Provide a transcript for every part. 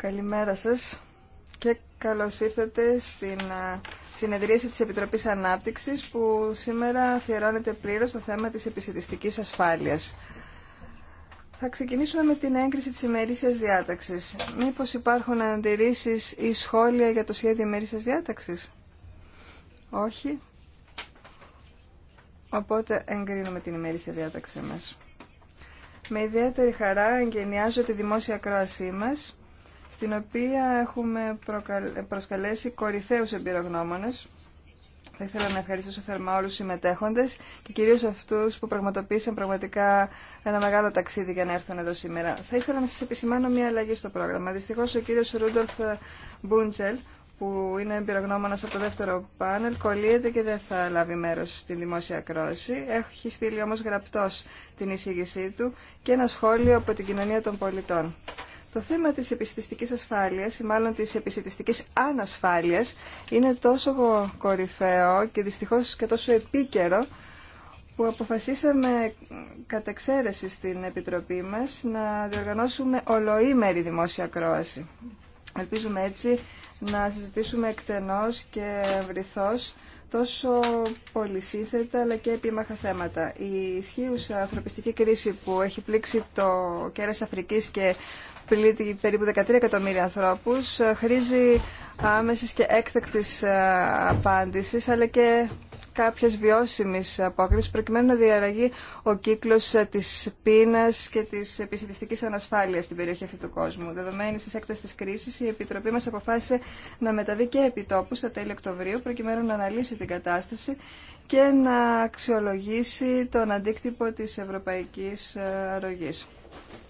Καλημέρα σας και καλώς ήρθατε στην συνεδρίαση της Επιτροπής Ανάπτυξης που σήμερα αφιερώνεται πλήρως στο θέμα της επισητιστικής ασφάλειας. Θα ξεκινήσουμε με την έγκριση της ημερήσιας διάταξης. Μήπως υπάρχουν αντιρρήσεις ή σχόλια για το σχέδιο ημερήσιας διάταξης? Όχι. Οπότε εγκρίνουμε την ημερήσια διάταξή μας. Με ιδιαίτερη χαρά εγγενιάζω τη δημόσια ακρόασή μας, στην οποία έχουμε προσκαλέσει κορυφαίους εμπειρογνώμονες. Θα ήθελα να ευχαριστήσω θερμά όλους τους συμμετέχοντες και κυρίως αυτούς που πραγματοποίησαν πραγματικά ένα μεγάλο ταξίδι για να έρθουν εδώ σήμερα. Θα ήθελα να σας επισημάνω μια αλλαγή στο πρόγραμμα. Δυστυχώς ο κύριος Ρούντολφ Μπούντζελ, που είναι εμπειρογνώμονα από το δεύτερο πάνελ, κολλείεται και δεν θα λάβει μέρο στην δημόσια ακρόαση. Έχει στείλει όμω γραπτό την εισήγησή του και ένα σχόλιο από την κοινωνία των πολιτών. Το θέμα της επιστηστικής ασφάλειας ή μάλλον της επιστηστικής ανασφάλειας είναι τόσο κορυφαίο και δυστυχώς και τόσο επίκαιρο που αποφασίσαμε κατά εξαίρεση στην Επιτροπή μας να διοργανώσουμε ολοήμερη δημόσια κρόαση. Ελπίζουμε έτσι να συζητήσουμε εκτενώς και βρυθώς τόσο πολυσύθετα αλλά και επίμαχα θέματα. Η ισχύουσα ανθρωπιστική κρίση που έχει πλήξει το κέρας Αφρικής και απειλεί περίπου 13 εκατομμύρια ανθρώπους, ε, χρήζει άμεσης και έκτακτης ε, απάντησης, αλλά και κάποιες βιώσιμης απόκρισης, προκειμένου να διαραγεί ο κύκλος ε, της πείνας και της επιστημιστικής ανασφάλειας στην περιοχή αυτή του κόσμου. Δεδομένη της έκτασης της κρίσης, η Επιτροπή μας αποφάσισε να μεταβεί και επιτόπου στα τέλη Οκτωβρίου, προκειμένου να αναλύσει την κατάσταση και να αξιολογήσει τον αντίκτυπο της ευρωπαϊκής αρρωγής.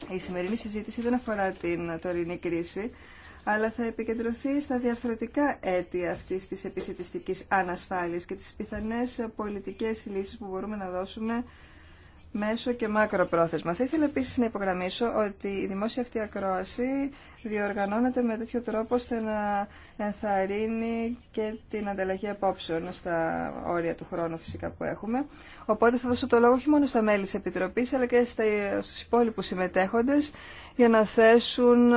Η σημερινή συζήτηση δεν αφορά την τωρινή κρίση, αλλά θα επικεντρωθεί στα διαφορετικά αίτια αυτής τη επισητιστικής ανασφάλεια και τις πιθανές πολιτικές λύσεις που μπορούμε να δώσουμε μέσο και μάκρο πρόθεσμα Θα ήθελα επίσης να υπογραμμίσω ότι η δημόσια αυτή ακρόαση διοργανώνεται με τέτοιο τρόπο ώστε να ενθαρρύνει και την ανταλλαγή απόψεων στα όρια του χρόνου φυσικά που έχουμε. Οπότε θα δώσω το λόγο όχι μόνο στα μέλη της Επιτροπής αλλά και στους υπόλοιπους συμμετέχοντες για να θέσουν ε,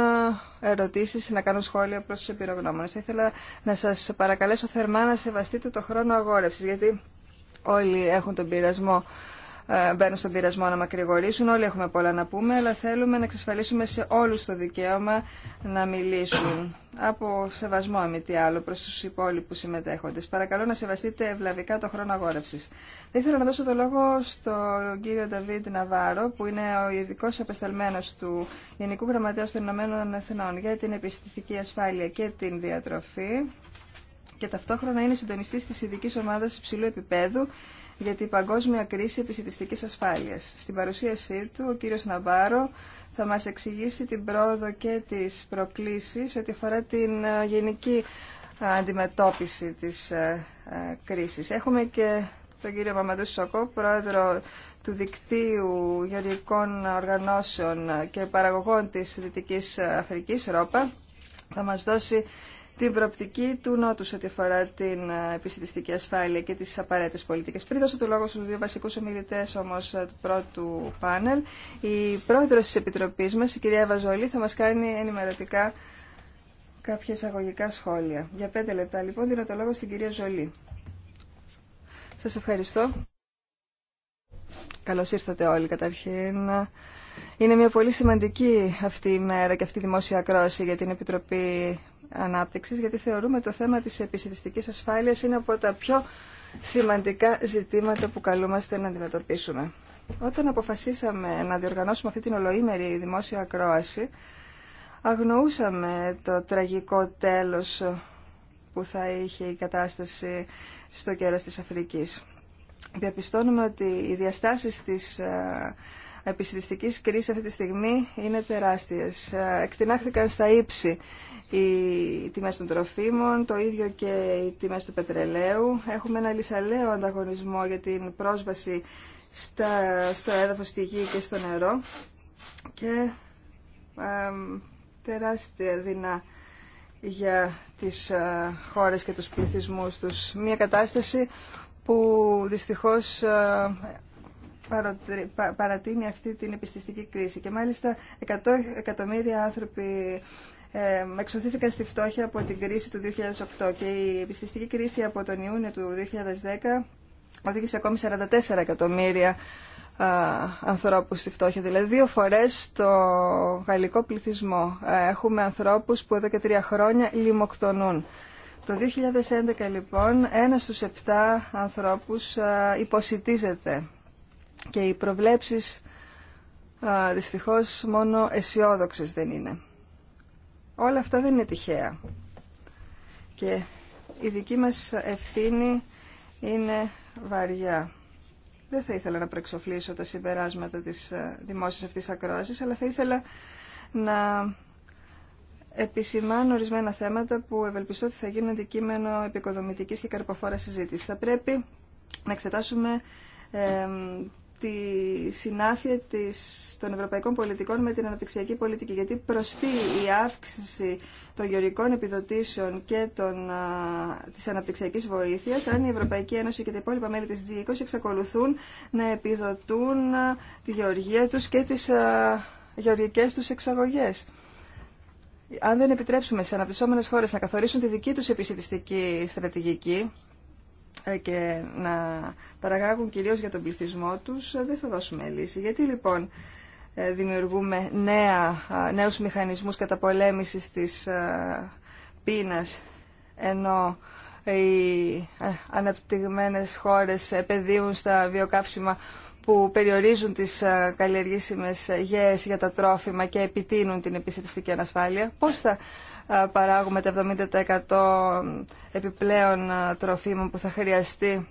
ερωτήσεις ή να κάνουν σχόλια προς τους επιρρογνώμονες. Θα ήθελα να σας παρακαλέσω θερμά να σεβαστείτε το χρόνο αγόρευση, γιατί όλοι έχουν τον πειρασμό ε, μπαίνουν στον πειρασμό να μακρηγορήσουν. Όλοι έχουμε πολλά να πούμε, αλλά θέλουμε να εξασφαλίσουμε σε όλους το δικαίωμα να μιλήσουν. Από σεβασμό, μη τι άλλο, προ του υπόλοιπου συμμετέχοντε. Παρακαλώ να σεβαστείτε ευλαβικά το χρόνο αγόρευση. Θα ήθελα να δώσω το λόγο στον κύριο Νταβίτ Ναβάρο, που είναι ο ειδικό απεσταλμένο του Γενικού Γραμματέα των Ηνωμένων Εθνών για την επιστημική ασφάλεια και την διατροφή και ταυτόχρονα είναι συντονιστή τη ειδική ομάδα υψηλού επίπεδου για την παγκόσμια κρίση επισητιστικής ασφάλειας. Στην παρουσίασή του, ο κύριος Ναμπάρο θα μας εξηγήσει την πρόοδο και τις προκλήσεις ό,τι αφορά την ε, γενική ε, αντιμετώπιση της ε, κρίσης. Έχουμε και τον κύριο Μαμαντού Σοκό, πρόεδρο του Δικτύου Γεωργικών Οργανώσεων και Παραγωγών της Δυτικής Αφρικής, ΡΟΠΑ, θα μας δώσει την προοπτική του Νότου σε ό,τι αφορά την ε, επιστημιστική ασφάλεια και τι απαραίτητε πολιτικέ. Πριν δώσω το λόγο στου δύο βασικού ομιλητέ όμω ε, του πρώτου πάνελ, η πρόεδρο τη επιτροπή μα, η κυρία Ζολή, θα μα κάνει ενημερωτικά κάποια εισαγωγικά σχόλια. Για πέντε λεπτά λοιπόν δίνω το λόγο στην κυρία Ζολή. Σα ευχαριστώ. Καλώ ήρθατε όλοι καταρχήν. Είναι μια πολύ σημαντική αυτή η μέρα και αυτή η δημόσια κρόση για την Επιτροπή Ανάπτυξης, γιατί θεωρούμε το θέμα της επιστημιστικής ασφάλειας είναι από τα πιο σημαντικά ζητήματα που καλούμαστε να αντιμετωπίσουμε. Όταν αποφασίσαμε να διοργανώσουμε αυτή την ολοήμερη δημόσια ακρόαση, αγνοούσαμε το τραγικό τέλος που θα είχε η κατάσταση στο κέρας της Αφρικής. Διαπιστώνουμε ότι οι διαστάσεις της ε, επιστημιστικής κρίσης αυτή τη στιγμή είναι τεράστιες. Ε, εκτινάχθηκαν στα ύψη οι τιμές των τροφίμων, το ίδιο και οι τιμές του πετρελαίου. Έχουμε ένα λυσαλαίο ανταγωνισμό για την πρόσβαση στα, στο έδαφος, στη γη και στο νερό και τεράστια δεινά για τις ε, χώρες και τους πληθυσμούς τους. Μια κατάσταση που δυστυχώς ε, παρατείνει αυτή την επιστηστική κρίση. Και μάλιστα 100 εκατομμύρια άνθρωποι εξωθήθηκαν στη φτώχεια από την κρίση του 2008 και η επιστηστική κρίση από τον Ιούνιο του 2010 οδήγησε ακόμη 44 εκατομμύρια ανθρώπους στη φτώχεια. Δηλαδή δύο φορές το γαλλικό πληθυσμό. Έχουμε ανθρώπους που εδώ και τρία χρόνια λιμοκτονούν. Το 2011 λοιπόν ένα στους επτά ανθρώπους υποσυτίζεται και οι προβλέψεις δυστυχώς μόνο αισιόδοξε δεν είναι. Όλα αυτά δεν είναι τυχαία. Και η δική μας ευθύνη είναι βαριά. Δεν θα ήθελα να προεξοφλήσω τα συμπεράσματα της ε, δημόσιας αυτής ακρόασης, αλλά θα ήθελα να επισημάνω ορισμένα θέματα που ευελπιστώ ότι θα γίνουν αντικείμενο επικοδομητικής και καρποφόρας συζήτησης. Θα πρέπει να εξετάσουμε τη συνάφεια της, των ευρωπαϊκών πολιτικών με την αναπτυξιακή πολιτική. Γιατί προστεί η αύξηση των γεωργικών επιδοτήσεων και των, α, της αναπτυξιακής βοήθειας αν η Ευρωπαϊκή Ένωση και τα υπόλοιπα μέλη της G20 εξακολουθούν να επιδοτούν τη γεωργία τους και τις α, γεωργικές τους εξαγωγές. Αν δεν επιτρέψουμε στις αναπτυσσόμενες χώρες να καθορίσουν τη δική τους επισητιστική στρατηγική, ε, και να παραγάγουν κυρίως για τον πληθυσμό τους, ε, δεν θα δώσουμε λύση. Γιατί λοιπόν ε, δημιουργούμε νέα, νέους μηχανισμούς καταπολέμησης της πείνας, ενώ οι αναπτυγμένες χώρες επενδύουν στα βιοκαύσιμα που περιορίζουν τις καλλιεργήσιμες γέες για τα τρόφιμα και επιτείνουν την επιστημιστική ανασφάλεια. Πώς θα ε, παράγουμε τα 70% επιπλέον ε, τροφίμων που θα χρειαστεί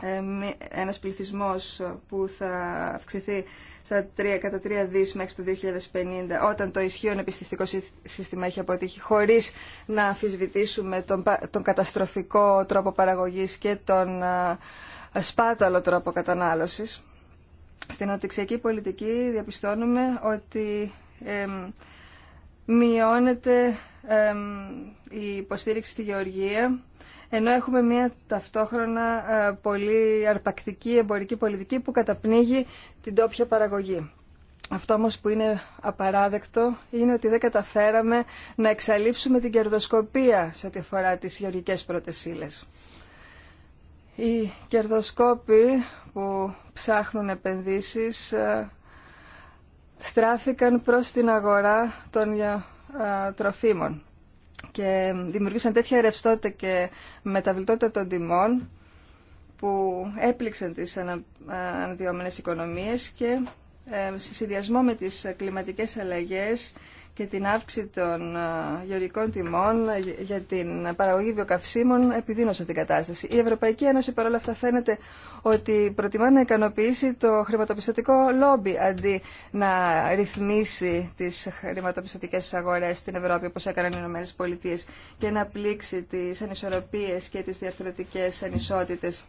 ε, ένας πληθυσμός που θα αυξηθεί στα 3, κατά 3 δις μέχρι το 2050 όταν το ισχύον επιστηστικό σύστημα έχει αποτύχει χωρίς να αμφισβητήσουμε τον, τον καταστροφικό τρόπο παραγωγής και τον σπάταλο τρόπο κατανάλωσης. Στην αναπτυξιακή πολιτική διαπιστώνουμε ότι μειώνεται η υποστήριξη στη Γεωργία, ενώ έχουμε μια ταυτόχρονα ε, πολύ αρπακτική εμπορική πολιτική που καταπνίγει την τόπια παραγωγή. Αυτό όμως που είναι απαράδεκτο είναι ότι δεν καταφέραμε να εξαλείψουμε την κερδοσκοπία σε ό,τι αφορά τις γεωργικές πρωτεσίλες. Οι κερδοσκόποι που ψάχνουν επενδύσεις ε, στράφηκαν προς την αγορά των ε, τροφίμων και δημιουργήσαν τέτοια ρευστότητα και μεταβλητότητα των τιμών που έπληξαν τις ανα, ε, αναδυόμενες οικονομίες και ε, σε συνδυασμό με τις κλιματικές αλλαγές και την αύξηση των ε, γεωργικών τιμών ε, για την παραγωγή βιοκαυσίμων επιδίνωσε την κατάσταση. Η Ευρωπαϊκή Ένωση παρόλα αυτά φαίνεται ότι προτιμά να ικανοποιήσει το χρηματοπιστωτικό λόμπι αντί να ρυθμίσει τις χρηματοπιστωτικές αγορές στην Ευρώπη όπως έκαναν οι ΗΠΑ και να πλήξει τις ανισορροπίες και τις διαρθρωτικές ανισότητες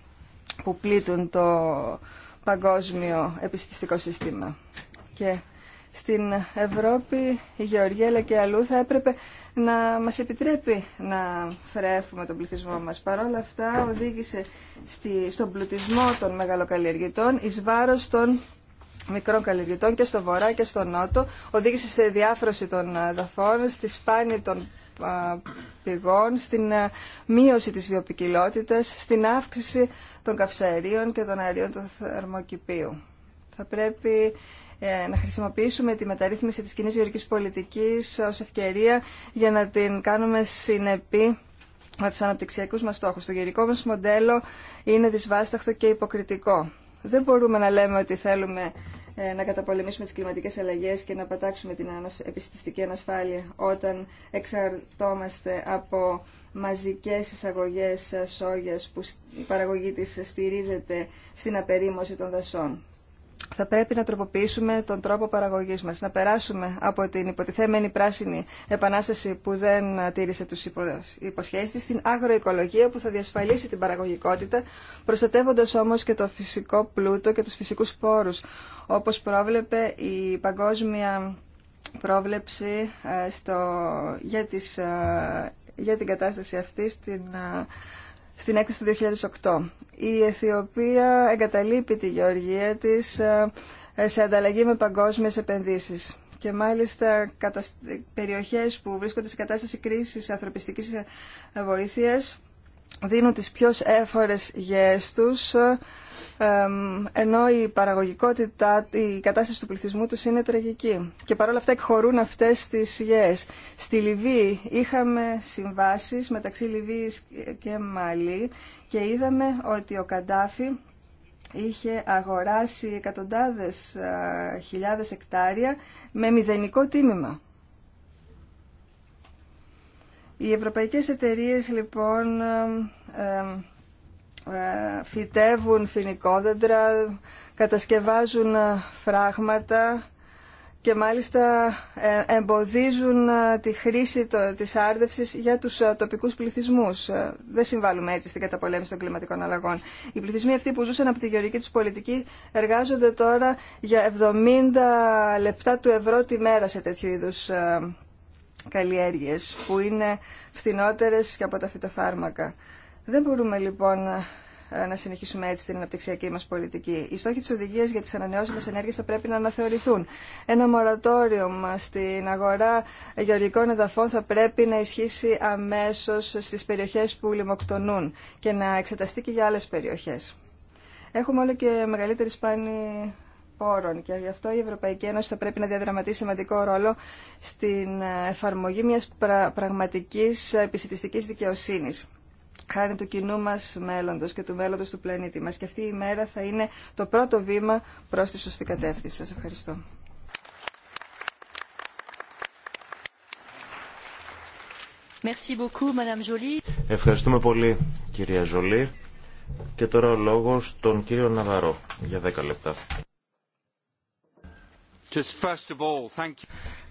που πλήττουν το παγκόσμιο επιστημιστικό σύστημα. Και στην Ευρώπη, η Γεωργία και αλλού θα έπρεπε να μας επιτρέπει να θρέφουμε τον πληθυσμό μας. Παρ' όλα αυτά οδήγησε στον πλουτισμό των μεγαλοκαλλιεργητών εις βάρος των μικρών καλλιεργητών και στο βορρά και στο νότο, οδήγησε στη διάφρωση των ε, δαφών, στη σπάνη των πηγών, στην ε, μείωση της βιοπικιλότητας, στην αύξηση των καυσαερίων και των αερίων του θερμοκηπίου. Θα πρέπει ε, να χρησιμοποιήσουμε τη μεταρρύθμιση της κοινή γεωργικής πολιτικής ως ευκαιρία για να την κάνουμε συνεπή με τους αναπτυξιακούς μας στόχους. Το γεωργικό μας μοντέλο είναι δυσβάσταχτο και υποκριτικό. Δεν μπορούμε να λέμε ότι θέλουμε ε, να καταπολεμήσουμε τις κλιματικές αλλαγές και να πατάξουμε την επιστηστική ανασφάλεια όταν εξαρτώμαστε από μαζικές εισαγωγές σόγιας που η παραγωγή της στηρίζεται στην απερίμωση των δασών θα πρέπει να τροποποιήσουμε τον τρόπο παραγωγής μας, να περάσουμε από την υποτιθέμενη πράσινη επανάσταση που δεν τήρησε τους υποσχέσει τη, στην αγροοικολογία που θα διασφαλίσει την παραγωγικότητα, προστατεύοντα όμως και το φυσικό πλούτο και τους φυσικούς πόρου, όπως πρόβλεπε η παγκόσμια πρόβλεψη ε, στο, για, τις, ε, για την κατάσταση αυτή στην ε, στην έκθεση του 2008. Η Αιθιοπία εγκαταλείπει τη γεωργία της ε, σε ανταλλαγή με παγκόσμιες επενδύσεις. Και μάλιστα περιοχές που βρίσκονται σε κατάσταση κρίσης ανθρωπιστικής ε, βοήθειας δίνουν τις πιο έφορες γεές τους ε, ενώ η παραγωγικότητα, η κατάσταση του πληθυσμού τους είναι τραγική. Και παρόλα αυτά εκχωρούν αυτές τις γέες. Στη Λιβύη είχαμε συμβάσεις μεταξύ Λιβύης και Μαλή και είδαμε ότι ο Καντάφη είχε αγοράσει εκατοντάδες χιλιάδες εκτάρια με μηδενικό τίμημα. Οι ευρωπαϊκές εταιρείες λοιπόν φυτεύουν φοινικόδεντρα, κατασκευάζουν ε, φράγματα και μάλιστα ε, εμποδίζουν ε, τη χρήση της άρδευσης για τους τοπικούς πληθυσμούς. Δεν συμβάλλουμε έτσι στην καταπολέμηση των κλιματικών αλλαγών. Οι πληθυσμοί αυτοί που ζούσαν από τη γεωρική τους πολιτική εργάζονται τώρα για 70 λεπτά του ευρώ τη μέρα σε τέτοιου είδους καλλιέργειες που είναι φθηνότερες και από τα φυτοφάρμακα. Δεν μπορούμε λοιπόν ε, να συνεχίσουμε έτσι την αναπτυξιακή μα πολιτική. Οι στόχοι τη οδηγία για τι ανανεώσιμε ενέργειε θα πρέπει να αναθεωρηθούν. Ένα μορατόριο στην αγορά γεωργικών εδαφών θα πρέπει να ισχύσει αμέσω στι περιοχέ που λιμοκτονούν και να εξεταστεί και για άλλε περιοχέ. Έχουμε όλο και μεγαλύτερη σπάνη πόρων και γι' αυτό η Ευρωπαϊκή Ένωση θα πρέπει να διαδραματίσει σημαντικό ρόλο στην ε, εφαρμογή μιας πραγματικής ε, επισητιστικής δικαιοσύνης χάρη του κοινού μα μέλλοντος και του μέλλοντο του πλανήτη μα, Και αυτή η μέρα θα είναι το πρώτο βήμα προς τη σωστή κατεύθυνση. Σας ευχαριστώ. Ευχαριστούμε πολύ κυρία Ζολή. Και τώρα ο λόγο των κύριο Ναβαρό για 10 λεπτά.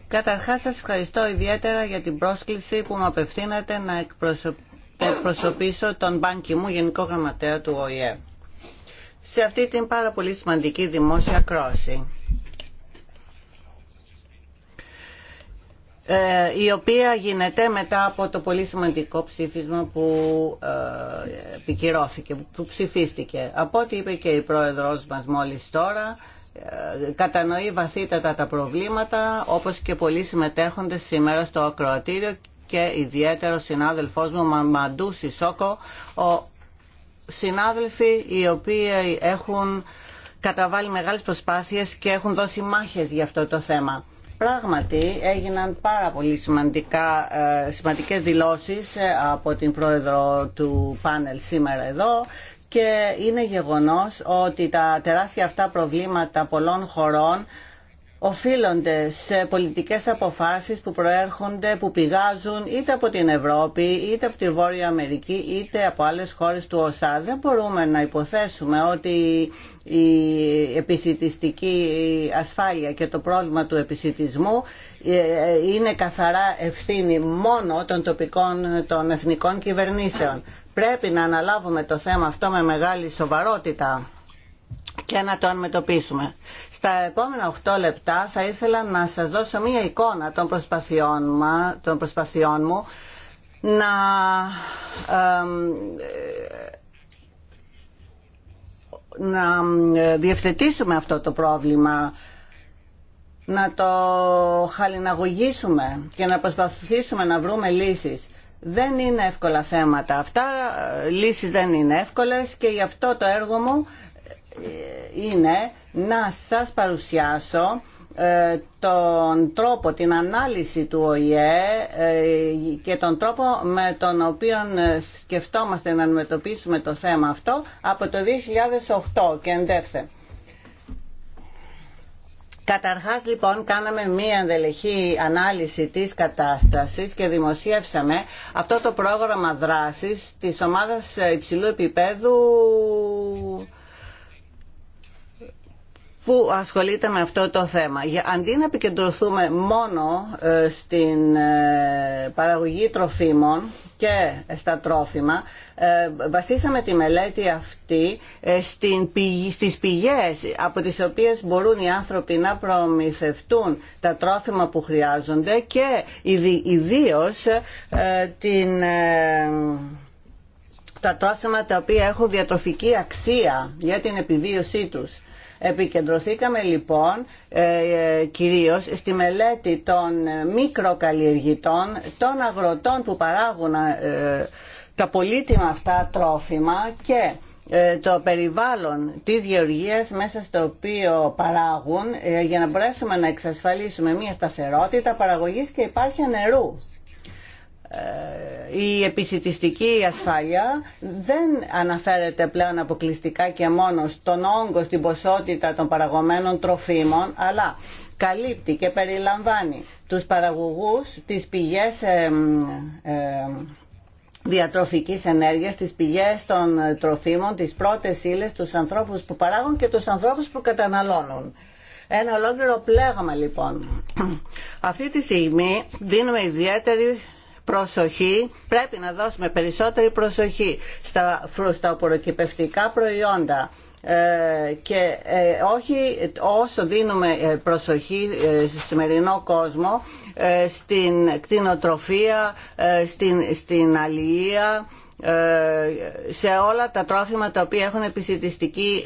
Καταρχάς σας ευχαριστώ ιδιαίτερα για την πρόσκληση που μου απευθύνατε να εκπροσωπήσω θα εκπροσωπήσω τον μπάνκι μου Γενικό Γραμματέα του ΟΗΕ σε αυτή την πάρα πολύ σημαντική δημόσια κρόση ε, η οποία γίνεται μετά από το πολύ σημαντικό ψήφισμα που ε, επικυρώθηκε, που ψηφίστηκε. Από ό,τι είπε και η πρόεδρος μας μόλις τώρα, ε, κατανοεί βασίτατα τα προβλήματα, όπως και πολλοί συμμετέχονται σήμερα στο ακροατήριο και ιδιαίτερο συνάδελφός μου Μαντού Σισόκο, ο συνάδελφοι οι οποίοι έχουν καταβάλει μεγάλες προσπάθειες και έχουν δώσει μάχες για αυτό το θέμα. Πράγματι έγιναν πάρα πολύ σημαντικά, ε, σημαντικές δηλώσεις ε, από την πρόεδρο του πάνελ σήμερα εδώ και είναι γεγονός ότι τα τεράστια αυτά προβλήματα πολλών χωρών οφείλονται σε πολιτικές αποφάσεις που προέρχονται, που πηγάζουν είτε από την Ευρώπη, είτε από τη Βόρεια Αμερική, είτε από άλλες χώρες του ΟΣΑ. Δεν μπορούμε να υποθέσουμε ότι η επισητιστική ασφάλεια και το πρόβλημα του επισητισμού ε, ε, είναι καθαρά ευθύνη μόνο των τοπικών, των εθνικών κυβερνήσεων. Πρέπει να αναλάβουμε το θέμα αυτό με μεγάλη σοβαρότητα και να το αντιμετωπίσουμε. Στα επόμενα 8 λεπτά θα ήθελα να σας δώσω μία εικόνα των προσπασιών, μα, των μου να να διευθετήσουμε αυτό το πρόβλημα, να το χαλιναγωγήσουμε και να προσπαθήσουμε να βρούμε λύσεις. Δεν είναι εύκολα θέματα αυτά, λύσεις δεν είναι εύκολες και γι' αυτό το έργο μου είναι να σας παρουσιάσω ε, τον τρόπο, την ανάλυση του ΟΗΕ ε, και τον τρόπο με τον οποίο ε, σκεφτόμαστε να αντιμετωπίσουμε το θέμα αυτό από το 2008 και εντεύθε. Καταρχάς λοιπόν κάναμε μία ενδελεχή ανάλυση της κατάστασης και δημοσίευσαμε αυτό το πρόγραμμα δράσης της ομάδας υψηλού επίπεδου που ασχολείται με αυτό το θέμα. Αντί να επικεντρωθούμε μόνο ε, στην ε, παραγωγή τροφίμων και στα τρόφιμα, ε, βασίσαμε τη μελέτη αυτή στις πηγές από τις οποίες μπορούν οι άνθρωποι να προμηθευτούν τα τρόφιμα που χρειάζονται και ιδίως την τα τρόφιμα τα οποία έχουν διατροφική αξία για την επιβίωσή τους. Επικεντρωθήκαμε λοιπόν ε, κυρίως στη μελέτη των μικροκαλλιεργητών, των αγροτών που παράγουν ε, τα πολύτιμα αυτά τρόφιμα και ε, το περιβάλλον της γεωργίας μέσα στο οποίο παράγουν για να μπορέσουμε να εξασφαλίσουμε μια σταθερότητα παραγωγής και υπάρχει νερού ε, η επισητιστική ασφάλεια δεν αναφέρεται πλέον αποκλειστικά και μόνο στον όγκο, στην ποσότητα των παραγωμένων τροφίμων, αλλά καλύπτει και περιλαμβάνει τους παραγωγούς, τις πηγές ε, ε, διατροφικής ενέργειας, τις πηγές των τροφίμων, τις πρώτες ύλες, τους ανθρώπους που παράγουν και τους ανθρώπους που καταναλώνουν. Ένα ολόκληρο πλέγμα λοιπόν. Αυτή τη στιγμή δίνουμε ιδιαίτερη προσοχή, πρέπει να δώσουμε περισσότερη προσοχή στα, φρούστα προϊόντα ε, και ε, όχι όσο δίνουμε ε, προσοχή στο σημερινό κόσμο στην κτηνοτροφία, στην, στην αλληλεία, σε όλα τα τρόφιμα τα οποία έχουν επισητιστική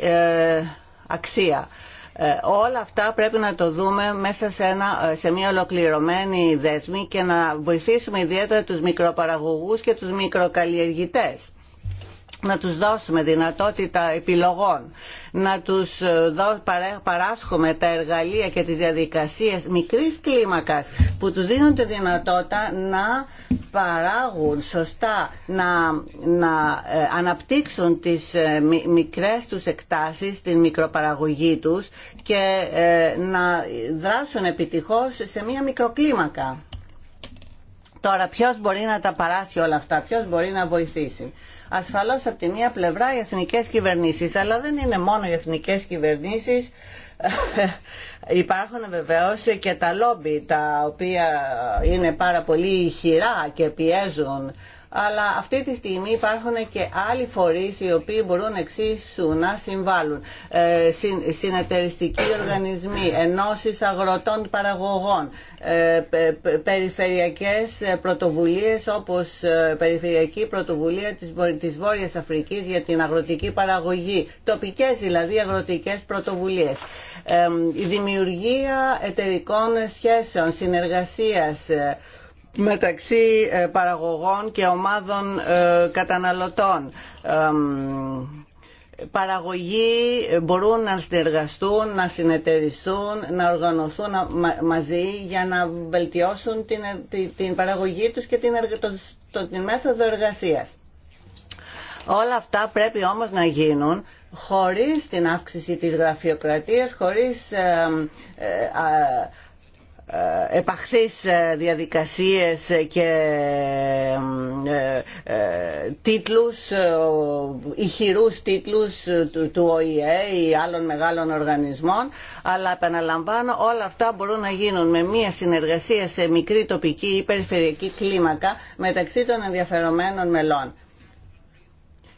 αξία. Ε, όλα αυτά πρέπει να το δούμε μέσα σε, ένα, ε, σε μια ολοκληρωμένη δέσμη και να βοηθήσουμε ιδιαίτερα τους μικροπαραγωγούς και τους μικροκαλλιεργητές να τους δώσουμε δυνατότητα επιλογών, να τους ε, παράσχουμε τα εργαλεία και τις διαδικασίες μικρής κλίμακας που τους δίνουν τη δυνατότητα να παράγουν σωστά, να, να ε, αναπτύξουν τις ε, μικρές τους εκτάσεις, την μικροπαραγωγή τους και να δράσουν επιτυχώς σε μία μικροκλίμακα. Τώρα ποιος μπορεί να τα παράσει όλα αυτά, ποιος μπορεί να βοηθήσει. Ασφαλώς από τη μία πλευρά οι εθνικές κυβερνήσεις, αλλά δεν είναι μόνο οι εθνικές κυβερνήσεις. Ε, υπάρχουν βεβαίως και τα λόμπι τα οποία είναι πάρα πολύ χειρά και πιέζουν αλλά αυτή τη στιγμή υπάρχουν και άλλοι φορείς οι οποίοι μπορούν εξίσου να συμβάλλουν. Ε, συνεταιριστικοί οργανισμοί, ενώσεις αγροτών παραγωγών, ε, περιφερειακές πρωτοβουλίες όπως ε, περιφερειακή πρωτοβουλία της, της Βόρειας Αφρικής για την αγροτική παραγωγή, τοπικές δηλαδή αγροτικές πρωτοβουλίες. Ε, η δημιουργία εταιρικών σχέσεων, συνεργασίας, ε, μεταξύ ε, παραγωγών και ομάδων ε, καταναλωτών παραγωγοί μπορούν να συνεργαστούν, να συνεταιριστούν, να οργανωθούν μαζί για να βελτιώσουν την, ε, την, παραγωγή τους και την, το, το, την μέθοδο εργασίας. Όλα αυτά πρέπει όμως να γίνουν χωρίς την αύξηση της γραφειοκρατίας, χωρίς ε, επαχθείς ε, διαδικασίες και ε, τίτλους, ηχηρούς τίτλους του ΟΗΕ ή άλλων μεγάλων οργανισμών, αλλά επαναλαμβάνω όλα αυτά μπορούν να γίνουν με μια συνεργασία σε μικρή τοπική ή περιφερειακή κλίμακα μεταξύ των ενδιαφερομένων μελών.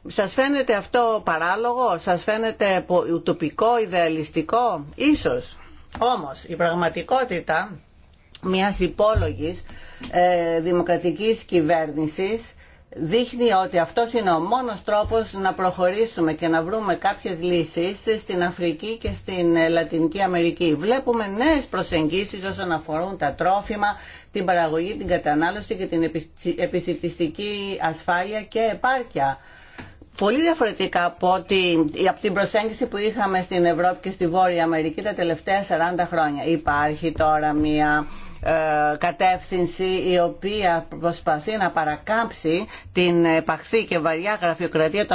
Σας φαίνεται αυτό παράλογο, σας φαίνεται ουτοπικό, ιδεαλιστικό, ίσως. Όμως η πραγματικότητα μιας υπόλογης ε, δημοκρατικής κυβέρνησης δείχνει ότι αυτός είναι ο μόνος τρόπος να προχωρήσουμε και να βρούμε κάποιες λύσεις στην Αφρική και στην ε, Λατινική Αμερική. Βλέπουμε νέες προσεγγίσεις όσον αφορούν τα τρόφιμα, την παραγωγή, την κατανάλωση και την επισητιστική ασφάλεια και επάρκεια πολύ διαφορετικά από, ότι, από την προσέγγιση που είχαμε στην Ευρώπη και στη Βόρεια Αμερική τα τελευταία 40 χρόνια. Υπάρχει τώρα μια ε, κατεύθυνση η οποία προσπαθεί να παρακάμψει την επαχθή και βαριά γραφειοκρατία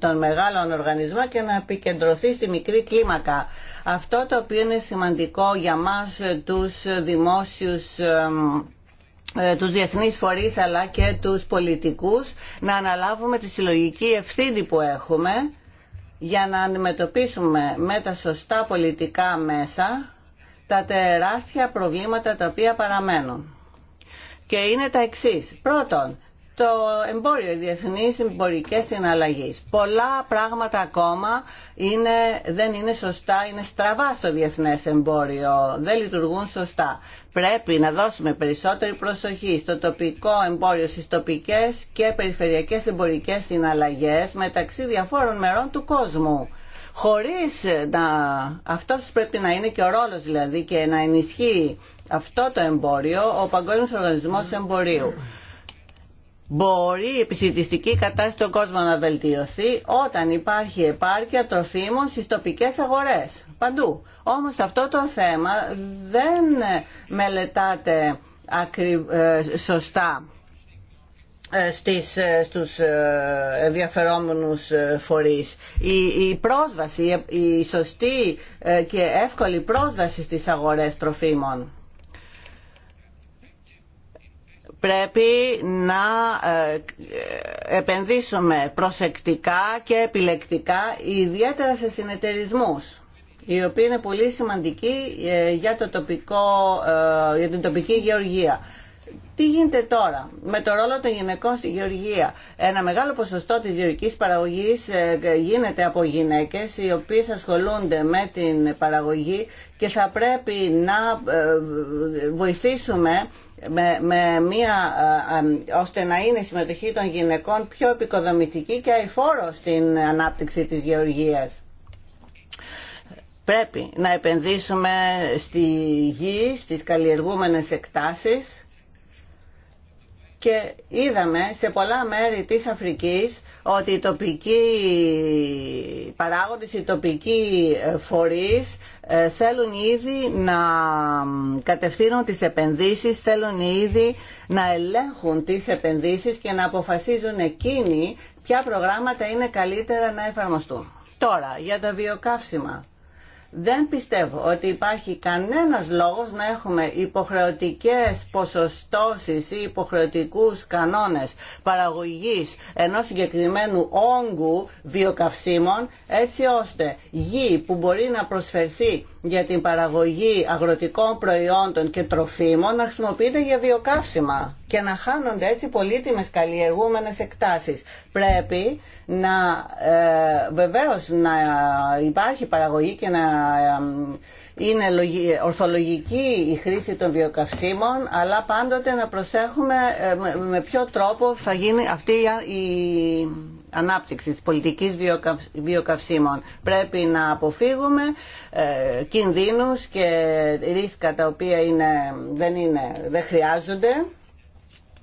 των, μεγάλων οργανισμών και να επικεντρωθεί στη μικρή κλίμακα. Αυτό το οποίο είναι σημαντικό για μας ε, τους δημόσιους ε, ε, τους διεθνείς φορείς αλλά και τους πολιτικούς να αναλάβουμε τη συλλογική ευθύνη που έχουμε για να αντιμετωπίσουμε με τα σωστά πολιτικά μέσα τα τεράστια προβλήματα τα οποία παραμένουν. Και είναι τα εξής. Πρώτον, το εμπόριο, οι διεθνείς εμπορικές συναλλαγές. Πολλά πράγματα ακόμα είναι, δεν είναι σωστά, είναι στραβά στο διεθνές εμπόριο, δεν λειτουργούν σωστά. Πρέπει να δώσουμε περισσότερη προσοχή στο τοπικό εμπόριο, στις τοπικές και περιφερειακές εμπορικές συναλλαγές μεταξύ διαφόρων μερών του κόσμου χωρίς να... Αυτός πρέπει να είναι και ο ρόλος δηλαδή και να ενισχύει αυτό το εμπόριο ο Παγκόσμιο Οργανισμός Εμπορίου. Μπορεί η επιστημιστική κατάσταση του κόσμου να βελτιωθεί όταν υπάρχει επάρκεια τροφίμων στις τοπικές αγορές. Παντού. Όμως αυτό το θέμα δεν μελετάται ε, σωστά ε, στις, ε, στους φορεί. φορείς. Η, πρόσβαση, η, η σωστή και εύκολη πρόσβαση στις αγορές τροφίμων πρέπει να ε, ε, επενδύσουμε προσεκτικά και επιλεκτικά ιδιαίτερα σε συνεταιρισμούς οι οποίοι είναι πολύ σημαντικοί ε, για, το τοπικό, για την τοπική γεωργία. Τι γίνεται τώρα με το ρόλο των γυναικών στη γεωργία. Ένα μεγάλο ποσοστό της γεωργικής παραγωγής γίνεται από γυναίκες οι οποίες ασχολούνται με την παραγωγή και θα πρέπει να βοηθήσουμε με, μία, ώστε να είναι η συμμετοχή των γυναικών πιο επικοδομητική και αηφόρο στην ανάπτυξη της γεωργίας. Πρέπει να επενδύσουμε στη γη, στις καλλιεργούμενες εκτάσεις και είδαμε σε πολλά μέρη της Αφρικής ότι οι τοπική παράγοντες, οι τοπικοί φορείς ε, θέλουν ήδη να κατευθύνουν τις επενδύσεις, θέλουν ήδη να ελέγχουν τις επενδύσεις και να αποφασίζουν εκείνοι ποια προγράμματα είναι καλύτερα να εφαρμοστούν. Τώρα, για τα βιοκαύσιμα. Δεν πιστεύω ότι υπάρχει κανένας λόγος να έχουμε υποχρεωτικές ποσοστώσεις ή υποχρεωτικούς κανόνες παραγωγής ενός συγκεκριμένου όγκου βιοκαυσίμων έτσι ώστε γη που μπορεί να προσφερθεί για την παραγωγή αγροτικών προϊόντων και τροφίμων να χρησιμοποιείται για βιοκαύσιμα και να χάνονται έτσι πολύτιμες καλλιεργούμενες εκτάσεις. Πρέπει να ε, βεβαίως να υπάρχει παραγωγή και να είναι ορθολογική η χρήση των βιοκαυσίμων αλλά πάντοτε να προσέχουμε ε, με ποιο τρόπο θα γίνει αυτή η της πολιτικής βιοκαυσίμων. Πρέπει να αποφύγουμε ε, κινδύνους και ρίσκα τα οποία είναι, δεν, είναι, δεν χρειάζονται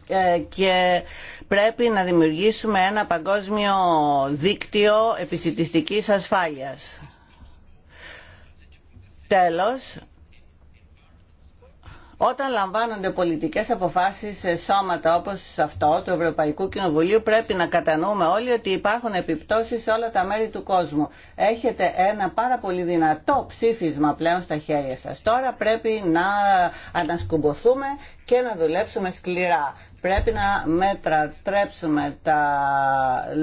ε, και πρέπει να δημιουργήσουμε ένα παγκόσμιο δίκτυο επιστημιστικής ασφάλειας. Τέλος, όταν λαμβάνονται πολιτικές αποφάσεις σε σώματα όπως αυτό του Ευρωπαϊκού Κοινοβουλίου πρέπει να κατανοούμε όλοι ότι υπάρχουν επιπτώσεις σε όλα τα μέρη του κόσμου. Έχετε ένα πάρα πολύ δυνατό ψήφισμα πλέον στα χέρια σας. Τώρα πρέπει να ανασκουμποθούμε και να δουλέψουμε σκληρά. Πρέπει να μετρατρέψουμε τα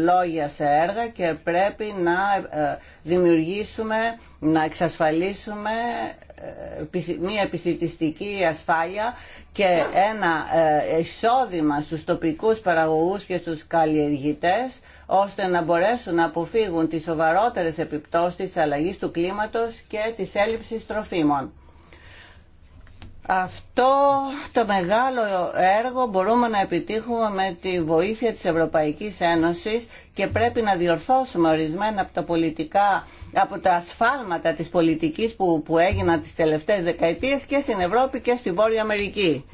λόγια σε έργα και πρέπει να ε, ε, δημιουργήσουμε, να εξασφαλίσουμε μια επιστημιστική ασφάλεια και ένα ε, εισόδημα στους τοπικούς παραγωγούς και στους καλλιεργητές ώστε να μπορέσουν να αποφύγουν τις σοβαρότερες επιπτώσεις της αλλαγής του κλίματος και της έλλειψης τροφίμων. Αυτό το μεγάλο έργο μπορούμε να επιτύχουμε με τη βοήθεια της Ευρωπαϊκής Ένωσης και πρέπει να διορθώσουμε ορισμένα από τα πολιτικά, από τα ασφάλματα της πολιτικής που, που έγιναν τις τελευταίες δεκαετίες και στην Ευρώπη και στη Βόρεια Αμερική.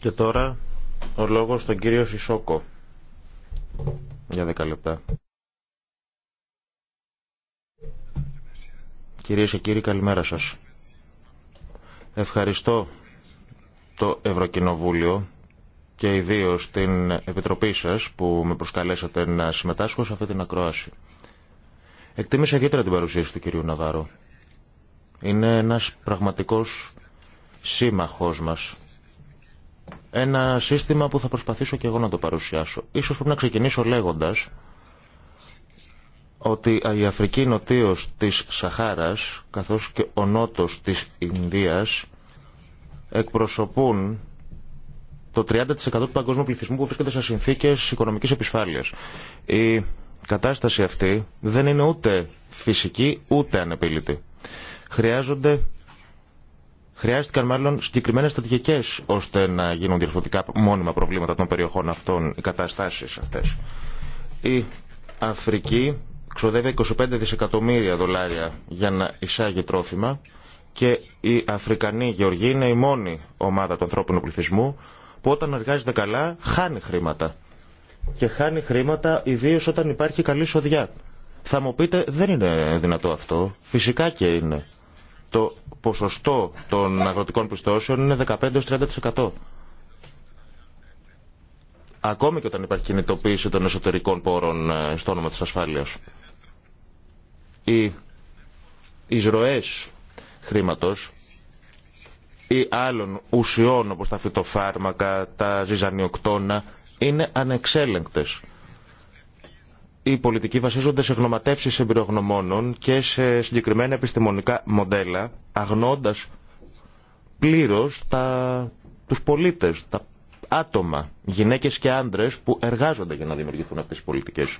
Και τώρα ο λόγος στον κύριο Σισόκο για δέκα λεπτά. Κυρίες και κύριοι, καλημέρα σας. Ευχαριστώ το Ευρωκοινοβούλιο και ιδίω την Επιτροπή σας που με προσκαλέσατε να συμμετάσχω σε αυτή την ακρόαση. Εκτίμησα ιδιαίτερα την παρουσίαση του κυρίου Ναβάρο. Είναι ένας πραγματικός σύμμαχός μας. Ένα σύστημα που θα προσπαθήσω και εγώ να το παρουσιάσω. Ίσως πρέπει να ξεκινήσω λέγοντας ότι η Αφρική νοτίως της Σαχάρας καθώς και ο νότος της Ινδίας εκπροσωπούν το 30% του παγκόσμιου πληθυσμού που βρίσκεται σε συνθήκες οικονομικής επισφάλειας. Η κατάσταση αυτή δεν είναι ούτε φυσική ούτε ανεπίλητη. Χρειάζονται Χρειάστηκαν μάλλον συγκεκριμένε στρατηγικέ ώστε να γίνουν διορθωτικά μόνιμα προβλήματα των περιοχών αυτών, οι καταστάσει αυτέ. Η Αφρική ξοδεύει 25 δισεκατομμύρια δολάρια για να εισάγει τρόφιμα και η Αφρικανή γεωργία είναι η μόνη ομάδα του ανθρώπινου πληθυσμού που όταν εργάζεται καλά χάνει χρήματα. Και χάνει χρήματα ιδίω όταν υπάρχει καλή σοδιά. Θα μου πείτε δεν είναι δυνατό αυτό. Φυσικά και είναι. Το ποσοστό των αγροτικών πιστώσεων είναι 15-30%. Ακόμη και όταν υπάρχει κινητοποίηση των εσωτερικών πόρων ε, στο όνομα της ασφάλειας οι εισρωές χρήματος ή άλλων ουσιών όπως τα φυτοφάρμακα, τα ζυζανιοκτώνα είναι ανεξέλεγκτες. Οι πολιτικοί βασίζονται σε γνωματεύσεις εμπειρογνωμόνων και σε συγκεκριμένα επιστημονικά μοντέλα αγνώντας πλήρως τα, τους πολίτες, τα άτομα, γυναίκες και άντρες που εργάζονται για να δημιουργηθούν αυτές τις πολιτικές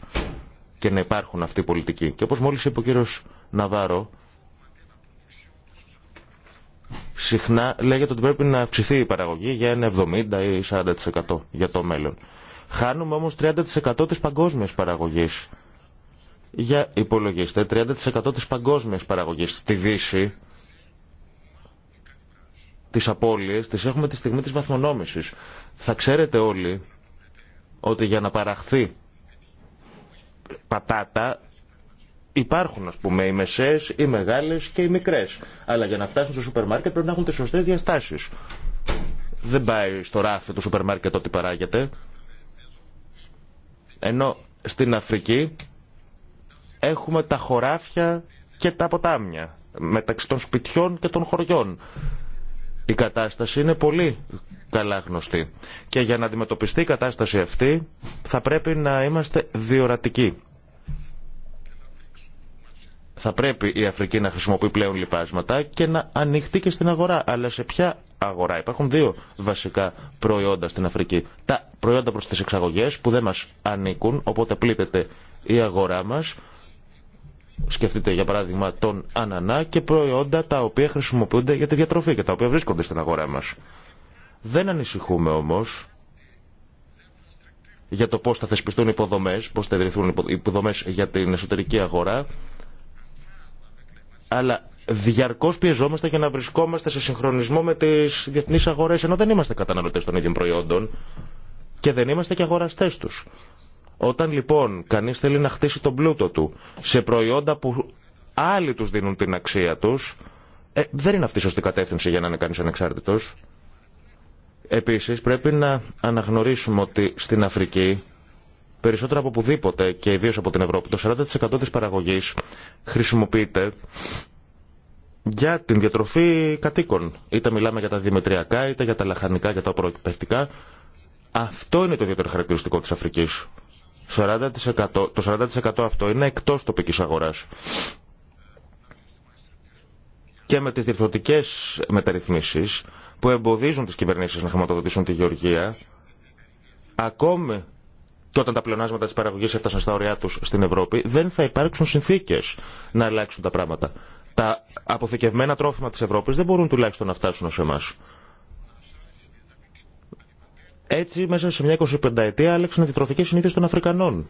και να υπάρχουν αυτοί οι πολιτικοί. Και όπως μόλις είπε ο κύριος Ναβάρο, συχνά λέγεται ότι πρέπει να αυξηθεί η παραγωγή για ένα 70 ή 40% για το μέλλον. Χάνουμε όμως 30% της παγκόσμιας παραγωγής. Για υπολογίστε, 30% της παγκόσμιας παραγωγής στη Δύση, τις απώλειες, τις έχουμε τη στιγμή της βαθμονόμησης. Θα ξέρετε όλοι ότι για να παραχθεί πατάτα υπάρχουν ας πούμε οι μεσές, οι μεγάλες και οι μικρές. Αλλά για να φτάσουν στο σούπερ μάρκετ πρέπει να έχουν τις σωστές διαστάσεις. Δεν πάει στο ράφι του σούπερ μάρκετ ό,τι παράγεται. Ενώ στην Αφρική έχουμε τα χωράφια και τα ποτάμια μεταξύ των σπιτιών και των χωριών. Η κατάσταση είναι πολύ καλά γνωστή. Και για να αντιμετωπιστεί η κατάσταση αυτή θα πρέπει να είμαστε διορατικοί. Θα πρέπει η Αφρική να χρησιμοποιεί πλέον λοιπάσματα και να ανοιχτεί και στην αγορά. Αλλά σε ποια αγορά. Υπάρχουν δύο βασικά προϊόντα στην Αφρική. Τα προϊόντα προς τις εξαγωγές που δεν μας ανήκουν, οπότε πλήττεται η αγορά μας. Σκεφτείτε για παράδειγμα τον ανανά και προϊόντα τα οποία χρησιμοποιούνται για τη διατροφή και τα οποία βρίσκονται στην αγορά μας. Δεν ανησυχούμε όμως για το πώς θα θεσπιστούν υποδομές, πώ θα ιδρυθούν υποδομές για την εσωτερική αγορά, αλλά διαρκώς πιεζόμαστε για να βρισκόμαστε σε συγχρονισμό με τις διεθνείς αγορές, ενώ δεν είμαστε καταναλωτές των ίδιων προϊόντων και δεν είμαστε και αγοραστές τους. Όταν λοιπόν κανείς θέλει να χτίσει τον πλούτο του σε προϊόντα που άλλοι τους δίνουν την αξία τους, ε, δεν είναι αυτή η σωστή κατεύθυνση για να είναι κανείς ανεξάρτητος. Επίσης πρέπει να αναγνωρίσουμε ότι στην Αφρική περισσότερο από πουδήποτε και ιδίως από την Ευρώπη το 40% της παραγωγής χρησιμοποιείται για την διατροφή κατοίκων. Είτε μιλάμε για τα δημητριακά, είτε για τα λαχανικά, για τα προεκπαιχτικά. Αυτό είναι το ιδιαίτερο χαρακτηριστικό της Αφρικής. 40%, το 40% αυτό είναι εκτός τοπικής αγοράς. Και με τις διευθυντικές μεταρρυθμίσεις που εμποδίζουν τις κυβερνήσεις να χρηματοδοτήσουν τη γεωργία, ακόμη και όταν τα πλεονάσματα της παραγωγής έφτασαν στα ωριά τους στην Ευρώπη, δεν θα υπάρξουν συνθήκες να αλλάξουν τα πράγματα. Τα αποθηκευμένα τρόφιμα της Ευρώπης δεν μπορούν τουλάχιστον να φτάσουν ως εμάς. Έτσι, μέσα σε μια 25 ετία άλλαξαν τη τροφική συνήθεια των Αφρικανών.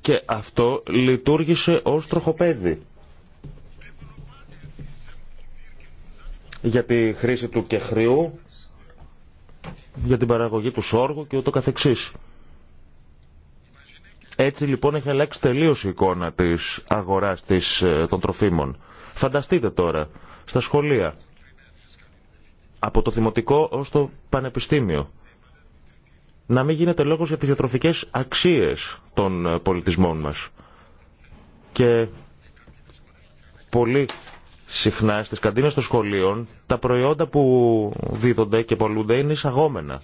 Και αυτό λειτουργήσε ως τροχοπέδι. για τη χρήση του κεχριού, για την παραγωγή του σόργου και ούτω καθεξής. Έτσι λοιπόν έχει αλλάξει τελείως η εικόνα της αγοράς της, ε, των τροφίμων. Φανταστείτε τώρα, στα σχολεία, από το δημοτικό ως το πανεπιστήμιο, να μην γίνεται λόγος για τις διατροφικές αξίες των ε, πολιτισμών μας. Και πολλοί συχνά στις καντίνες των σχολείων τα προϊόντα που δίδονται και πολλούνται είναι εισαγόμενα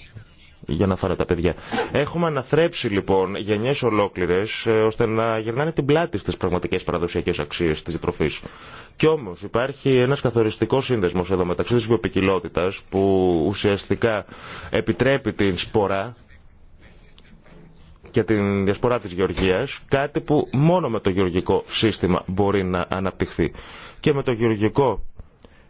για να φάνε τα παιδιά. Έχουμε αναθρέψει λοιπόν γενιές ολόκληρες ε, ώστε να γυρνάνε την πλάτη στις πραγματικές παραδοσιακές αξίες της τροφής. Κι όμως υπάρχει ένας καθοριστικός σύνδεσμος εδώ μεταξύ της βιοπικιλότητας που ουσιαστικά επιτρέπει την σπορά και την διασπορά της γεωργίας, κάτι που μόνο με το γεωργικό σύστημα μπορεί να αναπτυχθεί. Και με το γεωργικό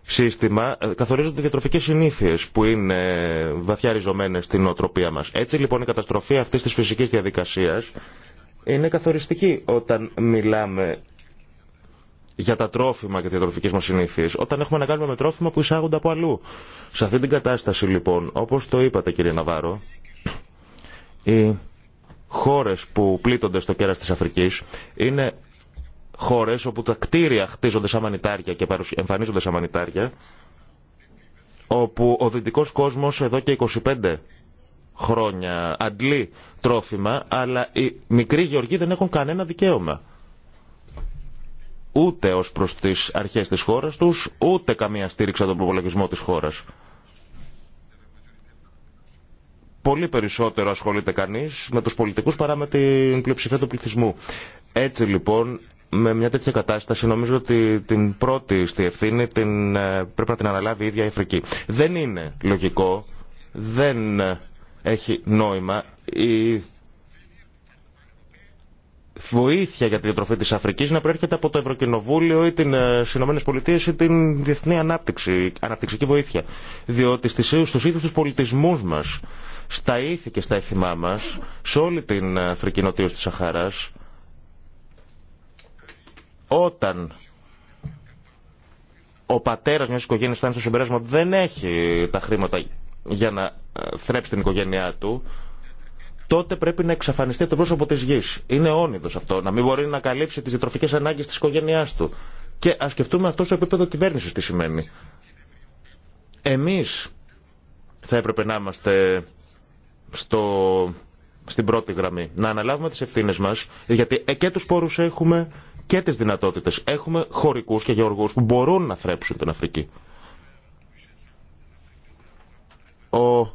σύστημα ε, καθορίζονται οι διατροφικές συνήθειες που είναι ε, βαθιά ριζωμένες στην οτροπία μας. Έτσι λοιπόν η καταστροφή αυτής της φυσικής διαδικασίας είναι καθοριστική όταν μιλάμε για τα τρόφιμα και τι διατροφικέ μα συνήθειε, όταν έχουμε να κάνουμε με τρόφιμα που εισάγονται από αλλού. Σε αυτή την κατάσταση, λοιπόν, όπω το είπατε, κύριε Ναβάρο, χώρες που πλήττονται στο κέρας της Αφρικής είναι χώρες όπου τα κτίρια χτίζονται σαν μανιτάρια και εμφανίζονται σαν μανιτάρια όπου ο δυτικός κόσμος εδώ και 25 χρόνια αντλεί τρόφιμα αλλά οι μικροί γεωργοί δεν έχουν κανένα δικαίωμα ούτε ως προς τις αρχές της χώρας τους ούτε καμία στήριξη από τον προπολογισμό της χώρας πολύ περισσότερο ασχολείται κανείς με τους πολιτικούς παρά με την πλειοψηφία του πληθυσμού. Έτσι λοιπόν με μια τέτοια κατάσταση νομίζω ότι την πρώτη στη ευθύνη την, ε, πρέπει να την αναλάβει η ίδια η Αφρική. Δεν είναι λογικό, δεν έχει νόημα η βοήθεια για τη διατροφή της Αφρικής να προέρχεται από το Ευρωκοινοβούλιο ή την ε, Ηνωμένε ή την διεθνή ανάπτυξη, αναπτυξική βοήθεια. Διότι στους ίδιους τους πολιτισμούς μας στα ήθη και στα έθιμά μας, σε όλη την Αφρική Νοτίου της Σαχάρας, όταν ο πατέρας μιας οικογένειας φτάνει στο συμπεράσμα ότι δεν έχει τα χρήματα για να ε, θρέψει την οικογένειά του, τότε πρέπει να εξαφανιστεί το πρόσωπο της γης. Είναι όνειδος αυτό, να μην μπορεί να καλύψει τις διτροφικές ανάγκες της οικογένειάς του. Και ας σκεφτούμε αυτό στο επίπεδο κυβέρνηση τι σημαίνει. Εμείς θα έπρεπε να είμαστε στο, στην πρώτη γραμμή. Να αναλάβουμε τις ευθύνες μας, γιατί ε, και τους πόρους έχουμε και τις δυνατότητες. Έχουμε χωρικούς και γεωργούς που μπορούν να θρέψουν την Αφρική. Ο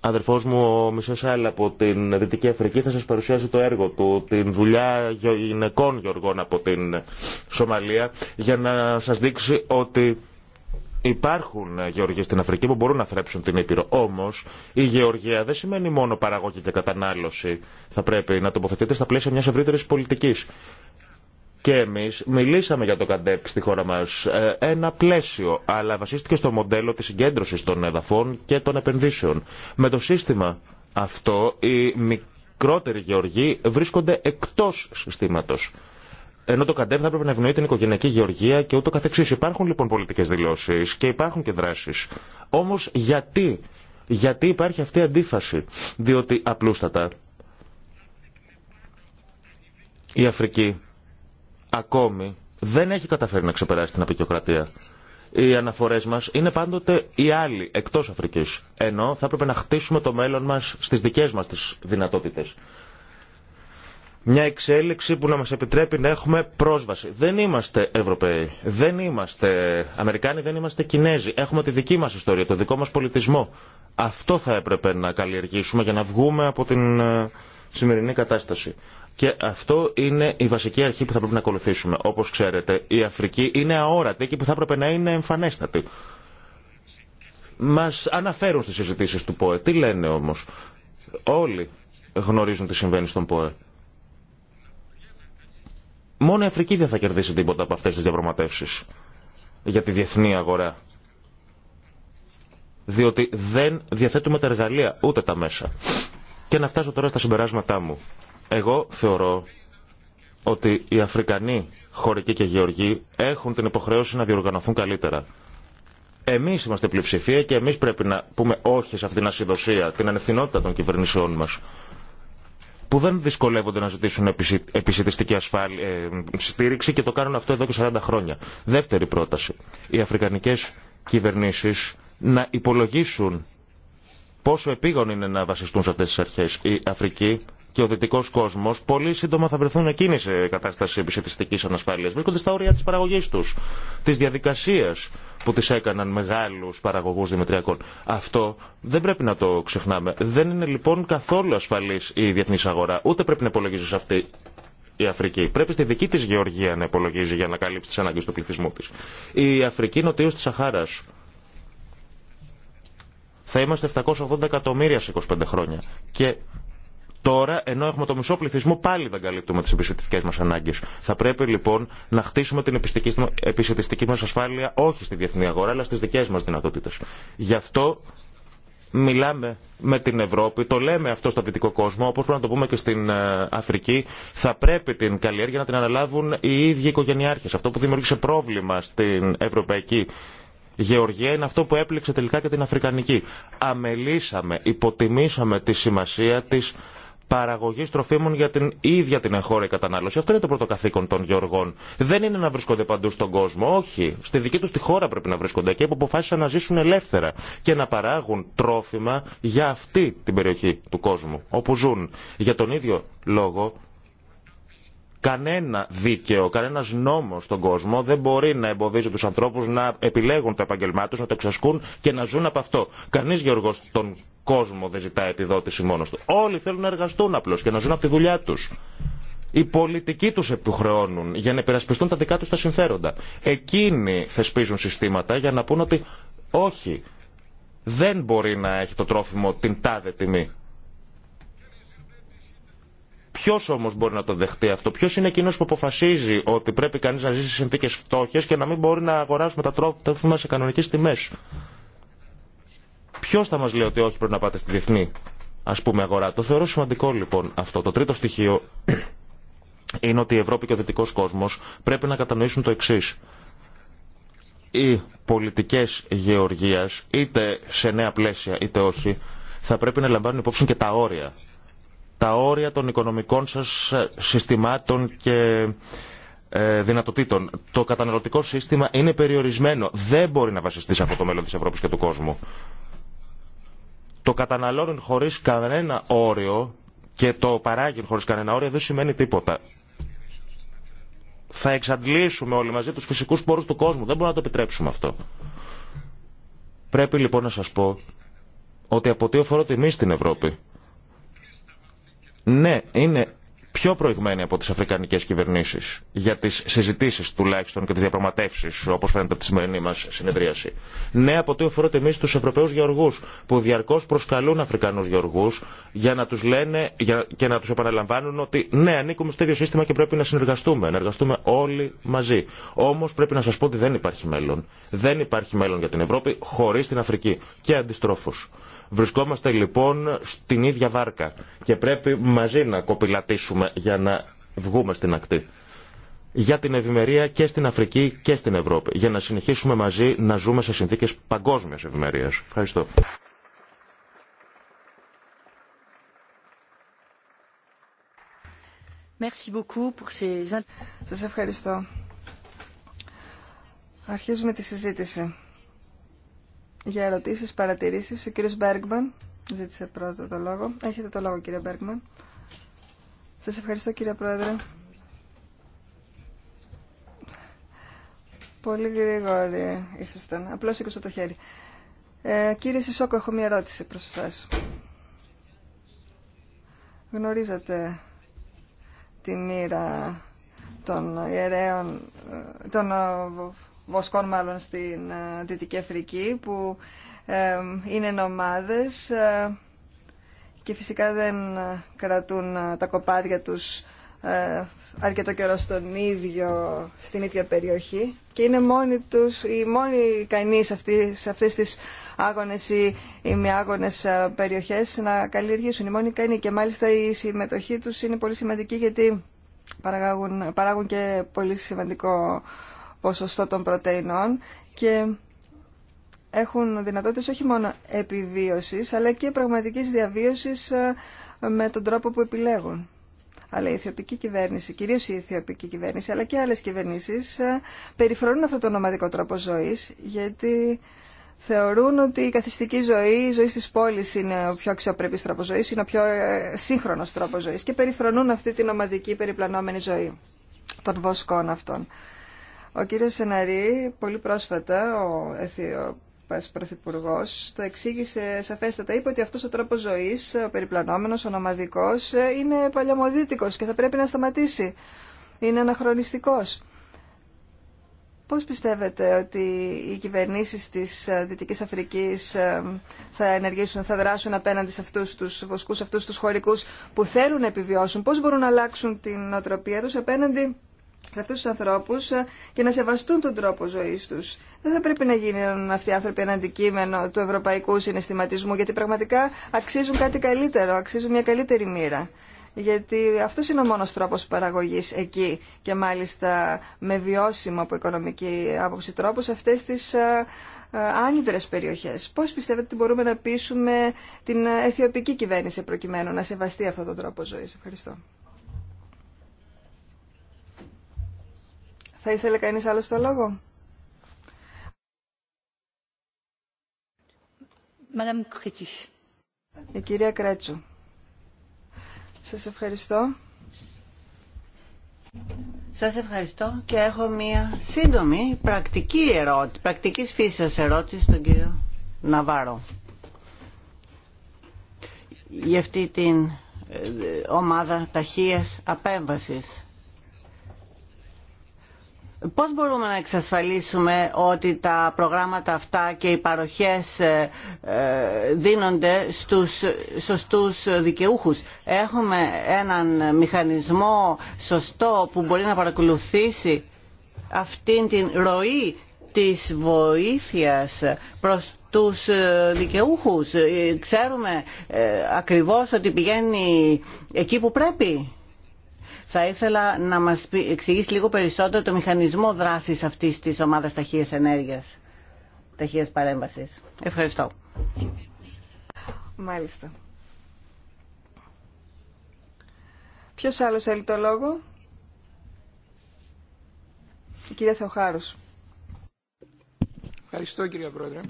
αδερφός μου, ο Μισεσάλ από την Δυτική Αφρική, θα σας παρουσιάσει το έργο του, την δουλειά γυναικών γεωργών από την Σομαλία, για να σας δείξει ότι Υπάρχουν γεωργοί στην Αφρική που μπορούν να θρέψουν την Ήπειρο. Όμω η γεωργία δεν σημαίνει μόνο παραγωγή και κατανάλωση. Θα πρέπει να τοποθετείται στα πλαίσια μια ευρύτερη πολιτική. Και εμεί μιλήσαμε για το ΚΑΝΤΕΠ στη χώρα μα. Ε, ένα πλαίσιο, αλλά βασίστηκε στο μοντέλο τη συγκέντρωση των εδαφών και των επενδύσεων. Με το σύστημα αυτό οι μικρότεροι γεωργοί βρίσκονται εκτό συστήματο ενώ το ΚΑΝΤΕΠ θα έπρεπε να ευνοεί την οικογενειακή γεωργία και ούτω καθεξής. Υπάρχουν λοιπόν πολιτικές δηλώσεις και υπάρχουν και δράσεις. Όμως γιατί, γιατί υπάρχει αυτή η αντίφαση. Διότι απλούστατα η Αφρική ακόμη δεν έχει καταφέρει να ξεπεράσει την απεικιοκρατία. Οι αναφορές μας είναι πάντοτε οι άλλοι εκτός Αφρικής. Ενώ θα έπρεπε να χτίσουμε το μέλλον μας στις δικές μας τις δυνατότητες μια εξέλιξη που να μας επιτρέπει να έχουμε πρόσβαση. Δεν είμαστε Ευρωπαίοι, δεν είμαστε Αμερικάνοι, δεν είμαστε Κινέζοι. Έχουμε τη δική μας ιστορία, το δικό μας πολιτισμό. Αυτό θα έπρεπε να καλλιεργήσουμε για να βγούμε από την ε, σημερινή κατάσταση. Και αυτό είναι η βασική αρχή που θα πρέπει να ακολουθήσουμε. Όπως ξέρετε, η Αφρική είναι αόρατη και που θα έπρεπε να είναι εμφανέστατη. Μας αναφέρουν στις συζητήσεις του ΠΟΕ. Τι λένε όμως. Όλοι γνωρίζουν τι συμβαίνει στον ΠΟΕ. Μόνο η Αφρική δεν θα κερδίσει τίποτα από αυτές τις διαπραγματεύσεις για τη διεθνή αγορά. Διότι δεν διαθέτουμε τα εργαλεία, ούτε τα μέσα. Και να φτάσω τώρα στα συμπεράσματά μου. Εγώ θεωρώ ότι οι Αφρικανοί χωρικοί και γεωργοί έχουν την υποχρέωση να διοργανωθούν καλύτερα. Εμείς είμαστε πλειοψηφία και εμείς πρέπει να πούμε όχι σε αυτήν την ασυδοσία, την ανευθυνότητα των κυβερνήσεών μα που δεν δυσκολεύονται να ζητήσουν επισητιστική ασφάλεια, στήριξη και το κάνουν αυτό εδώ και 40 χρόνια. Δεύτερη πρόταση. Οι αφρικανικές κυβερνήσεις να υπολογίσουν πόσο επίγον είναι να βασιστούν σε αυτές τις αρχές. Η Αφρική και ο δυτικό κόσμο πολύ σύντομα θα βρεθούν εκείνοι σε κατάσταση επισητιστική ανασφάλεια. Βρίσκονται στα όρια τη παραγωγή του, τη διαδικασία που τι έκαναν μεγάλου παραγωγού δημητριακών. Αυτό δεν πρέπει να το ξεχνάμε. Δεν είναι λοιπόν καθόλου ασφαλή η διεθνή αγορά. Ούτε πρέπει να υπολογίζει σε αυτή η Αφρική. Πρέπει στη δική τη γεωργία να υπολογίζει για να καλύψει τι ανάγκε του πληθυσμού τη. Η Αφρική νοτίω τη Σαχάρα. Θα είμαστε 780 εκατομμύρια σε 25 χρόνια. Και Τώρα, ενώ έχουμε το μισό πληθυσμό, πάλι δεν καλύπτουμε τι επιστημιστικέ μα ανάγκε. Θα πρέπει λοιπόν να χτίσουμε την επιστημιστική μα ασφάλεια όχι στη διεθνή αγορά, αλλά στι δικέ μα δυνατότητε. Γι' αυτό μιλάμε με την Ευρώπη, το λέμε αυτό στο δυτικό κόσμο, όπω πρέπει να το πούμε και στην ε, Αφρική, θα πρέπει την καλλιέργεια να την αναλάβουν οι ίδιοι οικογενειάρχε. Αυτό που δημιούργησε πρόβλημα στην Ευρωπαϊκή Γεωργία είναι αυτό που έπληξε τελικά και την Αφρικανική. Αμελήσαμε, υποτιμήσαμε τη σημασία της παραγωγή τροφίμων για την ίδια την εγχώρια κατανάλωση. Αυτό είναι το πρώτο καθήκον των γεωργών. Δεν είναι να βρίσκονται παντού στον κόσμο. Όχι. Στη δική του τη χώρα πρέπει να βρίσκονται. Εκεί που αποφάσισαν να ζήσουν ελεύθερα και να παράγουν τρόφιμα για αυτή την περιοχή του κόσμου όπου ζουν. Για τον ίδιο λόγο κανένα δίκαιο, κανένα νόμο στον κόσμο δεν μπορεί να εμποδίζει του ανθρώπου να επιλέγουν το επαγγελμά του, να το εξασκούν και να ζουν από αυτό. Κανεί γεωργό τον κόσμο δεν ζητά επιδότηση μόνο του. Όλοι θέλουν να εργαστούν απλώ και να ζουν από τη δουλειά του. Οι πολιτικοί του επιχρεώνουν για να υπερασπιστούν τα δικά του τα συμφέροντα. Εκείνοι θεσπίζουν συστήματα για να πούν ότι όχι, δεν μπορεί να έχει το τρόφιμο την τάδε τιμή. Ποιο όμω μπορεί να το δεχτεί αυτό, ποιο είναι εκείνο που αποφασίζει ότι πρέπει κανεί να ζήσει σε συνθήκε φτώχεια και να μην μπορεί να αγοράσουμε τα τρόφιμα σε κανονικέ τιμέ. Ποιο θα μα λέει ότι όχι πρέπει να πάτε στη διεθνή ας πούμε αγορά. Το θεωρώ σημαντικό λοιπόν αυτό. Το τρίτο στοιχείο είναι ότι η Ευρώπη και ο δυτικό κόσμο πρέπει να κατανοήσουν το εξή. Οι πολιτικέ γεωργίας, είτε σε νέα πλαίσια είτε όχι, θα πρέπει να λαμβάνουν υπόψη και τα όρια. Τα όρια των οικονομικών σα συστημάτων και ε, δυνατοτήτων. Το καταναλωτικό σύστημα είναι περιορισμένο. Δεν μπορεί να βασιστεί σε αυτό το μέλλον τη Ευρώπη και του κόσμου το καταναλώνουν χωρίς κανένα όριο και το παράγει χωρίς κανένα όριο δεν σημαίνει τίποτα. Θα εξαντλήσουμε όλοι μαζί τους φυσικούς πόρους του κόσμου. Δεν μπορούμε να το επιτρέψουμε αυτό. Πρέπει λοιπόν να σας πω ότι τι οφορώ τιμή στην Ευρώπη. Ναι, είναι πιο προηγμένη από τις αφρικανικές κυβερνήσεις για τις συζητήσεις τουλάχιστον και τις διαπραγματεύσεις όπως φαίνεται από τη σημερινή μας συνεδρίαση. Ναι, από τι αφορούνται εμεί τους Ευρωπαίους γεωργούς που διαρκώς προσκαλούν Αφρικανούς γεωργούς για να τους λένε και να τους επαναλαμβάνουν ότι ναι, ανήκουμε στο ίδιο σύστημα και πρέπει να συνεργαστούμε, να εργαστούμε όλοι μαζί. Όμως πρέπει να σας πω ότι δεν υπάρχει μέλλον. Δεν υπάρχει μέλλον για την Ευρώπη χωρίς την Αφρική και αντιστρόφως. Βρισκόμαστε λοιπόν στην ίδια βάρκα και πρέπει μαζί να κοπηλατήσουμε για να βγούμε στην ακτή. Για την ευημερία και στην Αφρική και στην Ευρώπη. Για να συνεχίσουμε μαζί να ζούμε σε συνθήκες παγκόσμιας ευημερίας. Ευχαριστώ. Σας ευχαριστώ. Αρχίζουμε τη συζήτηση. Για ερωτήσεις, παρατηρήσεις, ο κύριος Μπέργκμαν ζήτησε πρώτα το λόγο. Έχετε το λόγο κύριε Μπέργκμαν. Σας ευχαριστώ κύριε Πρόεδρε. Πολύ γρήγοροι ήσασταν. Απλώ σήκωσα το χέρι. Ε, κύριε Σισόκο, έχω μία ερώτηση προς εσάς. Γνωρίζετε τη μοίρα των ιερέων, ε, των ε, βοσκών μάλλον στην Δυτική Αφρική, που είναι νομάδες και φυσικά δεν ε, κρατούν ε, τα κοπάδια τους ε, αρκετό καιρό στον ίδιο, στην ίδια περιοχή και είναι μόνοι τους, οι μόνοι ικανοί σε, αυτή, σε αυτές τις άγονες ή, ή μη άγονες περιοχές να καλλιεργήσουν. Οι μόνοι ικανοί και μάλιστα η συμμετοχή τους είναι πολύ σημαντική γιατί παράγουν, παράγουν και πολύ σημαντικό ποσοστό των πρωτεϊνών και πολυ σημαντικο ποσοστο των πρωτεινων έχουν δυνατότητες όχι μόνο επιβίωσης, αλλά και πραγματικής διαβίωσης ε, με τον τρόπο που επιλέγουν. Αλλά η Αιθιοπική κυβέρνηση, κυρίως η Αιθιοπική κυβέρνηση, αλλά και άλλες κυβερνήσεις, ε, περιφρονούν αυτό τον ομαδικό τρόπο ζωής, γιατί θεωρούν ότι η καθιστική ζωή, η ζωή στις πόλεις είναι ο πιο αξιοπρεπής τρόπος ζωής, είναι ο πιο ε, σύγχρονος τρόπος ζωής και περιφρονούν αυτή την ομαδική περιπλανόμενη ζωή των βοσκών αυτών. Ο κύριος Σεναρή πολύ πρόσφατα, ο Πρωθυπουργό, το εξήγησε σαφέστατα. Είπε ότι αυτός ο τρόπος ζωής, ο περιπλανόμενος, ο νομαδικός, είναι παλιαμοδίτικος και θα πρέπει να σταματήσει. Είναι αναχρονιστικός. Πώς πιστεύετε ότι οι κυβερνήσεις της Δυτικής Αφρικής ε, θα ενεργήσουν, θα δράσουν απέναντι σε αυτούς τους βοσκούς, αυτούς τους χωρικούς που θέλουν να επιβιώσουν, πώς μπορούν να αλλάξουν την νοοτροπία τους απέναντι σε αυτούς τους ανθρώπους ε, και να σεβαστούν τον τρόπο ζωής τους. Δεν θα πρέπει να γίνουν αυτοί οι άνθρωποι ένα αντικείμενο του ευρωπαϊκού συναισθηματισμού, γιατί πραγματικά αξίζουν κάτι καλύτερο, αξίζουν μια καλύτερη μοίρα. Γιατί αυτό είναι ο μόνος τρόπος παραγωγής εκεί και μάλιστα με βιώσιμο από οικονομική άποψη τρόπο σε αυτές τις ε, ε, άνυδρες περιοχές. Πώς πιστεύετε ότι μπορούμε να πείσουμε την αιθιοπική κυβέρνηση προκειμένου να σεβαστεί αυτόν τον τρόπο ζωής. Ευχαριστώ. Θα ήθελε κανείς άλλο το λόγο. Η κυρία Κρέτσου. Σας ευχαριστώ. Σας ευχαριστώ και έχω μία σύντομη πρακτική ερώτηση, πρακτικής φύσεως ερώτηση στον κύριο Ναβάρο. Για αυτή την ε, ομάδα ταχείας απέμβασης. Πώς μπορούμε να εξασφαλίσουμε ότι τα προγράμματα αυτά και οι παροχές ε, ε, δίνονται στους σωστούς δικαιούχους. Έχουμε έναν μηχανισμό σωστό που μπορεί να παρακολουθήσει αυτήν την ροή της βοήθειας προς τους ε, δικαιούχους. Ξέρουμε ακριβώς ότι πηγαίνει εκεί που πρέπει. Θα ήθελα να μας εξηγήσει λίγο περισσότερο το μηχανισμό δράσης αυτής της ομάδας ταχείας ενέργειας, ταχείας παρέμβασης. Ευχαριστώ. Μάλιστα. Ποιος άλλος θέλει το λόγο? Η κυρία Θεοχάρους. Ευχαριστώ κυρία Πρόεδρε.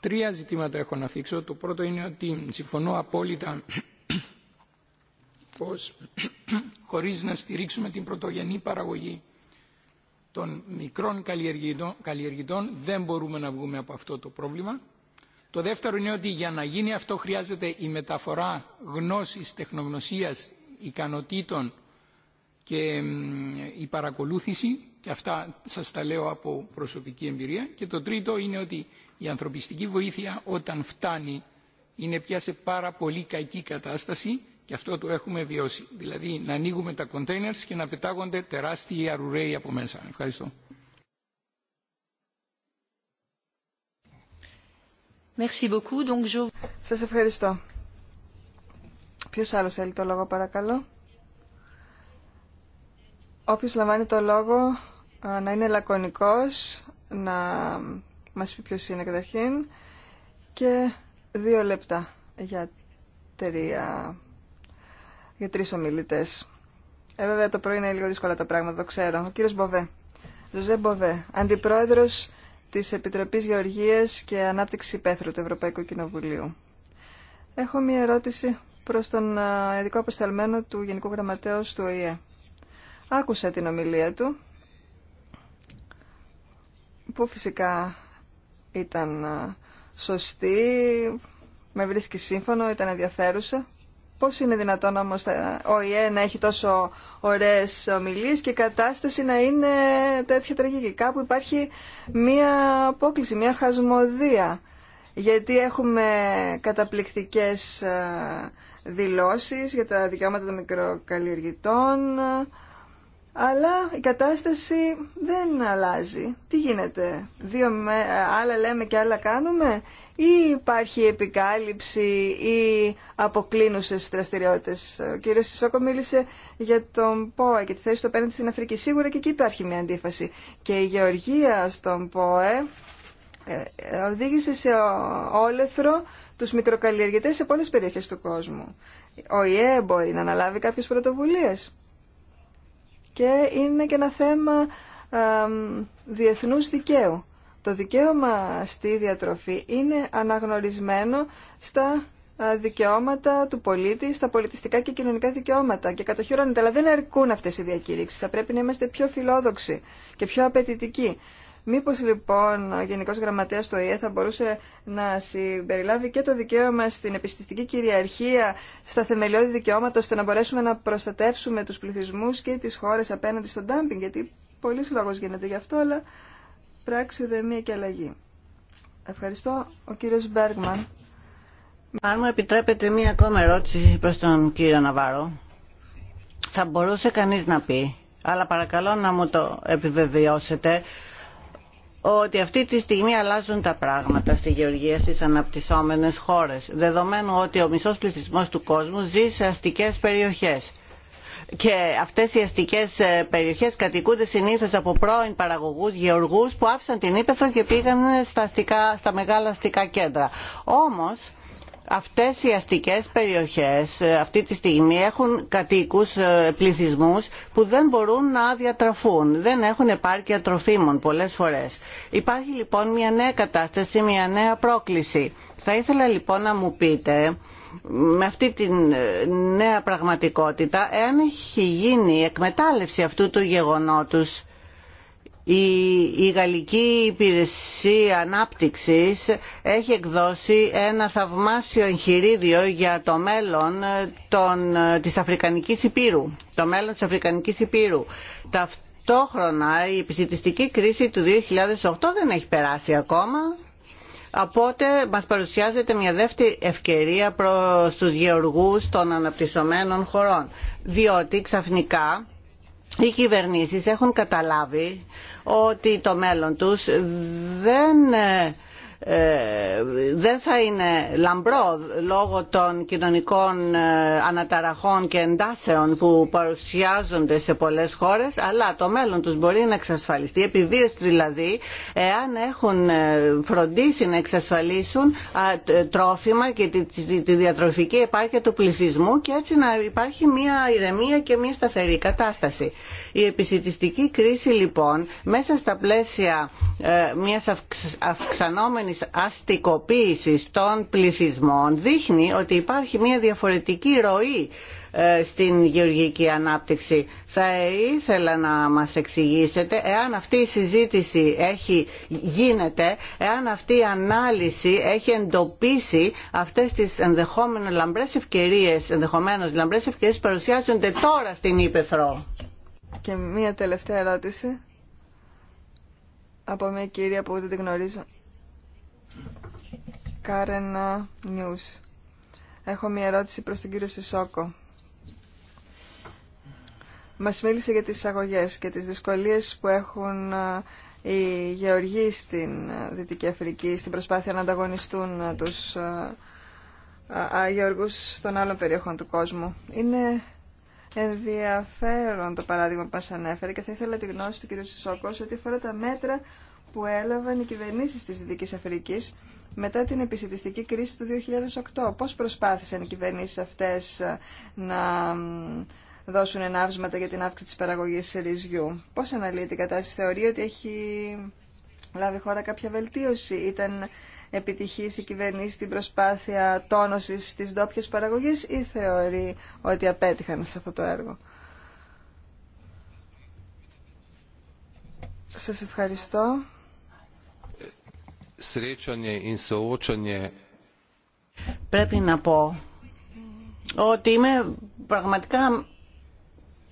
Τρία ζητήματα έχω να θίξω. Το πρώτο είναι ότι συμφωνώ απόλυτα πως χωρίς να στηρίξουμε την πρωτογενή παραγωγή των μικρών καλλιεργητών δεν μπορούμε να βγούμε από αυτό το πρόβλημα. Το δεύτερο είναι ότι για να γίνει αυτό χρειάζεται η μεταφορά γνώσης, τεχνογνωσίας, ικανοτήτων και η παρακολούθηση και αυτά σας τα λέω από προσωπική εμπειρία και το τρίτο είναι ότι η ανθρωπιστική βοήθεια όταν φτάνει είναι πια σε πάρα πολύ κακή κατάσταση και αυτό το έχουμε βιώσει. Δηλαδή να ανοίγουμε τα κοντέινερς και να πετάγονται τεράστιοι αρουραίοι από μέσα. Ευχαριστώ. Merci Σας ευχαριστώ. Ποιος άλλος θέλει το λόγο παρακαλώ. Όποιος λαμβάνει το λόγο να είναι λακωνικός, να μας πει ποιος είναι καταρχήν και δύο λεπτά για τρία για τρει ομιλητέ. Ε, βέβαια το πρωί είναι λίγο δύσκολα τα πράγματα, το ξέρω. Ο κύριος Μποβέ. Ζωζέ Μποβέ, αντιπρόεδρος της Επιτροπής Γεωργίας και Ανάπτυξη Πέθρου του Ευρωπαϊκού Κοινοβουλίου. Έχω μία ερώτηση προς τον ειδικό αποσταλμένο του Γενικού γραμματέα του ΟΗΕ. Άκουσα την ομιλία του, που φυσικά ήταν σωστή, με βρίσκει σύμφωνο, ήταν ενδιαφέρουσα. Πώς είναι δυνατόν όμως ο ΙΕ να έχει τόσο ωραίε ομιλίες και η κατάσταση να είναι τέτοια τραγική. Κάπου υπάρχει μία απόκληση, μία χασμοδία. Γιατί έχουμε καταπληκτικές ε, δηλώσει για τα δικαιώματα των μικροκαλλιεργητών, αλλά η κατάσταση δεν αλλάζει. Τι γίνεται, δύο άλλα λέμε και άλλα κάνουμε ή υπάρχει επικάλυψη ή αποκλίνουσες δραστηριότητε. Ο κύριος Σισόκο μίλησε για τον ΠΟΕ και τη θέση του απέναντι στην Αφρική. Σίγουρα και εκεί υπάρχει μια αντίφαση. Και η γεωργία στον ΠΟΕ ε, ε, οδήγησε σε όλεθρο τους μικροκαλλιεργητές σε πολλές περιοχές του κόσμου. Ο ΙΕ μπορεί να αναλάβει κάποιες πρωτοβουλίες και είναι και ένα θέμα διεθνούς δικαίου. Το δικαίωμα στη διατροφή είναι αναγνωρισμένο στα ε, δικαιώματα του πολίτη, στα πολιτιστικά και κοινωνικά δικαιώματα και κατοχυρώνεται. Αλλά δεν αρκούν αυτές οι διακήρυξεις. Θα πρέπει να είμαστε πιο φιλόδοξοι και πιο απαιτητικοί. Μήπως λοιπόν ο Γενικός Γραμματέας του ΟΗΕ θα μπορούσε να συμπεριλάβει και το δικαίωμα στην επιστηστική κυριαρχία, στα θεμελιώδη δικαιώματα, ώστε να μπορέσουμε να προστατεύσουμε τους πληθυσμούς και τις χώρες απέναντι στον ντάμπινγκ, γιατί πολύ λόγος γίνεται γι' αυτό, αλλά πράξη μία και αλλαγή. Ευχαριστώ. Ο κύριος Μπέργμαν. Αν μου επιτρέπετε μία ακόμα ερώτηση προς τον κύριο Ναβάρο. Θα μπορούσε κανείς να πει, αλλά παρακαλώ να μου το επιβεβαιώσετε, ότι αυτή τη στιγμή αλλάζουν τα πράγματα στη γεωργία στις αναπτυσσόμενες χώρες, δεδομένου ότι ο μισός πληθυσμός του κόσμου ζει σε αστικές περιοχές. Και αυτές οι αστικές ε, περιοχές κατοικούνται συνήθως από πρώην παραγωγούς, γεωργούς που άφησαν την Ήπεθρο και πήγαν στα, στα μεγάλα αστικά κέντρα. Όμως, Αυτές οι αστικές περιοχές ε, αυτή τη στιγμή έχουν κατοίκους ε, πληθυσμούς που δεν μπορούν να διατραφούν, δεν έχουν επάρκεια τροφίμων πολλές φορές. Υπάρχει λοιπόν μια νέα κατάσταση, μια νέα πρόκληση. Θα ήθελα λοιπόν να μου πείτε με αυτή τη ε, νέα πραγματικότητα εάν έχει γίνει εκμετάλλευση αυτού του γεγονότους η, Γαλλική Υπηρεσία Ανάπτυξης έχει εκδώσει ένα θαυμάσιο εγχειρίδιο για το μέλλον των, της Αφρικανικής Υπήρου. Το μέλλον της Αφρικανικής Υπήρου. Ταυτόχρονα η επιστημιστική κρίση του 2008 δεν έχει περάσει ακόμα. Οπότε μας παρουσιάζεται μια δεύτερη ευκαιρία προς τους γεωργούς των αναπτυσσομένων χωρών. Διότι ξαφνικά οι κυβερνήσεις έχουν καταλάβει ότι το μέλλον τους δεν ε, ε, δεν θα είναι λαμπρό λόγω των κοινωνικών ε, αναταραχών και εντάσεων που παρουσιάζονται σε πολλές χώρες αλλά το μέλλον τους μπορεί να εξασφαλιστεί επιβίωση δηλαδή εάν έχουν ε, φροντίσει να εξασφαλίσουν τρόφιμα και τη διατροφική επάρκεια του πληθυσμού και έτσι να υπάρχει μια ηρεμία και μια σταθερή κατάσταση. Η επισητιστική κρίση λοιπόν μέσα στα πλαίσια μιας αυξανόμενης της αστικοποίησης των πληθυσμών δείχνει ότι υπάρχει μια διαφορετική ροή ε, στην γεωργική ανάπτυξη. Θα ήθελα να μας εξηγήσετε εάν αυτή η συζήτηση έχει, γίνεται, εάν αυτή η ανάλυση έχει εντοπίσει αυτές τις ενδεχόμενες λαμπρές ευκαιρίες, ενδεχομένως λαμπρές ευκαιρίες παρουσιάζονται τώρα στην Ήπεθρο. Και μία τελευταία ερώτηση από μια κυρία που δεν την γνωρίζω. Κάρενα Νιούς. Έχω μια ερώτηση προς τον κύριο Σισόκο. Μας μίλησε για τις αγωγές και τις δυσκολίες που έχουν οι γεωργοί στην Δυτική Αφρική στην προσπάθεια να ανταγωνιστούν τους γεωργούς των άλλων περιοχών του κόσμου. Είναι ενδιαφέρον το παράδειγμα που μας ανέφερε και θα ήθελα τη γνώση του κύριου Σισόκο ότι αφορά τα μέτρα που έλαβαν οι κυβερνήσεις της Δυτικής Αφρικής μετά την επισητιστική κρίση του 2008. Πώς προσπάθησαν οι κυβερνήσεις αυτές ε, να δώσουν ενάυσματα για την αύξηση της παραγωγής ρυζιού. Πώς αναλύει την κατάσταση. Θεωρεί ότι έχει λάβει χώρα κάποια βελτίωση. Ήταν επιτυχής η κυβερνήση στην προσπάθεια τόνωσης της ντόπια παραγωγής ή θεωρεί ότι απέτυχαν σε αυτό το έργο. Σας ευχαριστώ. Πρέπει να πω ότι είμαι πραγματικά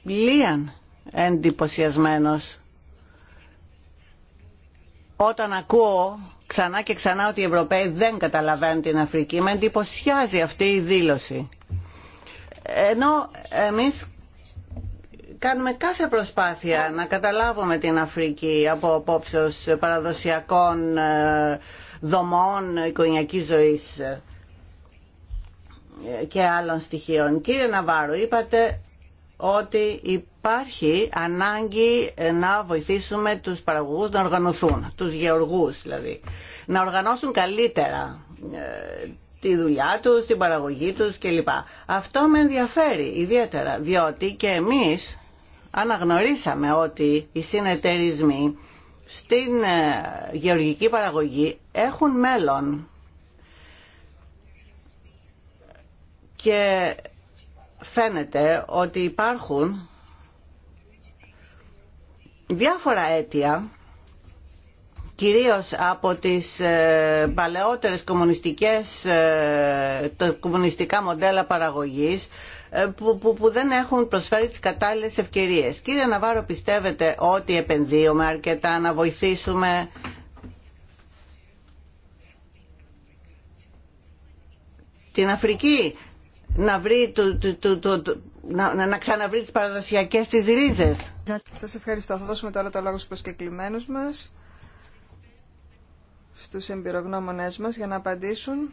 λίαν εντυπωσιασμένος όταν ακούω ξανά και ξανά ότι οι Ευρωπαίοι δεν καταλαβαίνουν την Αφρική. Με εντυπωσιάζει αυτή η δήλωση. Ενώ εμείς κάνουμε κάθε προσπάθεια να καταλάβουμε την Αφρική από απόψεως παραδοσιακών ε, δομών οικογενειακής ζωής ε, και άλλων στοιχείων. Κύριε Ναβάρο, είπατε ότι υπάρχει ανάγκη ε, να βοηθήσουμε τους παραγωγούς να οργανωθούν, τους γεωργούς δηλαδή, να οργανώσουν καλύτερα τη δουλειά τους, την παραγωγή τους κλπ. Αυτό με ενδιαφέρει ιδιαίτερα, διότι και εμείς αναγνωρίσαμε ότι οι συνεταιρισμοί στην ε, γεωργική παραγωγή έχουν μέλλον και φαίνεται ότι υπάρχουν διάφορα αίτια κυρίως από τις ε, παλαιότερες κομμουνιστικές, ε, κομμουνιστικά μοντέλα παραγωγής που, που, δεν έχουν προσφέρει τις κατάλληλες ευκαιρίες. Κύριε Ναβάρο, πιστεύετε ότι επενδύουμε αρκετά να βοηθήσουμε την Αφρική να, βρει το, το, να, να ξαναβρει τις παραδοσιακές της ρίζες. Σας ευχαριστώ. Θα δώσουμε τώρα το λόγο στους προσκεκλημένους μας, στους εμπειρογνώμονές μας για να απαντήσουν,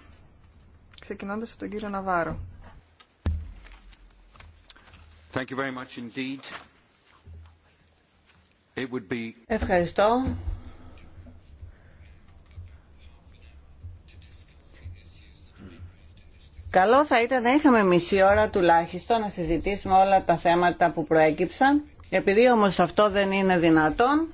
ξεκινώντας από τον κύριο Ναβάρο. Ευχαριστώ. Καλό θα ήταν να είχαμε μισή ώρα τουλάχιστον να συζητήσουμε όλα τα θέματα που προέκυψαν. Επειδή όμως αυτό δεν είναι δυνατόν,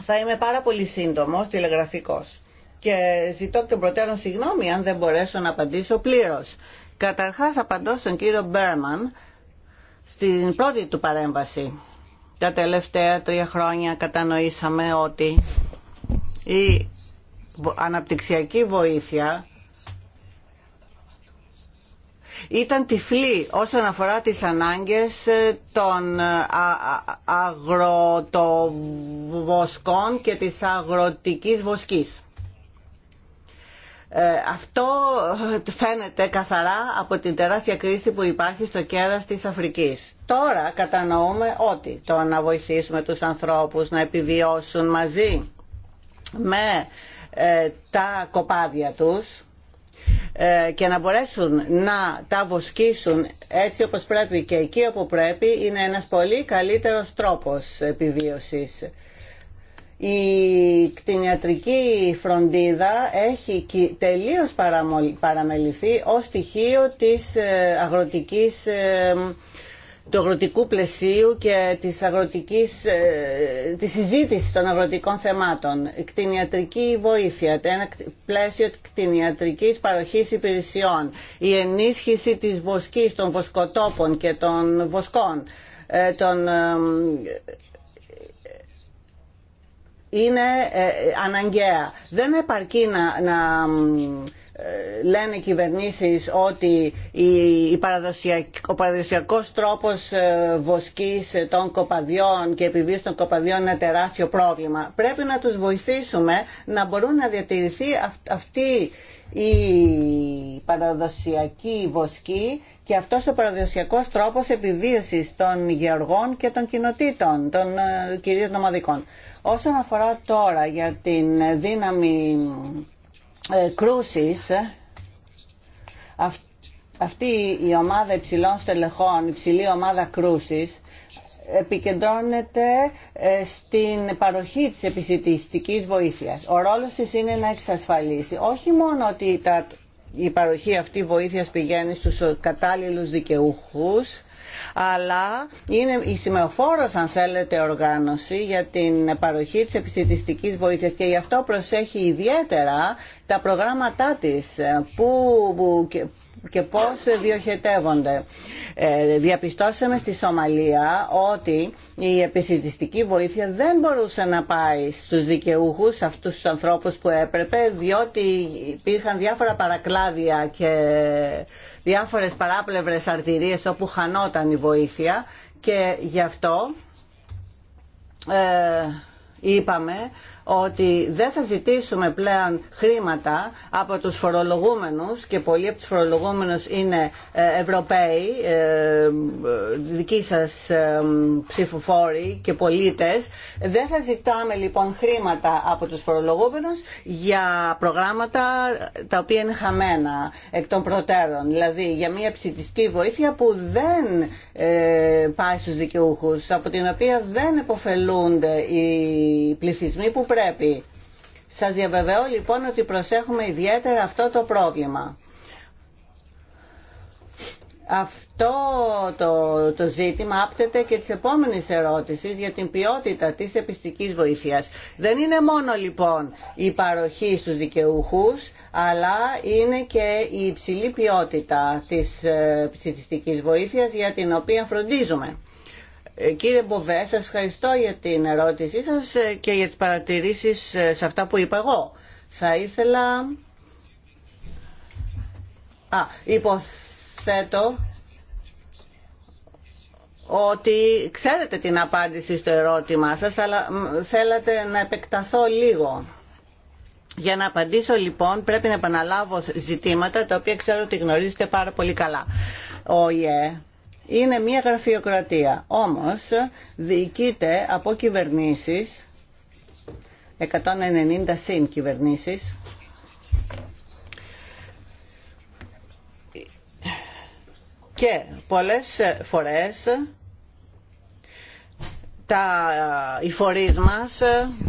θα είμαι πάρα πολύ σύντομος, τηλεγραφικός. Και ζητώ και προτέρων συγγνώμη αν δεν μπορέσω να απαντήσω πλήρως. Καταρχάς απαντώ στον κύριο Μπέρμαν στην πρώτη του παρέμβαση. Τα τελευταία τρία χρόνια κατανοήσαμε ότι η αναπτυξιακή βοήθεια ήταν τυφλή όσον αφορά τις ανάγκες ε, των ε, αγροτοβοσκών και της αγροτικής βοσκής. Ε, αυτό φαίνεται καθαρά από την τεράστια κρίση που υπάρχει στο κέρας της Αφρικής. Τώρα κατανοούμε ότι το να βοηθήσουμε τους ανθρώπους να επιβιώσουν μαζί με ε, τα κοπάδια τους ε, και να μπορέσουν να τα βοσκήσουν έτσι όπως πρέπει και εκεί όπου πρέπει είναι ένας πολύ καλύτερος τρόπος επιβίωσης η κτηνιατρική φροντίδα έχει τελείως παραμεληθεί ως στοιχείο της ε, αγροτικής, ε, του αγροτικού πλαισίου και της, αγροτικής, ε, της συζήτησης των αγροτικών θεμάτων. Κτηνιατρική βοήθεια, ένα πλαίσιο κτηνιατρικής παροχής υπηρεσιών, η ενίσχυση της βοσκής των βοσκοτόπων και των βοσκών, των είναι ε, αναγκαία. Δεν επαρκεί να, να ε, λένε κυβερνήσεις ότι η, ο παραδοσιακός τρόπος ε, βοσκής των κοπαδιών και επιβίωσης των κοπαδιών είναι τεράστιο πρόβλημα. Πρέπει να τους βοηθήσουμε να μπορούν να διατηρηθεί αυτή η παραδοσιακή βοσκή και αυτός ο παραδοσιακός τρόπος επιβίωσης των γεωργών και των κοινοτήτων, των κυρίως νομαδικών. Όσον αφορά τώρα για την δύναμη ε, κρούσης, αυτή η ομάδα υψηλών στελεχών, υψηλή ομάδα κρούσης, επικεντρώνεται ε, στην παροχή της επισητιστικής βοήθειας. Ο ρόλος της είναι να εξασφαλίσει όχι μόνο ότι η παροχή αυτή βοήθειας πηγαίνει στους κατάλληλους δικαιούχους, αλλά είναι η σημεοφόρος αν θέλετε οργάνωση για την παροχή της επιστημιστικής βοήθειας και γι' αυτό προσέχει ιδιαίτερα τα προγράμματά της που, και πώς διοχετεύονται. Ε, διαπιστώσαμε στη Σομαλία ότι η επιστημιστική βοήθεια δεν μπορούσε να πάει στους δικαιούχους, αυτούς τους ανθρώπους που έπρεπε, διότι υπήρχαν διάφορα παρακλάδια και διάφορες παράπλευρες αρτηρίες όπου χανόταν η βοήθεια και γι' αυτό ε, είπαμε ότι δεν θα ζητήσουμε πλέον χρήματα από τους φορολογούμενους και πολλοί από τους φορολογούμενους είναι ε, Ευρωπαίοι, ε, δικοί σας ε, ψηφοφόροι και πολίτες. Δεν θα ζητάμε λοιπόν χρήματα από τους φορολογούμενους για προγράμματα τα οποία είναι χαμένα εκ των προτέρων. Δηλαδή για μια ψητιστική βοήθεια που δεν πάει στους δικαιούχους, από την οποία δεν υποφελούνται οι πληθυσμοί που πρέπει. Σας διαβεβαιώ λοιπόν ότι προσέχουμε ιδιαίτερα αυτό το πρόβλημα. Αυτό το, το ζήτημα άπτεται και της επόμενης ερώτησης για την ποιότητα της επιστικής βοήθειας. Δεν είναι μόνο λοιπόν η παροχή στους δικαιούχους, αλλά είναι και η υψηλή ποιότητα της ψηφιστικής ε, βοήθειας για την οποία φροντίζουμε. Ε, κύριε Μποβέ, σα ευχαριστώ για την ερώτησή σας ε, και για τις παρατηρήσεις ε, σε αυτά που είπα εγώ. Θα ήθελα... Α, υποθέτω ότι ξέρετε την απάντηση στο ερώτημά σας, αλλά θέλατε να επεκταθώ λίγο. Για να απαντήσω λοιπόν πρέπει να επαναλάβω ζητήματα τα οποία ξέρω ότι γνωρίζετε πάρα πολύ καλά είναι μια γραφειοκρατία. Όμως διοικείται από κυβερνήσεις, 190 συν κυβερνήσεις, και πολλές φορές τα, οι φορείς μας,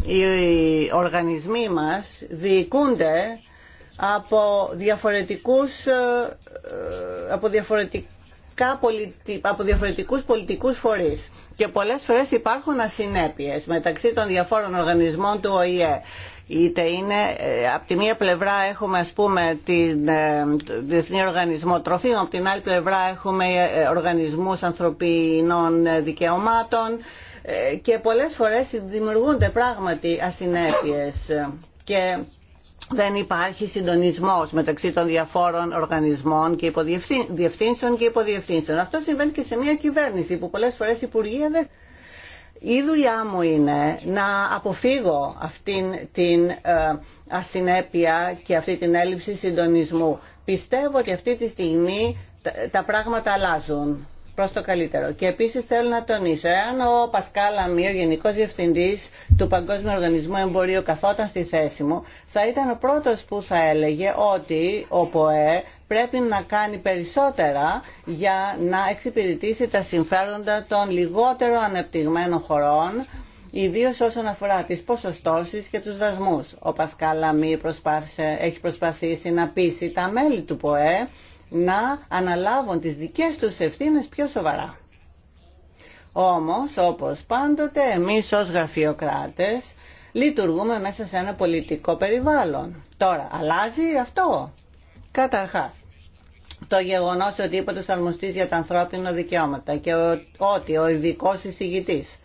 οι, οργανισμοί μας διοικούνται από διαφορετικούς ε, από διαφορετικούς διαφορετικά, από διαφορετικούς πολιτικούς φορείς και πολλές φορές υπάρχουν ασυνέπειες μεταξύ των διαφόρων οργανισμών του ΟΗΕ. Είτε είναι, ε, από τη μία πλευρά έχουμε ας πούμε την ε, Διεθνή Οργανισμό Τροφίμων, από την άλλη πλευρά έχουμε ε, οργανισμούς ανθρωπινών δικαιωμάτων και πολλές φορές δημιουργούνται πράγματι ασυνέπειες. Και δεν υπάρχει συντονισμός μεταξύ των διαφόρων οργανισμών και διευθύνσεων και υποδιευθύνσεων. Αυτό συμβαίνει και σε μια κυβέρνηση που πολλές φορές υπουργεία δεν... Η δουλειά μου είναι να αποφύγω αυτήν την ε, ασυνέπεια και αυτή την έλλειψη συντονισμού. Πιστεύω ότι αυτή τη στιγμή τα πράγματα αλλάζουν. Προ το καλύτερο. Και επίση θέλω να τονίσω, εάν ο Πασκάλα Μη, ο γενικό Διευθυντή του Παγκόσμιου Οργανισμού Εμπορίου, καθόταν στη θέση μου, θα ήταν ο πρώτο που θα έλεγε ότι ο ΠΟΕ πρέπει να κάνει περισσότερα για να εξυπηρετήσει τα συμφέροντα των λιγότερο ανεπτυγμένων χωρών, Ιδίω όσον αφορά τι ποσοστώσει και του δασμού. Ο Πασκάλα Μη έχει προσπαθήσει να πείσει τα μέλη του ΠΟΕ να αναλάβουν τις δικές τους ευθύνες πιο σοβαρά. Όμως, όπως πάντοτε, εμείς ως γραφειοκράτες λειτουργούμε μέσα σε ένα πολιτικό περιβάλλον. Τώρα, αλλάζει αυτό. Καταρχάς, το γεγονός ότι είπε τους αρμοστής για τα ανθρώπινα δικαιώματα και ότι ο ειδικό εισηγητής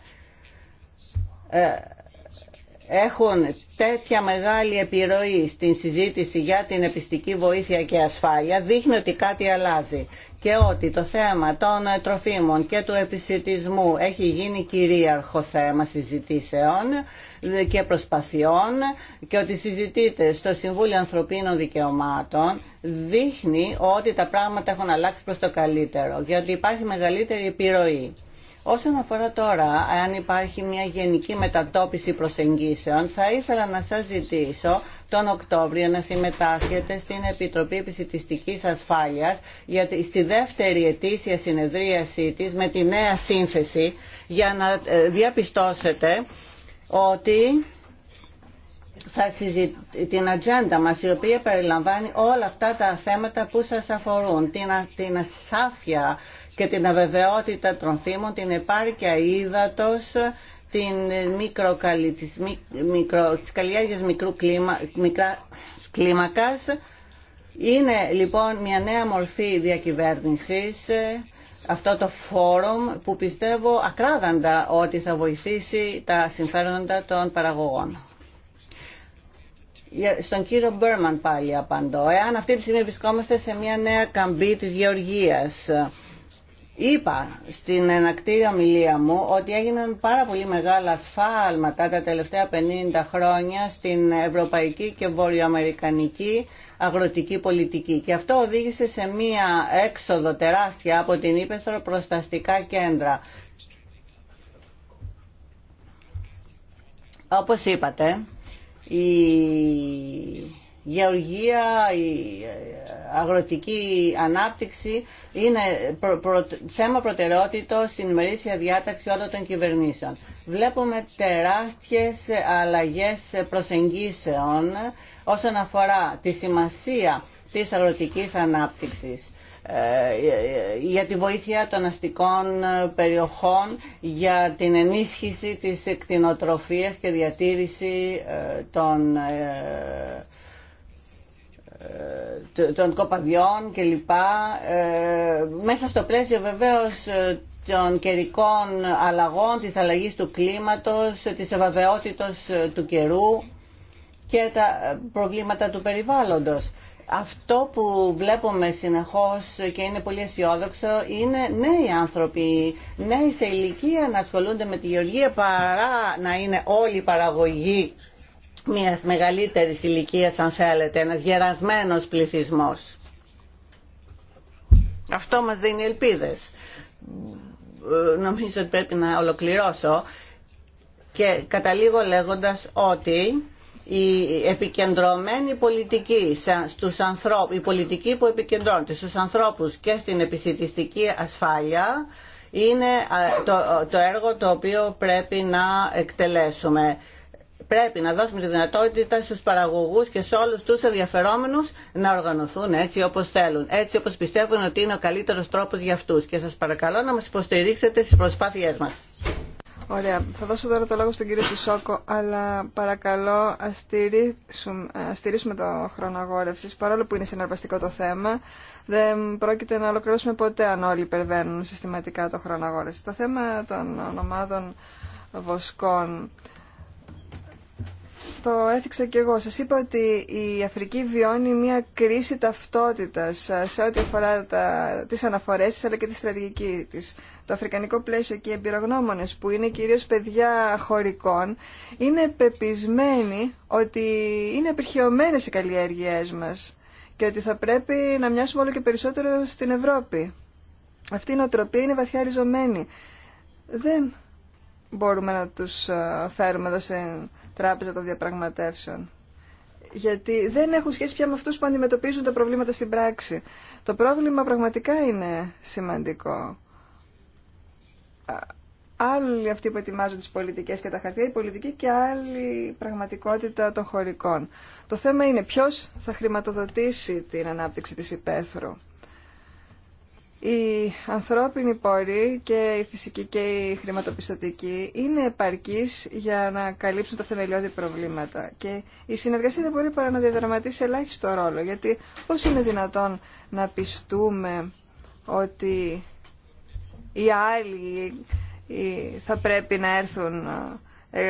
ε, έχουν τέτοια μεγάλη επιρροή στην συζήτηση για την επιστική βοήθεια και ασφάλεια δείχνει ότι κάτι αλλάζει και ότι το θέμα των τροφίμων και του επιστητισμού έχει γίνει κυρίαρχο θέμα συζητήσεων και προσπαθειών και ότι συζητείται στο Συμβούλιο Ανθρωπίνων Δικαιωμάτων δείχνει ότι τα πράγματα έχουν αλλάξει προς το καλύτερο γιατί υπάρχει μεγαλύτερη επιρροή. Όσον αφορά τώρα, αν υπάρχει μια γενική μετατόπιση προσεγγίσεων, θα ήθελα να σας ζητήσω τον Οκτώβριο να συμμετάσχετε στην Επιτροπή Επισητιστικής Ασφάλειας για στη δεύτερη ετήσια συνεδρίασή της με τη νέα σύνθεση για να ε, διαπιστώσετε ότι θα συζητήσουμε την ατζέντα μας η οποία περιλαμβάνει όλα αυτά τα θέματα που σας αφορούν την, την ασάφεια και την αβεβαιότητα τροφίμων την επάρκεια ύδατος την μικροκαλλι... μικρού μικρά... κλίμακας είναι λοιπόν μια νέα μορφή διακυβέρνησης αυτό το φόρουμ που πιστεύω ακράδαντα ότι θα βοηθήσει τα συμφέροντα των παραγωγών. Στον κύριο Μπέρμαν πάλι απαντώ. Εάν αυτή τη στιγμή βρισκόμαστε σε μια νέα καμπή της γεωργίας, είπα στην ενακτήρια ομιλία μου ότι έγιναν πάρα πολύ μεγάλα σφάλματα τα τελευταία 50 χρόνια στην ευρωπαϊκή και βορειοαμερικανική αγροτική πολιτική. Και αυτό οδήγησε σε μια έξοδο τεράστια από την Ήπεθρο προσταστικά κέντρα. Όπως είπατε, η γεωργία, η αγροτική ανάπτυξη είναι προ, προ, θέμα προτεραιότητα στην ημερήσια διάταξη όλων των κυβερνήσεων. Βλέπουμε τεράστιες αλλαγές προσεγγίσεων όσον αφορά τη σημασία της αγροτικής ανάπτυξης ε, για τη βοήθεια των αστικών ε, περιοχών, για την ενίσχυση της εκτινοτροφίας και διατήρηση ε, των των κοπαδιών κλπ. Μέσα στο πλαίσιο βεβαίως των καιρικών αλλαγών, της αλλαγής του κλίματος, της ευαβαιότητας του καιρού και τα προβλήματα του περιβάλλοντος αυτό που βλέπουμε συνεχώς και είναι πολύ αισιόδοξο είναι νέοι άνθρωποι, νέοι σε ηλικία να ασχολούνται με τη γεωργία παρά να είναι όλη η παραγωγή μιας μεγαλύτερης ηλικίας αν θέλετε, ένας γερασμένος πληθυσμός. Αυτό μας δίνει ελπίδες. Νομίζω ότι πρέπει να ολοκληρώσω και καταλήγω λέγοντας ότι η επικεντρωμένη πολιτική στους ανθρώπους, η πολιτική που επικεντρώνεται στους ανθρώπους και στην επιστημιστική ασφάλεια είναι το, το έργο το οποίο πρέπει να εκτελέσουμε. Πρέπει να δώσουμε τη δυνατότητα στους παραγωγούς και σε όλους τους ενδιαφερόμενους να οργανωθούν έτσι όπως θέλουν, έτσι όπως πιστεύουν ότι είναι ο καλύτερος τρόπος για αυτούς. Και σας παρακαλώ να μας υποστηρίξετε στις προσπάθειές μας. Ωραία. Θα δώσω τώρα το λόγο στον κύριο Σισόκο, αλλά παρακαλώ α στηρίσουμε το χρόνο αγόρευση. Παρόλο που είναι συναρπαστικό το θέμα, δεν πρόκειται να ολοκληρώσουμε ποτέ αν όλοι υπερβαίνουν συστηματικά το χρόνο αγόρευση. Το θέμα των ομάδων βοσκών το έθιξα και εγώ. Σας είπα ότι η Αφρική βιώνει μια κρίση ταυτότητας ε, σε ό,τι αφορά τα, τις αναφορές της αλλά και τη στρατηγική της το αφρικανικό πλαίσιο και οι εμπειρογνώμονες που είναι κυρίως παιδιά χωρικών είναι πεπισμένοι ότι είναι επιρχαιωμένε οι καλλιέργειές μας και ότι θα πρέπει να μοιάσουμε όλο και περισσότερο στην Ευρώπη. Αυτή η νοοτροπία είναι βαθιά ριζωμένη. Δεν μπορούμε να τους ε, φέρουμε εδώ στην τράπεζα των διαπραγματεύσεων γιατί δεν έχουν σχέση πια με αυτούς που αντιμετωπίζουν τα προβλήματα στην πράξη. Το πρόβλημα πραγματικά είναι σημαντικό άλλοι αυτοί που ετοιμάζουν τις πολιτικές και τα χαρτιά, η πολιτική και άλλη πραγματικότητα των χωρικών. Το θέμα είναι ποιος θα χρηματοδοτήσει την ανάπτυξη της υπαίθρου. Η ανθρώπινη πόροι και η φυσική και η χρηματοπιστωτική είναι επαρκής για να καλύψουν τα θεμελιώδη προβλήματα. Και η συνεργασία δεν μπορεί παρά να διαδραματίσει ελάχιστο ρόλο, γιατί πώς είναι δυνατόν να πιστούμε ότι οι άλλοι θα πρέπει να έρθουν ε,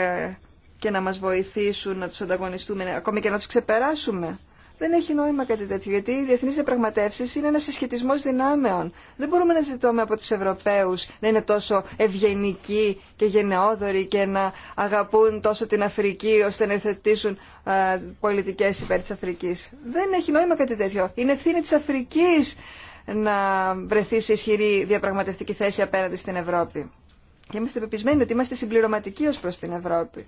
και να μας βοηθήσουν να τους ανταγωνιστούμε, ακόμη και να τους ξεπεράσουμε. Δεν έχει νόημα κάτι τέτοιο, γιατί οι διεθνεί διαπραγματεύσει είναι ένα συσχετισμό δυνάμεων. Δεν μπορούμε να ζητούμε από του Ευρωπαίους να είναι τόσο ευγενικοί και γενναιόδοροι και να αγαπούν τόσο την Αφρική ώστε να εθετήσουν ε, πολιτικέ υπέρ τη Αφρική. Δεν έχει νόημα κάτι τέτοιο. Είναι ευθύνη τη Αφρική να βρεθεί σε ισχυρή διαπραγματευτική θέση απέναντι στην Ευρώπη. Και είμαστε πεπισμένοι ότι είμαστε συμπληρωματικοί ως προς την Ευρώπη.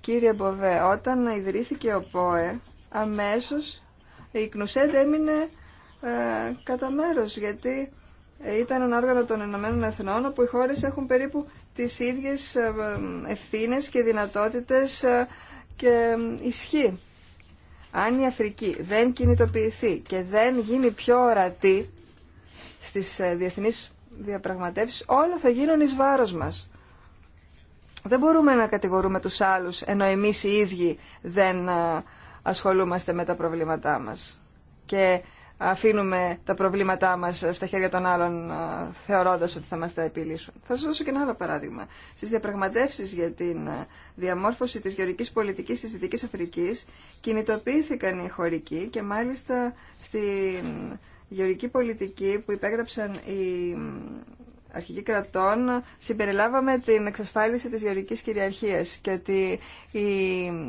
Κύριε Μποβέ, όταν ιδρύθηκε ο ΠΟΕ, αμέσως η Κνουσέντ έμεινε ε, κατά μέρο γιατί ήταν ένα όργανο των Ηνωμένων Εθνών όπου οι χώρες έχουν περίπου τις ίδιες ε, ευθύνες και δυνατότητες ε, και ισχύ. Αν η Αφρική δεν κινητοποιηθεί και δεν γίνει πιο ορατή, στις ε, διεθνείς διαπραγματεύσεις, όλα θα γίνουν εις βάρος μας. Δεν μπορούμε να κατηγορούμε τους άλλους, ενώ εμείς οι ίδιοι δεν ε, ασχολούμαστε με τα προβλήματά μας. Και αφήνουμε τα προβλήματά μας ε, στα χέρια των άλλων, θεωρώντας ότι θα μας τα επιλύσουν. Θα σας δώσω και ένα άλλο παράδειγμα. Στις διαπραγματεύσεις για την διαμόρφωση της γεωρικής πολιτικής της Δυτικής Αφρικής, κινητοποιήθηκαν οι χωρικοί και μάλιστα στην γεωργική πολιτική που υπέγραψαν οι αρχικοί κρατών συμπεριλάβαμε την εξασφάλιση της γεωργικής κυριαρχίας και ότι η,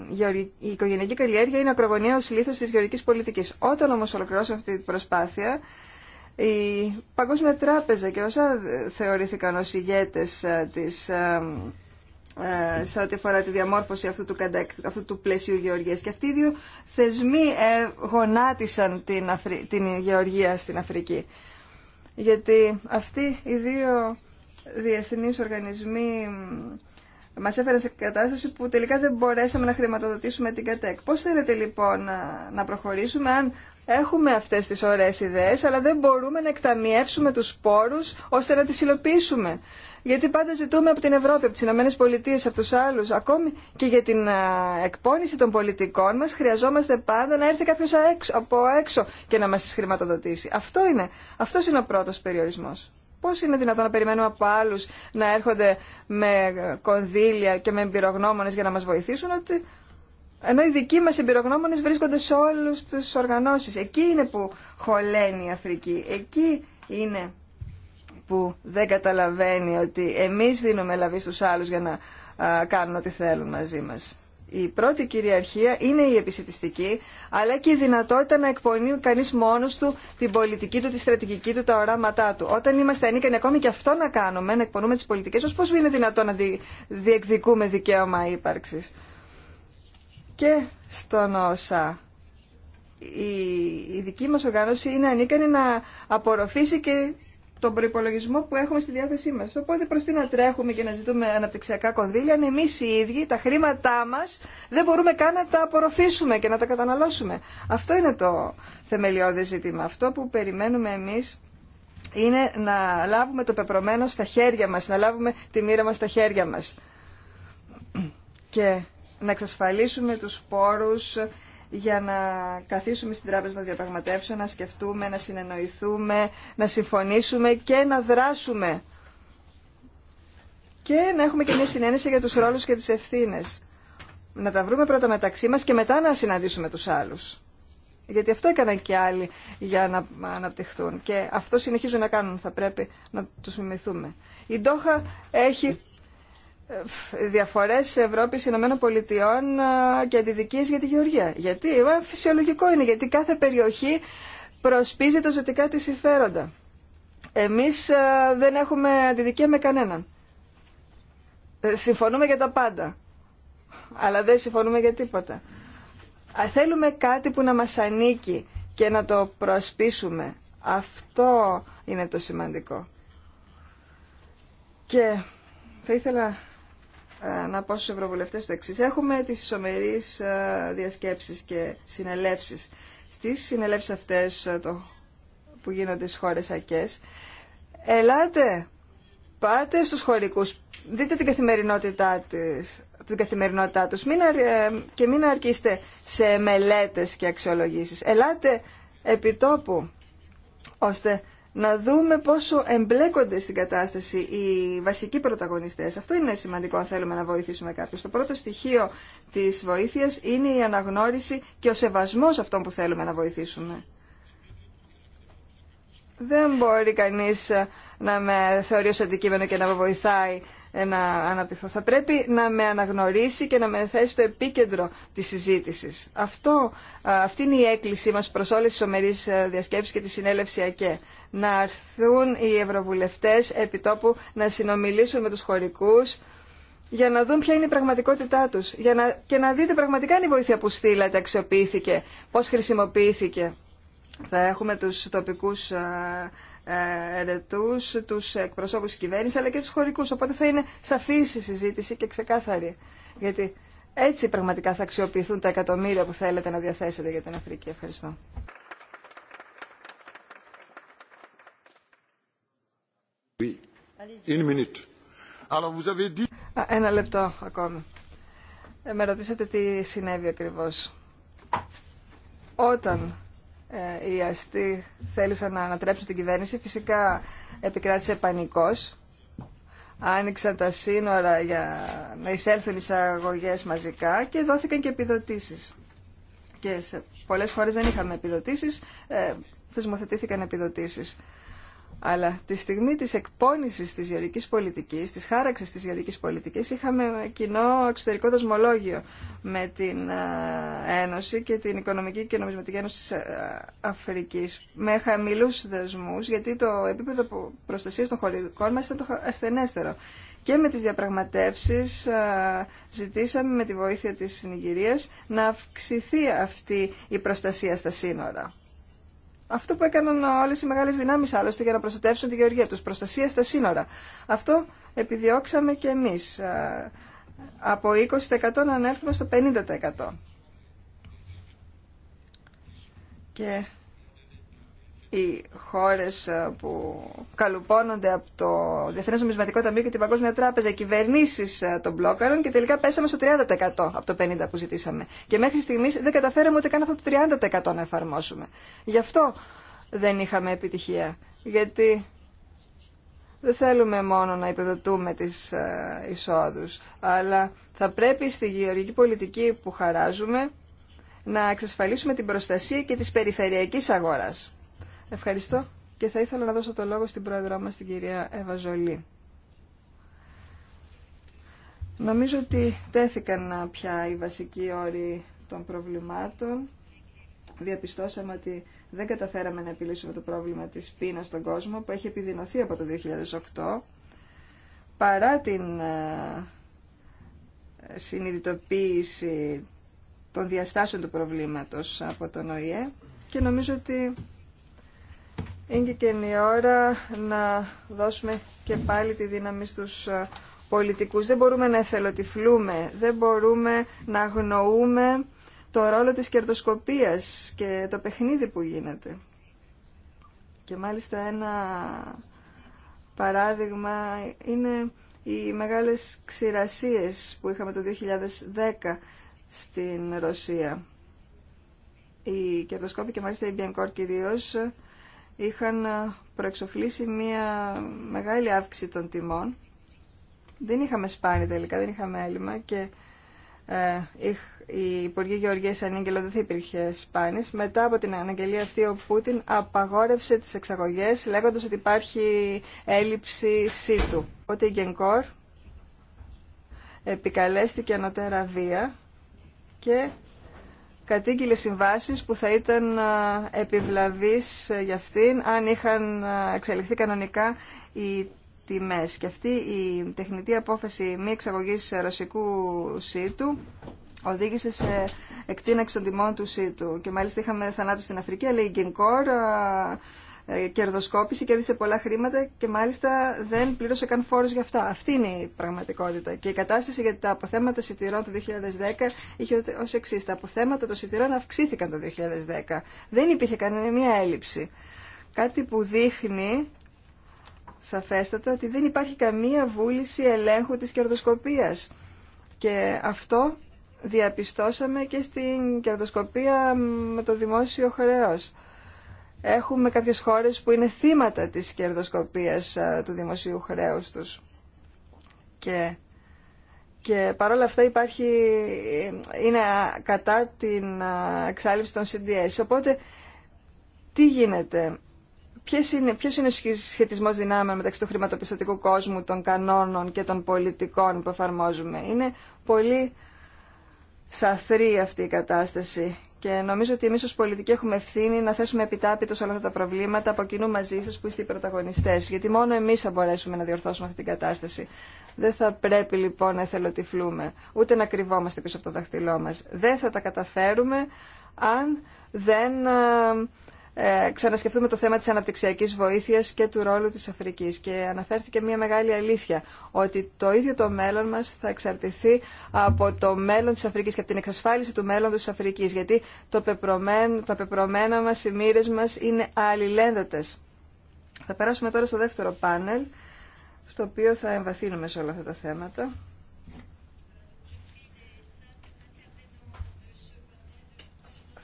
γεωργική, η οικογενειακή καλλιέργεια είναι ως λίθος της γεωργικής πολιτικής. Όταν όμως ολοκληρώσαμε αυτή την προσπάθεια, η Παγκόσμια Τράπεζα και όσα θεωρήθηκαν ως ηγέτες ε, της ε, ε, σε ό,τι αφορά τη διαμόρφωση αυτού του, αυτού του πλαισίου γεωργίας. Και αυτοί οι δύο θεσμοί ε, γονάτισαν την, την γεωργία στην Αφρική. Γιατί αυτοί οι δύο διεθνείς οργανισμοί μας έφεραν σε κατάσταση που τελικά δεν μπορέσαμε να χρηματοδοτήσουμε την ΚΑΤΕΚ. Πώς θέλετε λοιπόν να προχωρήσουμε αν έχουμε αυτές τις ωραίες ιδέες αλλά δεν μπορούμε να εκταμιεύσουμε τους πόρους ώστε να τις υλοποιήσουμε. Γιατί πάντα ζητούμε από την Ευρώπη, από τι Ηνωμένε Πολιτείε, από του άλλου, ακόμη και για την εκπόνηση των πολιτικών μα, χρειαζόμαστε πάντα να έρθει κάποιο από έξω και να μα τι χρηματοδοτήσει. Αυτό είναι. Αυτό είναι ο πρώτο περιορισμό. Πώ είναι δυνατόν να περιμένουμε από άλλου να έρχονται με κονδύλια και με εμπειρογνώμονε για να μα βοηθήσουν, ότι ενώ οι δικοί μας εμπειρογνώμονες βρίσκονται σε όλους τους οργανώσεις. Εκεί είναι που χωλαίνει η Αφρική. Εκεί είναι που δεν καταλαβαίνει ότι εμείς δίνουμε λαβή στους άλλους για να κάνουν ό,τι θέλουν μαζί μας. Η πρώτη κυριαρχία είναι η επισητιστική, αλλά και η δυνατότητα να εκπονεί κανείς μόνος του την πολιτική του, τη στρατηγική του, τα οράματά του. Όταν είμαστε ανίκανοι ακόμη και αυτό να κάνουμε, να εκπονούμε τις πολιτικές μας, πώς είναι δυνατόν να διεκδικούμε δικαίωμα ύπαρξης. Και στον ΩΣΑ η, δική μας οργάνωση είναι ανίκανη να απορροφήσει και τον προπολογισμό που έχουμε στη διάθεσή μα. Οπότε προ τι να τρέχουμε και να ζητούμε αναπτυξιακά κονδύλια, αν εμεί οι ίδιοι τα χρήματά μα δεν μπορούμε καν να τα απορροφήσουμε και να τα καταναλώσουμε. Αυτό είναι το θεμελιώδη ζήτημα. Αυτό που περιμένουμε εμεί είναι να λάβουμε το πεπρωμένο στα χέρια μας, να λάβουμε τη μοίρα μας στα χέρια μας και να εξασφαλίσουμε τους πόρους για να καθίσουμε στην Τράπεζα να διαπραγματεύσουμε, να σκεφτούμε, να συνεννοηθούμε, να συμφωνήσουμε και να δράσουμε. Και να έχουμε και μια συνένεση για τους ρόλους και τις ευθύνες. Να τα βρούμε πρώτα μεταξύ μας και μετά να συναντήσουμε τους άλλους. Γιατί αυτό έκαναν και άλλοι για να αναπτυχθούν. Και αυτό συνεχίζουν να κάνουν. Θα πρέπει να τους μιμηθούμε. Η Ντόχα έχει ε, διαφορές Ευρώπης Ηνωμένων Πολιτειών ε, και αντιδικίες για τη Γεωργία. Γιατί, ε, φυσιολογικό είναι, γιατί κάθε περιοχή προσπίζει τα ζωτικά της συμφέροντα. Εμείς δεν έχουμε αντιδικία με κανέναν. Συμφωνούμε για τα πάντα, αλλά δεν συμφωνούμε για τίποτα. Θέλουμε κάτι που να μας ανήκει και να το προσπίσουμε. Αυτό είναι το σημαντικό. Και θα ήθελα να πω στους ευρωβουλευτές το εξής. Έχουμε τις ισομερείς ε, διασκέψεις και συνελεύσεις. Στις συνελεύσεις αυτές ε, που γίνονται στις χώρες ακές, ελάτε, πάτε στους χωρικούς, δείτε την καθημερινότητά της, την καθημερινότητά τους ε, και μην αρκείστε σε μελέτες και αξιολογήσεις. Ελάτε επί τόπου, ώστε να δούμε πόσο εμπλέκονται στην κατάσταση οι βασικοί πρωταγωνιστές. Αυτό είναι σημαντικό αν θέλουμε να βοηθήσουμε κάποιους. Το πρώτο στοιχείο της βοήθειας είναι η αναγνώριση και ο σεβασμός αυτών που θέλουμε να βοηθήσουμε. Δεν μπορεί κανείς να με θεωρεί ως αντικείμενο και να με βοηθάει ε, να αναπτυχθώ. Θα πρέπει να με αναγνωρίσει και να με θέσει στο επίκεντρο της συζήτησης. Αυτό, αυτή είναι η έκκλησή μας προς όλες τις ομερείς ε, διασκέψεις και τη συνέλευση ΑΚΕ. Να αρθούν οι ευρωβουλευτές τόπου να συνομιλήσουν με τους χωρικούς, για να δουν ποια είναι η πραγματικότητά τους για να, και να δείτε πραγματικά αν η βοήθεια που στείλατε αξιοποιήθηκε, πώς χρησιμοποιήθηκε. Θα έχουμε τους τοπικούς ε, ερετούς, τους εκπροσώπους της κυβέρνησης, αλλά και τους χωρικούς. Οπότε θα είναι σαφής η συζήτηση και ξεκάθαρη. Γιατί έτσι πραγματικά θα αξιοποιηθούν τα εκατομμύρια που θέλετε να διαθέσετε για την Αφρική. Ευχαριστώ. Ένα λεπτό ακόμη. Ε, με ρωτήσατε τι συνέβη ακριβώς. Όταν ε, οι αστεί θέλησαν να ανατρέψουν την κυβέρνηση. Φυσικά επικράτησε πανικός. Άνοιξαν τα σύνορα για να εισέλθουν εισαγωγέ μαζικά και δόθηκαν και επιδοτήσεις. Και σε πολλές χώρες δεν είχαμε επιδοτήσεις, ε, θεσμοθετήθηκαν επιδοτήσεις. Αλλά τη στιγμή της εκπόνησης της γεωρικής πολιτικής, της χάραξης της γεωρικής πολιτικής, είχαμε κοινό εξωτερικό δοσμολόγιο με την Ένωση και την Οικονομική και Νομισματική Ένωση της Αφρικής με χαμηλούς δεσμούς, γιατί το επίπεδο προστασίας των χωρικών μας ήταν το ασθενέστερο. Και με τις διαπραγματεύσεις ζητήσαμε με τη βοήθεια της Νιγηρίας να αυξηθεί αυτή η προστασία στα σύνορα. Αυτό που έκαναν όλε οι μεγάλε δυνάμει άλλωστε για να προστατεύσουν τη γεωργία του. Προστασία στα σύνορα. Αυτό επιδιώξαμε και εμεί. Από 20% να ανέλθουμε στο 50%. Και οι χώρε ε, που καλουπώνονται από το Διεθνές Νομισματικό Ταμείο και την Παγκόσμια Τράπεζα, οι κυβερνήσεις ε, των μπλόκαρων και τελικά πέσαμε στο 30% από το 50% που ζητήσαμε. Και μέχρι στιγμής δεν καταφέραμε ούτε καν αυτό το 30% να εφαρμόσουμε. Γι' αυτό δεν είχαμε επιτυχία. Γιατί δεν θέλουμε μόνο να υπεδοτούμε τις ε, εισόδου. αλλά θα πρέπει στη γεωργική πολιτική που χαράζουμε να εξασφαλίσουμε την προστασία και της περιφερειακής αγοράς. Ευχαριστώ και θα ήθελα να δώσω το λόγο στην πρόεδρό μας, την κυρία Εύα Νομίζω ότι τέθηκαν πια οι βασικοί όροι των προβλημάτων. Διαπιστώσαμε ότι δεν καταφέραμε να επιλύσουμε το πρόβλημα της πείνας στον κόσμο που έχει επιδεινωθεί από το 2008 παρά την ε, συνειδητοποίηση των διαστάσεων του προβλήματος από τον ΟΗΕ και νομίζω ότι είναι και η ώρα να δώσουμε και πάλι τη δύναμη στους ε, πολιτικούς. Δεν μπορούμε να εθελοτυφλούμε, δεν μπορούμε να αγνοούμε το ρόλο της κερδοσκοπίας και το παιχνίδι που γίνεται. Και μάλιστα ένα παράδειγμα είναι οι μεγάλες ξηρασίες που είχαμε το 2010 στην Ρωσία. Οι κερδοσκόποι και μάλιστα η Μπιανκόρ κυρίως είχαν ε, προεξοφλήσει μια μεγάλη αύξηση των τιμών. Δεν είχαμε σπάνι τελικά, δεν είχαμε έλλειμμα και ε, η Υπουργή Γεωργίας Ανήγγελο δεν θα υπήρχε σπάνι. Μετά από την αναγγελία αυτή ο Πούτιν απαγόρευσε τις εξαγωγές λέγοντας ότι υπάρχει έλλειψη σύτου. Οπότε η Γενκόρ επικαλέστηκε ανωτέρα βία και κατήγγειλε συμβάσει που θα ήταν επιβλαβής ε, για αυτήν αν είχαν εξελιχθεί κανονικά οι τιμές. Και αυτή η τεχνητή απόφαση μη εξαγωγή ρωσικού ΣΥΤΟΥ οδήγησε σε εκτείναξη των τιμών του σίτου. Και μάλιστα είχαμε θανάτου στην Αφρική, αλλά η Γκενκόρ ε, κερδοσκόπηση, κέρδισε πολλά χρήματα και μάλιστα δεν πλήρωσε καν φόρου για αυτά. Αυτή είναι η πραγματικότητα. Και η κατάσταση για τα αποθέματα σιτηρών το 2010 είχε ω εξή. Τα αποθέματα των σιτηρών αυξήθηκαν το 2010. Δεν υπήρχε κανένα έλλειψη. Κάτι που δείχνει σαφέστατα ότι δεν υπάρχει καμία βούληση ελέγχου της κερδοσκοπίας. Και αυτό διαπιστώσαμε και στην κερδοσκοπία με το δημόσιο χρέος έχουμε κάποιες χώρες που είναι θύματα της κερδοσκοπίας του δημοσίου χρέους τους. Και, και παρόλα αυτά υπάρχει, ε, είναι κατά την εξάλληψη των CDS. Οπότε, τι γίνεται, Ποιος είναι, ποιος είναι ο σχετισμός δυνάμεων μεταξύ του χρηματοπιστωτικού κόσμου, των κανόνων και των πολιτικών που εφαρμόζουμε. Είναι πολύ σαθρή αυτή η κατάσταση και νομίζω ότι εμεί ω πολιτικοί έχουμε ευθύνη να θέσουμε επιτάπητο σε όλα αυτά τα προβλήματα από κοινού μαζί σα που είστε οι πρωταγωνιστέ. Γιατί μόνο εμεί θα μπορέσουμε να διορθώσουμε αυτή την κατάσταση. Δεν θα πρέπει λοιπόν να εθελοτυφλούμε, ούτε να κρυβόμαστε πίσω από το δάχτυλό μα. Δεν θα τα καταφέρουμε αν δεν ε, ε, ξανασκεφτούμε το θέμα της αναπτυξιακής βοήθειας και του ρόλου της Αφρικής. Και αναφέρθηκε μια μεγάλη αλήθεια, ότι το ίδιο το μέλλον μας θα εξαρτηθεί από το μέλλον της Αφρικής και από την εξασφάλιση του μέλλοντος της Αφρικής, γιατί το τα πεπρωμένα μας, οι μοίρες μας είναι αλληλένδετες. Θα περάσουμε τώρα στο δεύτερο πάνελ, στο οποίο θα εμβαθύνουμε σε όλα αυτά τα θέματα.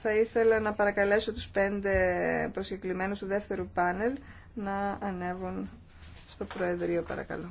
θα ήθελα να παρακαλέσω τους πέντε προσκεκλημένους του δεύτερου πάνελ να ανέβουν στο Προεδρείο, παρακαλώ.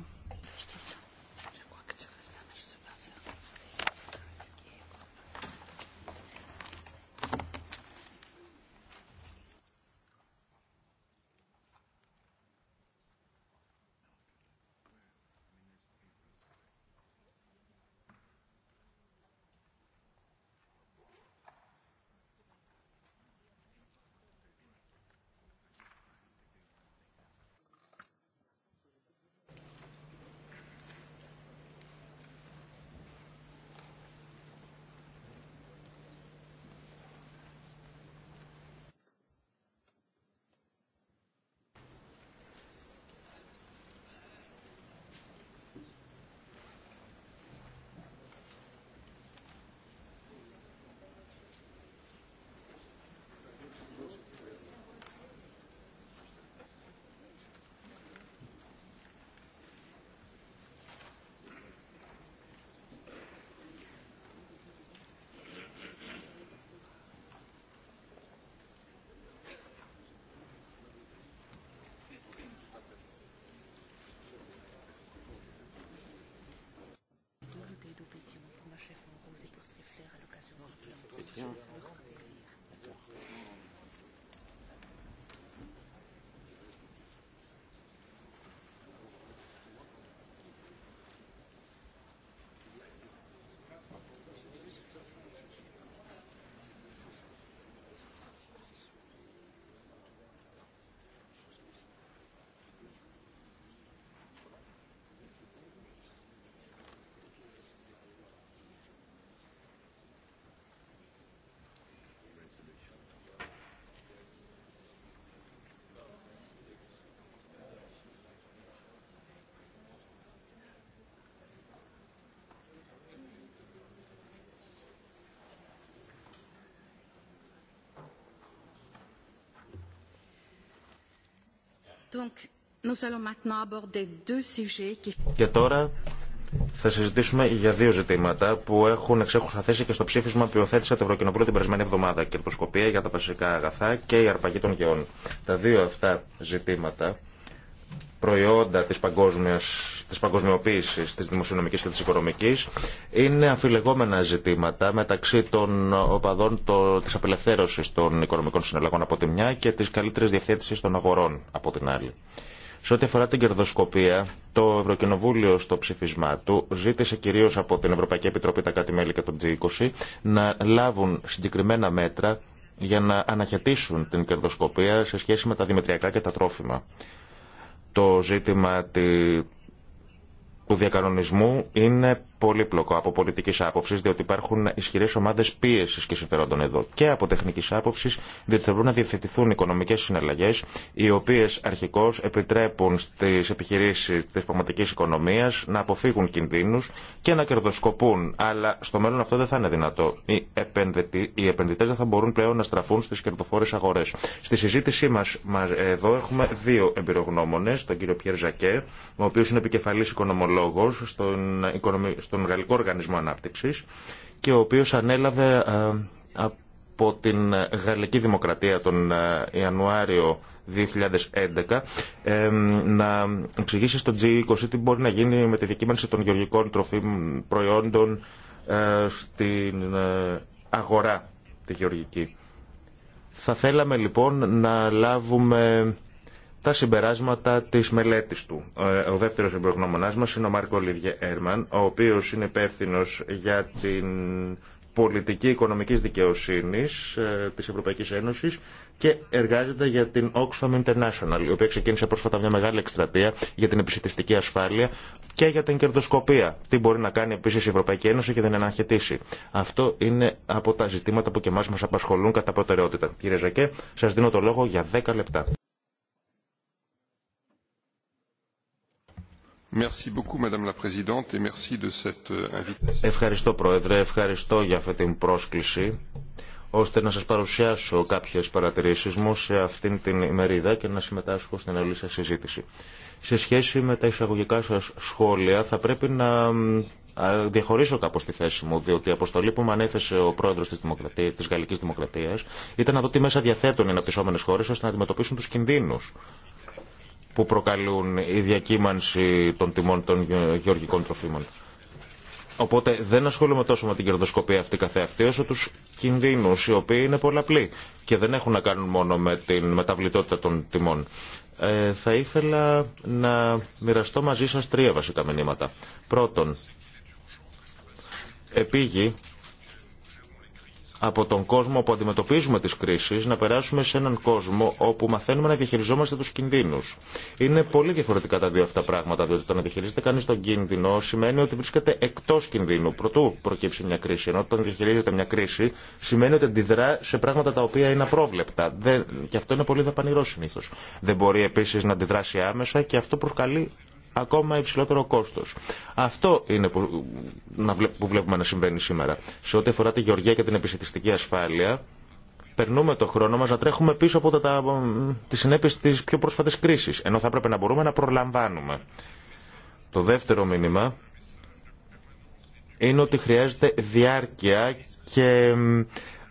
για Και τώρα θα συζητήσουμε για δύο ζητήματα που έχουν εξέχουσα θέση και στο ψήφισμα που υιοθέτησε το Ευρωκοινοβούλιο την περασμένη εβδομάδα. Κερδοσκοπία για τα βασικά αγαθά και η αρπαγή των γεών. Τα δύο αυτά ζητήματα, προϊόντα της παγκόσμιας τη παγκοσμιοποίηση τη δημοσιονομική και τη οικονομική είναι αφιλεγόμενα ζητήματα μεταξύ των οπαδών τη απελευθέρωση των οικονομικών συναλλαγών από τη μια και τη καλύτερη διευθέτηση των αγορών από την άλλη. Σε ό,τι αφορά την κερδοσκοπία, το Ευρωκοινοβούλιο στο ψήφισμά του ζήτησε κυρίω από την Ευρωπαϊκή Επιτροπή, τα κράτη-μέλη και τον G20 να λάβουν συγκεκριμένα μέτρα για να αναχαιτήσουν την κερδοσκοπία σε σχέση με τα δημητριακά και τα τρόφιμα. Το ζήτημα του διακανονισμού είναι πολύπλοκο από πολιτική άποψη, διότι υπάρχουν ισχυρέ ομάδε πίεση και συμφερόντων εδώ. Και από τεχνική άποψη, διότι θέλουν να διευθετηθούν οικονομικέ συναλλαγέ, οι οποίε αρχικώ επιτρέπουν στι επιχειρήσει τη πραγματική οικονομία να αποφύγουν κινδύνου και να κερδοσκοπούν. Αλλά στο μέλλον αυτό δεν θα είναι δυνατό. Οι, οι επενδυτέ δεν θα μπορούν πλέον να στραφούν στι κερδοφόρε αγορέ. Στη συζήτησή μα εδώ έχουμε δύο εμπειρογνώμονε, τον κύριο Πιέρ Ζακέ, ο οποίο είναι επικεφαλή οικονομολόγο στον στον Γαλλικό Οργανισμό Ανάπτυξης και ο οποίος ανέλαβε ε, από την Γαλλική Δημοκρατία τον ε, Ιανουάριο 2011 ε, να εξηγήσει στο G20 τι μπορεί να γίνει με τη δικήμανση των γεωργικών τροφίμων προϊόντων στην αγορά τη γεωργική. Θα θέλαμε λοιπόν να λάβουμε τα συμπεράσματα τη μελέτη του. Ο δεύτερο εμπειρογνώμονά μα είναι ο Μάρκο Λίβιε Έρμαν, ο οποίο είναι υπεύθυνο για την πολιτική οικονομική δικαιοσύνη ε, τη Ευρωπαϊκή Ένωση και εργάζεται για την Oxfam International, η οποία ξεκίνησε πρόσφατα μια μεγάλη εκστρατεία για την επισητιστική ασφάλεια και για την κερδοσκοπία. Τι μπορεί να κάνει επίση η Ευρωπαϊκή Ένωση και δεν αναχαιτήσει. Αυτό είναι από τα ζητήματα που και εμά μα απασχολούν κατά προτεραιότητα. Κύριε Ζακέ, σα δίνω το λόγο για 10 λεπτά. Euh, ευχαριστώ Πρόεδρε, ευχαριστώ για αυτή την πρόσκληση ώστε να σας παρουσιάσω κάποιες παρατηρήσεις μου σε αυτήν την ημερίδα και να συμμετάσχω στην άλλη σας συζήτηση. Σε σχέση με τα εισαγωγικά σας σχόλια θα πρέπει να διαχωρίσω κάπως τη θέση μου, διότι η αποστολή που μου ανέθεσε ο πρόεδρος της, Δημοκρατίας, της Γαλλικής Δημοκρατίας ήταν να δω τι μέσα διαθέτουν οι αναπτυσσόμενες χώρες ώστε να αντιμετωπίσουν τους κινδύνους που προκαλούν η διακύμανση των τιμών των γεωργικών τροφίμων. Οπότε δεν ασχολούμαι τόσο με την κερδοσκοπία αυτή καθεαυτή όσο του κινδύνου, οι οποίοι είναι πολλαπλοί και δεν έχουν να κάνουν μόνο με την μεταβλητότητα των τιμών. Ε, θα ήθελα να μοιραστώ μαζί σα τρία βασικά μηνύματα. Πρώτον, επίγει από τον κόσμο που αντιμετωπίζουμε τις κρίσεις να περάσουμε σε έναν κόσμο όπου μαθαίνουμε να διαχειριζόμαστε τους κινδύνους. Είναι πολύ διαφορετικά τα δύο αυτά πράγματα, διότι το να διαχειρίζεται κανείς τον κίνδυνο σημαίνει ότι βρίσκεται εκτός κινδύνου, πρωτού προκύψει μια κρίση. Ενώ όταν διαχειρίζεται μια κρίση σημαίνει ότι αντιδρά σε πράγματα τα οποία είναι απρόβλεπτα. Δεν... Και αυτό είναι πολύ δαπανηρό συνήθω. Δεν μπορεί επίση να αντιδράσει άμεσα και αυτό προκαλεί ακόμα υψηλότερο κόστος. Αυτό είναι που, που βλέπουμε να συμβαίνει σήμερα. Σε ό,τι αφορά τη γεωργία και την επιστημιστική ασφάλεια, περνούμε το χρόνο μας να τρέχουμε πίσω από τα, συνέπειε τη πιο πρόσφατης κρίση. ενώ θα έπρεπε να μπορούμε να προλαμβάνουμε. Το δεύτερο μήνυμα είναι ότι χρειάζεται διάρκεια και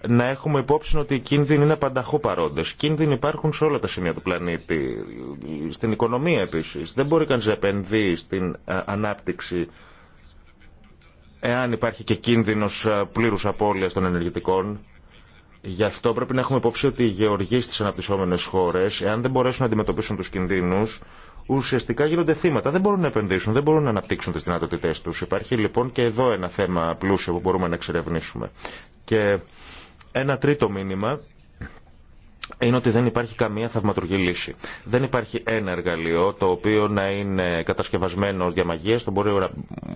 να έχουμε υπόψη ότι οι κίνδυνοι είναι πανταχού παρόντε. Κίνδυνοι υπάρχουν σε όλα τα σημεία του πλανήτη. Στην οικονομία επίση. Δεν μπορεί κανεί να επενδύει στην ε, ανάπτυξη εάν υπάρχει και κίνδυνο ε, πλήρου απώλεια των ενεργητικών. Γι' αυτό πρέπει να έχουμε υπόψη ότι οι γεωργοί στι αναπτυσσόμενε χώρε, εάν δεν μπορέσουν να αντιμετωπίσουν του κινδύνου, ουσιαστικά γίνονται θύματα. Δεν μπορούν να επενδύσουν, δεν μπορούν να αναπτύξουν τι δυνατότητέ του. Υπάρχει λοιπόν και εδώ ένα θέμα πλούσιο που μπορούμε να εξερευνήσουμε. Και ένα τρίτο μήνυμα είναι ότι δεν υπάρχει καμία θαυματουργή λύση. Δεν υπάρχει ένα εργαλείο το οποίο να είναι κατασκευασμένο ως διαμαγείας, το μπορεί,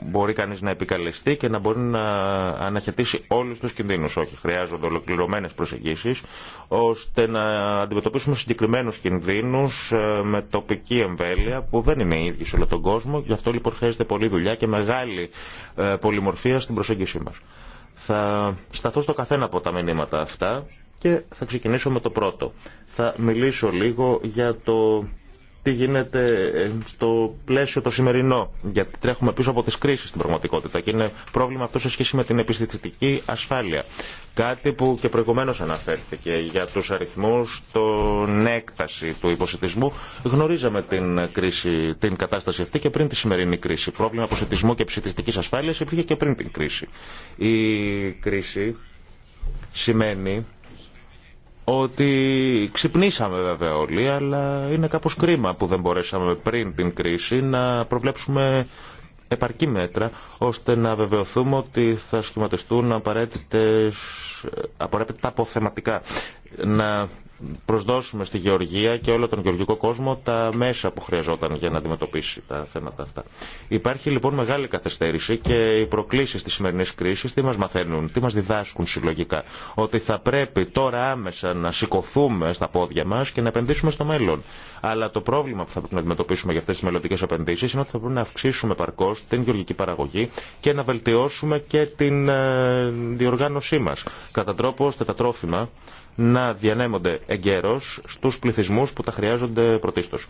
μπορεί κανείς να επικαλεστεί και να μπορεί να αναχαιτήσει όλους τους κινδύνους. Όχι, χρειάζονται ολοκληρωμένες προσεγγίσεις, ώστε να αντιμετωπίσουμε συγκεκριμένους κινδύνους ε, με τοπική εμβέλεια που δεν είναι ίδιοι σε όλο τον κόσμο. Γι' αυτό λοιπόν χρειάζεται πολλή δουλειά και μεγάλη ε, πολυμορφία στην προσέγγιση μα. Θα σταθώ στο καθένα από τα μηνύματα αυτά και θα ξεκινήσω με το πρώτο. Θα μιλήσω λίγο για το τι γίνεται ε, στο πλαίσιο το σημερινό. Γιατί τρέχουμε πίσω από τι κρίσει στην πραγματικότητα και είναι πρόβλημα αυτό σε σχέση με την επιστημιστική ασφάλεια. Κάτι που και προηγουμένω αναφέρθηκε για του αριθμού, τον έκταση του υποσυτισμού. Γνωρίζαμε την, κρίση, την κατάσταση αυτή και πριν τη σημερινή κρίση. Πρόβλημα αποσυτισμού και επιστημιστική ασφάλεια υπήρχε και πριν την κρίση. Η κρίση σημαίνει ότι ξυπνήσαμε βέβαια όλοι, αλλά είναι κάπως κρίμα που δεν μπορέσαμε πριν την κρίση να προβλέψουμε επαρκή μέτρα, ώστε να βεβαιωθούμε ότι θα σχηματιστούν απαραίτητες, απαραίτητα αποθεματικά. Να προσδώσουμε στη γεωργία και όλο τον γεωργικό κόσμο τα μέσα που χρειαζόταν για να αντιμετωπίσει τα θέματα αυτά. Υπάρχει λοιπόν μεγάλη καθυστέρηση και οι προκλήσει τη σημερινή κρίση τι μα μαθαίνουν, τι μα διδάσκουν συλλογικά. Ότι θα πρέπει τώρα άμεσα να σηκωθούμε στα πόδια μα και να επενδύσουμε στο μέλλον. Αλλά το πρόβλημα που θα πρέπει να αντιμετωπίσουμε για αυτέ τι μελλοντικέ επενδύσει είναι ότι θα πρέπει να αυξήσουμε παρκώ την γεωργική παραγωγή και να βελτιώσουμε και την ε, διοργάνωσή μα. Κατά τρόπο, ώστε τα τρόφιμα να διανέμονται εγκαίρως στους πληθυσμούς που τα χρειάζονται πρωτίστως.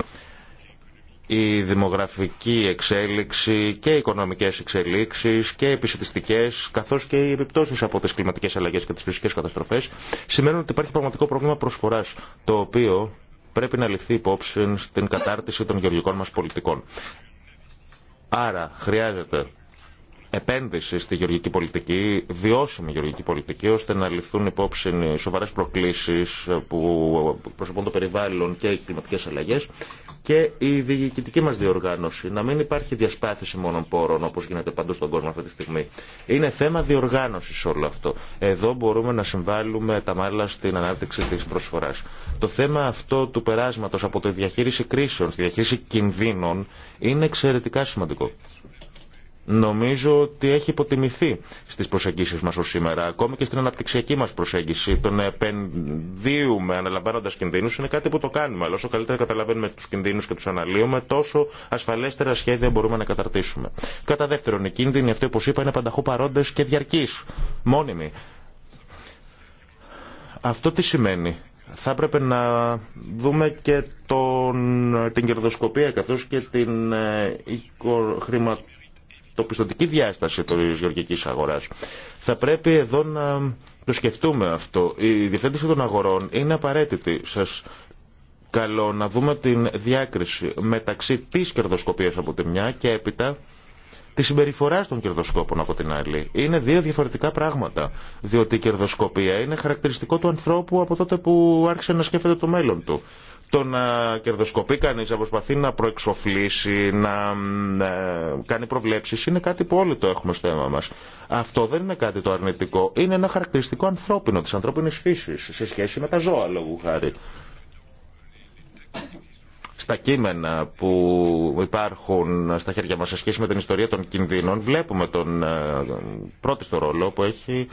Η δημογραφική εξέλιξη και οι οικονομικές εξελίξεις και οι επισητιστικές καθώς και οι επιπτώσεις από τις κλιματικές αλλαγές και τις φυσικές καταστροφές σημαίνουν ότι υπάρχει πραγματικό πρόβλημα προσφοράς το οποίο πρέπει να ληφθεί υπόψη στην κατάρτιση των γεωργικών μας πολιτικών. Άρα χρειάζεται επένδυση στη γεωργική πολιτική, βιώσιμη γεωργική πολιτική, ώστε να ληφθούν υπόψη σοβαρέ προκλήσει που προσωπούν το περιβάλλον και οι κλιματικέ αλλαγέ και η διοικητική μα διοργάνωση. Να μην υπάρχει διασπάθηση μόνο πόρων όπω γίνεται παντού στον κόσμο αυτή τη στιγμή. Είναι θέμα διοργάνωση όλο αυτό. Εδώ μπορούμε να συμβάλλουμε τα μάλλα στην ανάπτυξη τη προσφορά. Το θέμα αυτό του περάσματο από τη διαχείριση κρίσεων στη διαχείριση κινδύνων είναι εξαιρετικά σημαντικό. Νομίζω ότι έχει υποτιμηθεί στις προσεγγίσεις μας ως σήμερα. Ακόμη και στην αναπτυξιακή μας προσέγγιση. Τον να επενδύουμε αναλαμβάνοντας κινδύνους είναι κάτι που το κάνουμε. Αλλά όσο καλύτερα καταλαβαίνουμε τους κινδύνους και τους αναλύουμε, τόσο ασφαλέστερα σχέδια μπορούμε να καταρτήσουμε. Κατά δεύτερον, οι κίνδυνοι αυτοί, όπως είπα, είναι πανταχού παρόντες και διαρκείς, μόνιμοι. Αυτό τι σημαίνει θα έπρεπε να δούμε και τον, την κερδοσκοπία καθώς και την ε, το πιστοτική διάσταση τη γεωργική αγορά. Θα πρέπει εδώ να το σκεφτούμε αυτό. Η διευθέντηση των αγορών είναι απαραίτητη. Σα καλώ να δούμε την διάκριση μεταξύ τη κερδοσκοπία από τη μια και έπειτα τη συμπεριφορά των κερδοσκόπων από την άλλη. Είναι δύο διαφορετικά πράγματα. Διότι η κερδοσκοπία είναι χαρακτηριστικό του ανθρώπου από τότε που άρχισε να σκέφτεται το μέλλον του. Το να κερδοσκοπεί κανεί, να προσπαθεί να προεξοφλήσει, να ε, κάνει προβλέψει είναι κάτι που όλοι το έχουμε στο αίμα μα. Αυτό δεν είναι κάτι το αρνητικό. Είναι ένα χαρακτηριστικό ανθρώπινο τη ανθρώπινη φύση σε σχέση με τα ζώα λόγου χάρη στα κείμενα που υπάρχουν στα χέρια μας σε σχέση με την ιστορία των κινδύνων βλέπουμε τον ε, πρώτη στο ρόλο που έχει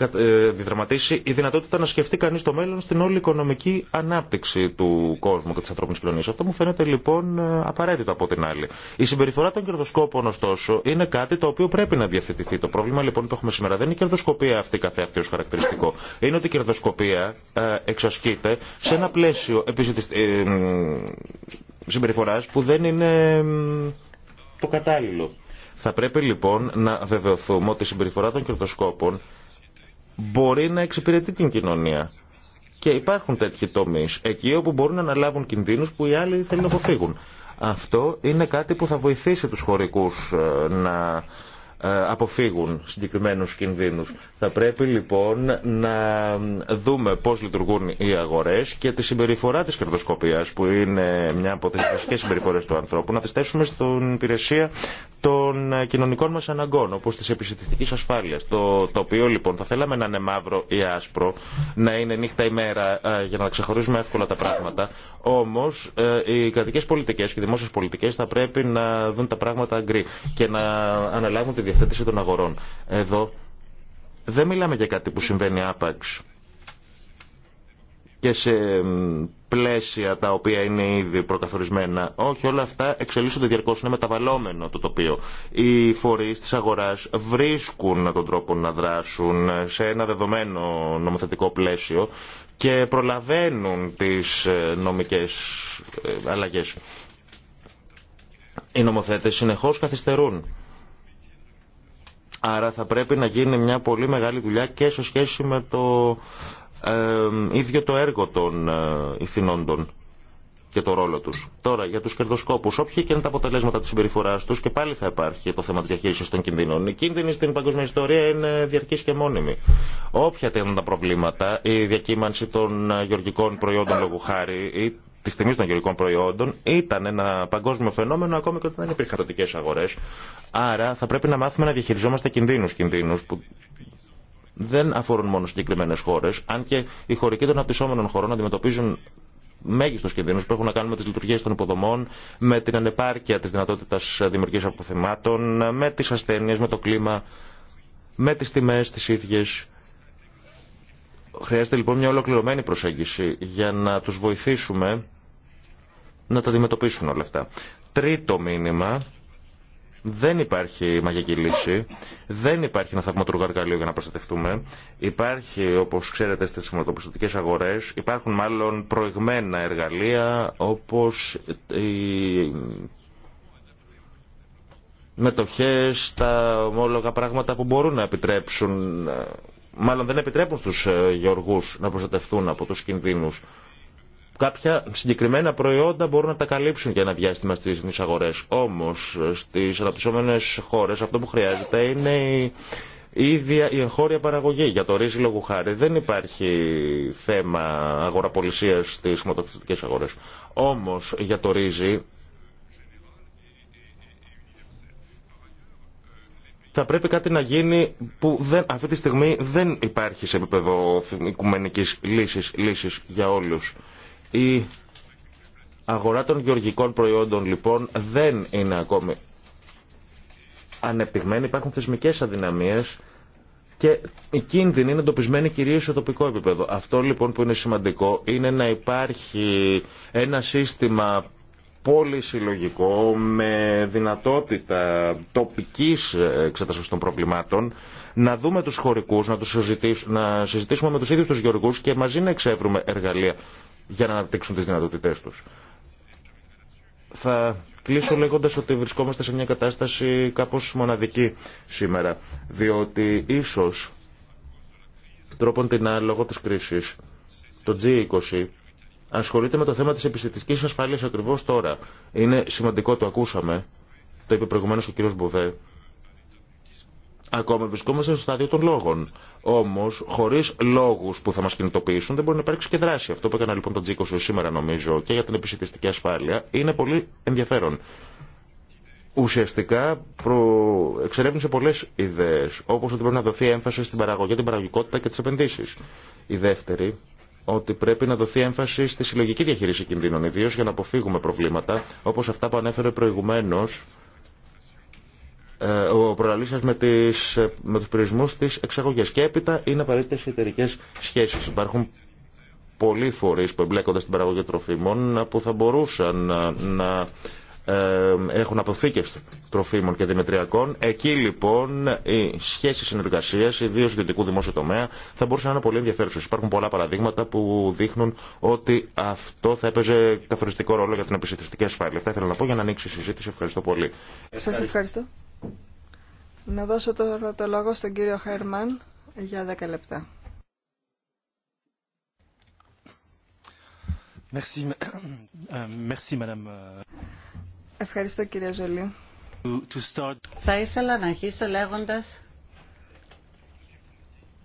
ε, διδραματίσει η δυνατότητα να σκεφτεί κανεί το μέλλον στην όλη οικονομική ανάπτυξη του κόσμου και τη ανθρώπινη κοινωνία. Αυτό μου φαίνεται λοιπόν ε, απαραίτητο από την άλλη. Η συμπεριφορά των κερδοσκόπων, ωστόσο, είναι κάτι το οποίο πρέπει να διευθετηθεί. Το πρόβλημα λοιπόν που έχουμε σήμερα δεν είναι η κερδοσκοπία αυτή καθεαυτή ω χαρακτηριστικό. Είναι ότι η κερδοσκοπία ε, εξασκείται σε ένα πλαίσιο συμπεριφορά που δεν είναι το κατάλληλο. Θα πρέπει λοιπόν να βεβαιωθούμε ότι η συμπεριφορά των κερδοσκόπων μπορεί να εξυπηρετεί την κοινωνία. Και υπάρχουν τέτοιοι τομεί εκεί όπου μπορούν να αναλάβουν κινδύνους που οι άλλοι θέλουν να αποφύγουν. Αυτό είναι κάτι που θα βοηθήσει τους χωρικούς ε, να ε, αποφύγουν συγκεκριμένους κινδύνους. Θα πρέπει λοιπόν να δούμε πώς λειτουργούν οι αγορές και τη συμπεριφορά της κερδοσκοπίας που είναι μια από τις βασικές συμπεριφορές του ανθρώπου να τις θέσουμε στην υπηρεσία των κοινωνικών μας αναγκών όπως της επιστημιστικής ασφάλειας. Το, το οποίο λοιπόν θα θέλαμε να είναι μαύρο ή άσπρο, να είναι νύχτα ή μέρα ε, για να ξεχωρίζουμε εύκολα τα πράγματα. Όμως ε, οι κρατικές πολιτικές και οι δημόσιες πολιτικές θα πρέπει να δουν τα πράγματα αγκρί και να αναλάβουν τη διαθέτηση των αγορών. Εδώ δεν μιλάμε για κάτι που συμβαίνει άπαξ και σε πλαίσια τα οποία είναι ήδη προκαθορισμένα. Όχι, όλα αυτά εξελίσσονται διαρκώ. Είναι μεταβαλλόμενο το τοπίο. Οι φορεί τη αγορά βρίσκουν τον τρόπο να δράσουν σε ένα δεδομένο νομοθετικό πλαίσιο και προλαβαίνουν τις ε, νομικές ε, αλλαγές. Οι νομοθέτες συνεχώς καθυστερούν. Άρα θα πρέπει να γίνει μια πολύ μεγάλη δουλειά και σε σχέση με το ε, ίδιο το έργο των ε, ηθινόντων και το ρόλο τους. Τώρα, για τους κερδοσκόπους. όποια και είναι τα αποτελέσματα της συμπεριφορά τους και πάλι θα υπάρχει το θέμα της διαχείριση των κινδύνων. Οι κίνδυνοι στην παγκόσμια ιστορία είναι διαρκή και μόνιμοι. Όποια τα προβλήματα, η διακύμανση των ε, γεωργικών προϊόντων λόγου χάρη τη τιμή των γεωργικών προϊόντων ήταν ένα παγκόσμιο φαινόμενο ακόμη και όταν δεν υπήρχαν τοπικέ αγορέ. Άρα θα πρέπει να μάθουμε να διαχειριζόμαστε κινδύνου κινδύνου που δεν αφορούν μόνο συγκεκριμένε χώρε, αν και οι χωρικοί των απτυσσόμενων χωρών αντιμετωπίζουν μέγιστο κινδύνου που έχουν να κάνουν με τι λειτουργίε των υποδομών, με την ανεπάρκεια τη δυνατότητα δημιουργία αποθεμάτων, με τι ασθένειε, με το κλίμα, με τι τιμέ τι ίδιε Χρειάζεται λοιπόν μια ολοκληρωμένη προσέγγιση για να τους βοηθήσουμε να τα αντιμετωπίσουν όλα αυτά. Τρίτο μήνυμα, δεν υπάρχει μαγική λύση, δεν υπάρχει ένα θαυματουργό εργαλείο για να προστατευτούμε. Υπάρχει, όπως ξέρετε, στις χρηματοπιστωτικές αγορές, υπάρχουν μάλλον προηγμένα εργαλεία, όπως οι μετοχές, τα ομόλογα πράγματα που μπορούν να επιτρέψουν μάλλον δεν επιτρέπουν στους ε, γεωργούς να προστατευτούν από τους κινδύνους. Κάποια συγκεκριμένα προϊόντα μπορούν να τα καλύψουν για ένα διάστημα στις αγορές. Όμως ε, στις αναπτυσσόμενες χώρες αυτό που χρειάζεται είναι η ίδια η εγχώρια παραγωγή. Για το ρύζι λόγου χάρη δεν υπάρχει θέμα αγοραπολισία στι χρηματοπιστωτικέ αγορέ. Όμω για το ρύζι θα πρέπει κάτι να γίνει που δεν, αυτή τη στιγμή δεν υπάρχει σε επίπεδο οικουμενικής λύσης, λύσης για όλους. Η αγορά των γεωργικών προϊόντων λοιπόν δεν είναι ακόμη ανεπτυγμένη, υπάρχουν θεσμικές αδυναμίες και η κίνδυνη είναι εντοπισμένη κυρίως στο τοπικό επίπεδο. Αυτό λοιπόν που είναι σημαντικό είναι να υπάρχει ένα σύστημα πολύ συλλογικό με δυνατότητα τοπικής εξέτασης των προβλημάτων να δούμε τους χωρικούς, να, τους συζητήσουμε, να συζητήσουμε με τους ίδιους τους γεωργούς και μαζί να εξεύρουμε εργαλεία για να αναπτύξουν τις δυνατότητές τους. Θα κλείσω λέγοντας ότι βρισκόμαστε σε μια κατάσταση κάπως μοναδική σήμερα, διότι ίσως τρόπον την λόγω της κρίσης το G20 ασχολείται με το θέμα της επιστητικής ασφάλειας ακριβώς τώρα. Είναι σημαντικό, το ακούσαμε, το είπε προηγουμένως ο κύριος Μποβέ. Ακόμα βρισκόμαστε στο στάδιο των λόγων. Όμω, χωρί λόγου που θα μα κινητοποιήσουν, δεν μπορεί να υπάρξει και δράση. Αυτό που έκανα λοιπόν το Τζίκο σήμερα, νομίζω, και για την επιστημιστική ασφάλεια, είναι πολύ ενδιαφέρον. Ουσιαστικά προ... εξερεύνησε πολλέ ιδέε, όπω ότι πρέπει να δοθεί έμφαση στην παραγωγή, την παραγωγικότητα και τι επενδύσει. Η δεύτερη ότι πρέπει να δοθεί έμφαση στη συλλογική διαχείριση κινδύνων, ιδίω για να αποφύγουμε προβλήματα όπω αυτά που ανέφερε προηγουμένω ε, ο προλαλή με, ε, με του περιορισμού τη εξαγωγή. Και έπειτα είναι απαραίτητε οι εταιρικέ σχέσει. Υπάρχουν πολλοί φορεί που εμπλέκονται στην παραγωγή τροφίμων που θα μπορούσαν να, να έχουν αποθήκευση τροφίμων και δημητριακών. Εκεί λοιπόν οι σχέσει συνεργασία, ιδίω ιδιωτικού δημόσιου τομέα, θα μπορούσαν να είναι πολύ ενδιαφέρουσε. Υπάρχουν πολλά παραδείγματα που δείχνουν ότι αυτό θα έπαιζε καθοριστικό ρόλο για την επιστημιστική ασφάλεια. Αυτά ήθελα να πω για να ανοίξει η συζήτηση. Ευχαριστώ πολύ. Σα ευχαριστώ. Να δώσω τώρα το λόγο στον κύριο Χέρμαν για 10 λεπτά. Merci, euh, merci, madame. Euh. Ευχαριστώ κυρία Ζολή. Θα ήθελα να αρχίσω λέγοντας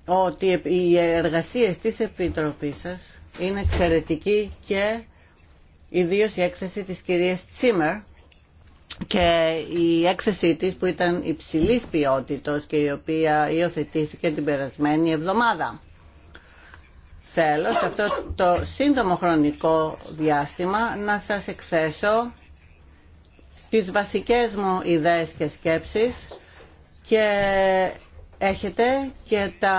ότι οι εργασίες της Επιτροπής σας είναι εξαιρετική και ιδίως η έκθεση της κυρίας Τσίμερ και η έκθεσή της που ήταν υψηλής ποιότητος και η οποία υιοθετήθηκε την περασμένη εβδομάδα. Θέλω σε αυτό το σύντομο χρονικό διάστημα να σας εξέσω τις βασικές μου ιδέες και σκέψεις και έχετε και τα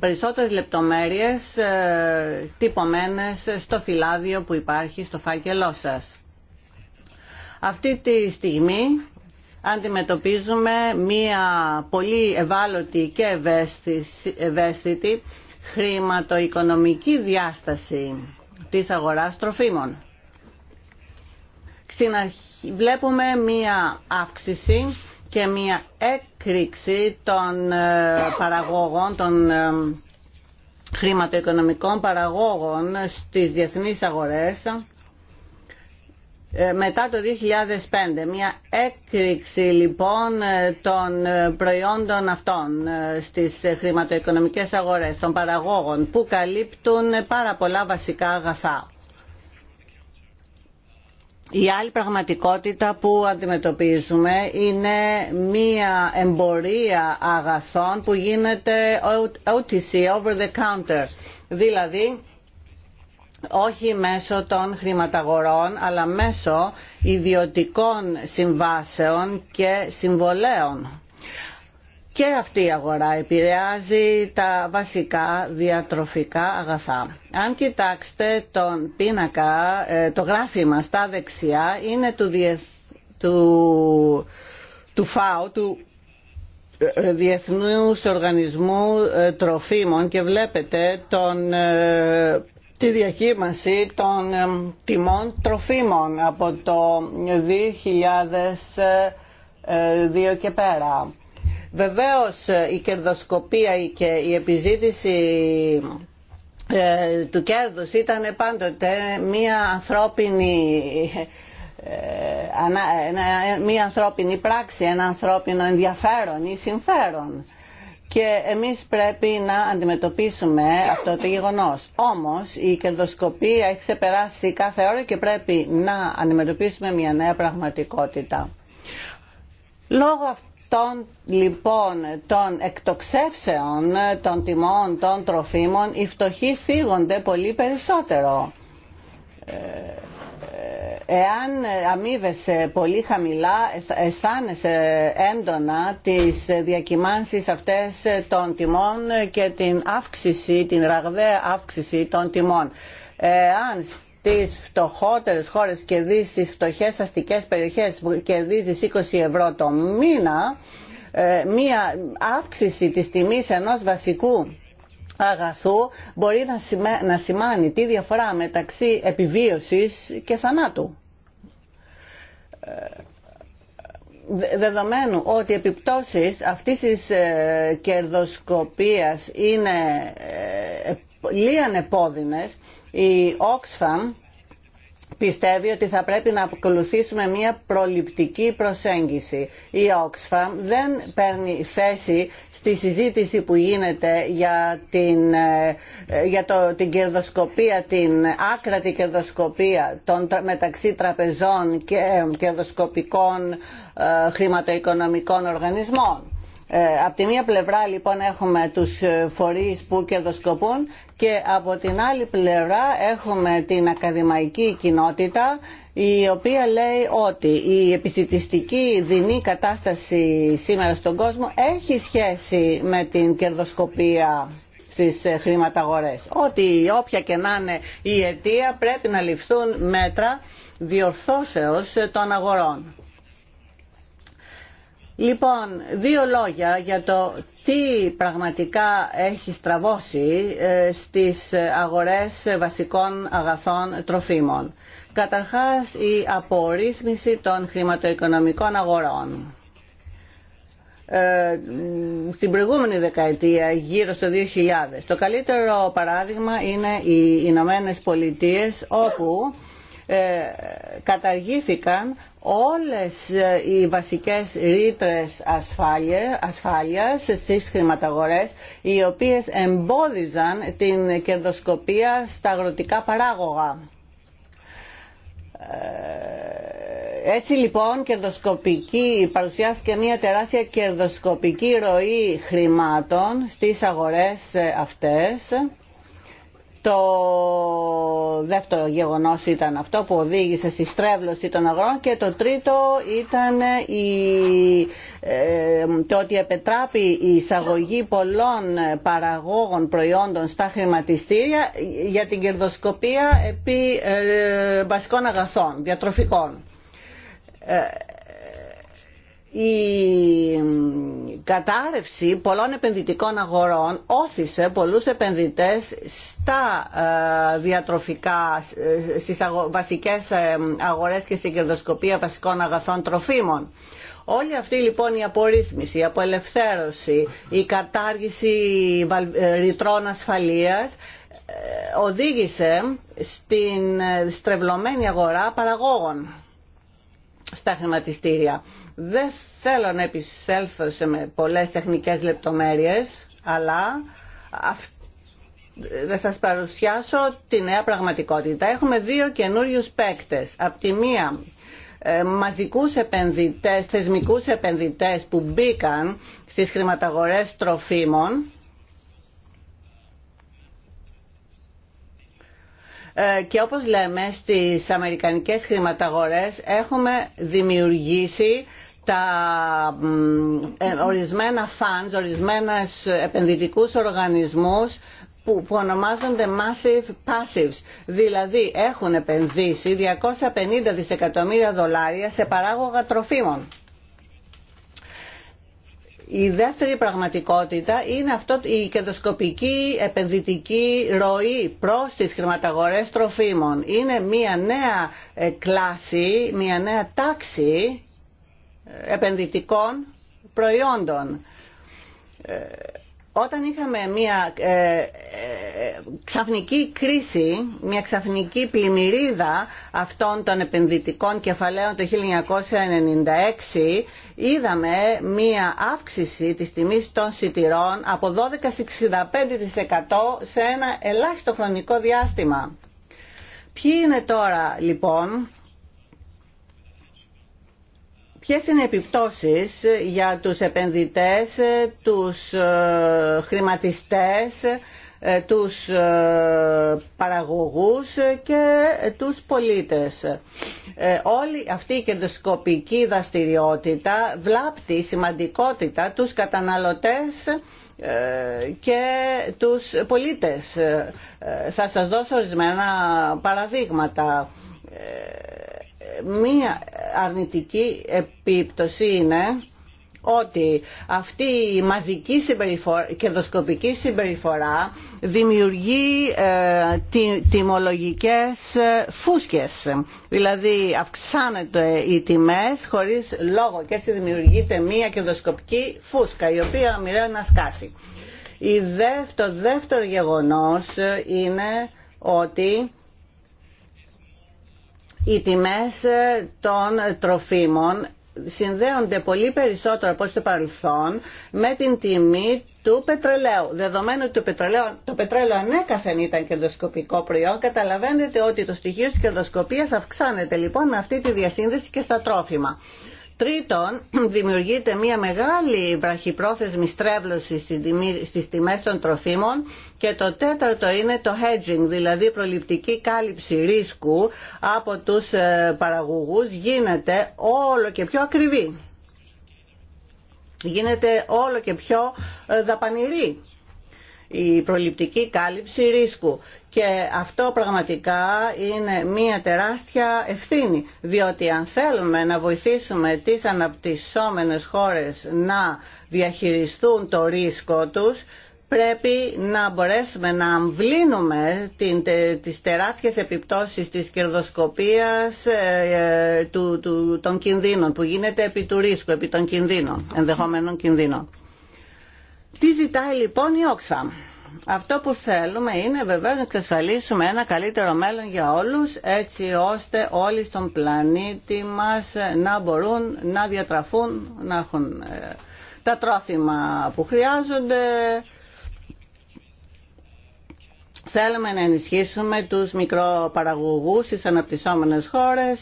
περισσότερες λεπτομέρειες ε, τυπωμένες στο φυλάδιο που υπάρχει στο φάκελό σας. Αυτή τη στιγμή αντιμετωπίζουμε μία πολύ ευάλωτη και ευαίσθητη χρηματοοικονομική διάσταση της αγοράς τροφίμων βλέπουμε μία αύξηση και μία έκρηξη των ε, παραγόγων, των ε, χρηματοοικονομικών παραγόγων στις διεθνείς αγορές ε, μετά το 2005. Μια έκρηξη λοιπόν των προϊόντων αυτών στις χρηματοοικονομικές αγορές, των παραγόγων που καλύπτουν πάρα πολλά βασικά αγαθά. Η άλλη πραγματικότητα που αντιμετωπίζουμε είναι μία εμπορία αγαθών που γίνεται OTC, over the counter, δηλαδή όχι μέσω των χρηματαγορών αλλά μέσω ιδιωτικών συμβάσεων και συμβολέων και αυτή η αγορά επηρεάζει τα βασικά διατροφικά αγαθά. Αν κοιτάξετε τον πίνακα, ε, το γράφημα στα δεξιά είναι του, του, του ΦΑΟ, του ε, ε, Διεθνούς Οργανισμού Τροφίμων και βλέπετε τον, τη διακύμαση των τιμών τροφίμων από το 2002 και πέρα. Βεβαίως η κερδοσκοπία και η επιζήτηση ε, του κέρδους ήταν πάντοτε μία ανθρώπινη ε, μία ανθρώπινη πράξη, ένα ανθρώπινο ενδιαφέρον ή συμφέρον. Και εμείς πρέπει να αντιμετωπίσουμε αυτό το γεγονός. Όμως η κερδοσκοπία έχει ξεπεράσει κάθε ώρα και πρέπει να αντιμετωπίσουμε μια νέα πραγματικότητα. Λόγω αυτού αυτών λοιπόν των εκτοξεύσεων των τιμών των τροφίμων οι φτωχοί σίγονται πολύ περισσότερο. Ε, ε, εάν αμείβεσαι πολύ χαμηλά, αισθάνεσαι έντονα τις διακυμάνσεις αυτές των τιμών και την αύξηση, την ραγδαία αύξηση των τιμών. Εάν τις φτωχότερες χώρες, κερδίζει στις φτωχές αστικές περιοχές που κερδίζει 20 ευρώ το μήνα, ε, μία αύξηση της τιμής ενός βασικού αγαθού μπορεί να, σημα... να σημάνει τη διαφορά μεταξύ επιβίωσης και θανάτου. Ε, δεδομένου ότι οι επιπτώσεις αυτής της ε, κερδοσκοπίας είναι λίγα πόδινες, η Oxfam πιστεύει ότι θα πρέπει να ακολουθήσουμε μια προληπτική προσέγγιση. Η Oxfam δεν παίρνει θέση στη συζήτηση που γίνεται για την, ε, για το, την κερδοσκοπία, την άκρατη κερδοσκοπία των, μεταξύ τραπεζών και ε, κερδοσκοπικών ε, χρηματοοικονομικών οργανισμών. Ε, από τη μία πλευρά λοιπόν έχουμε τους ε, φορείς που κερδοσκοπούν και από την άλλη πλευρά έχουμε την ακαδημαϊκή κοινότητα η οποία λέει ότι η επιθετιστική δεινή κατάσταση σήμερα στον κόσμο έχει σχέση με την κερδοσκοπία στις ε, χρηματαγορές. Ότι όποια και να είναι η αιτία πρέπει να ληφθούν μέτρα διορθώσεως των αγορών. Λοιπόν, δύο λόγια για το τι πραγματικά έχει στραβώσει ε, στις αγορές βασικών αγαθών τροφίμων. Καταρχάς, η απορρίσμηση των χρηματοοικονομικών αγορών. Ε, στην προηγούμενη δεκαετία, γύρω στο 2000, το καλύτερο παράδειγμα είναι οι Ηνωμένε Πολιτείες, όπου ε, καταργήθηκαν όλες ε, οι βασικές ρήτρε ασφάλειας στις χρηματαγορές οι οποίες εμπόδιζαν την κερδοσκοπία στα αγροτικά παράγωγα. Ε, έτσι λοιπόν κερδοσκοπική, παρουσιάστηκε μια τεράστια κερδοσκοπική ροή χρημάτων στις αγορές αυτές το δεύτερο γεγονός ήταν αυτό που οδήγησε στη στρέβλωση των αγρών και το τρίτο ήταν η, ε, το ότι επετράπη η εισαγωγή πολλών παραγόγων προϊόντων στα χρηματιστήρια για την κερδοσκοπία επί ε, βασικών αγαθών, διατροφικών ε, η κατάρρευση πολλών επενδυτικών αγορών όθησε πολλούς επενδυτές στα ε, διατροφικά, ε, στις βασικές ε, αγορές και στην κερδοσκοπία βασικών αγαθών τροφίμων. Όλη αυτή λοιπόν η απορρίθμιση, η αποελευθέρωση, η κατάργηση ρητρών ασφαλείας οδήγησε στην στρεβλωμένη αγορά παραγόγων στα χρηματιστήρια. Δεν θέλω να επισέλθω σε με πολλές τεχνικές λεπτομέρειες, αλλά θα σας παρουσιάσω τη νέα πραγματικότητα. Έχουμε δύο καινούριους παίκτες. Απ' τη μία ε, μαζικούς επενδυτές, θεσμικούς επενδυτές που μπήκαν στις χρηματαγορές τροφίμων Ε, και όπως λέμε στις αμερικανικές χρηματαγορές έχουμε δημιουργήσει τα ε, ορισμένα funds, ορισμένες επενδυτικούς οργανισμούς που, που ονομάζονται Massive Passives. Δηλαδή έχουν επενδύσει 250 δισεκατομμύρια δολάρια σε παράγωγα τροφίμων. Η δεύτερη πραγματικότητα είναι αυτό η κερδοσκοπική επενδυτική ροή προς τις χρηματαγορές τροφίμων. Είναι μια νέα ε, κλάση, μια νέα τάξη ε, επενδυτικών προϊόντων. Ε, όταν είχαμε μια ξαφνική κρίση, μια ξαφνική πλημμυρίδα αυτών των επενδυτικών κεφαλαίων το 1996, είδαμε μία αύξηση της τιμής των σιτηρών από 12-65% σε ένα ελάχιστο χρονικό διάστημα. Ποιοι είναι τώρα λοιπόν, ποιες είναι οι επιπτώσεις για τους επενδυτές, τους ε, χρηματιστές, ε, τους ε, παραγωγούς και τους πολίτες. Ε, όλη αυτή η κερδοσκοπική δραστηριότητα βλάπτει σημαντικότητα τους καταναλωτές και τους πολίτες. Θα σας δώσω ορισμένα παραδείγματα. Μία αρνητική επίπτωση είναι ότι αυτή η μαζική συμπεριφορά, κερδοσκοπική συμπεριφορά δημιουργεί ε, τι, τιμολογικές ε, φούσκες. Δηλαδή αυξάνεται οι τιμές χωρίς λόγο και έτσι δημιουργείται μία κερδοσκοπική φούσκα η οποία μοιραία να σκάσει. Η το δεύτερο γεγονός ε, είναι ότι οι τιμές ε, των τροφίμων συνδέονται πολύ περισσότερο από στο παρελθόν με την τιμή του πετρελαίου. Δεδομένου ότι το πετρελαίο, το πετρέλαιο ανέκαθεν ήταν κερδοσκοπικό προϊόν, καταλαβαίνετε ότι το στοιχείο της κερδοσκοπίας αυξάνεται λοιπόν με αυτή τη διασύνδεση και στα τρόφιμα. Τρίτον, δημιουργείται μια μεγάλη βραχυπρόθεσμη στρέβλωση στις τιμές των τροφίμων και το τέταρτο είναι το hedging, δηλαδή προληπτική κάλυψη ρίσκου από τους ε, παραγωγούς γίνεται όλο και πιο ακριβή. Γίνεται όλο και πιο ε, δαπανηρή η προληπτική κάλυψη ρίσκου. Και αυτό πραγματικά είναι μια τεράστια ευθύνη, διότι αν θέλουμε να βοηθήσουμε τις αναπτυσσόμενες χώρες να διαχειριστούν το ρίσκο τους, πρέπει να μπορέσουμε να αμβλύνουμε την, τις τεράστιες επιπτώσεις της κερδοσκοπίας ε, του, του, των κινδύνων που γίνεται επί του ρίσκου, επί των κινδύνων, ενδεχομένων κινδύνων. Τι ζητάει λοιπόν η Όξα. Αυτό που θέλουμε είναι βεβαίως να εξασφαλίσουμε ένα καλύτερο μέλλον για όλους έτσι ώστε όλοι στον πλανήτη μας να μπορούν να διατραφούν, να έχουν ε, τα τρόφιμα που χρειάζονται, Θέλουμε να ενισχύσουμε τους μικροπαραγωγούς στις αναπτυσσόμενες χώρες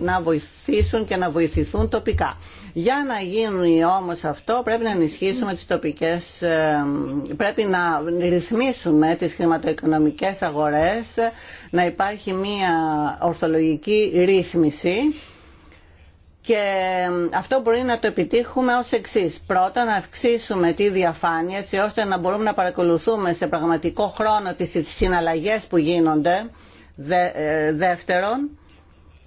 να βοηθήσουν και να βοηθηθούν τοπικά. Για να γίνει όμως αυτό πρέπει να ενισχύσουμε τις τοπικές, ε, πρέπει να ρυθμίσουμε τις χρηματοοικονομικές αγορές, να υπάρχει μια ορθολογική ρύθμιση και αυτό μπορεί να το επιτύχουμε ως εξή. Πρώτα να αυξήσουμε τη διαφάνεια έτσι ώστε να μπορούμε να παρακολουθούμε σε πραγματικό χρόνο τις συναλλαγές που γίνονται. Ε, δεύτερον,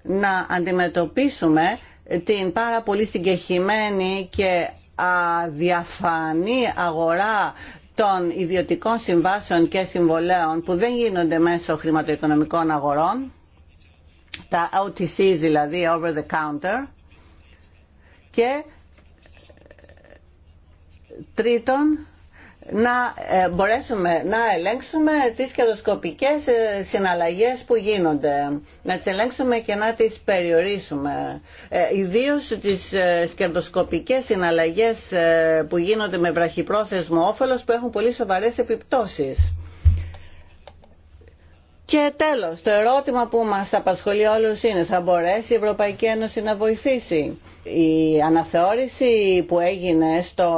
να αντιμετωπίσουμε την πάρα πολύ συγκεχημένη και αδιαφανή αγορά των ιδιωτικών συμβάσεων και συμβολέων που δεν γίνονται μέσω χρηματοοικονομικών αγορών, τα OTC δηλαδή, over the counter, και τρίτον να ε, μπορέσουμε να ελέγξουμε τις κερδοσκοπικές ε, συναλλαγές που γίνονται. Να τις ελέγξουμε και να τις περιορίσουμε. Ε, ιδίως τις ε, κερδοσκοπικές συναλλαγές που γίνονται με βραχυπρόθεσμο όφελος που έχουν πολύ σοβαρές επιπτώσεις. Και τέλος, το ερώτημα που μας απασχολεί όλους είναι θα μπορέσει η Ευρωπαϊκή Ένωση να βοηθήσει η αναθεώρηση που έγινε στο,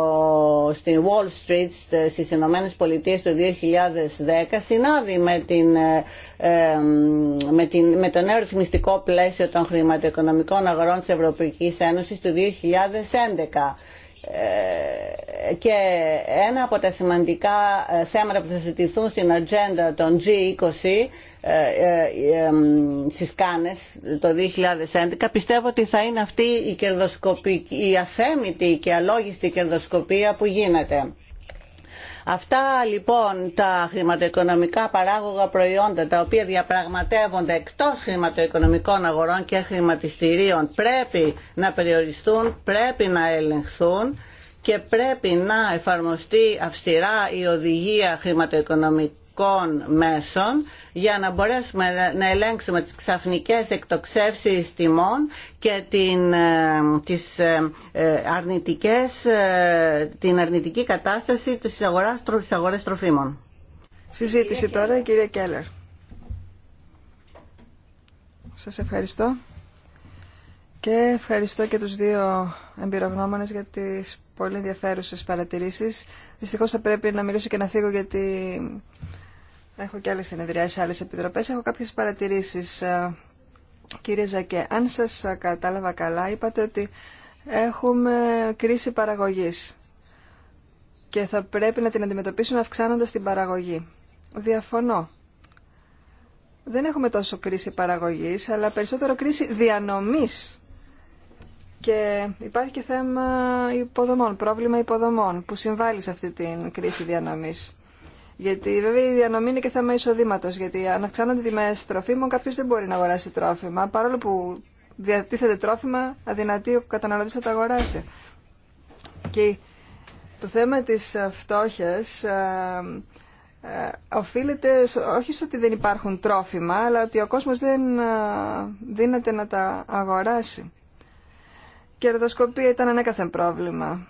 στην Wall Street στις Ηνωμένε Πολιτείες το 2010 συνάδει με, την, ε, με, την, με το νέο ρυθμιστικό πλαίσιο των χρηματοοικονομικών αγορών της Ευρωπαϊκής Ένωσης του 2011 ε, και ένα από τα σημαντικά ε, θέματα που θα συζητηθούν στην ατζέντα των G20 ε, στις Κάνες το 2011 πιστεύω ότι θα είναι αυτή η, η αθέμητη και αλόγιστη κερδοσκοπία που γίνεται Αυτά λοιπόν τα χρηματοοικονομικά παράγωγα προϊόντα τα οποία διαπραγματεύονται εκτός χρηματοοικονομικών αγορών και χρηματιστηρίων πρέπει να περιοριστούν, πρέπει να ελεγχθούν και πρέπει να εφαρμοστεί αυστηρά η οδηγία χρηματοοικονομική κον μέσων για να μπορέσουμε να ελέγξουμε τις ξαφνικές εκτοξεύσεις τιμών και την, ε, τις ε, ε, αρνητικές, την αρνητική κατάσταση της αγοράς, της αγοράς τροφίμων. Συζήτηση τώρα, κύριε Κέλλερ. Σας ευχαριστώ. Και ευχαριστώ και τους δύο εμπειρογνώμονες για τις πολύ ενδιαφέρουσες παρατηρήσεις. Δυστυχώς θα πρέπει να μιλήσω και να φύγω γιατί Έχω και άλλες συνεδριάσεις άλλες επιτροπές. Έχω κάποιες παρατηρήσεις. Ε, κύριε Ζακέ, αν σας ε, κατάλαβα καλά, είπατε ότι έχουμε κρίση παραγωγής και θα πρέπει να την αντιμετωπίσουμε αυξάνοντας την παραγωγή. Διαφωνώ. Δεν έχουμε τόσο κρίση παραγωγής, αλλά περισσότερο κρίση διανομής. Και υπάρχει και θέμα υποδομών, πρόβλημα υποδομών που συμβάλλει σε αυτή την κρίση διανομής. Γιατί βέβαια η διανομή είναι και θέμα εισοδήματο. Γιατί αν αυξάνονται τιμέ τροφίμων, κάποιο δεν μπορεί να αγοράσει τρόφιμα. Παρόλο που διατίθεται τρόφιμα, αδυνατεί ο καταναλωτή να τα αγοράσει. Και το θέμα τη ε, φτώχεια ε, ε, οφείλεται όχι στο ότι δεν υπάρχουν τρόφιμα, αλλά ότι ο κόσμος δεν δίνεται να τα αγοράσει. Κερδοσκοπία ήταν ανέκαθεν πρόβλημα,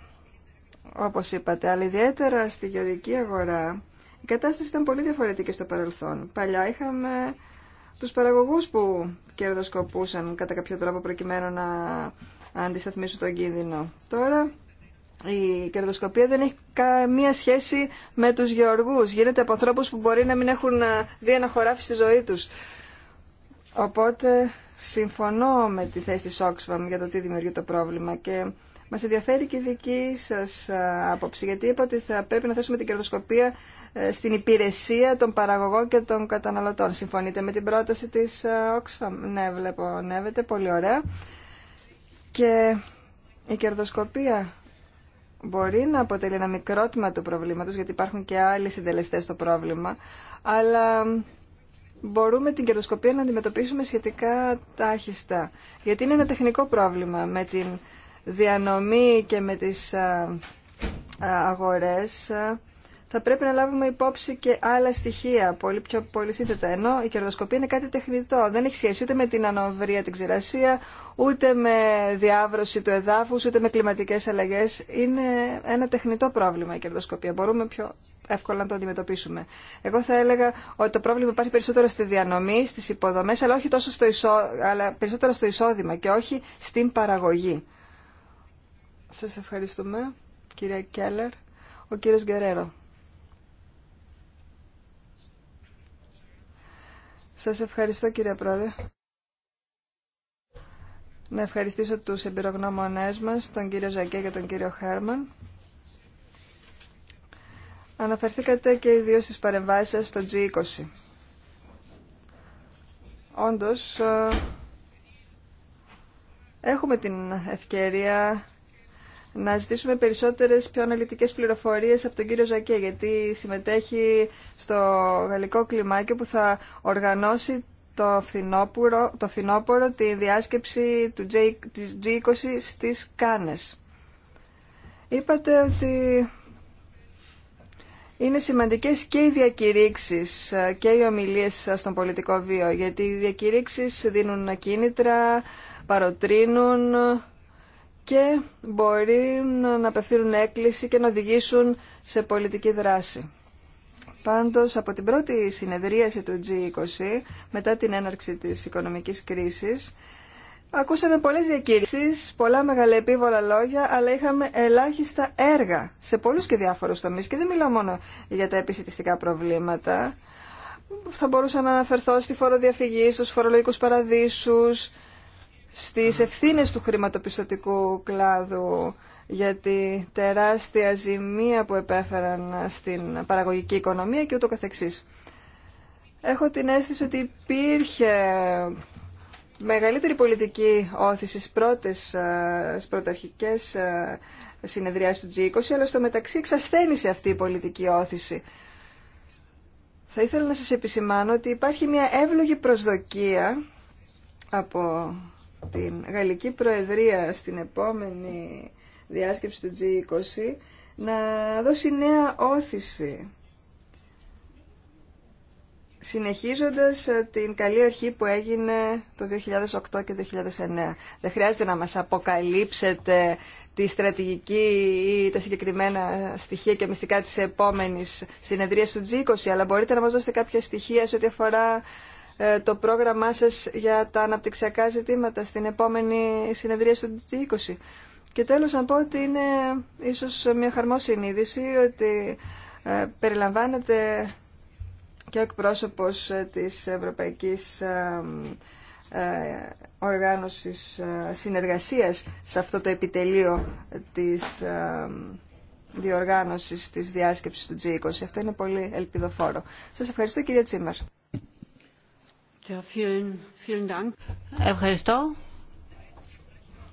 όπως είπατε, αλλά ιδιαίτερα στη γεωργική αγορά η κατάσταση ήταν πολύ διαφορετική στο παρελθόν. Παλιά είχαμε τους παραγωγούς που κερδοσκοπούσαν κατά κάποιο τρόπο προκειμένου να αντισταθμίσουν τον κίνδυνο. Τώρα η κερδοσκοπία δεν έχει καμία σχέση με τους γεωργούς. Γίνεται από ανθρώπους που μπορεί να μην έχουν ε, δει ένα χωράφι στη ζωή τους. Οπότε συμφωνώ με τη θέση της Oxfam για το τι δημιουργεί το πρόβλημα και μας ενδιαφέρει και η δική σας ε, άποψη γιατί είπα ότι θα πρέπει να θέσουμε την κερδοσκοπία ε, στην υπηρεσία των παραγωγών και των καταναλωτών. Συμφωνείτε με την πρόταση της ε, Oxfam. Ναι, βλέπω, νεύεται, πολύ ωραία. Και η κερδοσκοπία μπορεί να αποτελεί ένα μικρό του προβλήματος, γιατί υπάρχουν και άλλοι συντελεστές στο πρόβλημα, αλλά μπορούμε την κερδοσκοπία να αντιμετωπίσουμε σχετικά τάχιστα. Γιατί είναι ένα τεχνικό πρόβλημα με την διανομή και με τις ε, αγορές θα πρέπει να λάβουμε υπόψη και άλλα στοιχεία, πολύ πιο πολύ σύνθετα. Ενώ η κερδοσκοπία είναι κάτι τεχνητό. Δεν έχει σχέση ούτε με την ανοβρία, την ξηρασία, ούτε με διάβρωση του εδάφου ούτε με κλιματικέ αλλαγέ. Είναι ένα τεχνητό πρόβλημα η κερδοσκοπία. Μπορούμε πιο εύκολα να το αντιμετωπίσουμε. Εγώ θα έλεγα ότι το πρόβλημα υπάρχει περισσότερο στη διανομή, στι υποδομέ, αλλά, όχι αλλά περισσότερο στο εισόδημα και όχι στην παραγωγή. Σας ευχαριστούμε, κυρία Κέλλερ. Ο κύριος Γκερέρο. Σας ευχαριστώ κύριε Πρόεδρε. Να ευχαριστήσω τους εμπειρογνώμονές μας, τον κύριο Ζακέ και τον κύριο Χέρμαν. Αναφερθήκατε και οι δύο στις παρεμβάσεις σας στο G20. Όντως, ε, έχουμε την ευκαιρία να ζητήσουμε περισσότερες πιο αναλυτικές πληροφορίες από τον κύριο Ζακέ, γιατί συμμετέχει στο γαλλικό κλιμάκιο που θα οργανώσει το φθινόπωρο, το τη διάσκεψη του G20 στις Κάνες. Είπατε ότι είναι σημαντικές και οι διακηρύξεις ε, και οι ομιλίες στον πολιτικό βίο, γιατί οι διακηρύξεις δίνουν κίνητρα, παροτρύνουν και μπορεί να απευθύνουν έκκληση και να οδηγήσουν σε πολιτική δράση. Πάντως, από την πρώτη συνεδρίαση του G20, μετά την έναρξη της οικονομικής κρίσης, ακούσαμε πολλές διακήρυξεις, πολλά επίβολα λόγια, αλλά είχαμε ελάχιστα έργα σε πολλούς και διάφορους τομείς. Και δεν μιλάω μόνο για τα επισητιστικά προβλήματα. Θα μπορούσα να αναφερθώ στη φοροδιαφυγή, στους φορολογικούς παραδείσους, στις ευθύνες του χρηματοπιστωτικού κλάδου για τη τεράστια ζημία που επέφεραν στην παραγωγική οικονομία και ούτω καθεξής. Έχω την αίσθηση ότι υπήρχε μεγαλύτερη πολιτική όθηση στις πρώτες, ε, στις πρωταρχικές ε, συνεδριάσεις του G20, αλλά στο μεταξύ εξασθένησε αυτή η πολιτική όθηση. Θα ήθελα να σας επισημάνω ότι υπάρχει μια εύλογη προσδοκία από την Γαλλική Προεδρία στην επόμενη διάσκεψη του G20 να δώσει νέα όθηση συνεχίζοντας ε, την καλή αρχή που έγινε το 2008 και 2009. Δεν χρειάζεται να μας αποκαλύψετε τη στρατηγική ή τα συγκεκριμένα στοιχεία και μυστικά της επόμενης συνεδρίας του G20, αλλά μπορείτε να μας δώσετε κάποια στοιχεία σε ό,τι αφορά ε, το πρόγραμμά σας για τα αναπτυξιακά ζητήματα στην επόμενη συνεδρία του G20. Και τέλος να πω ότι είναι ίσως μια χαρμόσυνη είδηση ότι ε, περιλαμβάνεται και ο εκπρόσωπος ε, της Ευρωπαϊκής Οργάνωσης Συνεργασίας σε αυτό το επιτελείο της διοργάνωσης της διάσκεψης του G20. Αυτό είναι πολύ ελπιδοφόρο. Σας ευχαριστώ κυρία Τσίμαρ. Ευχαριστώ.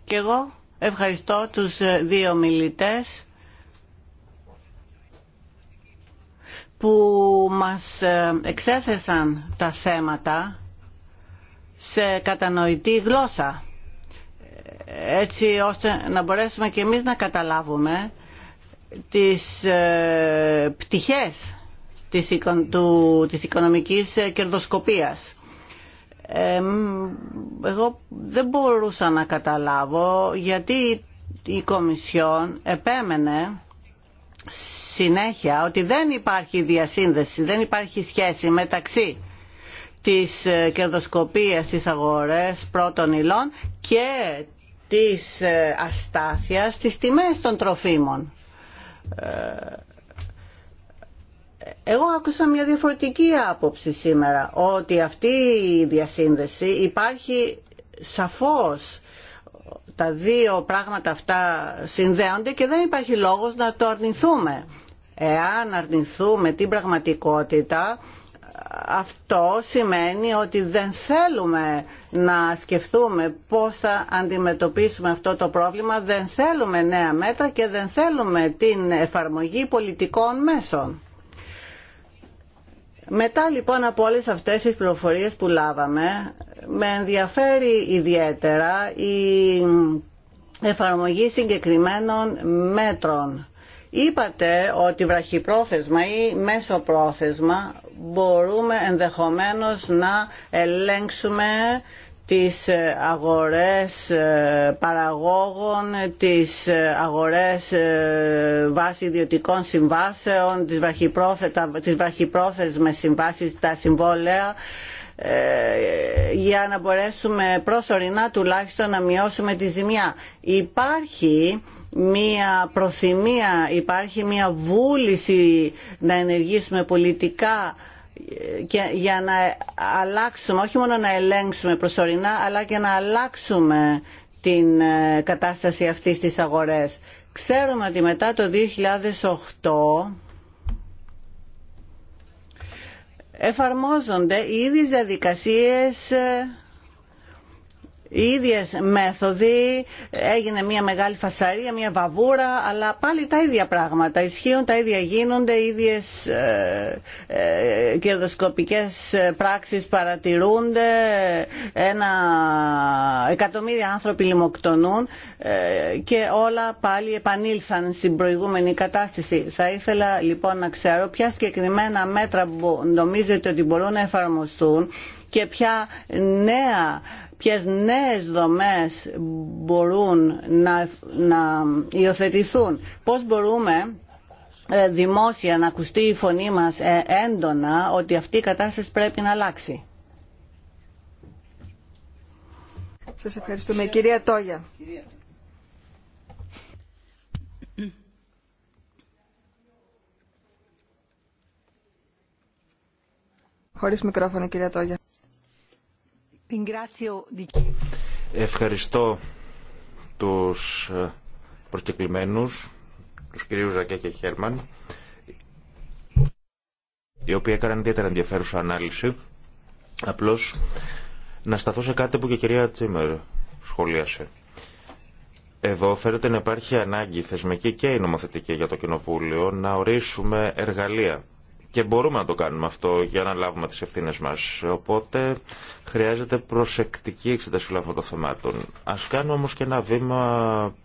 Και εγώ ευχαριστώ τους ε, δύο μιλητές που μας ε, εξέθεσαν τα θέματα σε κατανοητή γλώσσα έτσι ώστε να μπορέσουμε και εμείς να καταλάβουμε τις ε, πτυχές της οικονομικής κερδοσκοπίας εγώ δεν μπορούσα να καταλάβω γιατί η Κομισιόν επέμενε συνέχεια ότι δεν υπάρχει διασύνδεση, δεν υπάρχει σχέση μεταξύ της ε, κερδοσκοπίας της αγορές πρώτων υλών και της ε, αστάσιας της τιμές των τροφίμων. Ε, εγώ άκουσα μια διαφορετική άποψη σήμερα, ότι αυτή η διασύνδεση υπάρχει σαφώς. Τα δύο πράγματα αυτά συνδέονται και δεν υπάρχει λόγος να το αρνηθούμε. Εάν αρνηθούμε την πραγματικότητα, αυτό σημαίνει ότι δεν θέλουμε να σκεφτούμε πώς θα αντιμετωπίσουμε αυτό το πρόβλημα, δεν θέλουμε νέα μέτρα και δεν θέλουμε την εφαρμογή πολιτικών μέσων. Μετά λοιπόν από όλες αυτές τις πληροφορίες που λάβαμε, με ενδιαφέρει ιδιαίτερα η εφαρμογή συγκεκριμένων μέτρων. Είπατε ότι βραχυπρόθεσμα ή μέσοπρόθεσμα μπορούμε ενδεχομένως να ελέγξουμε τις ε, αγορές ε, παραγόγων, τις ε, αγορές βάσει ιδιωτικών συμβάσεων, τις, βραχυπρόθετα, τις βραχυπρόθεσμες συμβάσεις, τα συμβόλαια, για να μπορέσουμε προσωρινά τουλάχιστον να μειώσουμε τη ζημιά. Υπάρχει μία προθυμία, υπάρχει μία βούληση να ενεργήσουμε πολιτικά για να αλλάξουμε, όχι μόνο να ελέγξουμε προσωρινά, αλλά και να αλλάξουμε την ε, κατάσταση αυτή στις αγορές. Ξέρουμε ότι μετά το 2008 εφαρμόζονται οι ίδιες διαδικασίες ε, οι ίδιες μέθοδοι, έγινε μια μεγάλη φασαρία, μια βαβούρα, αλλά πάλι τα ίδια πράγματα ισχύουν, τα ίδια γίνονται, οι ίδιες ε, ε πράξεις παρατηρούνται, ένα εκατομμύρια άνθρωποι λιμοκτονούν ε, και όλα πάλι επανήλθαν στην προηγούμενη κατάσταση. Θα ήθελα λοιπόν να ξέρω ποια συγκεκριμένα μέτρα που νομίζετε ότι μπορούν να εφαρμοστούν και ποια νέα ποιες νέες δομές μπορούν να, να υιοθετηθούν, πώς μπορούμε ε, δημόσια να ακουστεί η φωνή μας ε, έντονα ότι αυτή η κατάσταση πρέπει να αλλάξει. Σας ευχαριστούμε. Κυρία Τόγια. Χωρίς μικρόφωνο, κυρία Τόγια. Ευχαριστώ τους ε, προσκεκλημένους, τους κυρίους Ζακέ και Χέρμαν, οι οποίοι έκαναν ιδιαίτερα ενδιαφέρουσα ανάλυση. Απλώς να σταθώ σε κάτι που και η κυρία Τσίμερ σχολίασε. Εδώ φαίνεται να υπάρχει ανάγκη θεσμική και η νομοθετική για το Κοινοβούλιο να ορίσουμε εργαλεία και μπορούμε να το κάνουμε αυτό για να λάβουμε τις ευθύνες μας. Οπότε χρειάζεται προσεκτική εξετασία όλων των θεμάτων. Ας κάνουμε όμως και ένα βήμα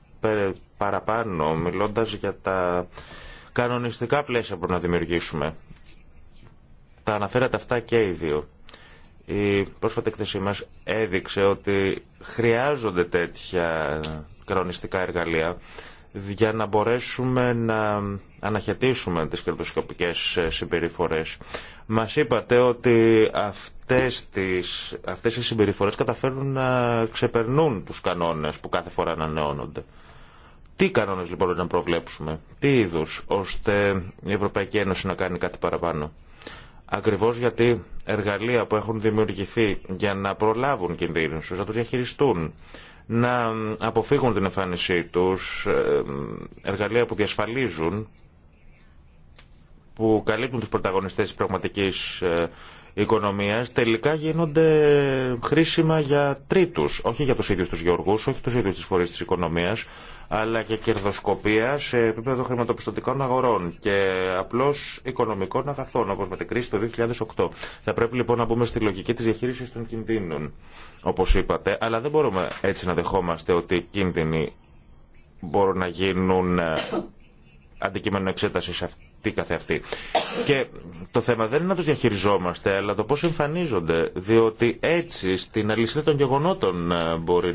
παραπάνω, μιλώντας για τα κανονιστικά πλαίσια που να δημιουργήσουμε. Τα αναφέρατε αυτά και οι δύο. Η πρόσφατη εκθεσή μας έδειξε ότι χρειάζονται τέτοια κανονιστικά εργαλεία για να μπορέσουμε να αναχαιτήσουμε τις κερδοσκοπικές ε, συμπεριφορές. Μας είπατε ότι αυτές, τις, αυτές οι συμπεριφορές καταφέρνουν να ξεπερνούν τους κανόνες που κάθε φορά ανανεώνονται. Τι κανόνες λοιπόν να προβλέψουμε, τι είδους, ώστε η Ευρωπαϊκή Ένωση να κάνει κάτι παραπάνω. Ακριβώς γιατί εργαλεία που έχουν δημιουργηθεί για να προλάβουν κινδύνους, να τους διαχειριστούν, να αποφύγουν την εμφάνισή τους, ε, εργαλεία που διασφαλίζουν που καλύπτουν τους πρωταγωνιστές της πραγματικής ε, οικονομίας τελικά γίνονται χρήσιμα για τρίτους, όχι για τους ίδιους τους γεωργούς, όχι τους ίδιους τις φορείς της οικονομίας, αλλά και κερδοσκοπία σε επίπεδο χρηματοπιστωτικών αγορών και απλώς οικονομικών αγαθών, όπως με την κρίση το 2008. Θα πρέπει λοιπόν να μπούμε στη λογική της διαχείρισης των κινδύνων, όπως είπατε, αλλά δεν μπορούμε έτσι να δεχόμαστε ότι οι κίνδυνοι μπορούν να γίνουν ε, αντικείμενο εξέταση τι καθεαυτή. Και το θέμα δεν είναι να του διαχειριζόμαστε, αλλά το πώ εμφανίζονται. Διότι έτσι στην αλυσίδα των γεγονότων ε, μπορεί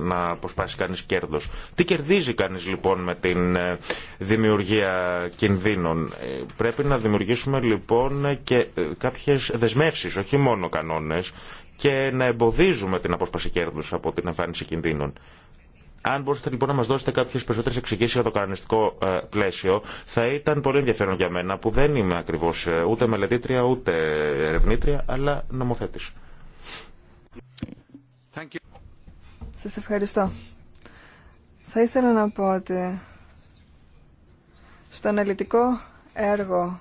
να αποσπάσει κανείς κέρδος. Τι κερδίζει κανείς λοιπόν με την ε, δημιουργία κινδύνων. Ε, πρέπει να δημιουργήσουμε λοιπόν και κάποιες δεσμεύσεις, όχι μόνο κανόνες, και να εμποδίζουμε την απόσπαση κέρδους από την εμφάνιση κινδύνων. Αν μπορούσατε λοιπόν να μα δώσετε κάποιε περισσότερε εξηγήσει για το κανονιστικό ε, πλαίσιο, θα ήταν πολύ ενδιαφέρον για μένα, που δεν είμαι ακριβώ ε, ούτε μελετήτρια ούτε ερευνήτρια, αλλά νομοθέτη. Σα ευχαριστώ. Θα ήθελα να πω ότι στο αναλυτικό έργο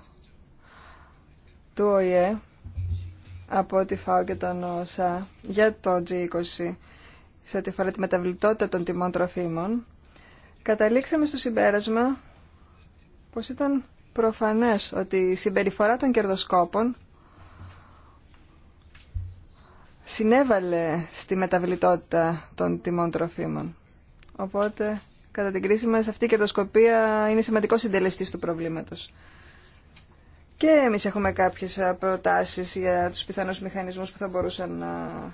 του ΟΗΕ από τη ΦΑΟ και τον ΩΣΑ για το G20 σε ό,τι αφορά τη μεταβλητότητα των τιμών τροφίμων, καταλήξαμε στο συμπέρασμα πως ήταν προφανές ότι η συμπεριφορά των κερδοσκόπων συνέβαλε στη μεταβλητότητα των τιμών τροφίμων. Οπότε, κατά την κρίση μας, αυτή η κερδοσκοπία είναι σημαντικό συντελεστής του προβλήματος. Και εμείς έχουμε κάποιες προτάσεις για τους πιθανούς μηχανισμούς που θα μπορούσαν να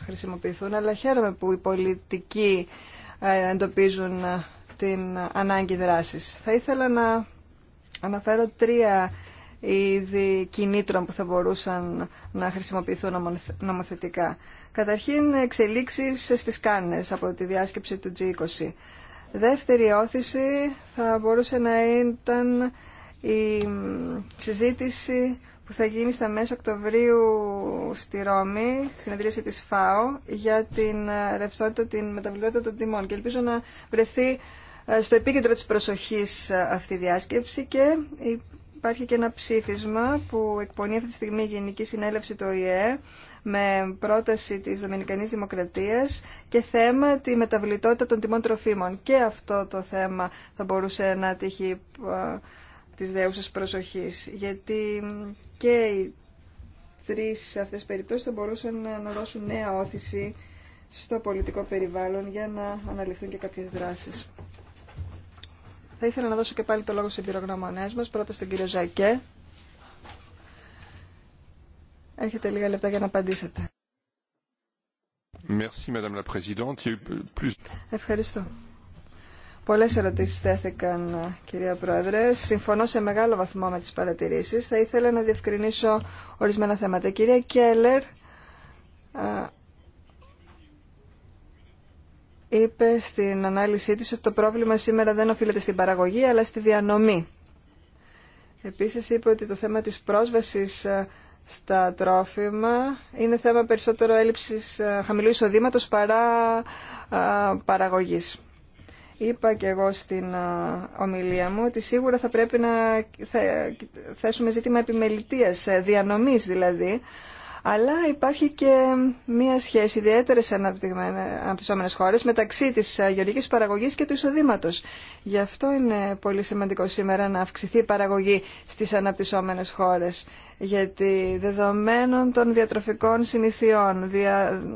χρησιμοποιηθούν, αλλά χαίρομαι που οι πολιτικοί εντοπίζουν την ανάγκη δράσης. Θα ήθελα να αναφέρω τρία είδη κινήτρων που θα μπορούσαν να χρησιμοποιηθούν νομοθετικά. Καταρχήν, εξελίξεις στις κάνες από τη διάσκεψη του G20. Δεύτερη όθηση θα μπορούσε να ήταν η συζήτηση που θα γίνει στα μέσα Οκτωβρίου στη Ρώμη, συνεδρίαση της ΦΑΟ, για την ε, ρευστότητα, την μεταβλητότητα των τιμών. Και ελπίζω να βρεθεί ε, στο επίκεντρο της προσοχής ε, αυτή η διάσκεψη και υπάρχει και ένα ψήφισμα που εκπονεί αυτή τη στιγμή η Γενική Συνέλευση του ΟΗΕ με πρόταση της Δομινικανής Δημοκρατίας και θέμα τη μεταβλητότητα των τιμών τροφίμων. Και αυτό το θέμα θα μπορούσε να τύχει της δέουσας προσοχής, γιατί και οι τρεις αυτές περιπτώσεις θα μπορούσαν να δώσουν νέα όθηση στο πολιτικό περιβάλλον για να αναλυθούν και κάποιες δράσεις. Θα ήθελα να δώσω και πάλι το λόγο σε εμπειρογνωμονές μας, πρώτα στον κύριο Ζακέ. Έχετε λίγα λεπτά για να απαντήσετε. Merci, Madame la Présidente. Ευχαριστώ. Πολλές ερωτήσεις τέθηκαν, κυρία Πρόεδρε. Συμφωνώ σε μεγάλο βαθμό με τις παρατηρήσεις. Θα ήθελα να διευκρινίσω ορισμένα θέματα. Κυρία Κέλλερ, είπε στην ανάλυση της ότι το πρόβλημα σήμερα δεν οφείλεται στην παραγωγή αλλά στη διανομή. Επίσης είπε ότι το θέμα της πρόσβασης στα τρόφιμα είναι θέμα περισσότερο έλλειψης χαμηλού εισοδήματος παρά παραγωγής. Είπα και εγώ στην ομιλία μου ότι σίγουρα θα πρέπει να θέσουμε ζήτημα επιμελητίας, ε, διανομής δηλαδή, αλλά υπάρχει και μία σχέση ιδιαίτερες αναπτυσσόμενες χώρες μεταξύ της ε, γεωργικής παραγωγής και του εισοδήματος. Γι' αυτό είναι πολύ σημαντικό σήμερα να αυξηθεί η παραγωγή στις αναπτυσσόμενες χώρες, γιατί δεδομένων των διατροφικών συνηθιών,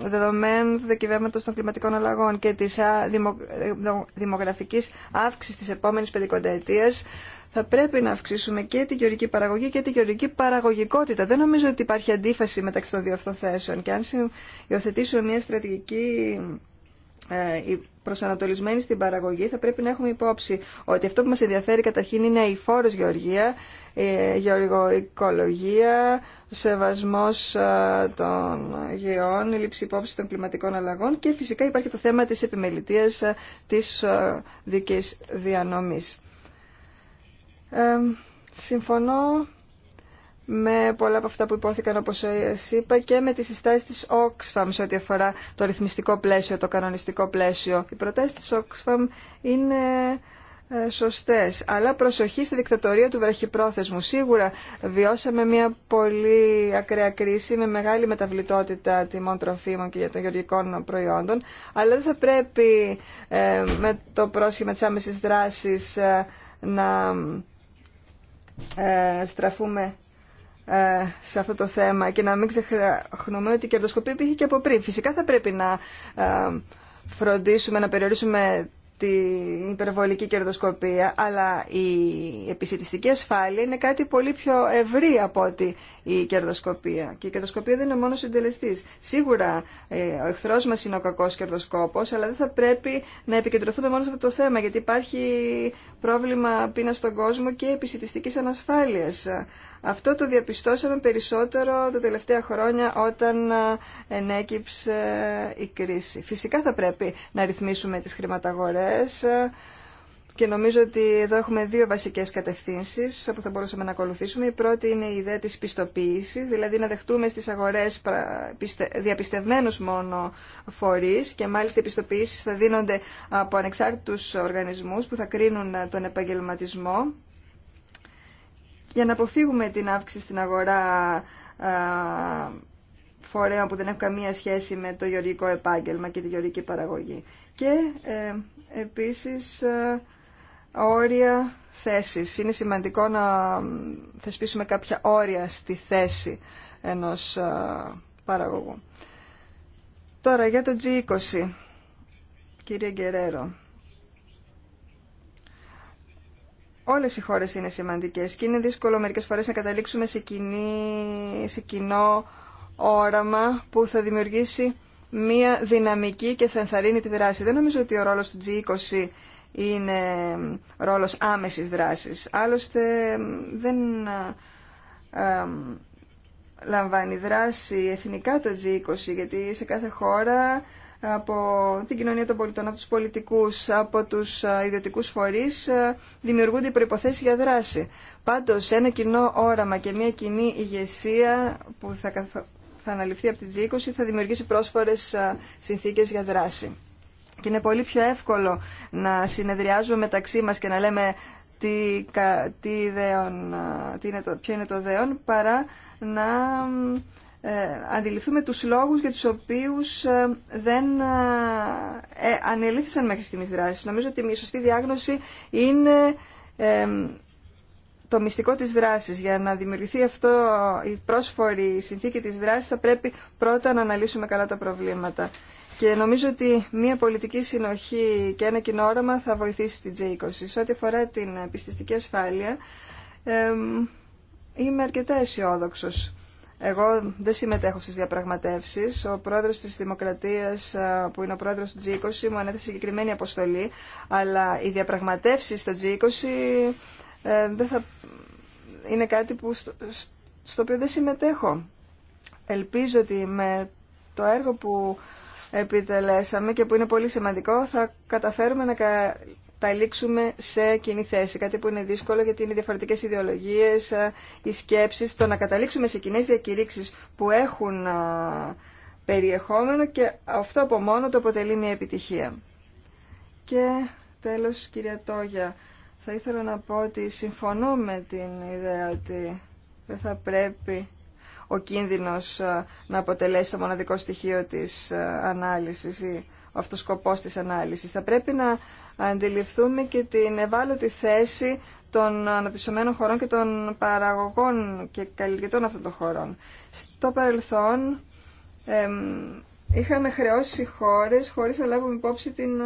δεδομένων του δεκυβέματος των κλιματικών αλλαγών και της ε, δημογραφικής αύξησης της επόμενης πεντηκονταετίας, θα πρέπει να αυξήσουμε και την γεωργική παραγωγή και την γεωργική παραγωγικότητα. Δεν νομίζω ότι υπάρχει αντίφαση μεταξύ των δύο αυτών θέσεων. Και αν υιοθετήσουμε μια στρατηγική ε, προσανατολισμένη στην παραγωγή, θα πρέπει να έχουμε υπόψη ότι αυτό που μας ενδιαφέρει καταρχήν είναι η φόρος γεωργία, η γεωργοοικολογία, ο σεβασμός ε, των γεών, η λήψη υπόψη των κλιματικών αλλαγών και φυσικά υπάρχει το θέμα της επιμελητίας ε, της δικής διανομής συμφωνώ με πολλά από αυτά που υπόθηκαν όπως είπα και με τις συστάσεις της Oxfam σε ό,τι αφορά το ρυθμιστικό πλαίσιο, το κανονιστικό πλαίσιο. Οι προτάσεις της Oxfam είναι ε, σωστές, αλλά προσοχή στη δικτατορία του βραχυπρόθεσμου. Σίγουρα βιώσαμε μια πολύ ακραία κρίση με μεγάλη μεταβλητότητα τιμών τροφίμων και των γεωργικών προϊόντων, αλλά δεν θα πρέπει ε, με το πρόσχημα της άμεσης δράσης ε, να ε, στραφούμε ε, σε αυτό το θέμα και να μην ξεχνούμε ότι η κερδοσκοπία υπήρχε και από πριν. Φυσικά θα πρέπει να ε, φροντίσουμε να περιορίσουμε την υπερβολική κερδοσκοπία, αλλά η επισητιστική ασφάλεια είναι κάτι πολύ πιο ευρύ από ότι η κερδοσκοπία. Και η κερδοσκοπία δεν είναι μόνο συντελεστή. Σίγουρα ε, ο εχθρό μα είναι ο κακό κερδοσκόπο, αλλά δεν θα πρέπει να επικεντρωθούμε μόνο σε αυτό το θέμα, γιατί υπάρχει πρόβλημα πείνα στον κόσμο και επισητιστική ανασφάλεια αυτό το διαπιστώσαμε περισσότερο τα τελευταία χρόνια όταν ε, ενέκυψε ε, η κρίση. Φυσικά θα πρέπει να ρυθμίσουμε τις χρηματαγορές ε, και νομίζω ότι εδώ έχουμε δύο βασικές κατευθύνσεις που θα μπορούσαμε να ακολουθήσουμε. Η πρώτη είναι η ιδέα της πιστοποίησης, δηλαδή να δεχτούμε στις αγορές διαπιστευμένους μόνο φορείς και μάλιστα οι πιστοποιήσεις θα δίνονται από ανεξάρτητους οργανισμούς που θα κρίνουν τον επαγγελματισμό για να αποφύγουμε την αύξηση στην αγορά φορέων που δεν έχουν καμία σχέση με το γεωργικό επάγγελμα και τη γεωργική παραγωγή. Και ε, επίσης ε, όρια θέσης. Είναι σημαντικό να θεσπίσουμε κάποια όρια στη θέση ενός παραγωγού. Τώρα για το G20, κύριε Γκερέρο. όλες οι χώρες είναι σημαντικές και είναι δύσκολο μερικές φορές να καταλήξουμε σε, κοινή, σε κοινό όραμα που θα δημιουργήσει μία δυναμική και θα ενθαρρύνει τη δράση. Δεν νομίζω ότι ο ρόλος του G20 είναι ρόλος άμεσης δράσης. Άλλωστε δεν ε, ε, λαμβάνει δράση εθνικά το G20 γιατί σε κάθε χώρα από την κοινωνία των πολιτών, από τους πολιτικούς, από τους ιδιωτικούς φορείς, δημιουργούνται οι προϋποθέσεις για δράση. Πάντως, ένα κοινό όραμα και μια κοινή ηγεσία που θα, θα αναλυφθεί από την G20 θα δημιουργήσει πρόσφορες συνθήκες για δράση. Και είναι πολύ πιο εύκολο να συνεδριάζουμε μεταξύ μας και να λέμε τι, τι, τι είναι το, ποιο είναι το δέον, παρά να ε, αντιληφθούμε τους λόγους για τους οποίους ε, δεν ε, ανελήθησαν μέχρι στιγμής δράσεις. Νομίζω ότι η σωστή διάγνωση είναι το μυστικό της δράσης. Για να δημιουργηθεί αυτό η πρόσφορη συνθήκη της δράσης θα πρέπει πρώτα να αναλύσουμε καλά τα προβλήματα. Και νομίζω ότι μια πολιτική συνοχή και ένα κοινό όρομα θα βοηθήσει την j Σε ό,τι αφορά την πιστιστική ασφάλεια, είμαι αρκετά αισιόδοξο. Εγώ δεν συμμετέχω στις διαπραγματεύσεις. Ο πρόεδρος της Δημοκρατίας, που είναι ο πρόεδρος του G20, μου ανέθεσε συγκεκριμένη αποστολή, αλλά οι διαπραγματεύσεις στο G20 ε, δεν θα... είναι κάτι που, στο, στο οποίο δεν συμμετέχω. Ελπίζω ότι με το έργο που επιτελέσαμε και που είναι πολύ σημαντικό θα καταφέρουμε να τα λήξουμε σε κοινή θέση. Κάτι που είναι δύσκολο γιατί είναι διαφορετικέ ιδεολογίε, ε, οι σκέψει. Το να καταλήξουμε σε κοινέ διακηρύξει που έχουν περιεχόμενο και αυτό από μόνο το αποτελεί μια επιτυχία. Και τέλος κυρία Τόγια, θα ήθελα να πω ότι συμφωνώ με την ιδέα ότι δεν θα πρέπει ο κίνδυνος να αποτελέσει το μοναδικό στοιχείο της ανάλυσης ή ο σκοπός της ανάλυσης. Θα πρέπει να αντιληφθούμε και την ευάλωτη θέση των αναπτυσσομένων χωρών και των παραγωγών και καλλιεργητών αυτών των χωρών. Στο παρελθόν είχαμε χρεώσει χώρες χωρίς να λάβουμε υπόψη την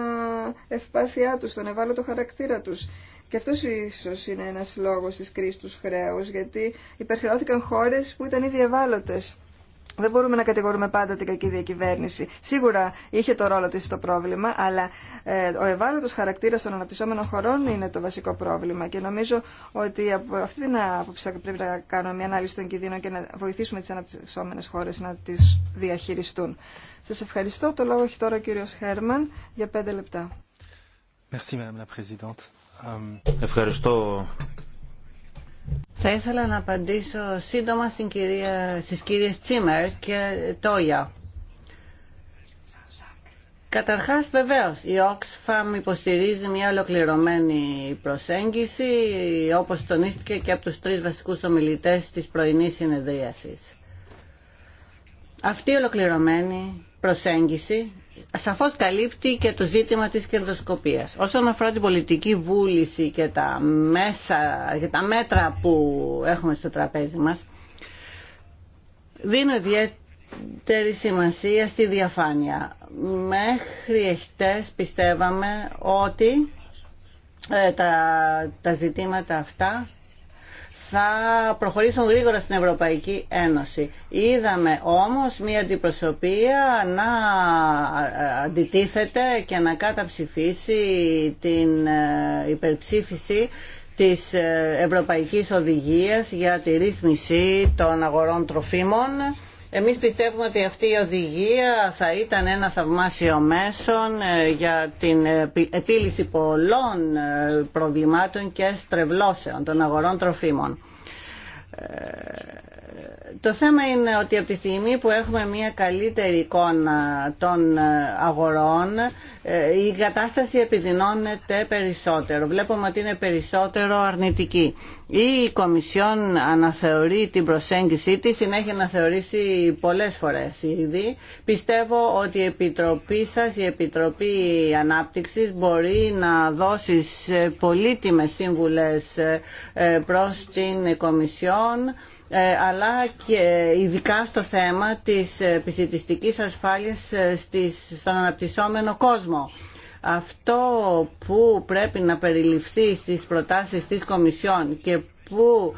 ευπάθειά τους, τον ευάλωτο χαρακτήρα τους. Και αυτός ίσως είναι ένας λόγος τη κρίσης τους χρέου, γιατί υπερχρεώθηκαν χώρες που ήταν ήδη ευάλωτε. Δεν μπορούμε να κατηγορούμε πάντα την κακή διακυβέρνηση. Σίγουρα είχε το ρόλο της το πρόβλημα, αλλά ε, ο ευάλωτος χαρακτήρας των αναπτυσσόμενων χωρών είναι το βασικό πρόβλημα. Και νομίζω ότι από αυτή την άποψη πρέπει να κάνουμε μια ανάλυση των κινδύνων και να βοηθήσουμε τις αναπτυσσόμενες χώρες να τις διαχειριστούν. Σας ευχαριστώ. Το λόγο έχει τώρα ο κύριος Χέρμαν για πέντε λεπτά. Ευχαριστώ, θα ήθελα να απαντήσω σύντομα στην κυρία, στις κυρίες Τσίμερ και Τόια. Καταρχάς βεβαίως η Oxfam υποστηρίζει μια ολοκληρωμένη προσέγγιση όπως τονίστηκε και από τους τρεις βασικούς ομιλητές της πρωινής συνεδρίασης. Αυτή η ολοκληρωμένη προσέγγιση σαφώς καλύπτει και το ζήτημα της κερδοσκοπίας. Όσον αφορά την πολιτική βούληση και τα, μέσα, τα μέτρα που έχουμε στο τραπέζι μας, δίνω ιδιαίτερη σημασία στη διαφάνεια. Μέχρι εχθές πιστεύαμε ότι ε, τα, τα ζητήματα αυτά θα προχωρήσουν γρήγορα στην Ευρωπαϊκή Ένωση. Είδαμε όμως μια αντιπροσωπεία να αντιτίθεται και να καταψηφίσει την ε, υπερψήφιση της ε, Ευρωπαϊκής Οδηγίας για τη ρύθμιση των αγορών τροφίμων εμείς πιστεύουμε ότι αυτή η οδηγία θα ήταν ένα θαυμάσιο μέσον ε, για την επίλυση πολλών ε, προβλημάτων και στρεβλώσεων των αγορών τροφίμων. Ε, το θέμα είναι ότι από τη στιγμή που έχουμε μια καλύτερη εικόνα των ε, αγορών, ε, η κατάσταση επιδεινώνεται περισσότερο. Βλέπουμε ότι είναι περισσότερο αρνητική. Η Κομισιόν αναθεωρεί την προσέγγιση της, την έχει αναθεωρήσει πολλές φορές ήδη. Πιστεύω ότι η Επιτροπή η Επιτροπή Ανάπτυξης μπορεί να δώσει πολύτιμες σύμβουλες ε, προς την Κομισιόν ε, αλλά και ειδικά στο θέμα της ε, επισητιστικής ασφάλειας ε, στον αναπτυσσόμενο κόσμο. Αυτό που πρέπει να περιληφθεί στις προτάσεις της Κομισιόν και που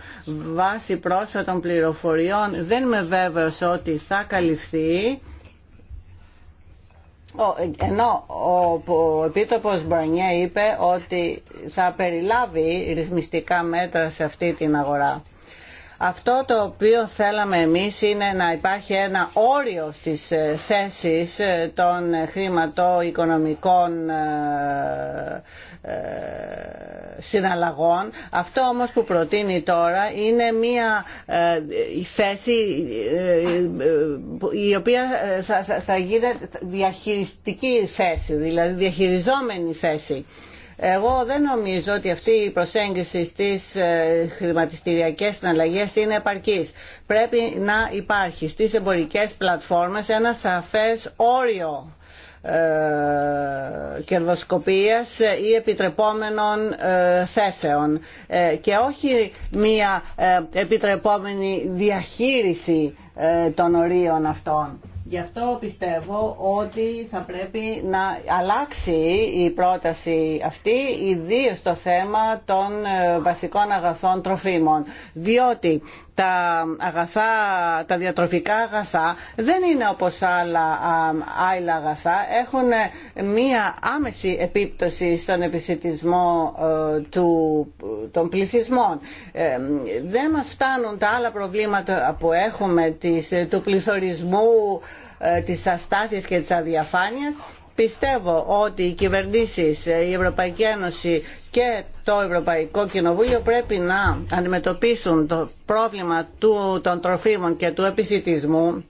βάσει πρόσφατων πληροφοριών δεν είμαι βέβαιος ότι θα καλυφθεί ενώ ο Επίτροπος Μπαρνιέ είπε ότι θα περιλάβει ρυθμιστικά μέτρα σε αυτή την αγορά. Αυτό το οποίο θέλαμε εμείς είναι να υπάρχει ένα όριο στις ε, θέσεις ε, των χρηματοοικονομικών ε, συναλλαγών. Αυτό όμως που προτείνει τώρα είναι μία θέση η οποία θα γίνεται διαχειριστική θέση, δηλαδή διαχειριζόμενη θέση. Εγώ δεν νομίζω ότι αυτή η προσέγγιση στις ε, χρηματιστηριακές συναλλαγές είναι επαρκής. Πρέπει να υπάρχει στις εμπορικές πλατφόρμες ένα σαφές όριο ε, κερδοσκοπίας ή επιτρεπόμενων ε, θέσεων και όχι μία επιτρεπόμενη διαχείριση των ορίων αυτών. Γι' αυτό πιστεύω ότι θα πρέπει να αλλάξει η πρόταση αυτή, ιδίως στο θέμα των ε, βασικών αγαθών τροφίμων. Διότι τα αγαθά, τα διατροφικά αγαθά δεν είναι όπως άλλα άλλα αγαθά, έχουν μία άμεση επίπτωση στον επισητισμό ε, των πληθυσμών. Ε, δεν μας φτάνουν τα άλλα προβλήματα που έχουμε του πληθωρισμού, ε, της αστάθειας και της αδιαφάνειας Πιστεύω ότι οι κυβερνήσεις, η Ευρωπαϊκή Ένωση και το Ευρωπαϊκό Κοινοβούλιο πρέπει να αντιμετωπίσουν το πρόβλημα του, των τροφίμων και του επισητισμού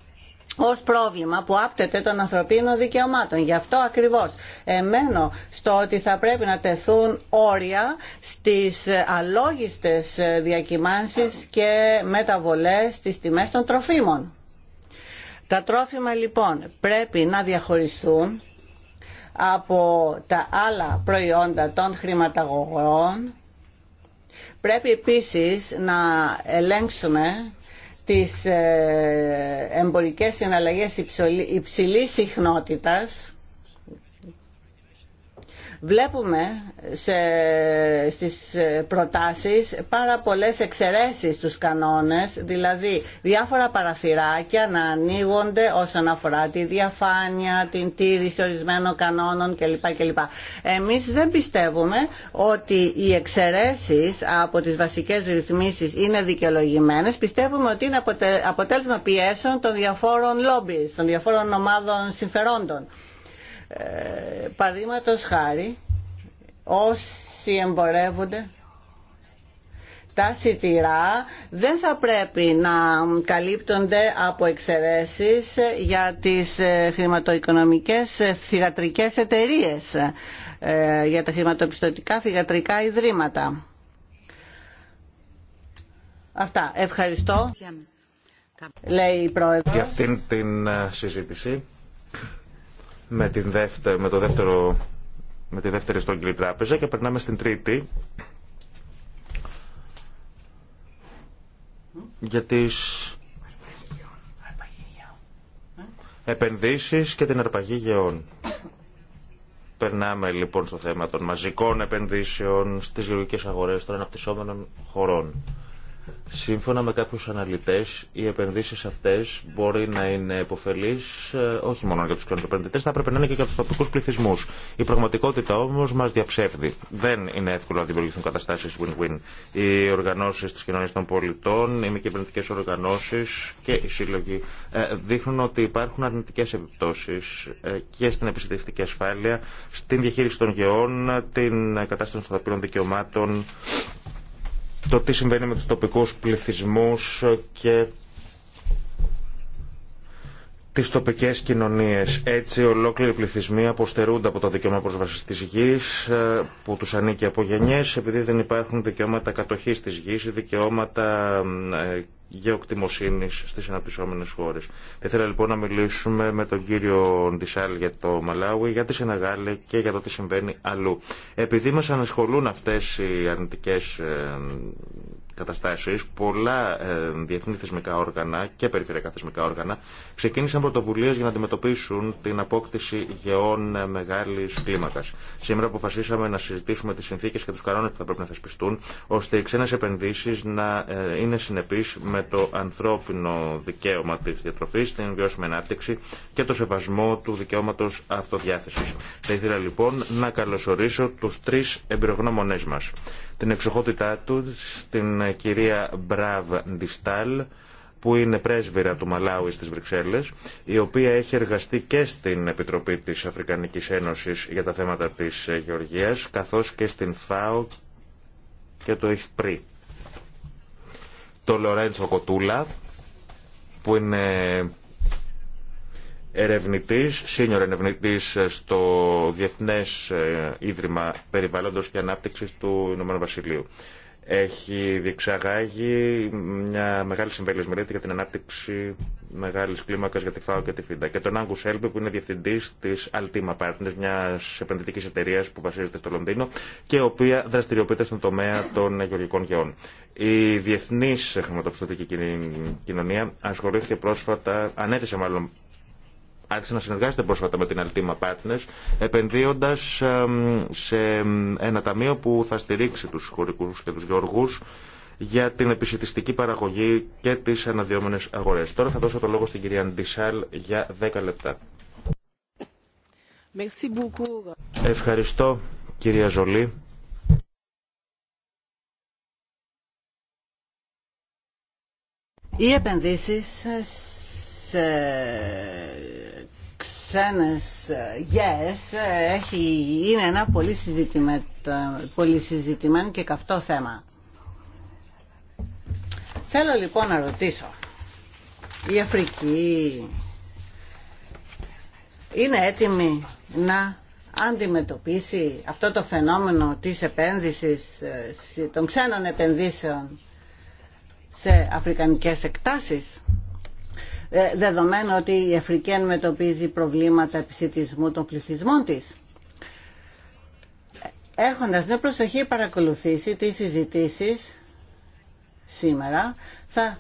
ως πρόβλημα που άπτεται των ανθρωπίνων δικαιωμάτων. Γι' αυτό ακριβώς εμένω στο ότι θα πρέπει να τεθούν όρια στις αλόγιστες διακυμάνσεις και μεταβολές στις τιμές των τροφίμων. Τα τρόφιμα λοιπόν πρέπει να διαχωριστούν από τα άλλα προϊόντα των χρηματαγορών. Πρέπει επίσης να ελέγξουμε τις ε, εμπορικές συναλλαγές υψηλής συχνότητας Βλέπουμε σε, στις ε, προτάσεις πάρα πολλές εξαιρέσεις στους κανόνες, δηλαδή διάφορα παραθυράκια να ανοίγονται όσον αφορά τη διαφάνεια, την τήρηση ορισμένων κανόνων κλπ. κλπ. Εμείς δεν πιστεύουμε ότι οι εξαιρέσεις από τις βασικές ρυθμίσεις είναι δικαιολογημένες. Πιστεύουμε ότι είναι αποτέλεσμα πιέσεων των διαφόρων λόμπι, των διαφόρων ομάδων συμφερόντων. Παρ' ε, παραδείγματος χάρη, όσοι εμπορεύονται τα σιτηρά δεν θα πρέπει να καλύπτονται από εξαιρέσει για τις ε, χρηματοοικονομικές ε, θηγατρικές εταιρείες, για τα χρηματοπιστωτικά θηγατρικά ιδρύματα. Αυτά. Ευχαριστώ. Λέει η Πρόεδρος. Για αυτήν την συζήτηση με, την δέυτερο με, το δεύτερο, με τη δεύτερη στρογγυλή τράπεζα και περνάμε στην τρίτη για τις επενδύσεις και την αρπαγή γεών. Περνάμε λοιπόν στο θέμα των μαζικών επενδύσεων στις γεωργικές αγορές των αναπτυσσόμενων χωρών. Σύμφωνα με κάποιους αναλυτές, οι επενδύσεις αυτές μπορεί να είναι υποφελείς ε, όχι μόνο για τους επενδυτές θα έπρεπε να είναι και για τους τοπικούς πληθυσμούς. Η πραγματικότητα όμως μας διαψεύδει. Δεν είναι εύκολο να δημιουργηθούν καταστάσεις win-win. Οι οργανώσεις της κοινωνίας των πολιτών, οι μη κυβερνητικέ οργανώσεις και οι σύλλογοι ε, δείχνουν ότι υπάρχουν αρνητικές επιπτώσεις ε, και στην επιστημιστική ασφάλεια, στην διαχείριση των γεών, την κατάσταση των δικαιωμάτων το τι συμβαίνει με τους τοπικούς πληθυσμούς και τις τοπικές κοινωνίες. Έτσι ολόκληροι πληθυσμοί αποστερούνται από το δικαίωμα πρόσβασης της γης ε, που τους ανήκει από γενιές επειδή δεν υπάρχουν δικαιώματα κατοχής της γης ή δικαιώματα ε, γεωκτημοσύνης στις αναπτυσσόμενες χώρες. Θα ήθελα λοιπόν να μιλήσουμε με τον κύριο Ντισάλ για το Μαλάουι, για τη Σενεγάλη και για το τι συμβαίνει αλλού. Επειδή μας ανασχολούν αυτές οι αρνητικές ε, καταστάσεις, πολλά ε, διεθνή θεσμικά όργανα και περιφερειακά θεσμικά όργανα ξεκίνησαν πρωτοβουλίες για να αντιμετωπίσουν την απόκτηση γεών ε, μεγάλης κλίμακας. Σήμερα αποφασίσαμε να συζητήσουμε τις συνθήκες και του κανόνε που θα πρέπει να θεσπιστούν, ώστε οι ξένες να είναι συνεπείς με το ανθρώπινο δικαίωμα της διατροφή, την βιώσιμη ανάπτυξη και το σεβασμό του δικαιώματος αυτοδιάθεσης. Θα ήθελα λοιπόν να καλωσορίσω τους τρεις εμπειρογνώμονές μας. Την εξοχότητά του, την κυρία Μπραβ Ντιστάλ, που είναι πρέσβυρα του Μαλάουι στις Βρυξέλλες, η οποία έχει εργαστεί και στην Επιτροπή της Αφρικανικής Ένωσης για τα θέματα της Γεωργίας, καθώς και στην ΦΑΟ και το ΕΦΠΡΙ το Λορέντσο Κοτούλα, που είναι ερευνητής, senior ερευνητής στο Διεθνές ε, Ίδρυμα Περιβάλλοντος και Ανάπτυξης του Ηνωμένου Βασιλείου. Έχει διεξαγάγει μια μεγάλη συμβέλεια μελέτη για την ανάπτυξη μεγάλη κλίμακα για τη ΦΑΟ και τη ΦΙΝΤΑ. Και τον Άγκου Σέλμπι, που είναι διευθυντή τη Altima Partners, μια επενδυτική εταιρεία που βασίζεται στο Λονδίνο και η οποία δραστηριοποιείται στον τομέα των γεωργικών γεών. Η διεθνή χρηματοπιστωτική κοινωνία ασχολήθηκε πρόσφατα, ανέθεσε μάλλον, άρχισε να συνεργάζεται πρόσφατα με την Altima Partners, επενδύοντα σε ένα ταμείο που θα στηρίξει του χωρικού και του γεωργού για την επισητιστική παραγωγή και τι αναδυόμενε αγορέ. Τώρα θα δώσω το λόγο στην κυρία Ντισάλ για 10 λεπτά. Ευχαριστώ κυρία Ζολή. Οι επενδύσεις σε ξένες yes, είναι ένα πολύ συζητημένο, πολύ συζητημένο και καυτό θέμα. Θέλω λοιπόν να ρωτήσω. Η Αφρική είναι έτοιμη να αντιμετωπίσει αυτό το φαινόμενο της επένδυσης, ε, των ξένων επενδύσεων σε αφρικανικές εκτάσεις ε, δεδομένου ότι η Αφρική αντιμετωπίζει προβλήματα επισητισμού των πληθυσμών της. Έχοντας με προσοχή παρακολουθήσει τις συζητήσεις σήμερα, θα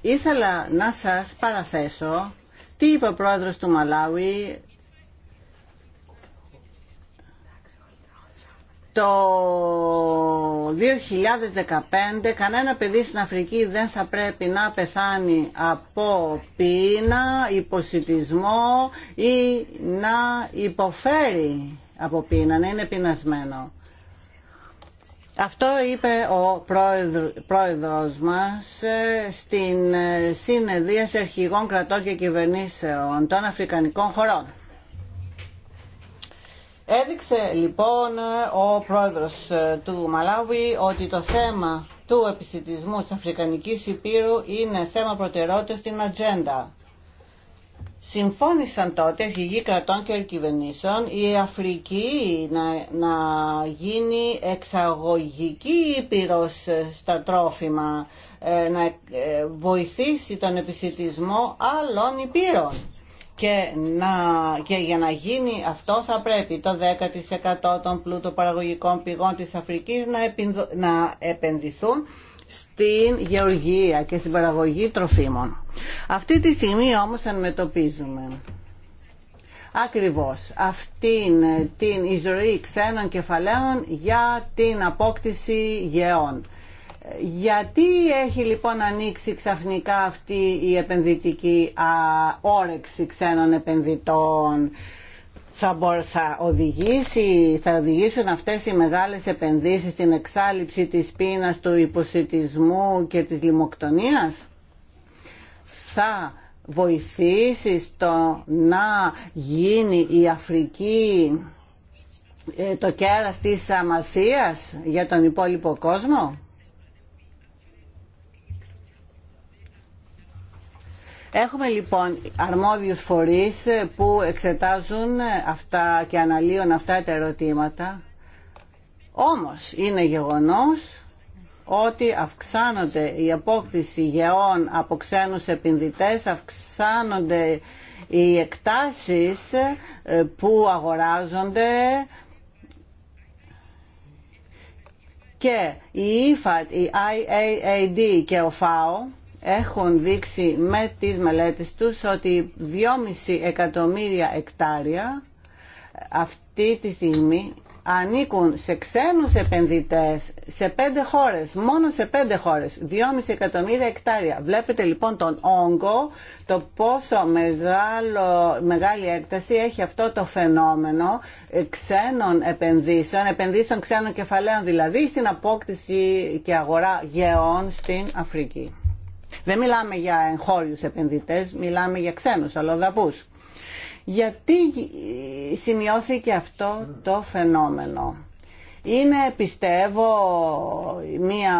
ήθελα να σας παραθέσω τι είπε ο πρόεδρος του Μαλάουι το 2015 κανένα παιδί στην Αφρική δεν θα πρέπει να πεθάνει από πείνα, υποσυτισμό ή να υποφέρει από πείνα, να είναι πεινασμένο. Αυτό είπε ο πρόεδρο, πρόεδρος μας ε, στην ε, συνεδρίαση αρχηγών κρατών και κυβερνήσεων των Αφρικανικών χωρών. Έδειξε λοιπόν ο πρόεδρος ε, του Μαλάβη ότι το θέμα του επιστημισμού της Αφρικανικής Υπήρου είναι θέμα προτεραιότητα στην ατζέντα. Συμφώνησαν τότε αρχηγοί κρατών και κυβερνήσεων η Αφρική να, να γίνει εξαγωγική ήπειρος ε, στα τρόφιμα, ε, να βοηθήσει τον επιστημισμό άλλων υπήρων και, για να γίνει αυτό θα πρέπει το 10% των πλούτων παραγωγικών πηγών της Αφρικής να, να επενδυθούν στην γεωργία και στην παραγωγή τροφίμων. Αυτή τη στιγμή όμως αντιμετωπίζουμε ακριβώς αυτήν την εισρωή ξένων κεφαλαίων για την απόκτηση γεών. Γιατί έχει λοιπόν ανοίξει ξαφνικά αυτή η επενδυτική α, όρεξη ξένων επενδυτών θα, οδηγήσει, θα οδηγήσουν αυτές οι μεγάλες επενδύσεις στην εξάλληψη της πείνας, του υποσυτισμού και της λιμοκτονίας. Θα βοηθήσει στο να γίνει η Αφρική ε, το κέρας της αμασίας για τον υπόλοιπο κόσμο. Έχουμε λοιπόν αρμόδιους φορείς ε, που εξετάζουν ε, αυτά και αναλύουν αυτά τα ερωτήματα. Όμως είναι γεγονός ότι αυξάνονται η απόκτηση γεών από ξένους επενδυτές, αυξάνονται οι εκτάσεις ε, που αγοράζονται και η η IAAD και ο ΦΑΟ έχουν δείξει με τις μελέτες τους ότι 2,5 εκατομμύρια εκτάρια αυτή τη στιγμή ανήκουν σε ξένους επενδυτές σε πέντε χώρες, μόνο σε πέντε χώρες, 2,5 εκατομμύρια εκτάρια. Βλέπετε λοιπόν τον όγκο, το πόσο μεγάλο, μεγάλη έκταση έχει αυτό το φαινόμενο ε, ξένων επενδύσεων, επενδύσεων ξένων κεφαλαίων δηλαδή στην απόκτηση και αγορά γεών στην Αφρική. Δεν μιλάμε για εγχώριους επενδυτές, μιλάμε για ξένους αλλοδαπούς. Γιατί σημειώθηκε αυτό το φαινόμενο. Είναι, πιστεύω, μία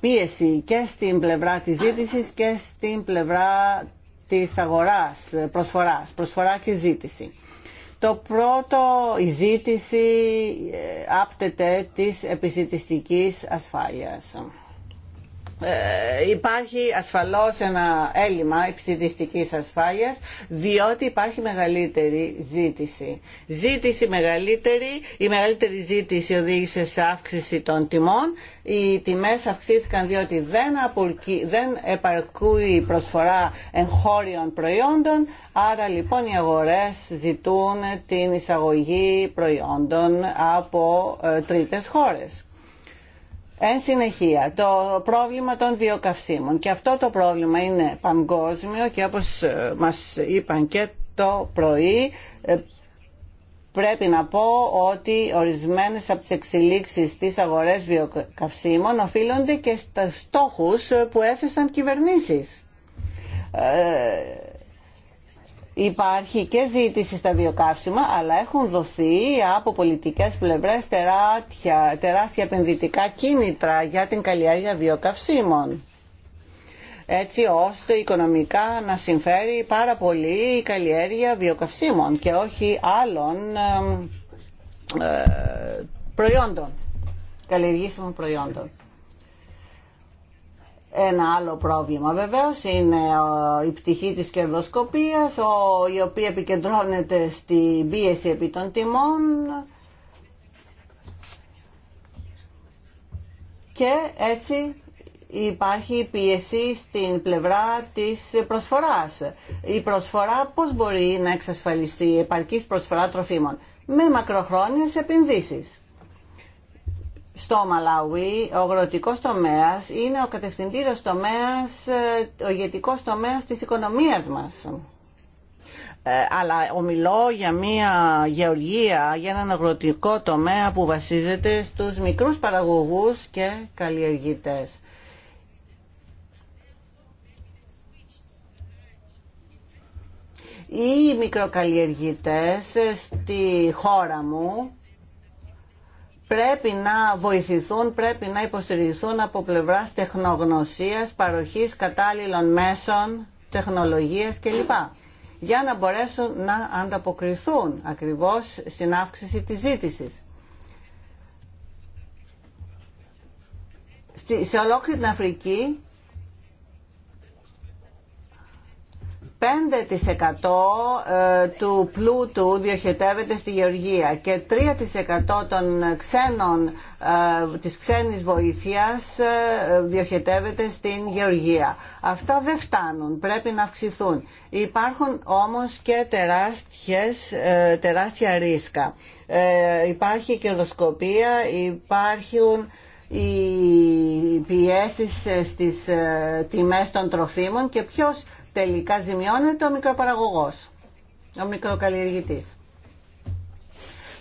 πίεση και στην πλευρά της ζήτησης και στην πλευρά της αγοράς, προσφοράς, προσφορά και ζήτηση. Το πρώτο, η ζήτηση ε, άπτεται της επιζητιστικής ασφάλειας. Ε, υπάρχει ασφαλώς ένα έλλειμμα επιστημιστικής ασφάλειας διότι υπάρχει μεγαλύτερη ζήτηση. Ζήτηση μεγαλύτερη, η μεγαλύτερη ζήτηση οδήγησε σε αύξηση των τιμών. Οι τιμές αυξήθηκαν διότι δεν, δεν επαρκούει η προσφορά εγχώριων προϊόντων, άρα λοιπόν οι αγορές ζητούν την εισαγωγή προϊόντων από ε, τρίτες χώρες. Εν συνεχεία, το πρόβλημα των βιοκαυσίμων. Και αυτό το πρόβλημα είναι παγκόσμιο και όπως ε, μας είπαν και το πρωί, ε, πρέπει να πω ότι ορισμένες από τις εξελίξεις στις αγορές βιοκαυσίμων οφείλονται και στα στόχους που έθεσαν κυβερνήσεις. Ε, Υπάρχει και ζήτηση στα βιοκαύσιμα, αλλά έχουν δοθεί από πολιτικές πλευρές τεράτια, τεράστια επενδυτικά κίνητρα για την καλλιέργεια βιοκαυσίμων έτσι ώστε οικονομικά να συμφέρει πάρα πολύ η καλλιέργεια βιοκαυσίμων και όχι άλλων ε, προϊόντων, καλλιεργήσιμων προϊόντων. Ένα άλλο πρόβλημα βεβαίως είναι η πτυχή της κερδοσκοπίας, η οποία επικεντρώνεται στην πίεση επί των τιμών και έτσι υπάρχει πίεση στην πλευρά της προσφοράς. Η προσφορά πώς μπορεί να εξασφαλιστεί, η επαρκής προσφορά τροφίμων, με μακροχρόνιες επενδύσεις στο Μαλαουί ο αγροτικό τομέα είναι ο κατευθυντήριο τομέα, ε, ο ηγετικό τομέα της οικονομίας μας. Ε, αλλά ομιλώ για μια γεωργία, για έναν αγροτικό τομέα που βασίζεται στους μικρούς παραγωγούς και καλλιεργητές. Οι μικροκαλλιεργητές στη χώρα μου πρέπει να βοηθηθούν, πρέπει να υποστηριχθούν από πλευράς τεχνογνωσίας, παροχής κατάλληλων μέσων, τεχνολογίας κλπ. Για να μπορέσουν να ανταποκριθούν ακριβώς στην αύξηση της ζήτησης. σε ολόκληρη την Αφρική 5% ε, του πλούτου διοχετεύεται στη Γεωργία και 3% των ξένων, ε, της ξένης βοήθειας ε, διοχετεύεται στην Γεωργία. Αυτά δεν φτάνουν, πρέπει να αυξηθούν. Υπάρχουν όμως και τεράστιες, τεράστια ρίσκα. Υπάρχει κερδοσκοπία, υπάρχουν οι πιέσεις στις τιμές των τροφίμων και ποιος τελικά ζημιώνεται ο μικροπαραγωγός, ο μικροκαλλιεργητής.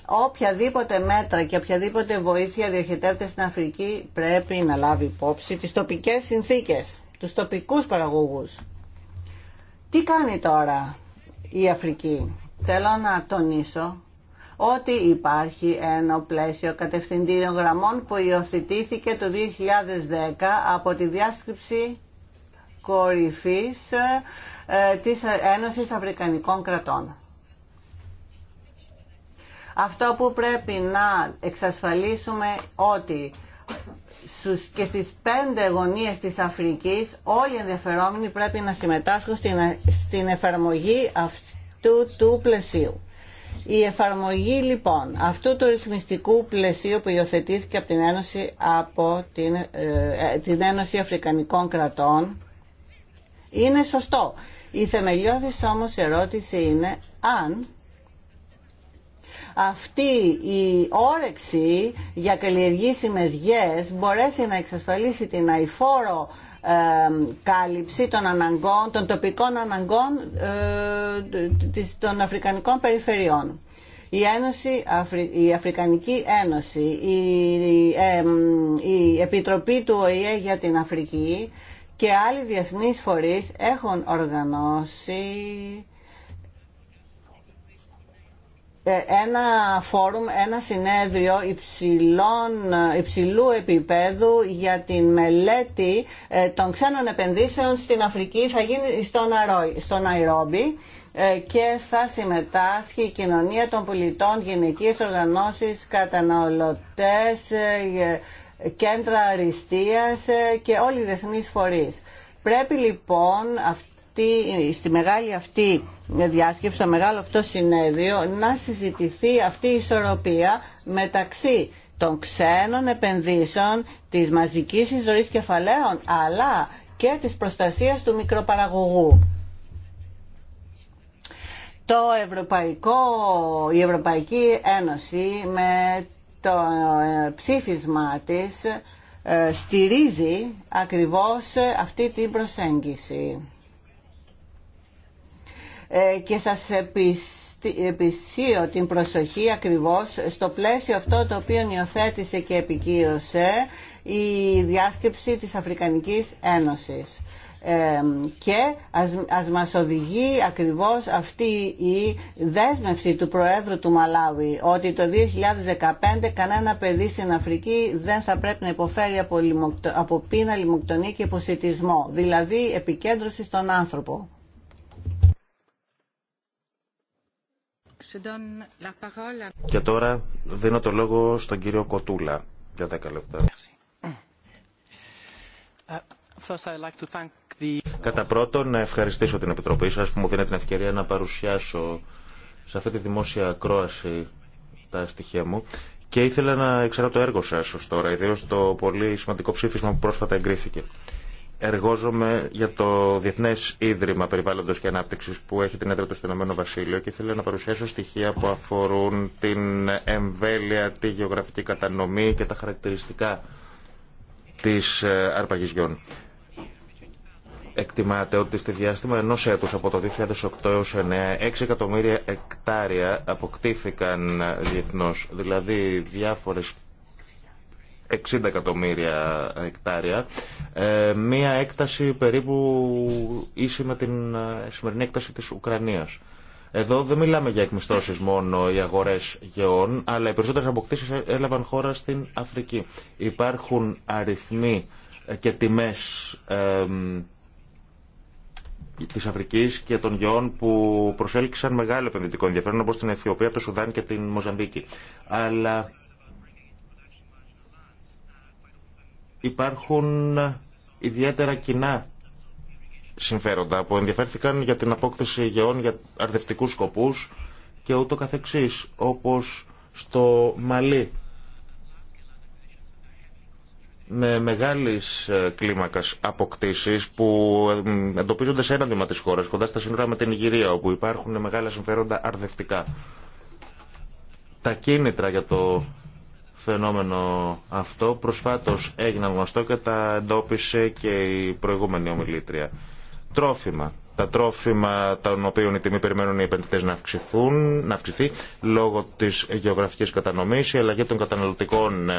Οποιαδήποτε μέτρα και οποιαδήποτε βοήθεια διοχετεύεται στην Αφρική πρέπει να λάβει υπόψη τις τοπικές συνθήκες, τους τοπικούς παραγωγούς. Τι κάνει τώρα η Αφρική. Θέλω να τονίσω ότι υπάρχει ένα πλαίσιο κατευθυντήριων γραμμών που υιοθετήθηκε το 2010 από τη διάσκεψη κορυφής ε, της Ένωσης Αφρικανικών Κρατών. Αυτό που πρέπει να εξασφαλίσουμε ότι και στις πέντε γωνίες της Αφρικής όλοι οι ενδιαφερόμενοι πρέπει να συμμετάσχουν στην εφαρμογή αυτού του πλαισίου. Η εφαρμογή λοιπόν αυτού του ρυθμιστικού πλαισίου που υιοθετήθηκε από Ένωση, από την, ε, την Ένωση Αφρικανικών Κρατών είναι σωστό. Η θεμελιώδης όμως ερώτηση είναι αν αυτή η όρεξη για καλλιεργήσιμες γης μπορέσει να εξασφαλίσει την αηφόρο κάλυψη των αναγκών, των τοπικών αναγκών ε, των Αφρικανικών περιφερειών. Η, Ένωση, η Αφρικανική Ένωση, η, η Επιτροπή του ΟΗΕ για την Αφρική και άλλοι διεθνείς φορείς έχουν οργανώσει ε, ένα φόρουμ, ένα συνέδριο υψηλού επίπεδου για τη μελέτη ε, των ξένων επενδύσεων στην Αφρική θα γίνει στον, Αρόι, στον ε, και θα συμμετάσχει η κοινωνία των πολιτών, γενικές οργανώσεις, καταναλωτές, κέντρα αριστείας ε, και όλοι οι διεθνείς φορείς. Πρέπει λοιπόν αυτή, στη μεγάλη αυτή διάσκεψη, στο μεγάλο αυτό συνέδριο, να συζητηθεί αυτή η ισορροπία μεταξύ των ξένων επενδύσεων, της μαζικής εισδορής κεφαλαίων, αλλά και της προστασίας του μικροπαραγωγού. Το Ευρωπαϊκό, η Ευρωπαϊκή Ένωση με το ε, ψήφισμα της ε, στηρίζει ακριβώς αυτή την προσέγγιση. Ε, και σας επισύω την προσοχή ακριβώς στο πλαίσιο αυτό το οποίο νιοθέτησε και επικείωσε η διάσκεψη της Αφρικανικής Ένωσης και ας, ας μας οδηγεί ακριβώς αυτή η δέσμευση του Προέδρου του Μαλάουι ότι το 2015 κανένα παιδί στην Αφρική δεν θα πρέπει να υποφέρει από, λιμοκτο, από πείνα, λιμοκτονία και υποσυτισμό δηλαδή επικέντρωση στον άνθρωπο. Και τώρα δίνω το λόγο στον κύριο Κοτούλα για 10 λεπτά. Merci. Κατά πρώτον, να ευχαριστήσω την Επιτροπή σας που μου δίνει την ευκαιρία να παρουσιάσω σε αυτή τη δημόσια ακρόαση τα στοιχεία μου και ήθελα να ξέρω το έργο σας ως τώρα, ιδίως το πολύ σημαντικό ψήφισμα που πρόσφατα εγκρίθηκε. Εργόζομαι για το Διεθνέ Ίδρυμα Περιβάλλοντο και Ανάπτυξη που έχει την έδρα του στο Ηνωμένο Βασίλειο και ήθελα να παρουσιάσω στοιχεία που αφορούν την εμβέλεια, τη γεωγραφική κατανομή και τα χαρακτηριστικά τη ε, αρπαγής Εκτιμάται ότι στη διάστημα ενός έτους από το 2008 έως 2009 6 εκατομμύρια εκτάρια αποκτήθηκαν διεθνώς, δηλαδή διάφορες 60 εκατομμύρια εκτάρια, ε, μία έκταση περίπου ίση με την ε, σημερινή έκταση της Ουκρανίας. Εδώ δεν μιλάμε για εκμισθώσεις μόνο οι αγορές γεών, αλλά οι περισσότερες αποκτήσεις έλαβαν χώρα στην Αφρική. Υπάρχουν αριθμοί και τιμές ε, τη Αφρική και των γεών που προσέλκυσαν μεγάλο επενδυτικό ενδιαφέρον όπω την Αιθιοπία, το Σουδάν και την Μοζαμπίκη. Αλλά υπάρχουν ιδιαίτερα κοινά συμφέροντα που ενδιαφέρθηκαν για την απόκτηση γεών για αρδευτικούς σκοπούς και ούτω καθεξής, όπως στο Μαλί με μεγάλης ε, κλίμακας αποκτήσεις που ε, εντοπίζονται σε ένα τμήμα της χώρας, κοντά στα σύνορα με την Ιγυρία, όπου υπάρχουν μεγάλα συμφέροντα αρδευτικά. Τα κίνητρα για το φαινόμενο αυτό προσφάτως έγιναν γνωστό και τα εντόπισε και η προηγούμενη ομιλήτρια. Τρόφιμα. Τα τρόφιμα των οποίων η τιμή περιμένουν οι επενδυτές να, αυξηθούν, να αυξηθεί λόγω της γεωγραφικής κατανομής, η αλλαγή των καταναλωτικών ε,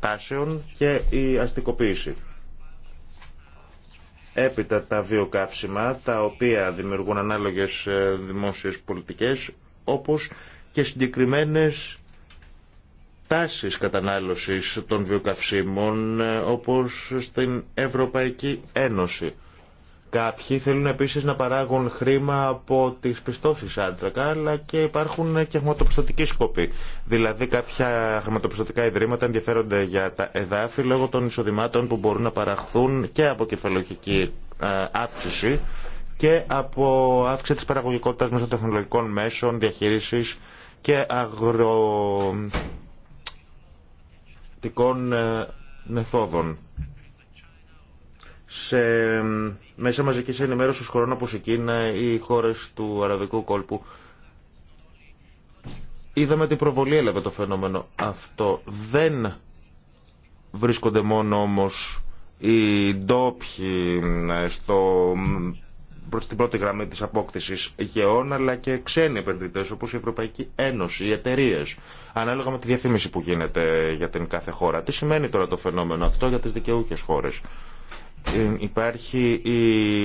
τάσεων και η αστικοποίηση. Έπειτα τα βιοκάψιμα, τα οποία δημιουργούν ανάλογες ε, δημόσιες πολιτικές, όπως και συγκεκριμένες τάσεις κατανάλωσης των βιοκαυσίμων, ε, όπως στην Ευρωπαϊκή Ένωση. Κάποιοι θέλουν επίσης να παράγουν χρήμα από τις πιστώσεις άντρακα, αλλά και υπάρχουν και χρηματοπιστωτικοί σκοποί. Δηλαδή κάποια χρηματοπιστωτικά ιδρύματα ενδιαφέρονται για τα εδάφη λόγω των εισοδημάτων που μπορούν να παραχθούν και από κεφαλογική ε, αύξηση και από αύξηση της παραγωγικότητας μέσω τεχνολογικών μέσων, διαχείρισης και αγροτικών ε, μεθόδων. Σε μέσα μαζικής ενημέρωσης χωρών όπω η Κίνα ή οι χώρες του αραβικού κόλπου. Είδαμε την προβολή έλαβε το φαινόμενο αυτό. Δεν βρίσκονται μόνο όμω οι ντόπιοι ε, στο, προς πρώτη γραμμή της απόκτησης γεών, αλλά και ξένοι επενδυτές όπως η Ευρωπαϊκή Ένωση, οι εταιρείε, ανάλογα με τη διαφήμιση που γίνεται για την κάθε χώρα. Τι σημαίνει τώρα το φαινόμενο αυτό για τις δικαιούχες χώρες. Ε, υπάρχει η,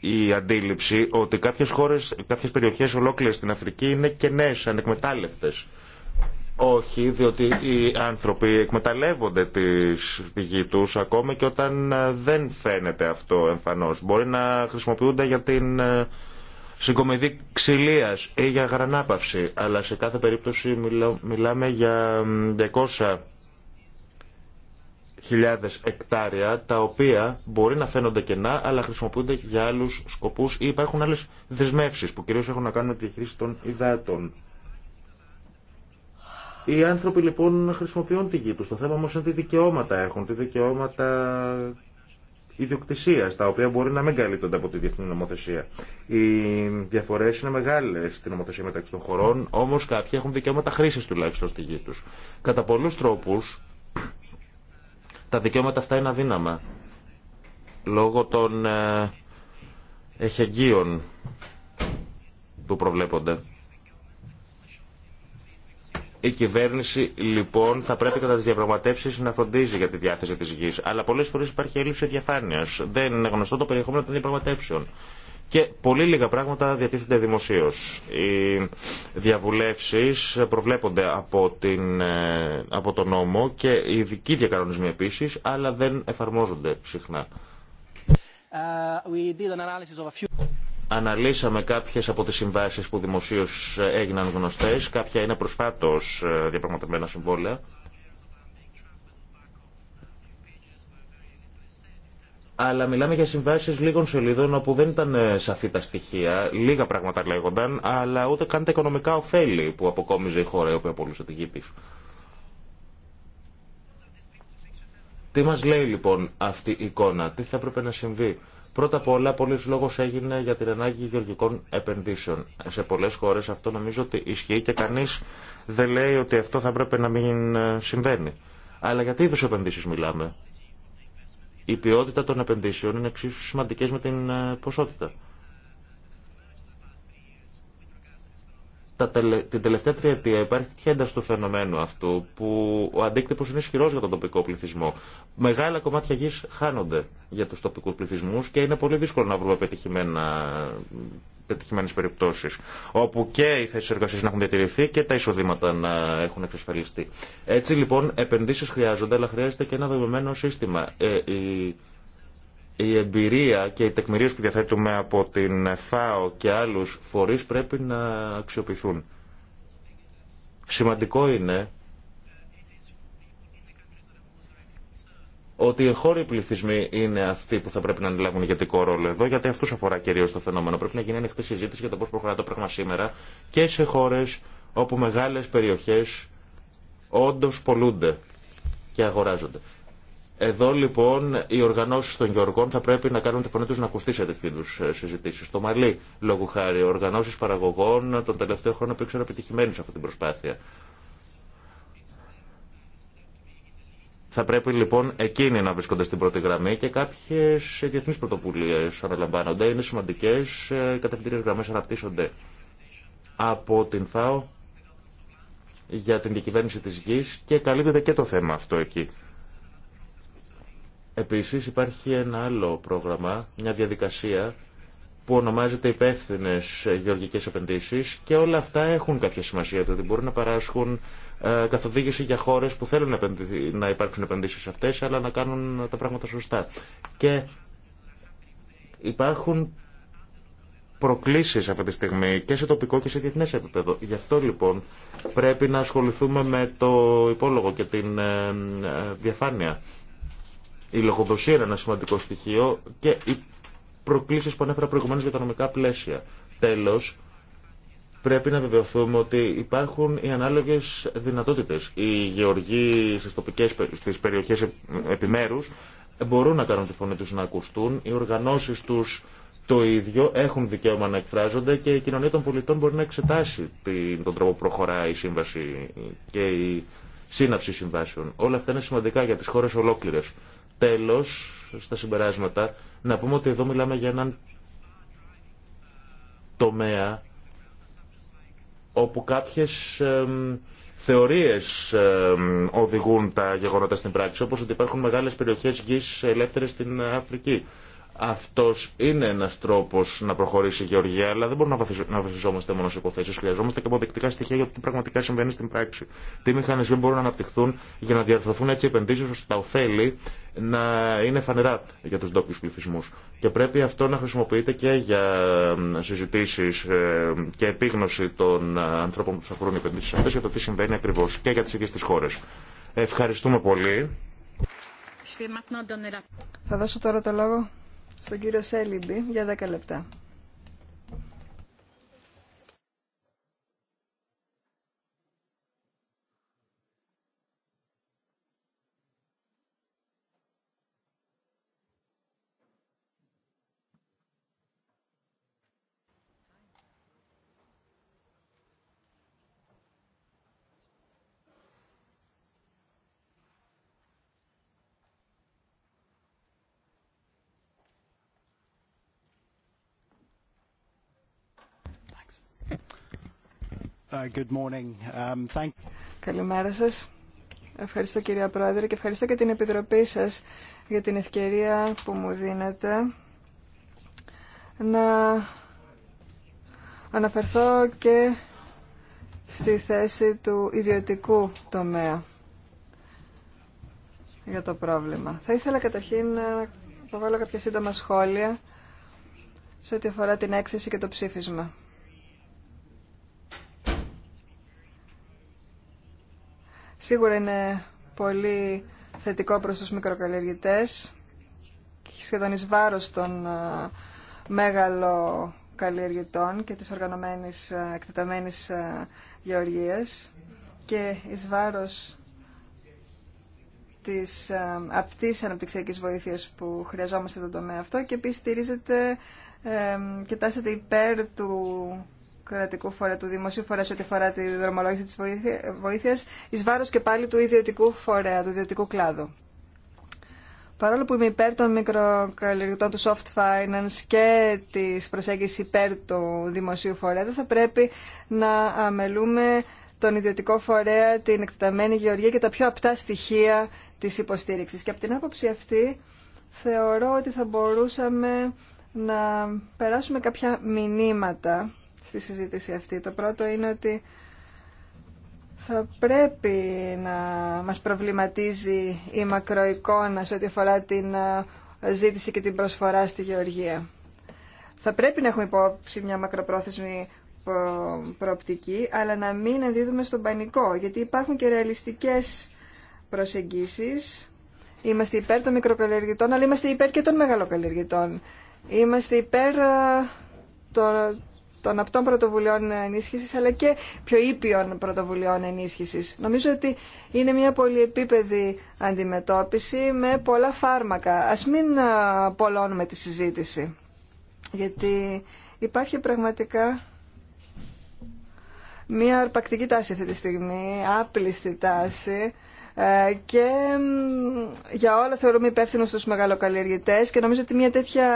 η αντίληψη ότι κάποιες χώρες, κάποιες περιοχές ολόκληρες στην Αφρική είναι κενές, ανεκμετάλλευτες. Όχι, διότι οι άνθρωποι εκμεταλλεύονται τη γη τους ακόμα και όταν ε, δεν φαίνεται αυτό εμφανώς. Μπορεί να χρησιμοποιούνται για την ε, συγκομιδή ξυλίας ή για γρανάπαυση, αλλά σε κάθε περίπτωση μιλάμε για 200 εκτάρια τα οποία μπορεί να φαίνονται κενά αλλά χρησιμοποιούνται για άλλους σκοπούς ή υπάρχουν άλλες δεσμεύσεις που κυρίως έχουν να κάνουν με τη χρήση των υδάτων. Οι άνθρωποι λοιπόν χρησιμοποιούν τη γη τους. Το θέμα όμως είναι τι δικαιώματα έχουν, τι δικαιώματα ιδιοκτησία, τα οποία μπορεί να μην καλύπτονται από τη διεθνή νομοθεσία. Οι διαφορέ είναι μεγάλε στην νομοθεσία μεταξύ των χωρών, όμω κάποιοι έχουν δικαιώματα χρήση τουλάχιστον στη γη του. Κατά πολλού τρόπου, τα δικαιώματα αυτά είναι αδύναμα λόγω των ε, εχεγγύων που προβλέπονται. Η κυβέρνηση λοιπόν θα πρέπει κατά τι διαπραγματεύσει να φροντίζει για τη διάθεση τη γη. Αλλά πολλέ φορέ υπάρχει έλλειψη διαφάνεια. Δεν είναι γνωστό το περιεχόμενο των διαπραγματεύσεων και πολύ λίγα πράγματα διατίθεται δημοσίω. Οι διαβουλεύσει προβλέπονται από, την, ε, τον νόμο και οι ειδικοί διακανονισμοί επίση, αλλά δεν εφαρμόζονται συχνά. Ε, Αναλύσαμε κάποιες από τις συμβάσεις που δημοσίως έγιναν γνωστές. Κάποια είναι προσφάτως ε, διαπραγματευμένα συμβόλαια. αλλά μιλάμε για συμβάσει λίγων σελίδων όπου δεν ήταν ε, σαφή τα στοιχεία, λίγα πράγματα λέγονταν, αλλά ούτε καν τα οικονομικά ωφέλη που αποκόμιζε η χώρα η οποία απολούσε τη γη Τι μας λέει λοιπόν αυτή η εικόνα, τι θα έπρεπε να συμβεί. Πρώτα απ' όλα, πολλή λόγο έγινε για την ανάγκη γεωργικών επενδύσεων. Σε πολλέ χώρε αυτό νομίζω ότι ισχύει και κανεί δεν λέει ότι αυτό θα έπρεπε να μην ε, συμβαίνει. Αλλά για τι είδου επενδύσει μιλάμε η ποιότητα των επενδύσεων είναι εξίσου σημαντικέ με την ε, ποσότητα. Την τελευταία τριετία υπάρχει τέτοια ένταση του φαινομένου αυτού που ο αντίκτυπο είναι ισχυρό για τον τοπικό πληθυσμό. Μεγάλα κομμάτια γη χάνονται για του τοπικού πληθυσμού και είναι πολύ δύσκολο να βρούμε πετυχημένα πετυχημένε περιπτώσει. Όπου και οι θέσει εργασία να έχουν διατηρηθεί και τα εισοδήματα να έχουν εξασφαλιστεί. Έτσι λοιπόν, επενδύσει χρειάζονται, αλλά χρειάζεται και ένα δομημένο σύστημα. Ε, η, εμπειρία και οι τεκμηρίε που διαθέτουμε από την ΦΑΟ και άλλου φορεί πρέπει να αξιοποιηθούν. Σημαντικό είναι ότι οι χώροι πληθυσμοί είναι αυτοί που θα πρέπει να ανελάβουν ηγετικό ρόλο εδώ, γιατί αυτού αφορά κυρίω το φαινόμενο. Πρέπει να γίνει ανοιχτή συζήτηση για το πώ προχωρά το πράγμα σήμερα και σε χώρε όπου μεγάλε περιοχέ όντω πολλούνται και αγοράζονται. Εδώ λοιπόν οι οργανώσει των γεωργών θα πρέπει να κάνουν τη φωνή του να ακουστεί σε τέτοιου είδου ε, συζητήσει. Στο Μαλί, λόγου χάρη, οργανώσει παραγωγών τον τελευταίο χρόνο υπήρξαν επιτυχημένοι σε αυτή την προσπάθεια. Θα πρέπει λοιπόν εκείνοι να βρίσκονται στην πρώτη γραμμή και κάποιε διεθνεί πρωτοβουλίε αναλαμβάνονται. Είναι σημαντικέ, οι ε, κατευθυντήριε γραμμέ αναπτύσσονται από την ΘΑΟ για την διακυβέρνηση τη γη και καλύπτεται και το θέμα αυτό εκεί. Επίση, υπάρχει ένα άλλο πρόγραμμα, μια διαδικασία που ονομάζεται υπεύθυνε γεωργικέ επενδύσει και όλα αυτά έχουν κάποια σημασία, διότι μπορούν να παράσχουν ε, καθοδήγηση για χώρε που θέλουν να υπάρξουν επενδύσει αυτέ, αλλά να κάνουν τα πράγματα σωστά. Και υπάρχουν προκλήσεις αυτή τη στιγμή και σε τοπικό και σε διεθνές επίπεδο. Γι' αυτό λοιπόν πρέπει να ασχοληθούμε με το υπόλογο και την ε, διαφάνεια. Η λογοδοσία είναι ένα σημαντικό στοιχείο και οι προκλήσεις που ανέφερα προηγουμένως για τα νομικά πλαίσια. Τέλος, πρέπει να βεβαιωθούμε ότι υπάρχουν οι ανάλογες δυνατότητες. Οι γεωργοί στις, τοπικές, στις περιοχές επιμέρους μπορούν να κάνουν τη φωνή τους να ακουστούν, οι οργανώσεις τους το ίδιο έχουν δικαίωμα να εκφράζονται και η κοινωνία των πολιτών μπορεί να εξετάσει τον τρόπο που προχωρά η σύμβαση και η σύναψη συμβάσεων. Όλα αυτά είναι σημαντικά για τις χώρες ολόκληρες. Τέλος, στα συμπεράσματα, να πούμε ότι εδώ μιλάμε για έναν τομέα όπου κάποιες θεωρίες οδηγούν τα γεγονότα στην πράξη, όπως ότι υπάρχουν μεγάλες περιοχές γης ελεύθερες στην Αφρική, αυτό είναι ένα τρόπο να προχωρήσει η Γεωργία, αλλά δεν μπορούμε να βασιζόμαστε μόνο σε υποθέσει. Χρειαζόμαστε και αποδεικτικά στοιχεία για το τι πραγματικά συμβαίνει στην πράξη. Τι μηχανισμοί μπορούν να αναπτυχθούν για να διαρθρωθούν έτσι οι επενδύσει ώστε τα ωφέλη να είναι φανερά για του ντόπιου πληθυσμού. Και πρέπει αυτό να χρησιμοποιείται και για συζητήσει ε, και επίγνωση των ε, ανθρώπων που του αφορούν οι επενδύσει αυτέ για το τι συμβαίνει ακριβώ και για τι ίδιε τι χώρε. Ευχαριστούμε πολύ. Θα δώσω τώρα το λόγο στον κύριο Σέλιμπι για 10 λεπτά. Uh, um, Καλημέρα σας. Ευχαριστώ κυρία Πρόεδρε και ευχαριστώ και την Επιτροπή σας για την ευκαιρία που μου δίνετε να αναφερθώ και στη θέση του ιδιωτικού τομέα για το πρόβλημα. Θα ήθελα καταρχήν να βάλω κάποια σύντομα σχόλια σε ό,τι αφορά την έκθεση και το ψήφισμα. σίγουρα είναι πολύ θετικό προς τους μικροκαλλιεργητές και σχεδόν εις βάρος των ε, μέγαλο καλλιεργητών και της οργανωμένης ε, εκτεταμένης ε, γεωργίας και εις βάρος της απτής αναπτυξιακής βοήθειας που χρειαζόμαστε στον τομέα αυτό και επίσης στηρίζεται και τάσεται υπέρ του κρατικού φορέα, του δημοσίου φορέα σε ό,τι αφορά τη δρομολόγηση τη βοήθεια, ει βάρο και πάλι του ιδιωτικού φορέα, του ιδιωτικού κλάδου. Παρόλο που είμαι υπέρ των μικροκαλλιεργητών του soft finance και τη προσέγγιση υπέρ του δημοσίου φορέα, δεν θα πρέπει να αμελούμε τον ιδιωτικό φορέα, την εκτεταμένη γεωργία και τα πιο απτά στοιχεία τη υποστήριξη. Και από την άποψη αυτή θεωρώ ότι θα μπορούσαμε να περάσουμε κάποια μηνύματα στη συζήτηση αυτή. Το πρώτο είναι ότι θα πρέπει να μας προβληματίζει η μακροεικόνα σε ό,τι αφορά την ε, ζήτηση και την προσφορά στη γεωργία. Θα πρέπει να έχουμε υπόψη μια μακροπρόθεσμη ε, προοπτική, αλλά να μην ενδίδουμε στον πανικό, γιατί υπάρχουν και ρεαλιστικές προσεγγίσεις. Είμαστε υπέρ των μικροκαλλιεργητών, αλλά είμαστε υπέρ και των μεγαλοκαλλιεργητών. Είμαστε υπέρ ε, το, των απτών πρωτοβουλειών ενίσχυση αλλά και πιο ήπιων πρωτοβουλειών ενίσχυση. Νομίζω ότι είναι μια πολυεπίπεδη αντιμετώπιση με πολλά φάρμακα. Α μην πολλώνουμε τη συζήτηση. Γιατί υπάρχει πραγματικά μια αρπακτική τάση αυτή τη στιγμή, άπληστη τάση ε, και για όλα θεωρούμε υπεύθυνου στους μεγαλοκαλλιεργητές και νομίζω ότι μια τέτοια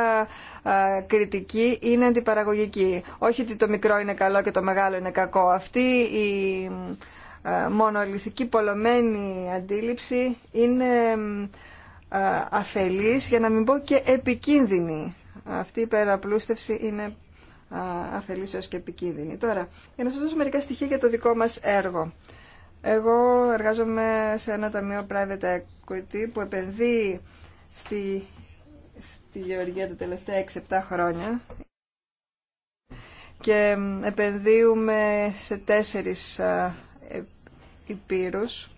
κριτική είναι αντιπαραγωγική. Όχι ότι το μικρό είναι καλό και το μεγάλο είναι κακό. Αυτή η μονολυθική πολλωμένη αντίληψη είναι αφελής, για να μην πω και επικίνδυνη. Αυτή η υπεραπλούστευση είναι αφελής ως και επικίνδυνη. Τώρα, για να σας δώσω μερικά στοιχεία για το δικό μας έργο. Εγώ εργάζομαι σε ένα ταμείο private equity που επενδύει στη τη Γεωργία τα τελευταία 6-7 χρόνια και επενδύουμε σε τέσσερις ε, υπήρους.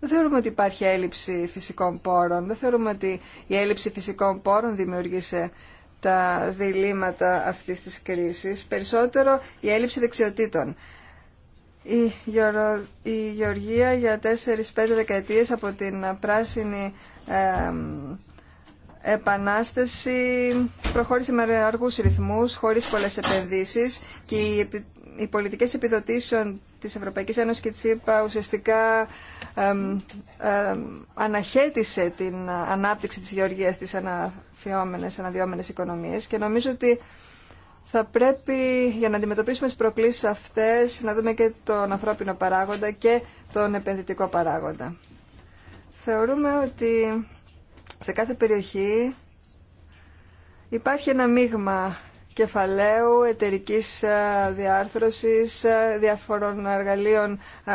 Δεν θεωρούμε ότι υπάρχει έλλειψη φυσικών πόρων. Δεν θεωρούμε ότι η έλλειψη φυσικών πόρων δημιούργησε τα διλήμματα αυτής της κρίσης. Περισσότερο η έλλειψη δεξιοτήτων. Η Γεωργία για 4-5 δεκαετίες από την πράσινη ε, επανάσταση προχώρησε με αργούς ρυθμούς, χωρίς πολλές επενδύσεις και οι πολιτικές επιδοτήσεων της Ευρωπαϊκής Ένωσης και της ΕΠΑ ουσιαστικά αναχέτησε την ανάπτυξη της γεωργίας της αναφιόμενες, αναδιόμενες οικονομίες και νομίζω ότι θα πρέπει για να αντιμετωπίσουμε τις προκλήσεις αυτές να δούμε και τον ανθρώπινο παράγοντα και τον επενδυτικό παράγοντα. Θεωρούμε ότι σε κάθε περιοχή υπάρχει ένα μείγμα κεφαλαίου, εταιρικής ε, διάρθρωσης, ε, διαφορών εργαλείων ε,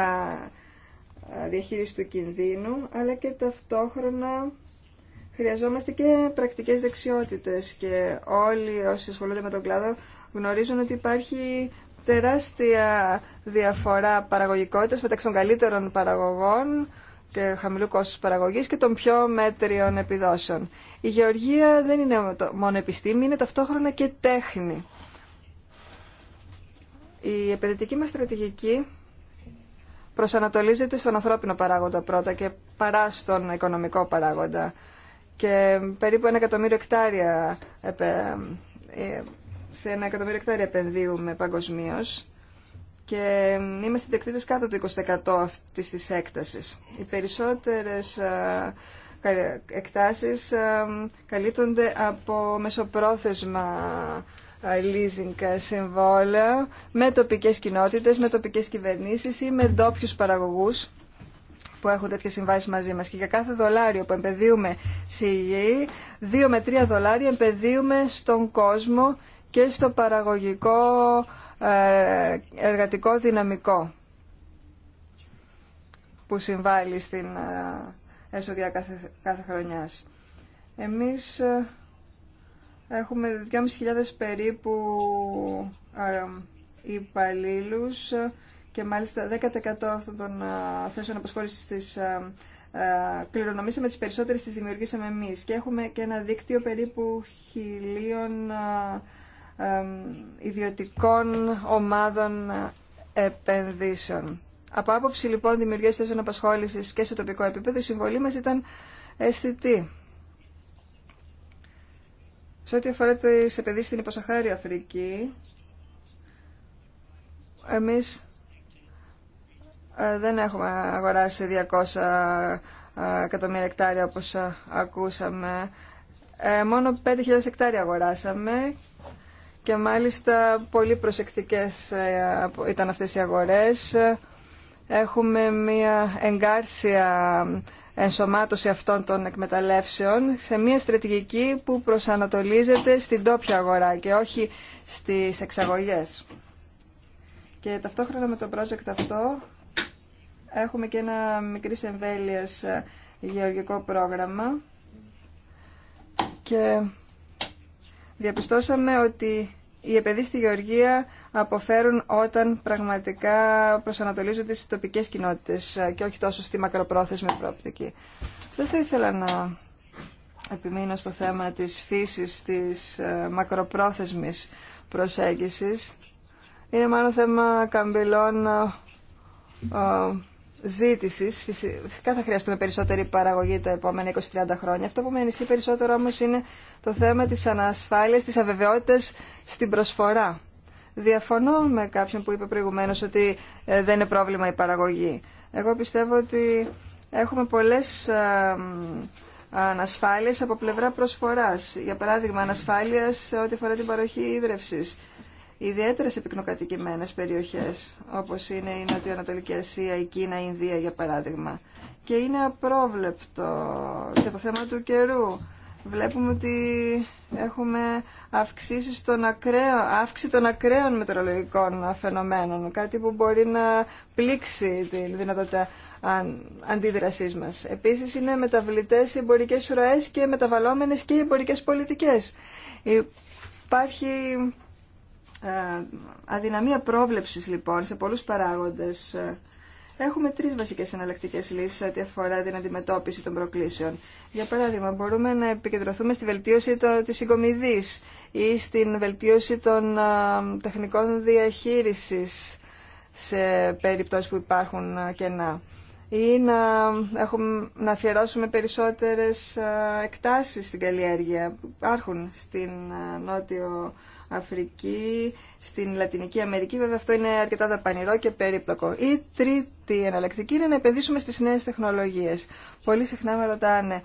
διαχείριση του κινδύνου, αλλά και ταυτόχρονα χρειαζόμαστε και πρακτικές δεξιότητες και όλοι όσοι ασχολούνται με τον κλάδο γνωρίζουν ότι υπάρχει τεράστια διαφορά παραγωγικότητας μεταξύ των καλύτερων παραγωγών χαμηλού κόστου παραγωγής και των πιο μέτριων επιδόσεων. Η γεωργία δεν είναι μόνο επιστήμη, είναι ταυτόχρονα και τέχνη. Η επενδυτική μας στρατηγική προσανατολίζεται στον ανθρώπινο παράγοντα πρώτα και παρά στον οικονομικό παράγοντα. Και περίπου ένα εκατομμύριο εκτάρια, ε, σε ένα εκατομμύριο εκτάρια επενδύουμε παγκοσμίω και είμαστε δεκτήτες κάτω του 20% αυτή τη έκταση. Οι περισσότερες εκτάσεις καλύπτονται από μεσοπρόθεσμα leasing συμβόλαια με τοπικές κοινότητε, με τοπικές κυβερνήσει ή με ντόπιου παραγωγούς που έχουν τέτοιες συμβάσεις μαζί μας. Και για κάθε δολάριο που εμπεδίουμε σε υγιή, 2 με 3 δολάρια επενδύουμε στον κόσμο και στο παραγωγικό ε, εργατικό δυναμικό που συμβάλλει στην ε, έσοδια κάθε, κάθε χρονιάς. Εμείς ε, έχουμε 2.500 περίπου υπαλλήλου και μάλιστα 10% αυτών των θέσεων απασχόλησης της κληρονομήσαμε τις περισσότερες τις δημιουργήσαμε εμείς και έχουμε και ένα δίκτυο περίπου χιλίων ιδιωτικών ομάδων επενδύσεων. Από άποψη λοιπόν δημιουργία θέσεων απασχόληση και σε τοπικό επίπεδο, η συμβολή μα ήταν αισθητή. Σε ό,τι αφορά τι επενδύσει στην υποσαχάρια Αφρική, εμεί ε, δεν έχουμε αγοράσει 200 ε, εκατομμύρια εκτάρια όπως ε, ακούσαμε. μόνο 5.000 εκτάρια αγοράσαμε και μάλιστα πολύ προσεκτικές ε, ήταν αυτές οι αγορές. Έχουμε μια εγκάρσια ενσωμάτωση αυτών των εκμεταλλεύσεων σε μια στρατηγική που προσανατολίζεται στην τόπια αγορά και όχι στις εξαγωγές. Και ταυτόχρονα με το project αυτό έχουμε και ένα μικρής εμβέλειας γεωργικό πρόγραμμα και διαπιστώσαμε ότι οι επενδύσει στη Γεωργία αποφέρουν όταν πραγματικά προσανατολίζονται στις τοπικές κοινότητες και όχι τόσο στη μακροπρόθεσμη προοπτική. Δεν θα ήθελα να επιμείνω στο θέμα της φύσης της ε, μακροπρόθεσμης προσέγγισης. Είναι μάλλον θέμα καμπυλών ε, ε, ζήτησης. Φυσικά θα χρειαστούμε περισσότερη παραγωγή τα επόμενα 20-30 χρόνια. Αυτό που με ενισχύει περισσότερο όμω είναι το θέμα της ανασφάλεια, τη αβεβαιότητας στην προσφορά. Διαφωνώ με κάποιον που είπε προηγουμένω ότι ε, δεν είναι πρόβλημα η παραγωγή. Εγώ πιστεύω ότι έχουμε πολλές ανασφάλειες από πλευρά προσφορά, Για παράδειγμα, ανασφάλειας ό,τι αφορά την παροχή ίδρυυση ιδιαίτερα σε πυκνοκατοικημένε περιοχές, όπως είναι η Νοτιοανατολική Ασία, η Κίνα, η Ινδία για παράδειγμα. Και είναι απρόβλεπτο και το θέμα του καιρού. Βλέπουμε ότι έχουμε αυξήσει στον ακραίο, αύξηση των ακραίων μετρολογικών φαινομένων, κάτι που μπορεί να πλήξει τη δυνατότητα αντίδρασής μας. Επίσης είναι μεταβλητές οι εμπορικές ροές και μεταβαλλόμενες και οι εμπορικές πολιτικές. Υπάρχει ε, αδυναμία πρόβλεψης λοιπόν σε πολλούς παράγοντες. Ε, έχουμε τρεις βασικές εναλλακτικέ λύσεις ό,τι αφορά την αντιμετώπιση των προκλήσεων. Για παράδειγμα, μπορούμε να επικεντρωθούμε στη βελτίωση το, της συγκομιδής ή στην βελτίωση των ε, τεχνικών διαχείρισης σε περιπτώσεις που υπάρχουν κενά ή να, έχουμε, να αφιερώσουμε περισσότερες εκτάσεις στην καλλιέργεια που υπάρχουν στην νότιο Αφρική, στην Λατινική Αμερική. Βέβαια αυτό είναι αρκετά δαπανηρό και περίπλοκο. Η τρίτη εναλλακτική είναι να επενδύσουμε στις νέες τεχνολογίες. Πολύ συχνά με ρωτάνε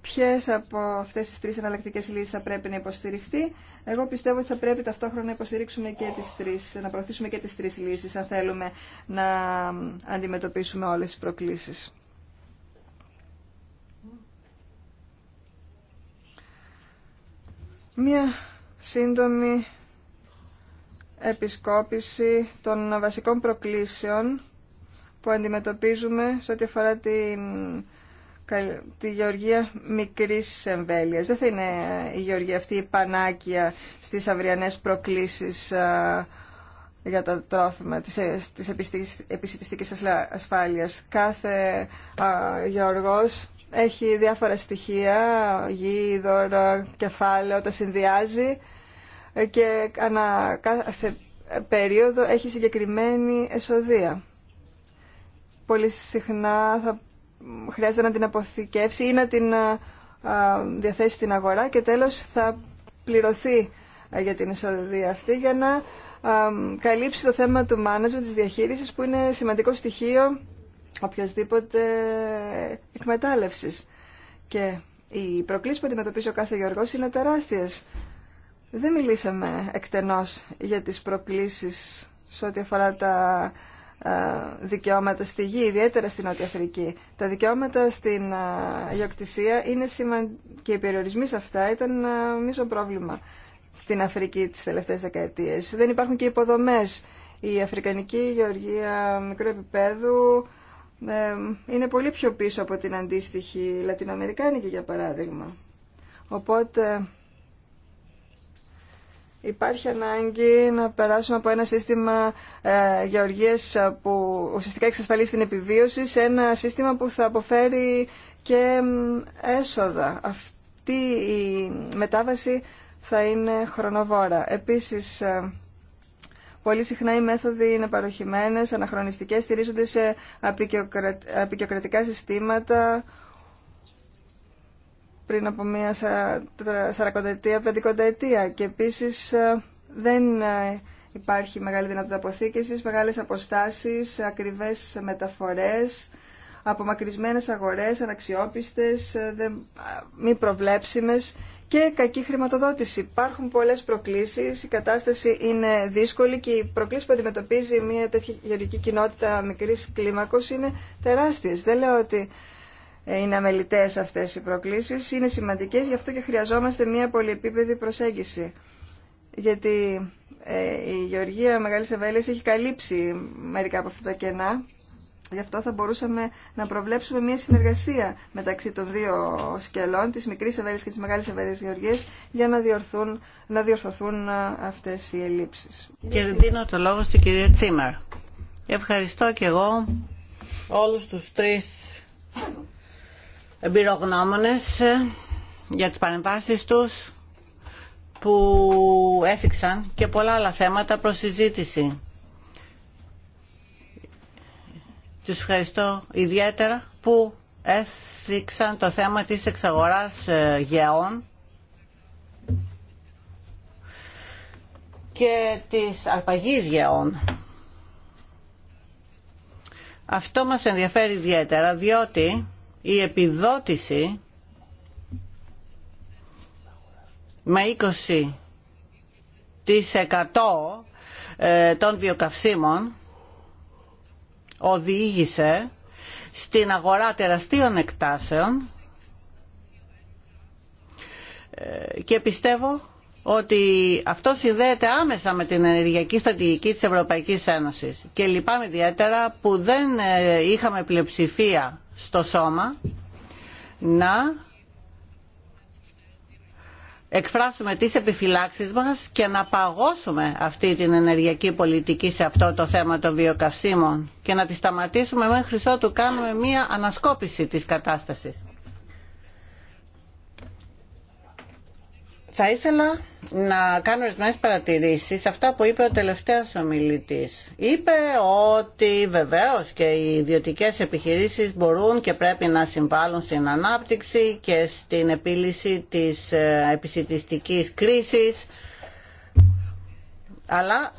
ποιες από αυτές τις τρεις εναλλακτικές λύσεις θα πρέπει να υποστηριχθεί. Εγώ πιστεύω ότι θα πρέπει ταυτόχρονα να υποστηρίξουμε και τις να προωθήσουμε και τις τρεις λύσεις αν θέλουμε να αντιμετωπίσουμε όλες τις προκλήσεις. Μία σύντομη επισκόπηση των βασικών προκλήσεων που αντιμετωπίζουμε σε ό,τι αφορά την, τη γεωργία μικρής εμβέλειας. Δεν θα είναι η γεωργία αυτή η πανάκια στις αυριανές προκλήσεις για τα τρόφιμα της ε, επιστημιστικής ασφάλειας. Κάθε α, γεωργός έχει διάφορα στοιχεία, γη, δώρα, κεφάλαιο, τα συνδυάζει και ανά κάθε περίοδο έχει συγκεκριμένη εσοδεία. Πολύ συχνά θα χρειάζεται να την αποθηκεύσει ή να την διαθέσει στην αγορά και τέλος θα πληρωθεί ε, για την εσοδεία αυτή για να καλύψει το θέμα του management της διαχείρισης που είναι σημαντικό στοιχείο οποιασδήποτε εκμετάλλευση Και οι προκλήσεις που αντιμετωπίζει ο κάθε γεωργός είναι τεράστιες. Δεν μιλήσαμε εκτενώς για τις προκλήσεις σε ό,τι αφορά τα ε, δικαιώματα στη γη, ιδιαίτερα στην Νότια Αφρική. Τα δικαιώματα στην γεωκτησία είναι και οι περιορισμοί σε αυτά ήταν ε, μίσο πρόβλημα στην Αφρική τις τελευταίες δεκαετίες. Δεν υπάρχουν και υποδομές. Η Αφρικανική Γεωργία Μικρού Επιπέδου είναι πολύ πιο πίσω από την αντίστοιχη Λατινοαμερικάνικη για παράδειγμα. Οπότε υπάρχει ανάγκη να περάσουμε από ένα σύστημα ε, που ουσιαστικά εξασφαλίζει την επιβίωση σε ένα σύστημα που θα αποφέρει και έσοδα. Αυτή η μετάβαση θα είναι χρονοβόρα. Επίσης, Πολύ συχνά οι μέθοδοι είναι παροχημένε, αναχρονιστικές, στηρίζονται σε απεικιοκρατικά συστήματα. Πριν από μία σαρακονταετία, πεντηκονταετία. Και επίσης ε, δεν ε, υπάρχει μεγάλη δυνατότητα αποθήκευση, μεγάλες αποστάσεις, ακριβές μεταφορές, απομακρυσμένε αγορές, αναξιόπιστες, ε, μη προβλέψιμε και κακή χρηματοδότηση. Υπάρχουν πολλές προκλήσεις, η κατάσταση είναι δύσκολη και οι προκλήσει που αντιμετωπίζει μια τέτοια γεωργική κοινότητα μικρή κλίμακος είναι τεράστιες. Δεν λέω ότι ε, είναι αμελητέ αυτές οι προκλήσεις, είναι σημαντικές, γι' αυτό και χρειαζόμαστε μια πολυεπίπεδη προσέγγιση. Γιατί ε, η Γεωργία μεγάλη ευέλεια έχει καλύψει μερικά από αυτά τα κενά Γι' αυτό θα μπορούσαμε να προβλέψουμε μια συνεργασία μεταξύ των δύο σκελών, της μικρής ευέλειας και της μεγάλης ευέλειας γεωργίας, για να, διορθούν, να διορθωθούν αυτές οι ελλείψεις. Και δίνω το λόγο στην κυρία Τσίμαρ. Ευχαριστώ και εγώ όλους τους τρεις εμπειρογνώμονες ε, για τις παρεμβάσεις τους που έσυξαν και πολλά άλλα θέματα προς συζήτηση. Τους ευχαριστώ ιδιαίτερα που έσυξαν το θέμα της εξαγοράς ε, γεών και της αρπαγής γεών. Αυτό μας ενδιαφέρει ιδιαίτερα διότι η επιδότηση με 20% ε, των βιοκαυσίμων οδήγησε στην αγορά τεραστίων εκτάσεων ε, και πιστεύω ότι αυτό συνδέεται άμεσα με την ενεργειακή στρατηγική της Ευρωπαϊκής Ένωσης. Και λυπάμαι ιδιαίτερα που δεν ε, είχαμε πλειοψηφία στο σώμα να εκφράσουμε τις επιφυλάξεις μας και να παγώσουμε αυτή την ενεργειακή πολιτική σε αυτό το θέμα των βιοκαυσίμων και να τη σταματήσουμε μέχρι ότου κάνουμε μία ανασκόπηση της κατάστασης. Θα ήθελα να κάνω ορισμένε παρατηρήσεις αυτά που είπε ο τελευταίος ομιλητής. Είπε ότι βεβαίω και οι ιδιωτικέ επιχειρήσεις μπορούν και πρέπει να συμβάλλουν στην ανάπτυξη και στην επίλυση της ε, επισητιστικής κρίσης, αλλά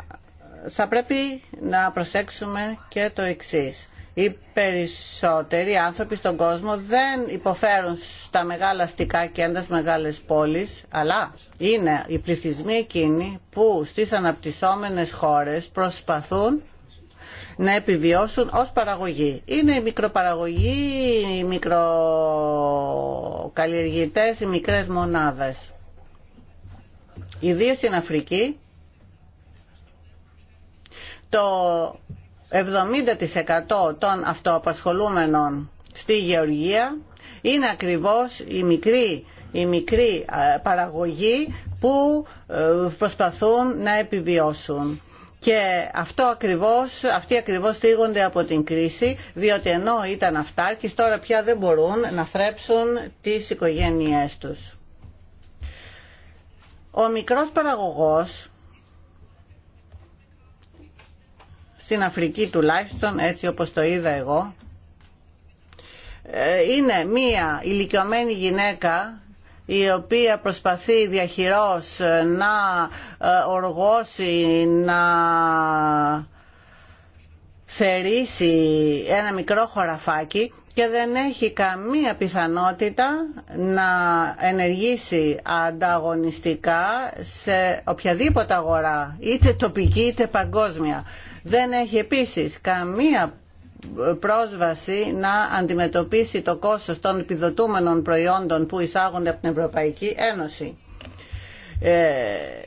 θα πρέπει να προσέξουμε και το εξής. Οι περισσότεροι άνθρωποι στον κόσμο δεν υποφέρουν στα μεγάλα αστικά κέντρα, στις μεγάλες πόλεις, αλλά είναι οι πληθυσμοί εκείνοι που στις αναπτυσσόμενες χώρες προσπαθούν να επιβιώσουν ως παραγωγή. Είναι οι μικροπαραγωγοί, οι μικροκαλλιεργητές, οι μικρές μονάδες. Ιδίως στην Αφρική, το 70% των αυτοαπασχολούμενων στη γεωργία είναι ακριβώς η μικρή, η μικρή παραγωγή που ε, προσπαθούν να επιβιώσουν. Και αυτό ακριβώς, αυτοί ακριβώς στήγονται από την κρίση, διότι ενώ ήταν αυτάρκης, τώρα πια δεν μπορούν να θρέψουν τις οικογένειές τους. Ο μικρός παραγωγός στην Αφρική τουλάχιστον, έτσι όπως το είδα εγώ, ε, είναι μία ηλικιωμένη γυναίκα η οποία προσπαθεί διαχειρός ε, να ε, οργώσει, να θερήσει ένα μικρό χωραφάκι και δεν έχει καμία πιθανότητα να ενεργήσει ανταγωνιστικά σε οποιαδήποτε αγορά, είτε τοπική είτε παγκόσμια δεν έχει επίσης καμία πρόσβαση να αντιμετωπίσει το κόστος των επιδοτούμενων προϊόντων που εισάγονται από την Ευρωπαϊκή Ένωση. Ε,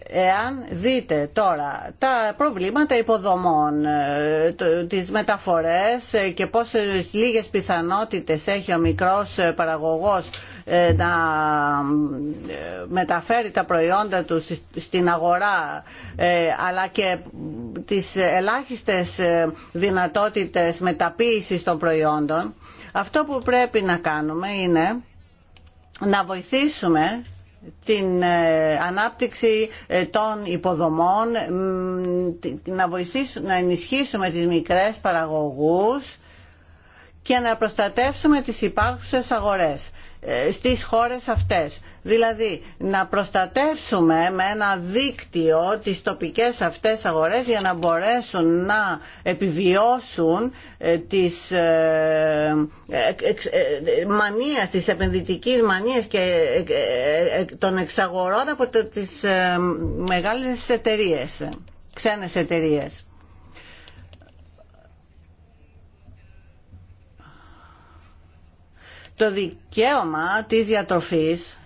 εάν δείτε τώρα τα προβλήματα υποδομών, ε, τις μεταφορές ε, και πόσες λίγες πιθανότητες έχει ο μικρός παραγωγός ε, να ε, μεταφέρει τα προϊόντα του στην αγορά ε, αλλά και τις ελάχιστες δυνατότητες μεταποίησης των προϊόντων, αυτό που πρέπει να κάνουμε είναι να βοηθήσουμε την ανάπτυξη των υποδομών, να, βοηθήσουμε, να ενισχύσουμε τις μικρές παραγωγούς και να προστατεύσουμε τις υπάρχουσες αγορές. Ε, στις χώρες αυτές. Δηλαδή να προστατεύσουμε με ένα δίκτυο τις τοπικές αυτές αγορές για να μπορέσουν να επιβιώσουν ε, τις ε, μανίες τις επενδυτικής μανίες και των εξαγορών από τις μεγάλες εταιρείες, ξένες εταιρείες. το δικαίωμα της διατροφής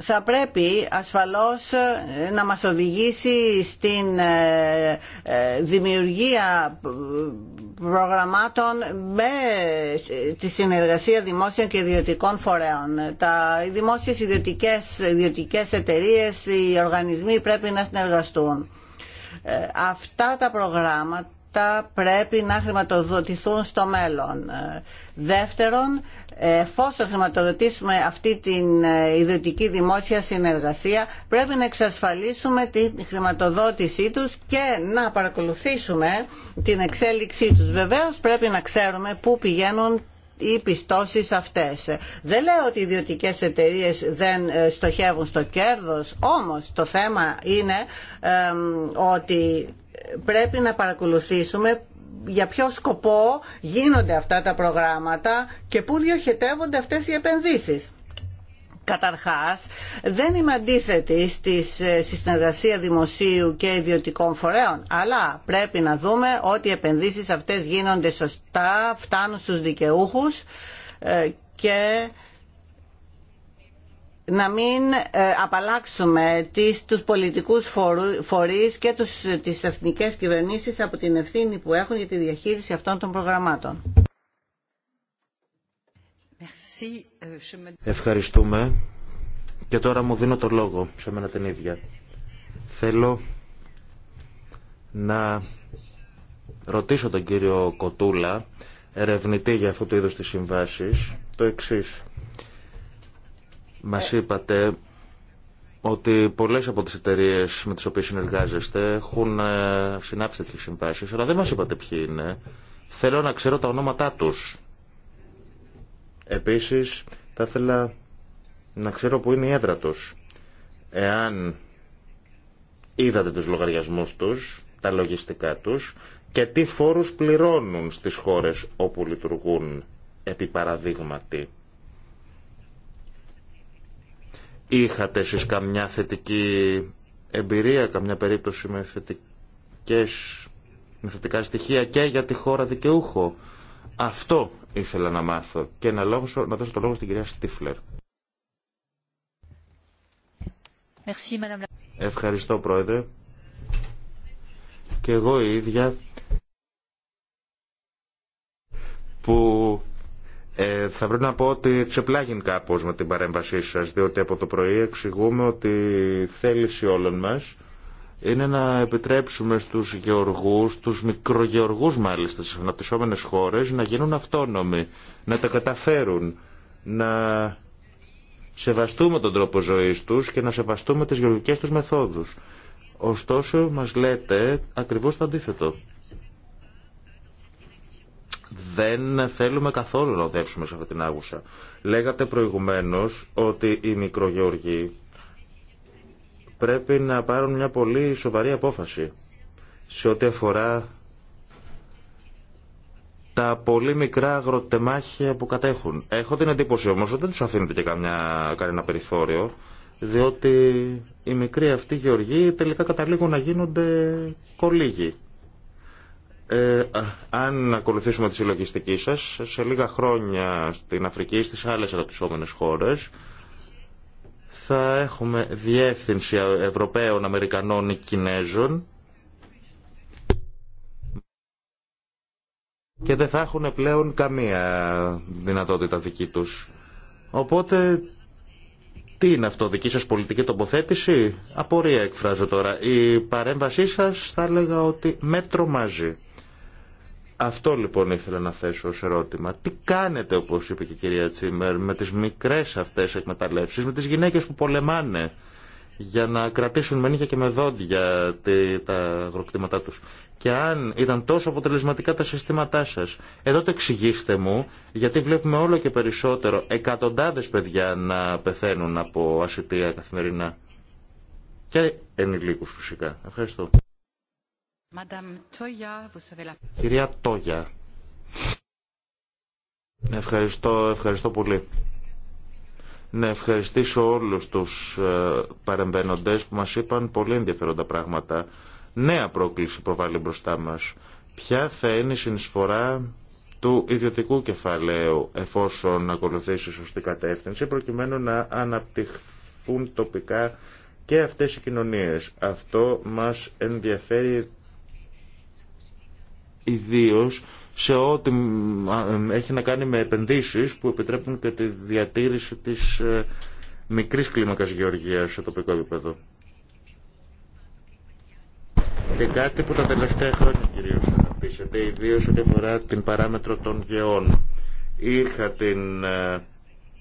θα πρέπει ασφαλώς ε, να μας οδηγήσει στην ε, ε, δημιουργία προγραμμάτων με τη συνεργασία δημόσιων και ιδιωτικών φορέων. Τα δημόσιες ιδιωτικές, ιδιωτικές εταιρείες, οι οργανισμοί πρέπει να συνεργαστούν. Αυτά τα προγράμματα αυτά πρέπει να χρηματοδοτηθούν στο μέλλον. Δεύτερον, εφόσον χρηματοδοτήσουμε αυτή την ε, ιδιωτική δημόσια συνεργασία, πρέπει να εξασφαλίσουμε τη χρηματοδότησή τους και να παρακολουθήσουμε την εξέλιξή τους. Βεβαίως πρέπει να ξέρουμε πού πηγαίνουν οι πιστώσεις αυτές. Δεν λέω ότι οι ιδιωτικές εταιρείε δεν ε, στοχεύουν στο κέρδος, όμως το θέμα είναι ε, ότι πρέπει να παρακολουθήσουμε για ποιο σκοπό γίνονται αυτά τα προγράμματα και πού διοχετεύονται αυτές οι επενδύσεις. Καταρχάς, δεν είμαι αντίθετη ε, στη συνεργασία δημοσίου και ιδιωτικών φορέων, αλλά πρέπει να δούμε ότι οι επενδύσεις αυτές γίνονται σωστά, φτάνουν στους δικαιούχους ε, και να μην ε, απαλλάξουμε τις, τους πολιτικούς φορείς και τους, τις εθνικές κυβερνήσεις από την ευθύνη που έχουν για τη διαχείριση αυτών των προγραμμάτων. Euh, Ευχαριστούμε. Και τώρα μου δίνω το λόγο σε μένα την ίδια. Θέλω να ρωτήσω τον κύριο Κοτούλα, ερευνητή για αυτού του είδους της συμβάσεις, το εξής. Μας είπατε ότι πολλές από τις εταιρείε με τις οποίες συνεργάζεστε έχουν ε, συνάψει τέτοιες συμβάσεις, αλλά δεν μας είπατε ποιοι είναι. Θέλω να ξέρω τα ονόματά τους. Επίσης, θα ήθελα να ξέρω που είναι η έδρα τους. Εάν είδατε τους λογαριασμούς τους, τα λογιστικά τους και τι φόρους πληρώνουν στις χώρες όπου λειτουργούν επί παραδείγματι. Είχατε εσείς καμιά θετική εμπειρία, καμιά περίπτωση με, θετικές, με θετικά στοιχεία και για τη χώρα δικαιούχο. Αυτό ήθελα να μάθω και να, λόγω, να δώσω το λόγο στην κυρία Στίφλερ. Ευχαριστώ Πρόεδρε. Και εγώ η ίδια που ε, θα πρέπει να πω ότι ξεπλάγει κάπω με την παρέμβασή σας, διότι από το πρωί εξηγούμε ότι θέληση όλων μας είναι να επιτρέψουμε στους γεωργού, τους μικρογεωργούς μάλιστα στι αναπτυσσόμενε χώρες, να γίνουν αυτόνομοι, να τα καταφέρουν, να σεβαστούμε τον τρόπο ζωής τους και να σεβαστούμε τις γεωργικές τους μεθόδους. Ωστόσο, μας λέτε ακριβώς το αντίθετο δεν θέλουμε καθόλου να οδεύσουμε σε αυτή την άγουσα. Λέγατε προηγουμένως ότι οι μικρογεωργοί πρέπει να πάρουν μια πολύ σοβαρή απόφαση σε ό,τι αφορά τα πολύ μικρά αγροτεμάχια που κατέχουν. Έχω την εντύπωση όμως ότι δεν τους αφήνεται και καμιά, κανένα περιθώριο, διότι οι μικροί αυτοί γεωργοί τελικά καταλήγουν να γίνονται κολύγοι ε, αν ακολουθήσουμε τη συλλογιστική σας, σε λίγα χρόνια στην Αφρική ή στις άλλες αναπτυσσόμενες χώρες θα έχουμε διεύθυνση Ευρωπαίων, Αμερικανών ή Κινέζων και δεν θα έχουν πλέον καμία δυνατότητα δική τους. Οπότε τι είναι αυτό, δική σας πολιτική τοποθέτηση. Απορία εκφράζω τώρα. Η παρέμβασή σας θα έλεγα ότι με τρομάζει. Αυτό λοιπόν ήθελα να θέσω ως ερώτημα. Τι κάνετε, όπως είπε και η κυρία Τσίμερ, με τις μικρές αυτές εκμεταλλεύσεις, με τις γυναίκες που πολεμάνε για να κρατήσουν με νύχια και με δόντια τα αγροκτήματά τους. Και αν ήταν τόσο αποτελεσματικά τα συστήματά σας, εδώ το εξηγήστε μου, γιατί βλέπουμε όλο και περισσότερο εκατοντάδες παιδιά να πεθαίνουν από ασυτεία καθημερινά. Και ενηλίκους φυσικά. Ευχαριστώ. Κυρία Τόγια, ευχαριστώ, πολύ. Να ευχαριστήσω όλους τους ε, παρεμβαίνοντες που μας είπαν πολύ ενδιαφέροντα πράγματα. Νέα πρόκληση προβάλλει μπροστά μας. Ποια θα είναι η συνεισφορά του ιδιωτικού κεφαλαίου εφόσον ακολουθήσει σωστή κατεύθυνση προκειμένου να αναπτυχθούν τοπικά και αυτές οι κοινωνίες. Αυτό μας ενδιαφέρει Ιδίω σε ό,τι έχει να κάνει με επενδύσεις που επιτρέπουν και τη διατήρηση της ε, μικρής κλίμακας γεωργίας σε τοπικό επίπεδο. Και κάτι που τα τελευταία χρόνια κυρίως αναπτύσσεται, ιδίως ό,τι αφορά την παράμετρο των γεών. Είχα την ε,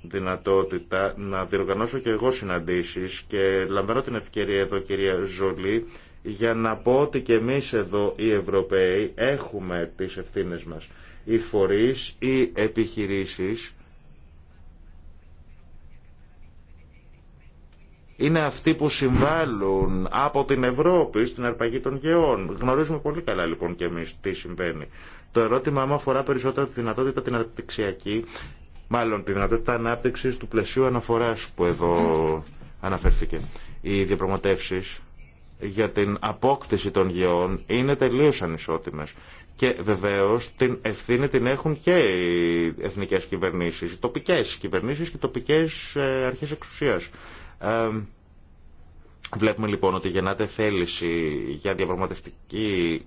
δυνατότητα να διοργανώσω και εγώ συναντήσεις και λαμβάνω την ευκαιρία εδώ κυρία Ζολή για να πω ότι και εμείς εδώ οι Ευρωπαίοι έχουμε τις ευθύνες μας. Οι φορείς, οι επιχειρήσεις είναι αυτοί που συμβάλλουν από την Ευρώπη στην αρπαγή των γεών. Γνωρίζουμε πολύ καλά λοιπόν και εμείς τι συμβαίνει. Το ερώτημα μου αφορά περισσότερο τη δυνατότητα την αναπτυξιακή, μάλλον τη δυνατότητα ανάπτυξης του πλαισίου αναφοράς που εδώ αναφέρθηκε. Οι διαπραγματεύσει για την απόκτηση των γεών είναι τελείως ανισότιμες. Και βεβαίως την ευθύνη την έχουν και οι εθνικές κυβερνήσεις, οι τοπικές κυβερνήσεις και οι τοπικές ε, αρχές εξουσίας. Ε, βλέπουμε λοιπόν ότι γεννάται θέληση για διαπραγματευτική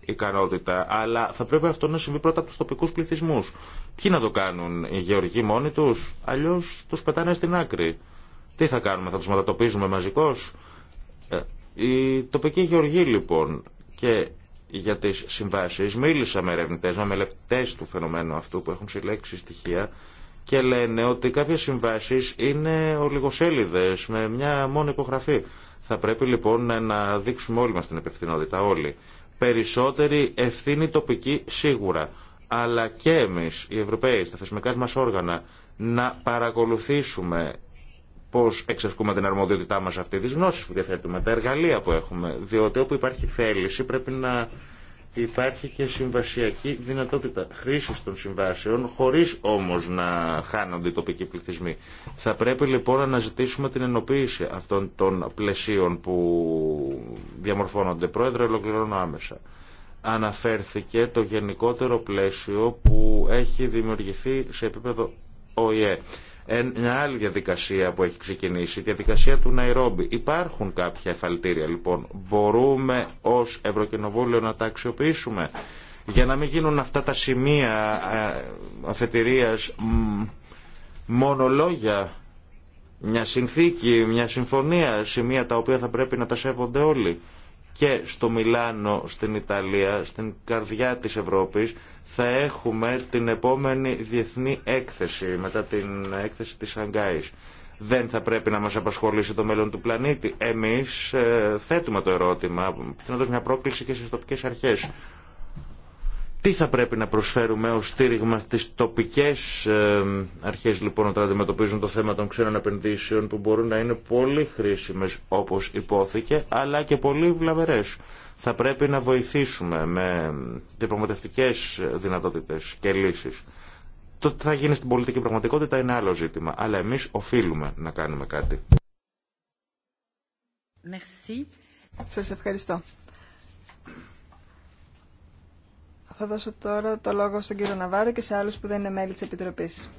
ικανότητα, αλλά θα πρέπει αυτό να συμβεί πρώτα από του τοπικούς πληθυσμού. Ποιοι να το κάνουν, οι γεωργοί μόνοι του, αλλιώ του πετάνε στην άκρη. Τι θα κάνουμε, θα του μετατοπίζουμε μαζικώς ε, η τοπική γεωργή λοιπόν και για τις συμβάσεις μίλησα με ερευνητέ, με μελεπτέ του φαινομένου αυτού που έχουν συλλέξει στοιχεία και λένε ότι κάποιες συμβάσεις είναι ολιγοσέλιδες με μια μόνη υπογραφή. Θα πρέπει λοιπόν να δείξουμε όλοι μας την επευθυνότητα, όλοι. Περισσότερη ευθύνη τοπική σίγουρα, αλλά και εμείς οι Ευρωπαίοι στα θεσμικά μας όργανα να παρακολουθήσουμε πώ εξασκούμε την αρμοδιότητά μα αυτή, τι γνώσει που διαθέτουμε, τα εργαλεία που έχουμε. Διότι όπου υπάρχει θέληση πρέπει να υπάρχει και συμβασιακή δυνατότητα χρήση των συμβάσεων, χωρί όμω να χάνονται οι τοπικοί πληθυσμοί. Θα πρέπει λοιπόν να ζητήσουμε την ενοποίηση αυτών των πλαισίων που διαμορφώνονται. Πρόεδρε, ολοκληρώνω άμεσα. Αναφέρθηκε το γενικότερο πλαίσιο που έχει δημιουργηθεί σε επίπεδο ΟΗΕ μια άλλη διαδικασία που έχει ξεκινήσει, η διαδικασία του Ναϊρόμπι. Υπάρχουν κάποια εφαλτήρια λοιπόν. Μπορούμε ως Ευρωκοινοβούλιο να τα αξιοποιήσουμε για να μην γίνουν αυτά τα σημεία ε, αφετηρίας μονολόγια, μια συνθήκη, μια συμφωνία, σημεία τα οποία θα πρέπει να τα σέβονται όλοι και στο Μιλάνο, στην Ιταλία, στην καρδιά της Ευρώπης, θα έχουμε την επόμενη διεθνή έκθεση, μετά την έκθεση της Σαγκάης. Δεν θα πρέπει να μας απασχολήσει το μέλλον του πλανήτη. Εμείς ε, θέτουμε το ερώτημα, πιθανότητας μια πρόκληση και στις τοπικές αρχές. Τι θα πρέπει να προσφέρουμε ως στήριγμα στις τοπικές ε, αρχές λοιπόν όταν αντιμετωπίζουν το θέμα των ξένων επενδύσεων που μπορούν να είναι πολύ χρήσιμες όπως υπόθηκε αλλά και πολύ βλαβερές. Θα πρέπει να βοηθήσουμε με διαπραγματευτικές δυνατότητες και λύσεις. Το τι θα γίνει στην πολιτική πραγματικότητα είναι άλλο ζήτημα, αλλά εμείς οφείλουμε να κάνουμε κάτι. Merci. Σας ευχαριστώ. Θα δώσω τώρα το λόγο στον κύριο Ναβάρο και σε άλλους που δεν είναι μέλη τη Επιτροπής.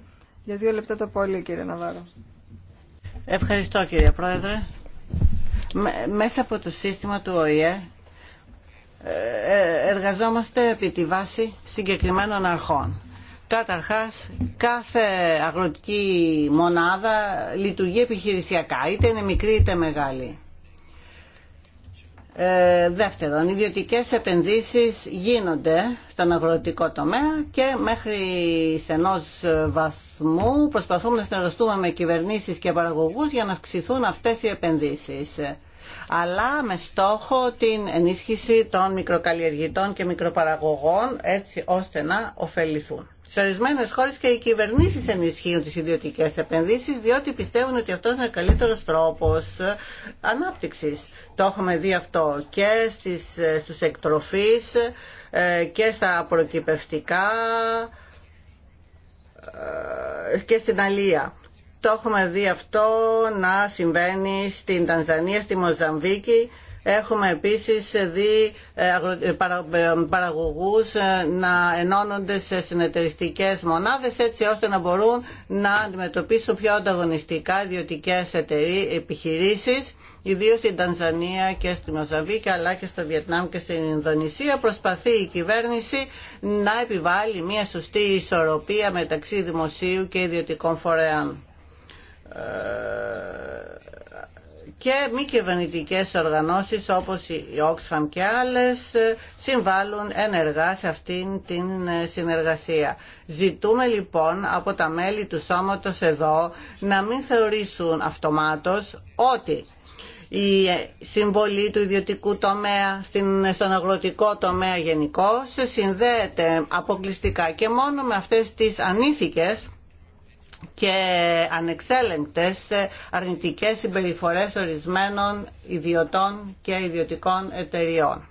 Για δύο λεπτά το πολύ, κύριε Ναβάρο. Ευχαριστώ, κύριε Πρόεδρε. Μέσα από το σύστημα του ΟΗΕ ε, ε, εργαζόμαστε επί τη βάση συγκεκριμένων αρχών. Καταρχάς, κάθε αγροτική μονάδα λειτουργεί επιχειρησιακά, είτε είναι μικρή είτε μεγάλη. Ε, δεύτερον, ιδιωτικές επενδύσεις γίνονται στον αγροτικό τομέα και μέχρι σε ενός βαθμού προσπαθούμε να συνεργαστούμε με κυβερνήσεις και παραγωγούς για να αυξηθούν αυτές οι επενδύσεις αλλά με στόχο την ενίσχυση των μικροκαλλιεργητών και μικροπαραγωγών έτσι ώστε να ωφεληθούν. Σε ορισμένε χώρε και οι κυβερνήσει ενισχύουν τι ιδιωτικέ επενδύσει διότι πιστεύουν ότι αυτό είναι ο καλύτερο τρόπο ανάπτυξη. Το έχουμε δει αυτό και στου εκτροφεί ε, και στα προκυπευτικά ε, και στην Αλία. Το έχουμε δει αυτό να συμβαίνει στην Τανζανία, στη Μοζαμβίκη Έχουμε επίσης δει ε, ε, ε, παραγωγούς να ενώνονται σε συνεταιριστικές μονάδες έτσι ώστε να μπορούν να αντιμετωπίσουν πιο ανταγωνιστικά ιδιωτικές εταιρείες, επιχειρήσεις ιδίω στην Τανζανία και στη Μοζαβίκη αλλά και στο Βιετνάμ και στην Ινδονησία προσπαθεί η κυβέρνηση να επιβάλλει μια σωστή ισορροπία μεταξύ δημοσίου και ιδιωτικών φορέων και μη κυβερνητικέ οργανώσεις όπως η Oxfam και άλλες ε, συμβάλλουν ενεργά σε αυτήν την ε, συνεργασία. Ζητούμε λοιπόν από τα μέλη του σώματος εδώ να μην θεωρήσουν αυτομάτως ότι η ε, συμβολή του ιδιωτικού τομέα στην, στον αγροτικό τομέα γενικώ συνδέεται αποκλειστικά και μόνο με αυτές τις ανήθικες και ανεξέλεγκτες αρνητικές συμπεριφορές ορισμένων ιδιωτών και ιδιωτικών εταιριών.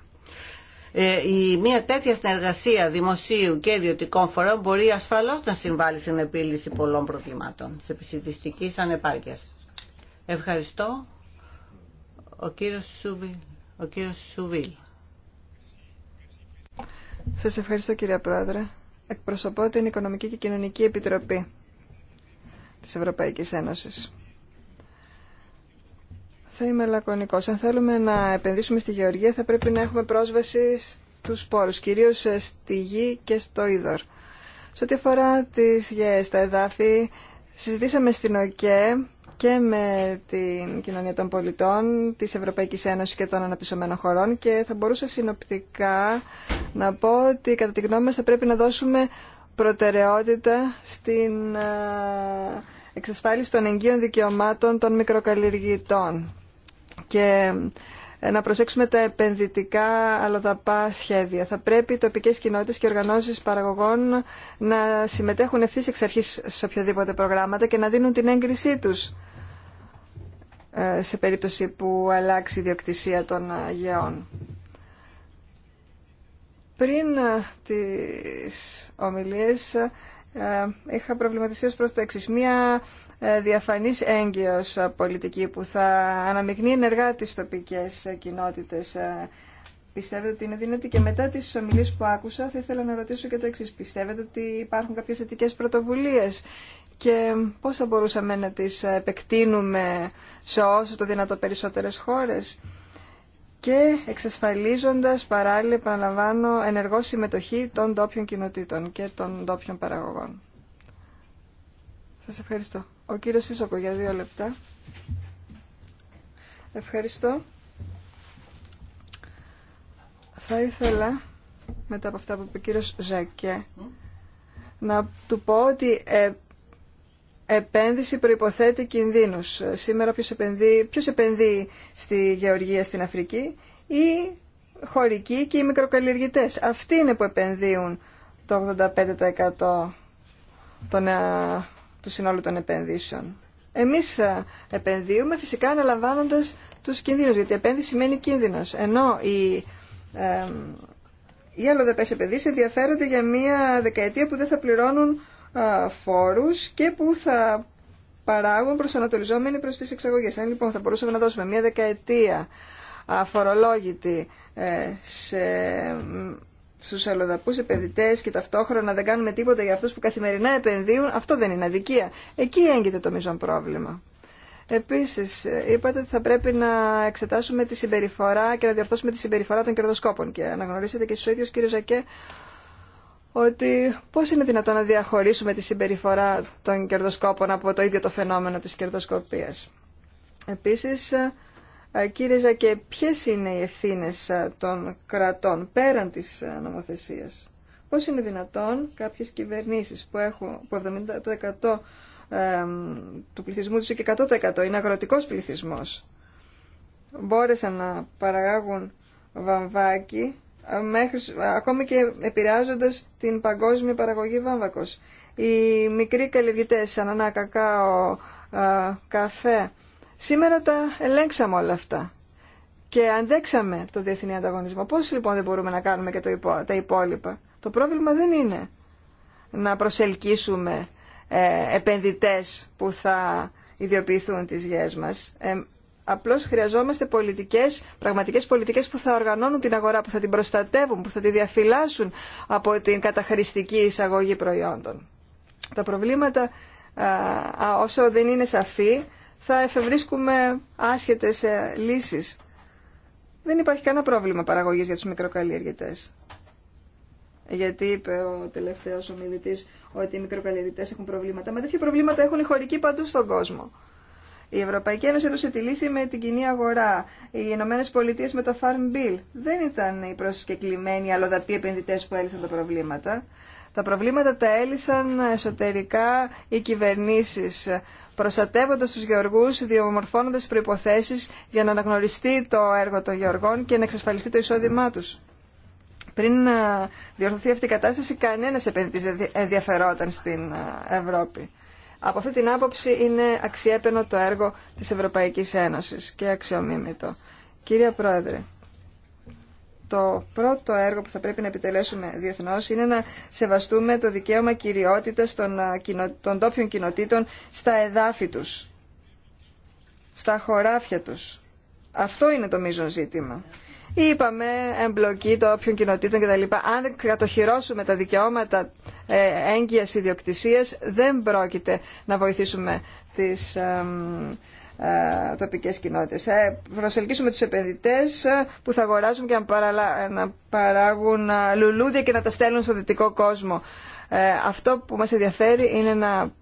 Ε, η μία τέτοια συνεργασία δημοσίου και ιδιωτικών φορέων μπορεί ασφαλώς να συμβάλλει στην επίλυση πολλών προβλημάτων της επισητιστικής ανεπάρκειας. Ευχαριστώ. Ο κύριος Σούβιλ. Ο κύριος Σουβίλ. Σας ευχαριστώ κύριε Πρόεδρε. Εκπροσωπώ την Οικονομική και Κοινωνική Επιτροπή της Ευρωπαϊκής Ένωσης. Θα είμαι λακωνικός. Αν θέλουμε να επενδύσουμε στη γεωργία θα πρέπει να έχουμε πρόσβαση στους πόρους, κυρίως στη γη και στο είδωρ. Σε ό,τι αφορά τις γεές, τα εδάφη, συζητήσαμε στην ΟΚΕ και με την κοινωνία των πολιτών της Ευρωπαϊκής Ένωσης και των αναπτυσσομένων χωρών και θα μπορούσα συνοπτικά να πω ότι κατά τη γνώμη μας θα πρέπει να δώσουμε προτεραιότητα στην εξασφάλιση των εγγύων δικαιωμάτων των μικροκαλλιεργητών και ε, να προσέξουμε τα επενδυτικά αλλοδαπά σχέδια. Θα πρέπει οι τοπικέ κοινότητε και οργανώσεις παραγωγών να συμμετέχουν ευθύ εξ αρχή σε οποιοδήποτε προγράμματα και να δίνουν την έγκρισή τους ε, σε περίπτωση που αλλάξει η διοκτησία των ε, γεών. Πριν τις ομιλίες ε, είχα προβληματιστεί ω προς το εξή. Μία ε, διαφανής έγκυο πολιτική που θα αναμειγνύει ενεργά τις τοπικές ε, κοινότητες. Πιστεύετε ότι είναι δυνατή και μετά τις ομιλίε που άκουσα θα ήθελα να ρωτήσω και το εξή. Πιστεύετε ότι υπάρχουν κάποιες θετικέ πρωτοβουλίε και πώς θα μπορούσαμε να τις επεκτείνουμε σε όσο το δυνατό περισσότερες χώρες και εξασφαλίζοντας παράλληλα, επαναλαμβάνω, ενεργό συμμετοχή των ντόπιων κοινοτήτων και των ντόπιων παραγωγών. Σας ευχαριστώ. Ο κύριος Σίσοκο για δύο λεπτά. Ευχαριστώ. Θα ήθελα, μετά από αυτά που είπε ο κύριος Ζακέ, να του πω ότι ε, επένδυση προϋποθέτει κινδύνους. Σήμερα ποιος επενδύει, ποιος επενδύει στη γεωργία στην Αφρική ή χωρικοί και οι μικροκαλλιεργητές. Αυτοί είναι που επενδύουν το 85% των, ε, του συνόλου των επενδύσεων. Εμείς ε, επενδύουμε φυσικά αναλαμβάνοντα τους κινδύνους, γιατί επένδυση σημαίνει κίνδυνος. Ενώ οι, ε, οι επενδύσεις ενδιαφέρονται για μία δεκαετία που δεν θα πληρώνουν φόρους και που θα παράγουν προσανατολισόμενοι προς τις εξαγωγές. Αν λοιπόν θα μπορούσαμε να δώσουμε μια δεκαετία αφορολόγητη ε, σε, στους αλλοδαπούς επενδυτές και ταυτόχρονα δεν κάνουμε τίποτα για αυτούς που καθημερινά επενδύουν, αυτό δεν είναι αδικία. Εκεί έγκυται το μείζον πρόβλημα. Επίσης, είπατε ότι θα πρέπει να εξετάσουμε τη συμπεριφορά και να διορθώσουμε τη συμπεριφορά των κερδοσκόπων και αναγνωρίσετε και στους ίδιους κύριε Ζακέ ότι πώς είναι δυνατόν να διαχωρίσουμε τη συμπεριφορά των κερδοσκόπων από το ίδιο το φαινόμενο της κερδοσκοπίας. Επίσης, ε, κύριε Ζακέ, ποιες είναι οι ευθύνε ε, των κρατών πέραν της ε, νομοθεσίας. Πώς είναι δυνατόν κάποιες κυβερνήσεις που έχουν που 70% του πληθυσμού τους και 100% είναι αγροτικός πληθυσμός μπόρεσαν να παραγάγουν βαμβάκι μέχρι, ακόμη και επηρεάζοντας την παγκόσμια παραγωγή βάμβακος. Οι μικροί καλλιεργητές, σαν κακάο, καφέ, σήμερα τα ελέγξαμε όλα αυτά και αντέξαμε το διεθνή ανταγωνισμό. Πώς λοιπόν δεν μπορούμε να κάνουμε και το τα υπόλοιπα. Το πρόβλημα δεν είναι να προσελκύσουμε ε, επενδυτές που θα ιδιοποιηθούν τις γιές μας. Ε, Απλώς χρειαζόμαστε πολιτικές, πραγματικές πολιτικές που θα οργανώνουν την αγορά, που θα την προστατεύουν, που θα τη διαφυλάσσουν από την καταχρηστική εισαγωγή προϊόντων. Τα προβλήματα, όσο δεν είναι σαφή, θα εφευρίσκουμε άσχετες ε, λύσεις. Δεν υπάρχει κανένα πρόβλημα παραγωγής για τους μικροκαλλιεργητές. Γιατί είπε ο τελευταίο ομιλητή ότι οι μικροκαλλιεργητές έχουν προβλήματα. Μα τέτοια προβλήματα έχουν οι χωρικοί παντού στον κόσμο. Η Ευρωπαϊκή Ένωση έδωσε τη λύση με την κοινή αγορά. Οι Ηνωμένε Πολιτείε με το Farm Bill. Δεν ήταν οι προσκεκλημένοι αλλοδαποί επενδυτέ που έλυσαν τα προβλήματα. Τα προβλήματα τα έλυσαν εσωτερικά οι κυβερνήσει, προστατεύοντα του γεωργού, διαμορφώνοντα προποθέσει για να αναγνωριστεί το έργο των γεωργών και να εξασφαλιστεί το εισόδημά του. Πριν ε, διορθωθεί αυτή η κατάσταση, κανένα επενδυτή δεν ενδιαφερόταν στην ε, Ευρώπη. Από αυτή την άποψη είναι αξιέπαινο το έργο της Ευρωπαϊκής Ένωσης και αξιομίμητο. Κύριε Πρόεδρε, το πρώτο έργο που θα πρέπει να επιτελέσουμε διεθνώς είναι να σεβαστούμε το δικαίωμα κυριότητας των, των τόπιων κοινοτήτων στα εδάφη τους, στα χωράφια τους. Αυτό είναι το μείζον ζήτημα. Είπαμε εμπλοκή των όποιων κοινοτήτων κτλ. Αν δεν κατοχυρώσουμε τα δικαιώματα ε, έγκυας ιδιοκτησίας δεν πρόκειται να βοηθήσουμε τις ε, τοπικές κοινότητες. Ε, προσελκύσουμε τους επενδυτές που θα αγοράζουν και να παράγουν λουλούδια και να τα στέλνουν στο δυτικό κόσμο. Αυτό που μας ενδιαφέρει είναι να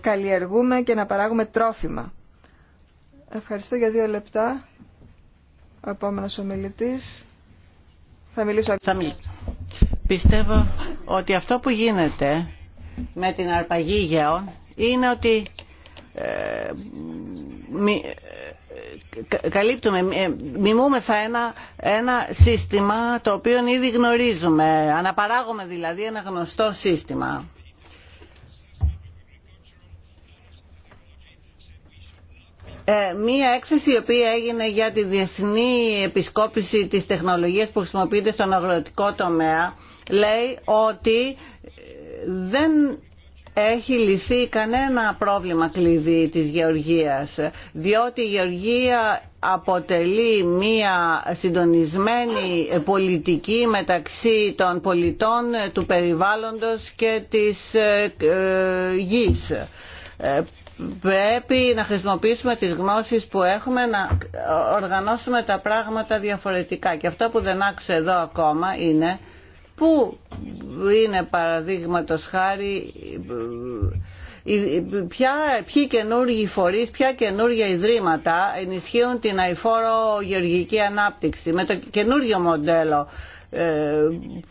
καλλιεργούμε και να παράγουμε τρόφιμα. Ευχαριστώ για δύο λεπτά. Ο επόμενος ομιλητής. Θα μιλήσω. Θα μιλήσω. Πιστεύω ότι αυτό που γίνεται με την αρπαγή γεών είναι ότι ε, ε καλύπτουμε, ε, μιμούμεθα ένα, ένα σύστημα το οποίο ήδη γνωρίζουμε. Αναπαράγουμε δηλαδή ένα γνωστό σύστημα. Ε, μία έκθεση η οποία έγινε για τη διεθνή επισκόπηση της τεχνολογίας που χρησιμοποιείται στον αγροτικό τομέα λέει ότι δεν έχει λυθεί κανένα πρόβλημα κλειδί της γεωργίας διότι η γεωργία αποτελεί μία συντονισμένη πολιτική μεταξύ των πολιτών του περιβάλλοντος και της ε, ε, γης πρέπει να χρησιμοποιήσουμε τις γνώσεις που έχουμε να οργανώσουμε τα πράγματα διαφορετικά και αυτό που δεν άκουσα εδώ ακόμα είναι που είναι παραδείγματο χάρη ε, ε, ποια, ποιοι καινούργιοι φορείς, ποια καινούργια ιδρύματα ενισχύουν την αηφόρο γεωργική ανάπτυξη με το καινούργιο μοντέλο ε,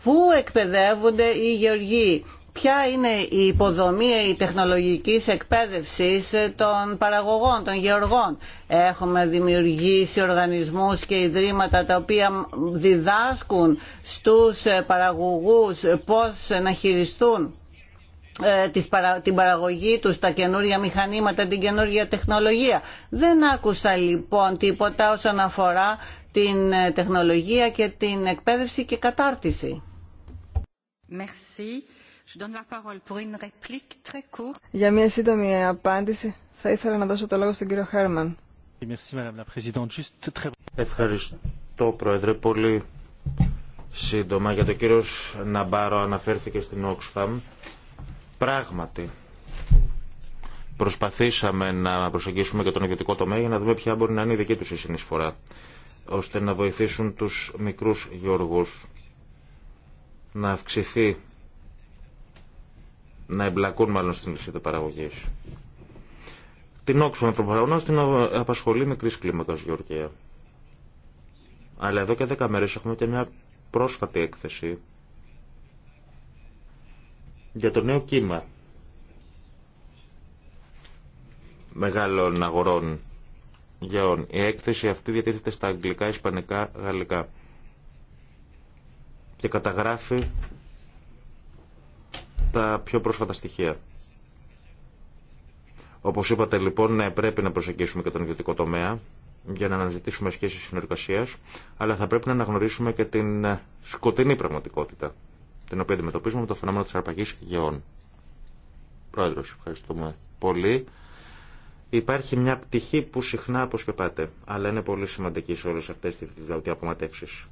που εκπαιδεύονται οι γεωργοί ποια είναι η υποδομή η τεχνολογικής εκπαίδευσης των παραγωγών, των γεωργών. Έχουμε δημιουργήσει οργανισμούς και ιδρύματα τα οποία διδάσκουν στους παραγωγούς πώς να χειριστούν ε, την παραγωγή τους, τα καινούργια μηχανήματα, την καινούργια τεχνολογία. Δεν άκουσα λοιπόν τίποτα όσον αφορά την ε, τεχνολογία και την εκπαίδευση και κατάρτιση. Merci. Για μια σύντομη απάντηση θα ήθελα να δώσω το λόγο στον κύριο Χέρμαν. Ευχαριστώ Πρόεδρε πολύ σύντομα για το κύριο Ναμπάρο αναφέρθηκε στην Oxfam. Πράγματι προσπαθήσαμε να προσεγγίσουμε και τον ιδιωτικό τομέα για να δούμε ποια μπορεί να είναι η δική τους η συνεισφορά ώστε να βοηθήσουν τους μικρούς γεωργούς να αυξηθεί να εμπλακούν μάλλον στην λυσίδα παραγωγή. Την όξο των την απασχολεί μικρή κλίμακα Γεωργία. Αλλά εδώ και δέκα μέρε έχουμε και μια πρόσφατη έκθεση για το νέο κύμα μεγάλων αγορών γεών. Η έκθεση αυτή διατίθεται στα αγγλικά, ισπανικά, γαλλικά και καταγράφει τα πιο πρόσφατα στοιχεία. Όπως είπατε λοιπόν, ναι, πρέπει να προσεγγίσουμε και τον ιδιωτικό τομέα για να αναζητήσουμε σχέσεις συνεργασίας, αλλά θα πρέπει να αναγνωρίσουμε και την σκοτεινή πραγματικότητα, την οποία αντιμετωπίζουμε με το φαινόμενο της αρπαγής γεών. Πρόεδρος, ευχαριστούμε πολύ. Υπάρχει μια πτυχή που συχνά αποσκεπάται, αλλά είναι πολύ σημαντική σε όλες αυτές τις διαπραγματεύσεις.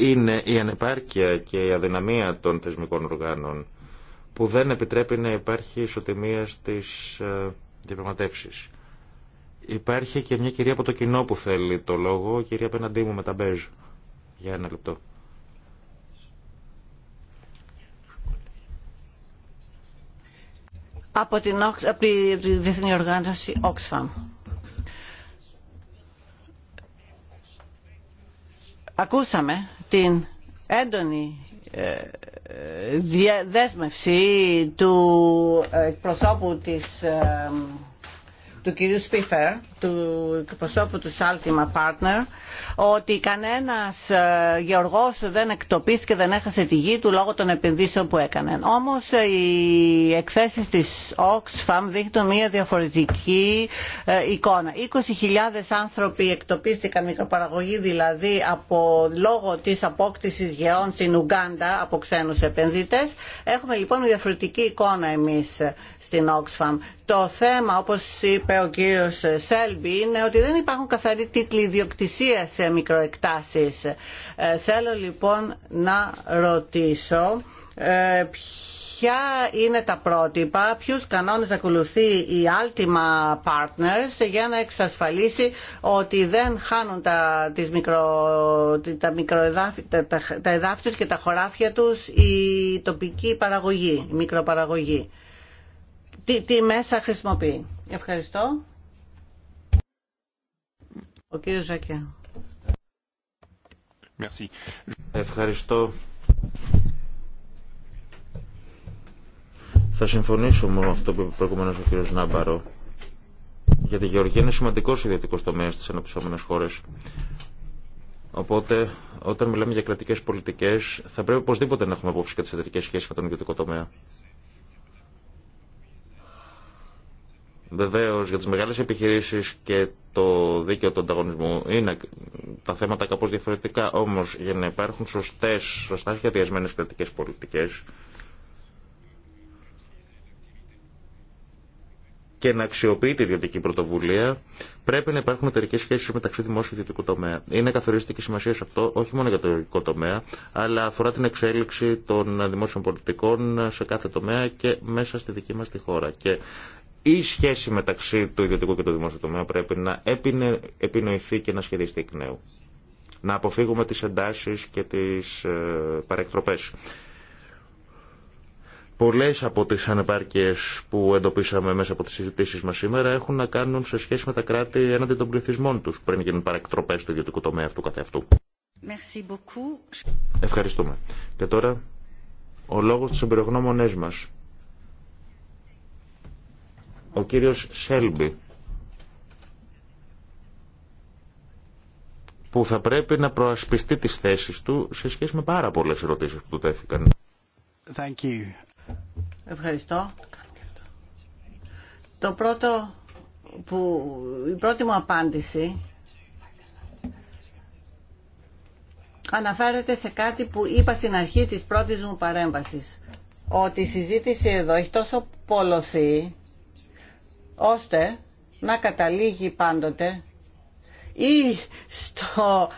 είναι η ανεπάρκεια και η αδυναμία των θεσμικών οργάνων που δεν επιτρέπει να υπάρχει ισοτιμία στις ε, διαπραγματεύσει. Υπάρχει και μια κυρία από το κοινό που θέλει το λόγο, κυρία απέναντί μου με τα μπέζ. Για ένα λεπτό. Από την, από τη Διεθνή Οργάνωση Oxfam. ακούσαμε την έντονη ε, ε, δέσμευση του εκπροσώπου της ε, του κυρίου Σπίφερ, του προσώπου του Σάλτιμα Partner, ότι κανένας ε, γεωργός δεν εκτοπίστηκε, δεν έχασε τη γη του λόγω των επενδύσεων που έκανε. Όμως ε, οι εκθέσει της Oxfam δείχνουν μια διαφορετική ε, εικόνα. 20.000 άνθρωποι εκτοπίστηκαν μικροπαραγωγή δηλαδή από λόγω της απόκτηση γεών στην Ουγγάντα από ξένου επενδυτές. Έχουμε λοιπόν μια διαφορετική εικόνα εμεί στην Oxfam. Το θέμα, όπως είπε είπε ο κύριος Σέλμπι είναι ότι δεν υπάρχουν καθαροί τίτλοι ιδιοκτησία σε μικροεκτάσεις. Ε, θέλω λοιπόν να ρωτήσω ε, ποια είναι τα πρότυπα, ποιους κανόνες ακολουθεί η Altima Partners για να εξασφαλίσει ότι δεν χάνουν τα, τις μικρο, τα, μικροεδάφη, τους και τα χωράφια τους η τοπική παραγωγή, η μικροπαραγωγή τι, μέσα χρησιμοποιεί. Ευχαριστώ. Ο κύριος Ζακέ. Ευχαριστώ. Θα συμφωνήσω με αυτό που είπε προηγουμένως ο κύριος Νάμπαρο. Γιατί η Γεωργία είναι σημαντικός ιδιωτικό τομέα στι αναπτυσσόμενες χώρε. Οπότε, όταν μιλάμε για κρατικέ πολιτικέ, θα πρέπει οπωσδήποτε να έχουμε απόψη και τι εταιρικέ σχέσει με τον ιδιωτικό τομέα. Βεβαίω για τι μεγάλε επιχειρήσει και το δίκαιο του ανταγωνισμού είναι τα θέματα κάπω διαφορετικά. Όμω για να υπάρχουν σωστέ, σωστά σχεδιασμένε κρατικέ πολιτικέ και να αξιοποιείται η ιδιωτική πρωτοβουλία, πρέπει να υπάρχουν εταιρικέ σχέσει μεταξύ δημόσιου και ιδιωτικού τομέα. Είναι καθοριστική σημασία σε αυτό όχι μόνο για το ιδιωτικό τομέα, αλλά αφορά την εξέλιξη των δημόσιων πολιτικών σε κάθε τομέα και μέσα στη δική μα τη χώρα. Και η σχέση μεταξύ του ιδιωτικού και του δημόσιου τομέα πρέπει να επινοηθεί και να σχεδιαστεί εκ νέου. Να αποφύγουμε τις εντάσεις και τις ε, παρεκτροπές. Πολλές από τις ανεπάρκειες που εντοπίσαμε μέσα από τις συζητήσεις μας σήμερα έχουν να κάνουν σε σχέση με τα κράτη έναντι των πληθυσμών τους πριν γίνουν παρεκτροπές του ιδιωτικού τομέα αυτού καθεαυτού. Ευχαριστούμε. Και τώρα ο λόγος της εμπειρογνώμονές μας ο κύριος Σέλμπι που θα πρέπει να προασπιστεί τις θέσεις του σε σχέση με πάρα πολλές ερωτήσεις που του τέθηκαν. Thank you. Ευχαριστώ. Το πρώτο που, η πρώτη μου απάντηση αναφέρεται σε κάτι που είπα στην αρχή της πρώτης μου παρέμβασης ότι η συζήτηση εδώ έχει τόσο πολλωθεί ώστε να καταλήγει πάντοτε ή στο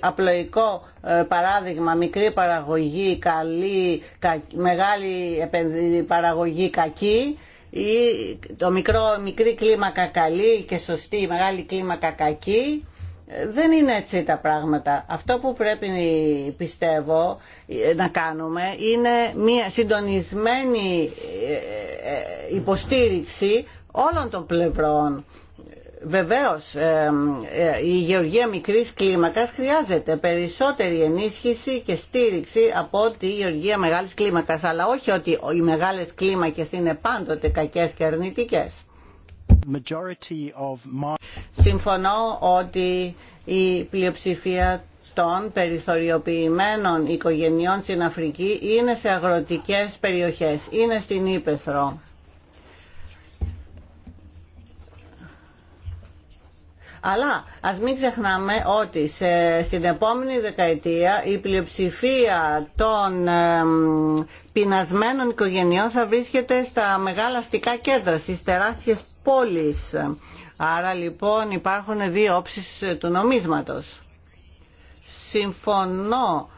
απλοϊκό ε, παράδειγμα μικρή παραγωγή καλή, μεγάλη παραγωγή κακή ή το μικρό, μικρή κλίμακα καλή και σωστή μεγάλη κλίμακα κακή ε, δεν είναι έτσι τα πράγματα. Αυτό που πρέπει πιστεύω ε, να κάνουμε είναι μια συντονισμένη υποστήριξη όλων των πλευρών. Βεβαίως ε, ε, η γεωργία μικρής κλίμακας χρειάζεται περισσότερη ενίσχυση και στήριξη από τη η γεωργία μεγάλης κλίμακας αλλά όχι ότι οι μεγάλες κλίμακες είναι πάντοτε κακές και αρνητικές. Συμφωνώ ότι η πλειοψηφία των περιθωριοποιημένων οικογενειών στην Αφρική είναι σε αγροτικές περιοχές, είναι στην Ήπεθρο Αλλά ας μην ξεχνάμε ότι στην επόμενη δεκαετία η πλειοψηφία των ε, πεινασμένων οικογενειών θα βρίσκεται στα μεγάλα αστικά κέντρα, στις τεράστιες πόλεις. Άρα λοιπόν υπάρχουν δύο όψεις ε, του νομίσματος. Συμφωνώ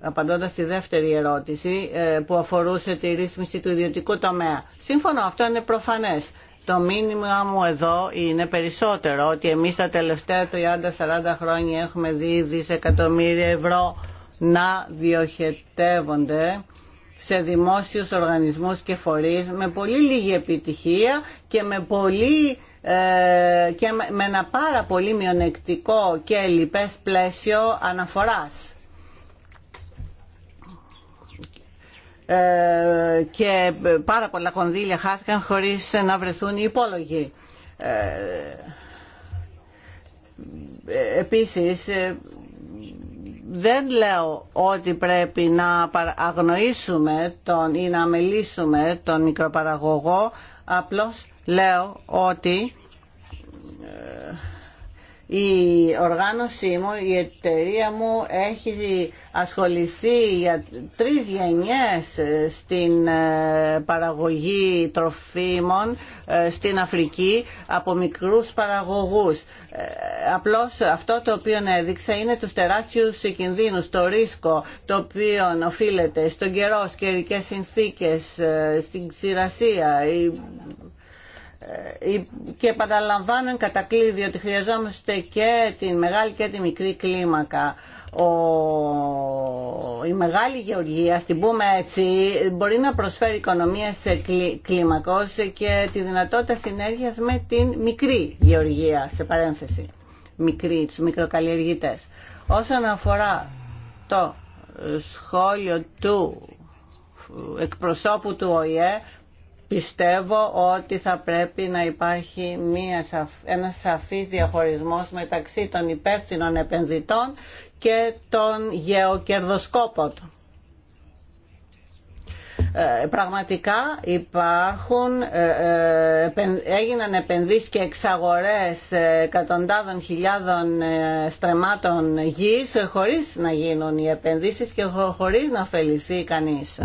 απαντώντας στη δεύτερη ερώτηση ε, που αφορούσε τη ρύθμιση του ιδιωτικού τομέα. Συμφωνώ, αυτό είναι προφανές. Το μήνυμα μου εδώ είναι περισσότερο ότι εμείς τα τελευταία 30-40 χρόνια έχουμε δει δισεκατομμύρια ευρώ να διοχετεύονται σε δημόσιους οργανισμούς και φορείς με πολύ λίγη επιτυχία και με πολύ ε, και με ένα πάρα πολύ μειονεκτικό και λοιπές πλαίσιο αναφοράς. Ε, και πάρα πολλά κονδύλια χάθηκαν χωρίς να βρεθούν οι υπόλογοι. Ε, επίσης, ε, δεν λέω ότι πρέπει να αγνοήσουμε τον, ή να αμελήσουμε τον μικροπαραγωγό, απλώς λέω ότι η οργάνωσή μου, η εταιρεία μου έχει ασχοληθεί για τρεις γενιές στην ε, παραγωγή τροφίμων ε, στην Αφρική από μικρούς παραγωγούς. Ε, απλώς αυτό το οποίο έδειξα είναι τους τεράστιους κινδύνους, το ρίσκο το οποίο οφείλεται στον καιρό, στις καιρικές συνθήκες, στην ξηρασία, ε, και επαναλαμβάνω εν κατακλείδη ότι χρειαζόμαστε και την μεγάλη και τη μικρή κλίμακα. Ο... Η μεγάλη γεωργία, στην πούμε έτσι, μπορεί να προσφέρει οικονομία σε κλίμακος και τη δυνατότητα συνέργειας με την μικρή γεωργία, σε παρένθεση, μικρή, τους μικροκαλλιεργητές. Όσον αφορά το σχόλιο του εκπροσώπου του ΟΗΕ Πιστεύω ότι θα πρέπει να υπάρχει μια, ένας σαφής διαχωρισμός μεταξύ των υπεύθυνων επενδυτών και των γεωκερδοσκόπων. Ε, πραγματικά υπάρχουν, ε, ε έγιναν επενδύσεις και εξαγορές ε, εκατοντάδων χιλιάδων στρεμάτων γης χωρίς να γίνουν οι επενδύσεις και χωρίς να ωφεληθεί κανείς.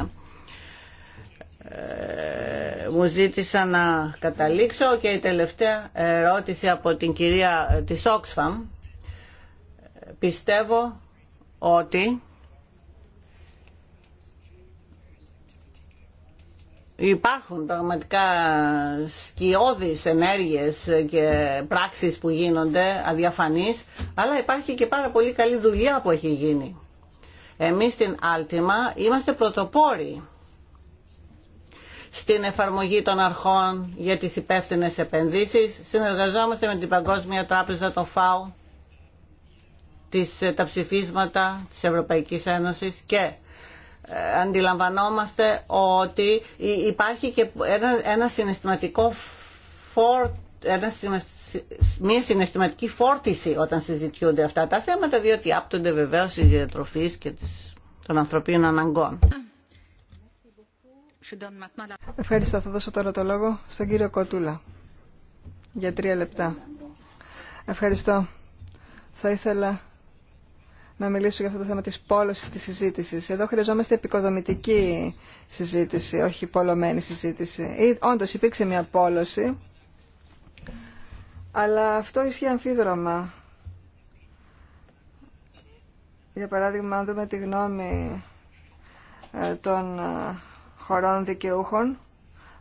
Ε, μου ζήτησα να καταλήξω και η τελευταία ερώτηση από την κυρία της Oxfam. Πιστεύω ότι υπάρχουν πραγματικά σκιώδεις ενέργειες και πράξεις που γίνονται αδιαφανείς, αλλά υπάρχει και πάρα πολύ καλή δουλειά που έχει γίνει. Εμείς στην Άλτιμα είμαστε πρωτοπόροι στην εφαρμογή των αρχών για τις υπεύθυνε επενδύσεις. Συνεργαζόμαστε με την Παγκόσμια Τράπεζα, το ΦΑΟ, τις, ε, τα ψηφίσματα της Ευρωπαϊκής Ένωσης και ε, αντιλαμβανόμαστε ότι υπάρχει και ένα, ένα συναισθηματικό φόρ, ένα μια συναισθηματική φόρτιση όταν συζητιούνται αυτά τα θέματα, διότι άπτονται βεβαίως τη διατροφή και των ανθρωπίνων αναγκών. Ευχαριστώ. Θα δώσω τώρα το λόγο στον κύριο Κοτούλα για τρία λεπτά. Ευχαριστώ. Θα ήθελα να μιλήσω για αυτό το θέμα της πόλωσης της συζήτησης. Εδώ χρειαζόμαστε επικοδομητική συζήτηση, όχι πόλωμένη συζήτηση. Ή, όντως υπήρξε μια πόλωση, αλλά αυτό ισχύει αμφίδρομα. Για παράδειγμα, αν δούμε τη γνώμη ε, των ε, χωρών δικαιούχων,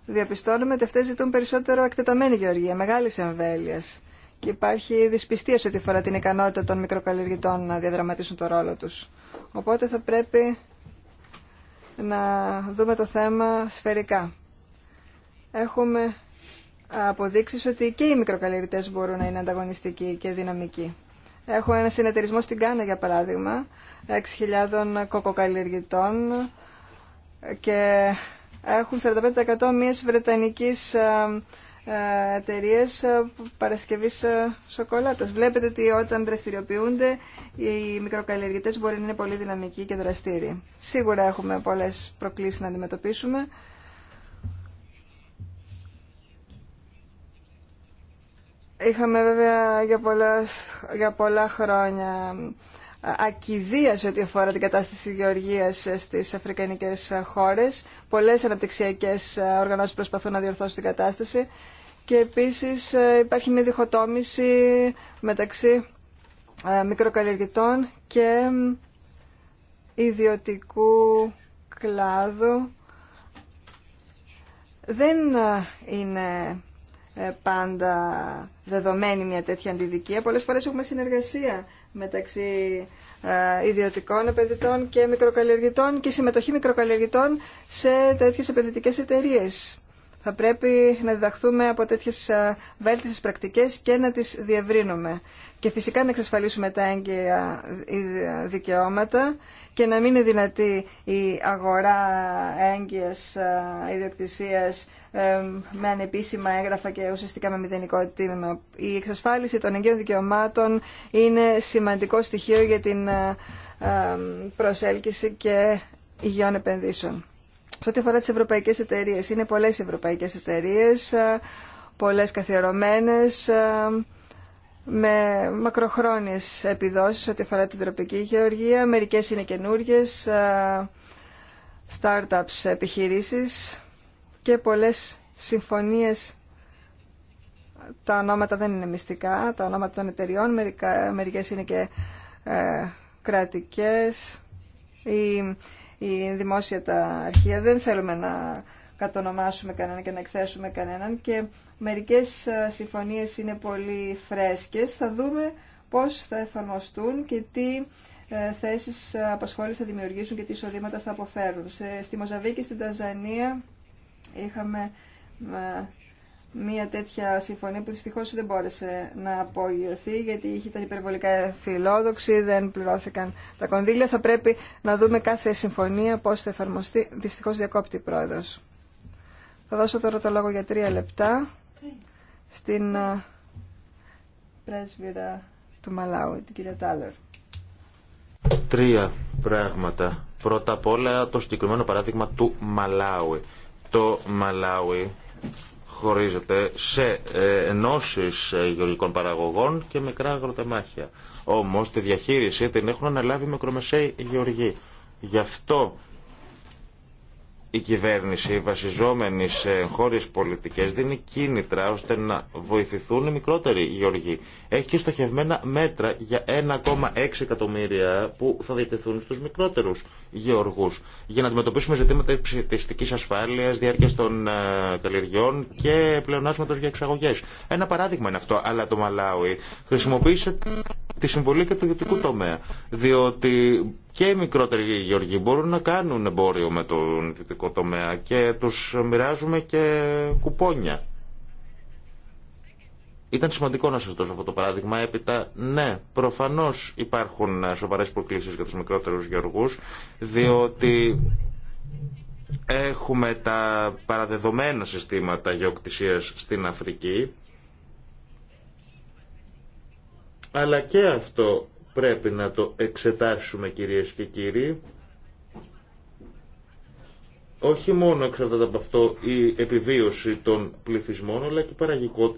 διαπιστώνουμε ότι αυτέ ζητούν περισσότερο εκτεταμένη γεωργία, μεγάλη εμβέλειας. Και υπάρχει δυσπιστία σε ό,τι αφορά την ικανότητα των μικροκαλλιεργητών να διαδραματίσουν το ρόλο τους. Οπότε θα πρέπει να δούμε το θέμα σφαιρικά. Έχουμε αποδείξεις ότι και οι μικροκαλλιεργητές μπορούν να είναι ανταγωνιστικοί και δυναμικοί. Έχω ένα συνεταιρισμό στην Κάνα, για παράδειγμα, 6.000 κοκοκαλλιεργητών και έχουν 45% μιας βρετανικής ε, ε, εταιρείε παρασκευή ε, σοκολάτα. Βλέπετε ότι όταν δραστηριοποιούνται οι μικροκαλλιεργητέ μπορεί να είναι πολύ δυναμικοί και δραστήριοι. Σίγουρα έχουμε πολλέ προκλήσει να αντιμετωπίσουμε. Είχαμε βέβαια για πολλά χρόνια ακιδεία σε ό,τι αφορά την κατάσταση γεωργίας στις αφρικανικές χώρες. Πολλές αναπτυξιακές οργανώσεις προσπαθούν να διορθώσουν την κατάσταση και επίσης ε, υπάρχει μια διχοτόμηση μεταξύ ε, μικροκαλλιεργητών και ιδιωτικού κλάδου. Δεν ε, είναι πάντα δεδομένη μια τέτοια αντιδικία. Πολλές φορές έχουμε συνεργασία μεταξύ ε, ιδιωτικών επενδυτών και μικροκαλλιεργητών και συμμετοχή μικροκαλλιεργητών σε τέτοιες επενδυτικές εταιρείες θα πρέπει να διδαχθούμε από τέτοιες βέλτιστες πρακτικές και να τις διευρύνουμε. Και φυσικά να εξασφαλίσουμε τα έγκαια ε, δικαιώματα και να μην είναι δυνατή η αγορά έγκαιας ιδιοκτησία ε, με ανεπίσημα έγγραφα και ουσιαστικά με μηδενικό τίμημα. Η εξασφάλιση των εγκαίων δικαιωμάτων είναι σημαντικό στοιχείο για την ε, προσέλκυση και υγιών επενδύσεων. Σε ό,τι αφορά τι ευρωπαϊκές εταιρείε, είναι πολλές ευρωπαϊκές εταιρείε, ε, πολλέ καθιερωμένες, ε, με μακροχρόνιες επιδόσεις ό,τι αφορά την τροπική γεωργία. μερικέ είναι καινούργιες, ε, startups επιχειρήσεις και πολλέ συμφωνίες. Τα ονόματα δεν είναι μυστικά, τα ονόματα των εταιριών, μερικέ είναι και κρατικές ή δημόσια τα αρχεία. Δεν θέλουμε να κατονομάσουμε κανέναν και να εκθέσουμε κανέναν και μερικές ε, συμφωνίες είναι πολύ φρέσκες. Θα δούμε πώς θα εφαρμοστούν και τι ε, θέσεις απασχόλησης θα δημιουργήσουν και τι εισοδήματα θα αποφέρουν. Στη Μοζαβίκη, στην Ταζανία είχαμε ε, μια τέτοια συμφωνία που δυστυχώ δεν μπόρεσε να απογειωθεί γιατί ήταν υπερβολικά φιλόδοξη, δεν πληρώθηκαν τα κονδύλια. Θα πρέπει να δούμε κάθε συμφωνία πώς θα εφαρμοστεί. δυστυχώ διακόπτει η πρόεδρος. Θα δώσω τώρα το λόγο για τρία λεπτά στην πρέσβυρα του Μαλάου, την κυρία Τάλερ. Τρία πράγματα. Πρώτα απ' όλα το συγκεκριμένο παράδειγμα του Μαλάου. Το Μαλάουι χωρίζεται σε ε, ενώσεις ε, γεωργικών παραγωγών και μικρά αγροτεμάχια. Όμως τη διαχείριση την έχουν αναλάβει μικρομεσαίοι γεωργοί. Γι' αυτό η κυβέρνηση βασιζόμενη σε χώρες πολιτικέ, δίνει κίνητρα ώστε να βοηθηθούν οι μικρότεροι γεωργοί. Έχει και στοχευμένα μέτρα για 1,6 εκατομμύρια που θα διατεθούν στου μικρότερου γεωργού. για να αντιμετωπίσουμε ζητήματα υψηλή ασφάλεια, διάρκεια των ε, καλλιεργιών και πλεονάσματο για εξαγωγέ. Ένα παράδειγμα είναι αυτό, αλλά το Μαλάουι χρησιμοποίησε τη συμβολή και του ιδιωτικού τομέα, διότι και οι μικρότεροι γεωργοί μπορούν να κάνουν εμπόριο με τον ειδικό τομέα και τους μοιράζουμε και κουπόνια. Ήταν σημαντικό να σας δώσω αυτό το παράδειγμα. Έπειτα, ναι, προφανώς υπάρχουν σοβαρές προκλήσεις για τους μικρότερους γεωργούς, διότι έχουμε τα παραδεδομένα συστήματα γεωκτησίας στην Αφρική, αλλά και αυτό πρέπει να το εξετάσουμε κυρίες και κύριοι. Όχι μόνο εξαρτάται από αυτό η επιβίωση των πληθυσμών, αλλά και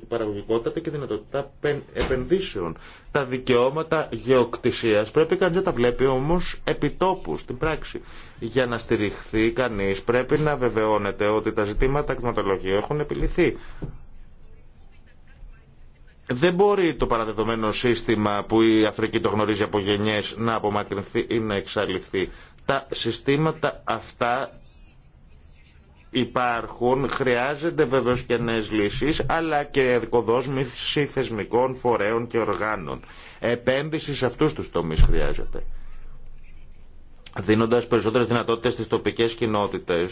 η παραγωγικότητα και δυνατότητα επενδύσεων. Τα δικαιώματα γεωκτησίας πρέπει κανείς να τα βλέπει όμως επιτόπου στην πράξη. Για να στηριχθεί κανείς πρέπει να βεβαιώνεται ότι τα ζητήματα ακτιματολογίου έχουν επιληθεί. Δεν μπορεί το παραδεδομένο σύστημα που η Αφρική το γνωρίζει από γενιές να απομακρυνθεί ή να εξαλειφθεί. Τα συστήματα αυτά υπάρχουν, χρειάζεται βεβαίω και νέε λύσει, αλλά και δικοδόσμηση θεσμικών φορέων και οργάνων. Επένδυση σε αυτού του τομεί χρειάζεται. Δίνοντα περισσότερε δυνατότητε στι τοπικέ κοινότητε,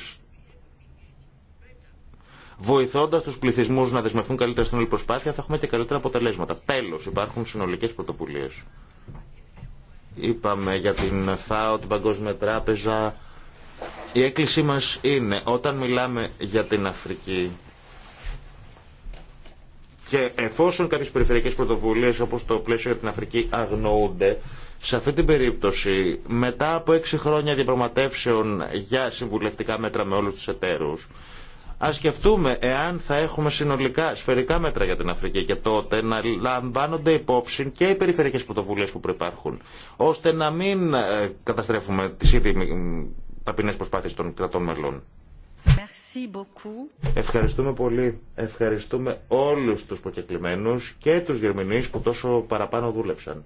Βοηθώντα του πληθυσμού να δεσμευτούν καλύτερα στην όλη προσπάθεια, θα έχουμε και καλύτερα αποτελέσματα. Τέλο, υπάρχουν συνολικέ πρωτοβουλίε. Είπαμε για την ΦΑΟ, την Παγκόσμια Τράπεζα. Η έκκλησή μα είναι όταν μιλάμε για την Αφρική. Και εφόσον κάποιε περιφερειακέ πρωτοβουλίε όπω το πλαίσιο για την Αφρική αγνοούνται, σε αυτή την περίπτωση, μετά από έξι χρόνια διαπραγματεύσεων για συμβουλευτικά μέτρα με όλου του εταίρου, Ας σκεφτούμε εάν θα έχουμε συνολικά σφαιρικά μέτρα για την Αφρική και τότε να λαμβάνονται υπόψη και οι περιφερειακές πρωτοβουλίες που προπάρχουν, ώστε να μην ε, καταστρέφουμε τις ήδη ταπεινές προσπάθειες των κρατών μελών. Ευχαριστούμε πολύ. Ευχαριστούμε όλους τους προκεκλημένους και τους γερμηνείς που τόσο παραπάνω δούλεψαν.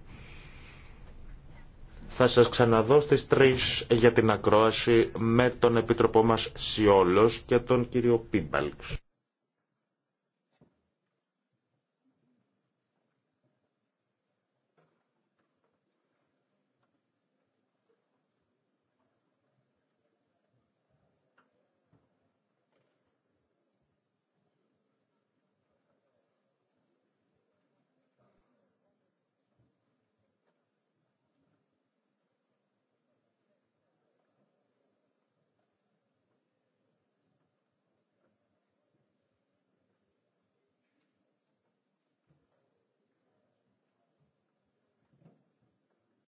Θα σας ξαναδώ στις 3 για την ακρόαση με τον Επίτροπό μας Σιόλος και τον κύριο Πίμπαλξ.